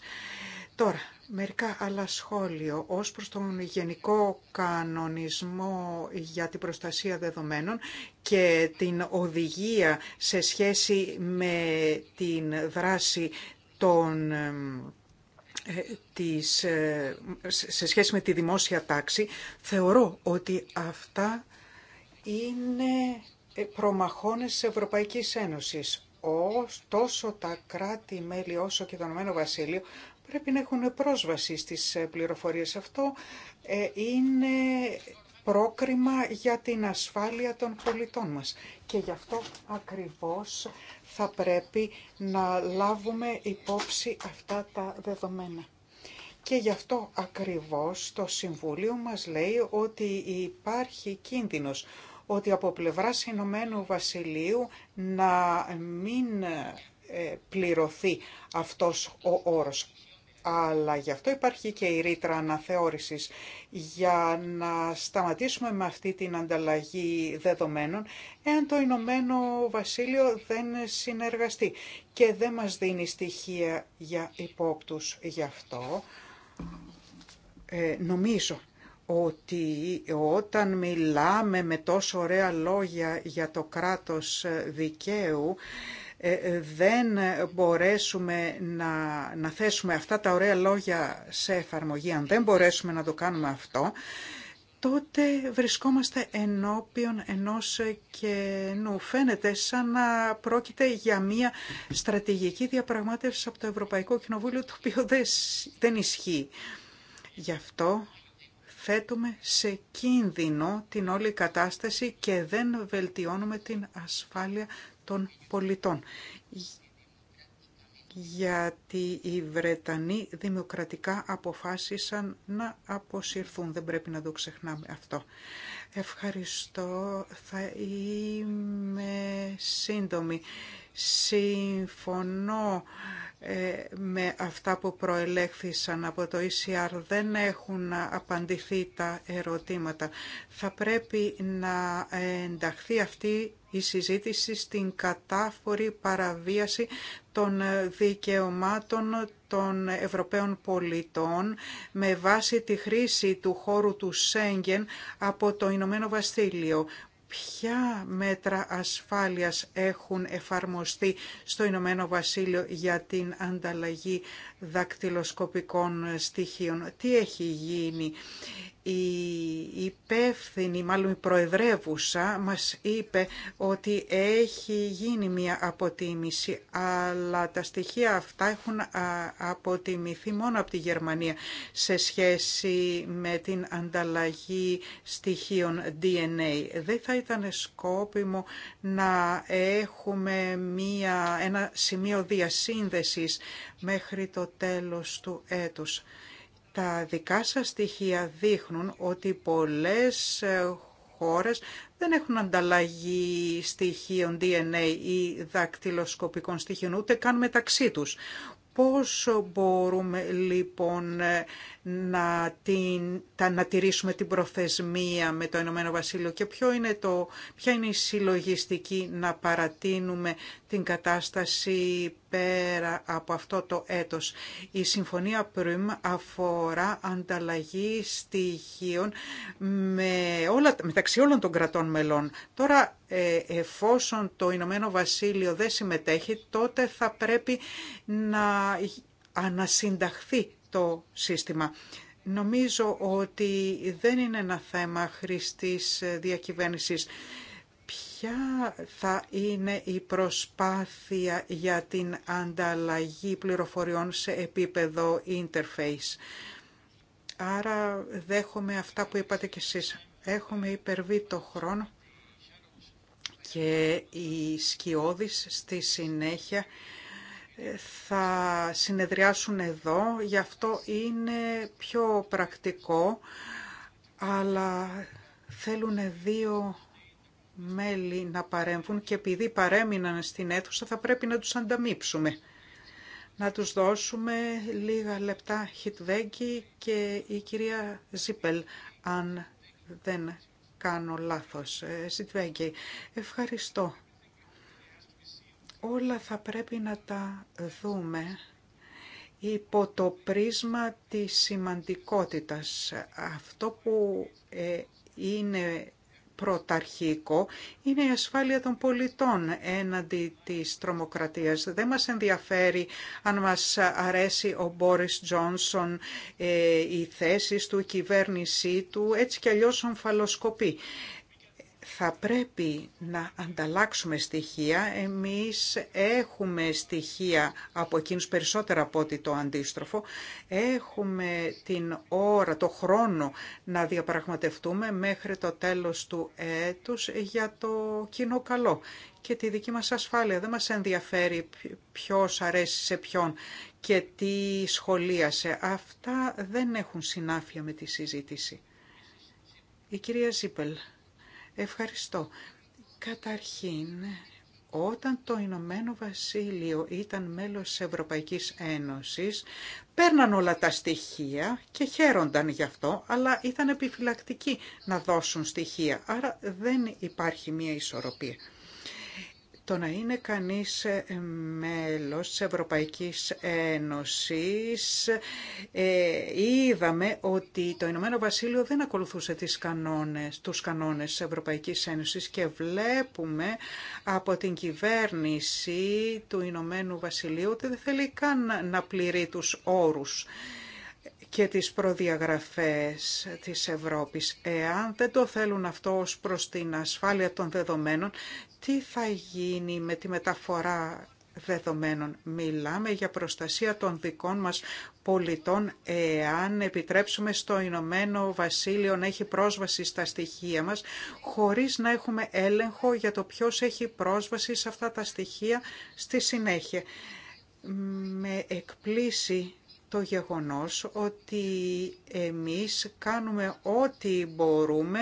[SPEAKER 3] Τώρα, μερικά άλλα σχόλια ως προς τον γενικό κανονισμό για την προστασία δεδομένων και την οδηγία σε σχέση με την δράση των ε, της, ε, σε σχέση με τη δημόσια τάξη, θεωρώ ότι αυτά είναι ε, προμαχώνες της Ευρωπαϊκής Ένωσης. Ως, τόσο τα κράτη-μέλη όσο και το Ηνωμένο Βασίλειο πρέπει να έχουν πρόσβαση στις πληροφορίες. Αυτό είναι πρόκριμα για την ασφάλεια των πολιτών μας. Και γι' αυτό ακριβώς θα πρέπει να λάβουμε υπόψη αυτά τα δεδομένα. Και γι' αυτό ακριβώς το Συμβουλίο μας λέει ότι υπάρχει κίνδυνος ότι από πλευράς Ηνωμένου Βασιλείου να μην ε, πληρωθεί αυτός ο όρος αλλά γι' αυτό υπάρχει και η ρήτρα αναθεώρησης για να σταματήσουμε με αυτή την ανταλλαγή δεδομένων εάν το Ηνωμένο Βασίλειο δεν συνεργαστεί και δεν μας δίνει στοιχεία για υπόπτους γι' αυτό. Ε, νομίζω ότι όταν μιλάμε με τόσο ωραία λόγια για το κράτος δικαίου ε, ε, δεν μπορέσουμε να, να θέσουμε αυτά τα ωραία λόγια σε εφαρμογή, αν δεν μπορέσουμε να το κάνουμε αυτό, τότε βρισκόμαστε ενώπιον ενός καινού. Φαίνεται σαν να πρόκειται για μια στρατηγική διαπραγμάτευση από το Ευρωπαϊκό Κοινοβούλιο, το οποίο δεν ισχύει. Γι' αυτό θέτουμε σε κίνδυνο την όλη κατάσταση και δεν βελτιώνουμε την ασφάλεια των πολιτών. Γιατί οι Βρετανοί δημοκρατικά αποφάσισαν να αποσυρθούν. Δεν πρέπει να το ξεχνάμε αυτό. Ευχαριστώ. Θα είμαι σύντομη. Συμφωνώ ε, με αυτά που προελέχθησαν από το ECR. Δεν έχουν απαντηθεί τα ερωτήματα. Θα πρέπει να ενταχθεί αυτή η συζήτηση στην κατάφορη παραβίαση των δικαιωμάτων των Ευρωπαίων πολιτών με βάση τη χρήση του χώρου του Σέγγεν από το Ηνωμένο Βασίλειο. Ποια μέτρα ασφάλειας έχουν εφαρμοστεί στο Ηνωμένο Βασίλειο για την ανταλλαγή δακτυλοσκοπικών στοιχείων. Τι έχει γίνει η υπεύθυνη, μάλλον η προεδρεύουσα, μας είπε ότι έχει γίνει μια αποτίμηση, αλλά τα στοιχεία αυτά έχουν αποτιμηθεί μόνο από τη Γερμανία σε σχέση με την ανταλλαγή στοιχείων DNA. Δεν θα ήταν σκόπιμο να έχουμε μια, ένα σημείο διασύνδεσης μέχρι το τέλος του έτους. Τα δικά σας στοιχεία δείχνουν ότι πολλές ε, χώρες δεν έχουν ανταλλαγή στοιχείων DNA ή δακτυλοσκοπικών στοιχείων, ούτε καν μεταξύ τους. Πώς μπορούμε λοιπόν ε, να, την, τα, να τηρήσουμε την προθεσμία με το Ηνωμένο Βασίλειο και ποιο είναι το, ποια είναι η συλλογιστική να παρατείνουμε την κατάσταση πέρα από αυτό το έτος. Η Συμφωνία Προυμ αφορά ανταλλαγή στοιχείων με όλα, μεταξύ όλων των κρατών μελών. Τώρα, ε, εφόσον το Ηνωμένο Βασίλειο δεν συμμετέχει, τότε θα πρέπει να ανασυνταχθεί το σύστημα. Νομίζω ότι δεν είναι ένα θέμα χρηστής διακυβέρνησης. Ποια θα είναι η προσπάθεια για την ανταλλαγή πληροφοριών σε επίπεδο interface. Άρα δέχομαι αυτά που είπατε κι εσείς. Έχουμε υπερβεί το χρόνο και οι σκιώδεις στη συνέχεια θα συνεδριάσουν εδώ, γι' αυτό είναι πιο πρακτικό, αλλά θέλουν δύο μέλη να παρέμβουν και επειδή παρέμειναν στην αίθουσα θα πρέπει να τους ανταμείψουμε. Να τους δώσουμε λίγα λεπτά χιτβέγγι και η κυρία Ζίπελ, αν δεν κάνω λάθος. Ζητβέγγι, ε, ευχαριστώ. Όλα θα πρέπει να τα δούμε υπό το πρίσμα της σημαντικότητας. Αυτό που ε, είναι πρωταρχικό είναι η ασφάλεια των πολιτών έναντι της τρομοκρατίας. Δεν μας ενδιαφέρει αν μας αρέσει ο Μπόρις Τζόνσον, ε, οι θέσεις του, η κυβέρνησή του, έτσι κι αλλιώς ομφαλοσκοπεί θα πρέπει να ανταλλάξουμε στοιχεία. Εμείς έχουμε στοιχεία από εκείνους περισσότερα από ότι το αντίστροφο. Έχουμε την ώρα, το χρόνο να διαπραγματευτούμε μέχρι το τέλος του έτους για το κοινό καλό και τη δική μας ασφάλεια. Δεν μας ενδιαφέρει ποιος αρέσει σε ποιον και τι σχολίασε. Αυτά δεν έχουν συνάφεια με τη συζήτηση. Η κυρία Ζίπελ. Ευχαριστώ. Καταρχήν, όταν το Ηνωμένο Βασίλειο ήταν μέλος Ευρωπαϊκής Ένωσης, παίρναν όλα τα στοιχεία και χαίρονταν γι' αυτό, αλλά ήταν επιφυλακτικοί να δώσουν στοιχεία. Άρα δεν υπάρχει μία ισορροπία. Το να είναι κανείς ε, μέλος της Ευρωπαϊκής Ένωσης ε, είδαμε ότι το Ηνωμένο Βασίλειο δεν ακολουθούσε τις κανόνες, τους κανόνες της Ευρωπαϊκής Ένωσης και βλέπουμε από την κυβέρνηση του Ηνωμένου Βασιλείου ότι δεν θέλει καν να πληρεί τους όρους και τις προδιαγραφές της Ευρώπης. Εάν δεν το θέλουν αυτό ως προς την ασφάλεια των δεδομένων, τι θα γίνει με τη μεταφορά δεδομένων. Μιλάμε για προστασία των δικών μας πολιτών εάν επιτρέψουμε στο Ηνωμένο Βασίλειο να έχει πρόσβαση στα στοιχεία μας χωρίς να έχουμε έλεγχο για το ποιος έχει πρόσβαση σε αυτά τα στοιχεία στη συνέχεια. Με εκπλήσει το γεγονός ότι εμείς κάνουμε ό,τι μπορούμε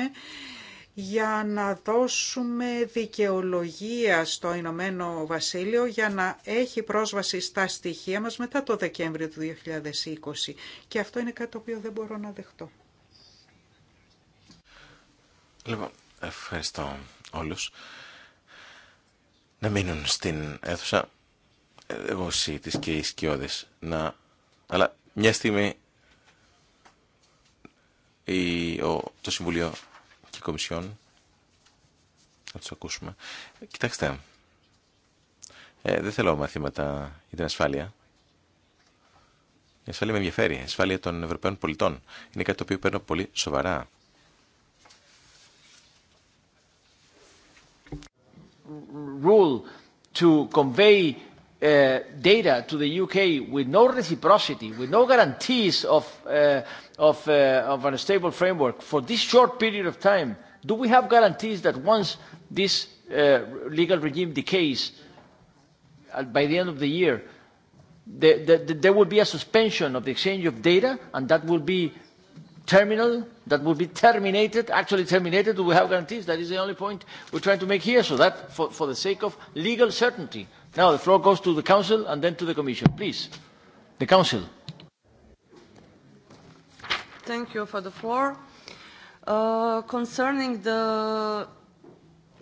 [SPEAKER 3] για να δώσουμε δικαιολογία στο Ηνωμένο Βασίλειο για να έχει πρόσβαση στα στοιχεία μας μετά το Δεκέμβριο του 2020. Και αυτό είναι κάτι το οποίο δεν μπορώ να δεχτώ.
[SPEAKER 2] Λοιπόν, ευχαριστώ όλους. Να μείνουν στην αίθουσα ε, εγώ, της και οι Σκιώδες να αλλά μια στιγμή η, ο, το Συμβουλίο και η Κομισιόν θα του ακούσουμε. Κοιτάξτε, ε, δεν θέλω μαθήματα για την ασφάλεια. Η ασφάλεια με ενδιαφέρει. Η ασφάλεια των Ευρωπαίων πολιτών. Είναι κάτι το οποίο παίρνω πολύ σοβαρά.
[SPEAKER 1] Rule to convey data to the UK with no reciprocity, with no guarantees of of a stable framework for this short period of time, do we have guarantees that once this legal regime decays by the end of the year, there will be a suspension of the exchange of data and that will be terminal, that will be terminated, actually terminated? Do we have guarantees? That is the only point we're trying to make here. So that, for the sake of legal certainty Now the floor goes to the Council and then to the Commission. Please, the Council.
[SPEAKER 7] Thank you for the floor. Concerning the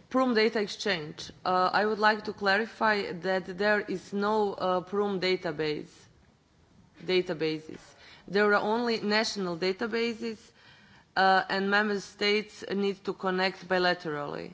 [SPEAKER 7] PRUM data exchange, I would like to clarify that there is no PRUM database, databases. There are only national databases and member states need to connect bilaterally.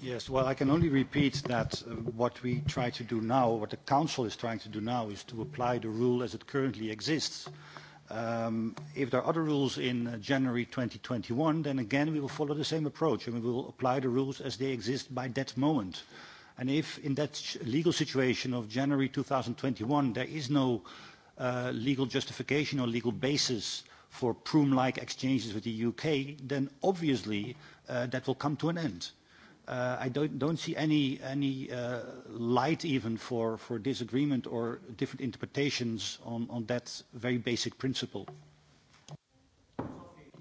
[SPEAKER 1] Yes, well, I can only repeat that what we try to do now, what the Council is trying to do now, is to apply the rule as it currently exists. If there are other rules in January 2021, then again we will follow the same approach and we will apply the rules as they exist by that moment. And if in that legal situation of January 2021 there is no legal justification or legal basis for Prüm-like exchanges with the UK, then obviously that will come to an end. I don't see any light even for disagreement or different interpretations on that very basic principle.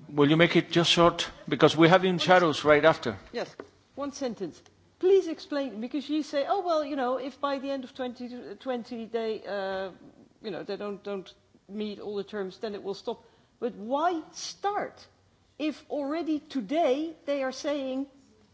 [SPEAKER 1] Will you make it just short? Because we have in shadows right after.
[SPEAKER 8] Yes. One sentence. Please explain, because you say, oh, well, you know, if by the end of 2020 they, you know, they don't don't meet all the terms, then it will stop. But why start if already today they are saying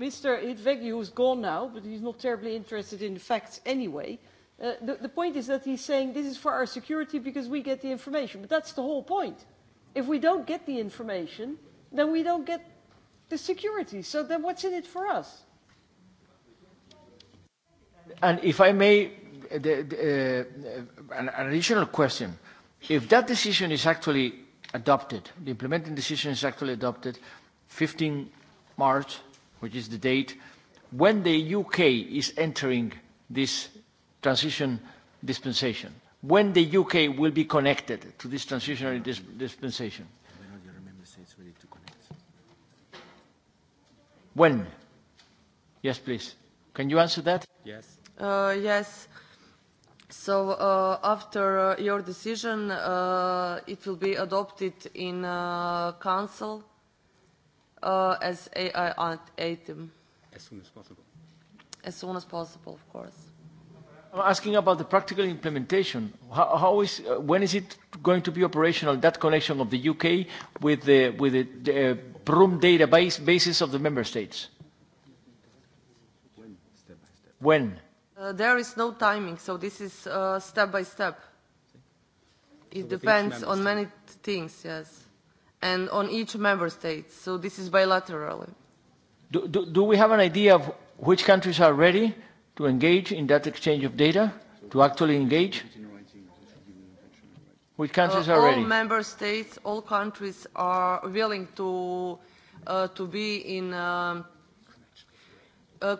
[SPEAKER 8] Mr. Hidvegi, who's gone now, but he's not terribly interested in the facts anyway, the point is that he's saying this is for our security because we get the information. But that's the whole point. If we don't get the information, then we don't get the security. So then what's in it for us?
[SPEAKER 1] And if I may, an additional question. If that decision is actually adopted, the implementing decision is actually adopted 15 March which is the date when the UK is entering this transition dispensation, when the UK will be connected to this transitional dispensation. When? Yes, please. Can you answer that? Yes.
[SPEAKER 7] Yes. So after your decision, it will be adopted in Council as AI item.
[SPEAKER 2] As soon as possible.
[SPEAKER 7] As soon as possible, of course.
[SPEAKER 1] I'm asking about the practical implementation. How, is, when is it going to be operational, that connection of the UK with the, with the uh, database basis of the member states?
[SPEAKER 7] When? Step
[SPEAKER 1] by step. When?
[SPEAKER 7] there is no timing, so this is step by step. It depends on many things, yes and on each member state. So this is bilaterally.
[SPEAKER 1] Do, do, do we have an idea of which countries are ready to engage in that exchange of data, to actually engage? Which countries are ready? All
[SPEAKER 7] member states, all countries are willing to to be in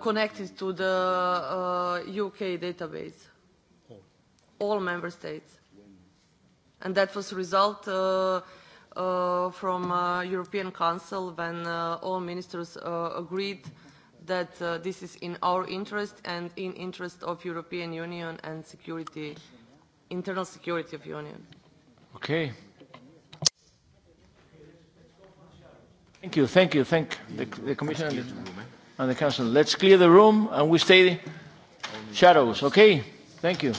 [SPEAKER 7] connected to the UK database. All member states, and that was the result. Uh, from European Council when all ministers agreed that this is in our interest and in interest of European Union and security, internal security of Union.
[SPEAKER 1] Okay. Thank you, thank you, thank the, the Commission and the Council. Let's clear the room and we stay shadows, okay? Thank you.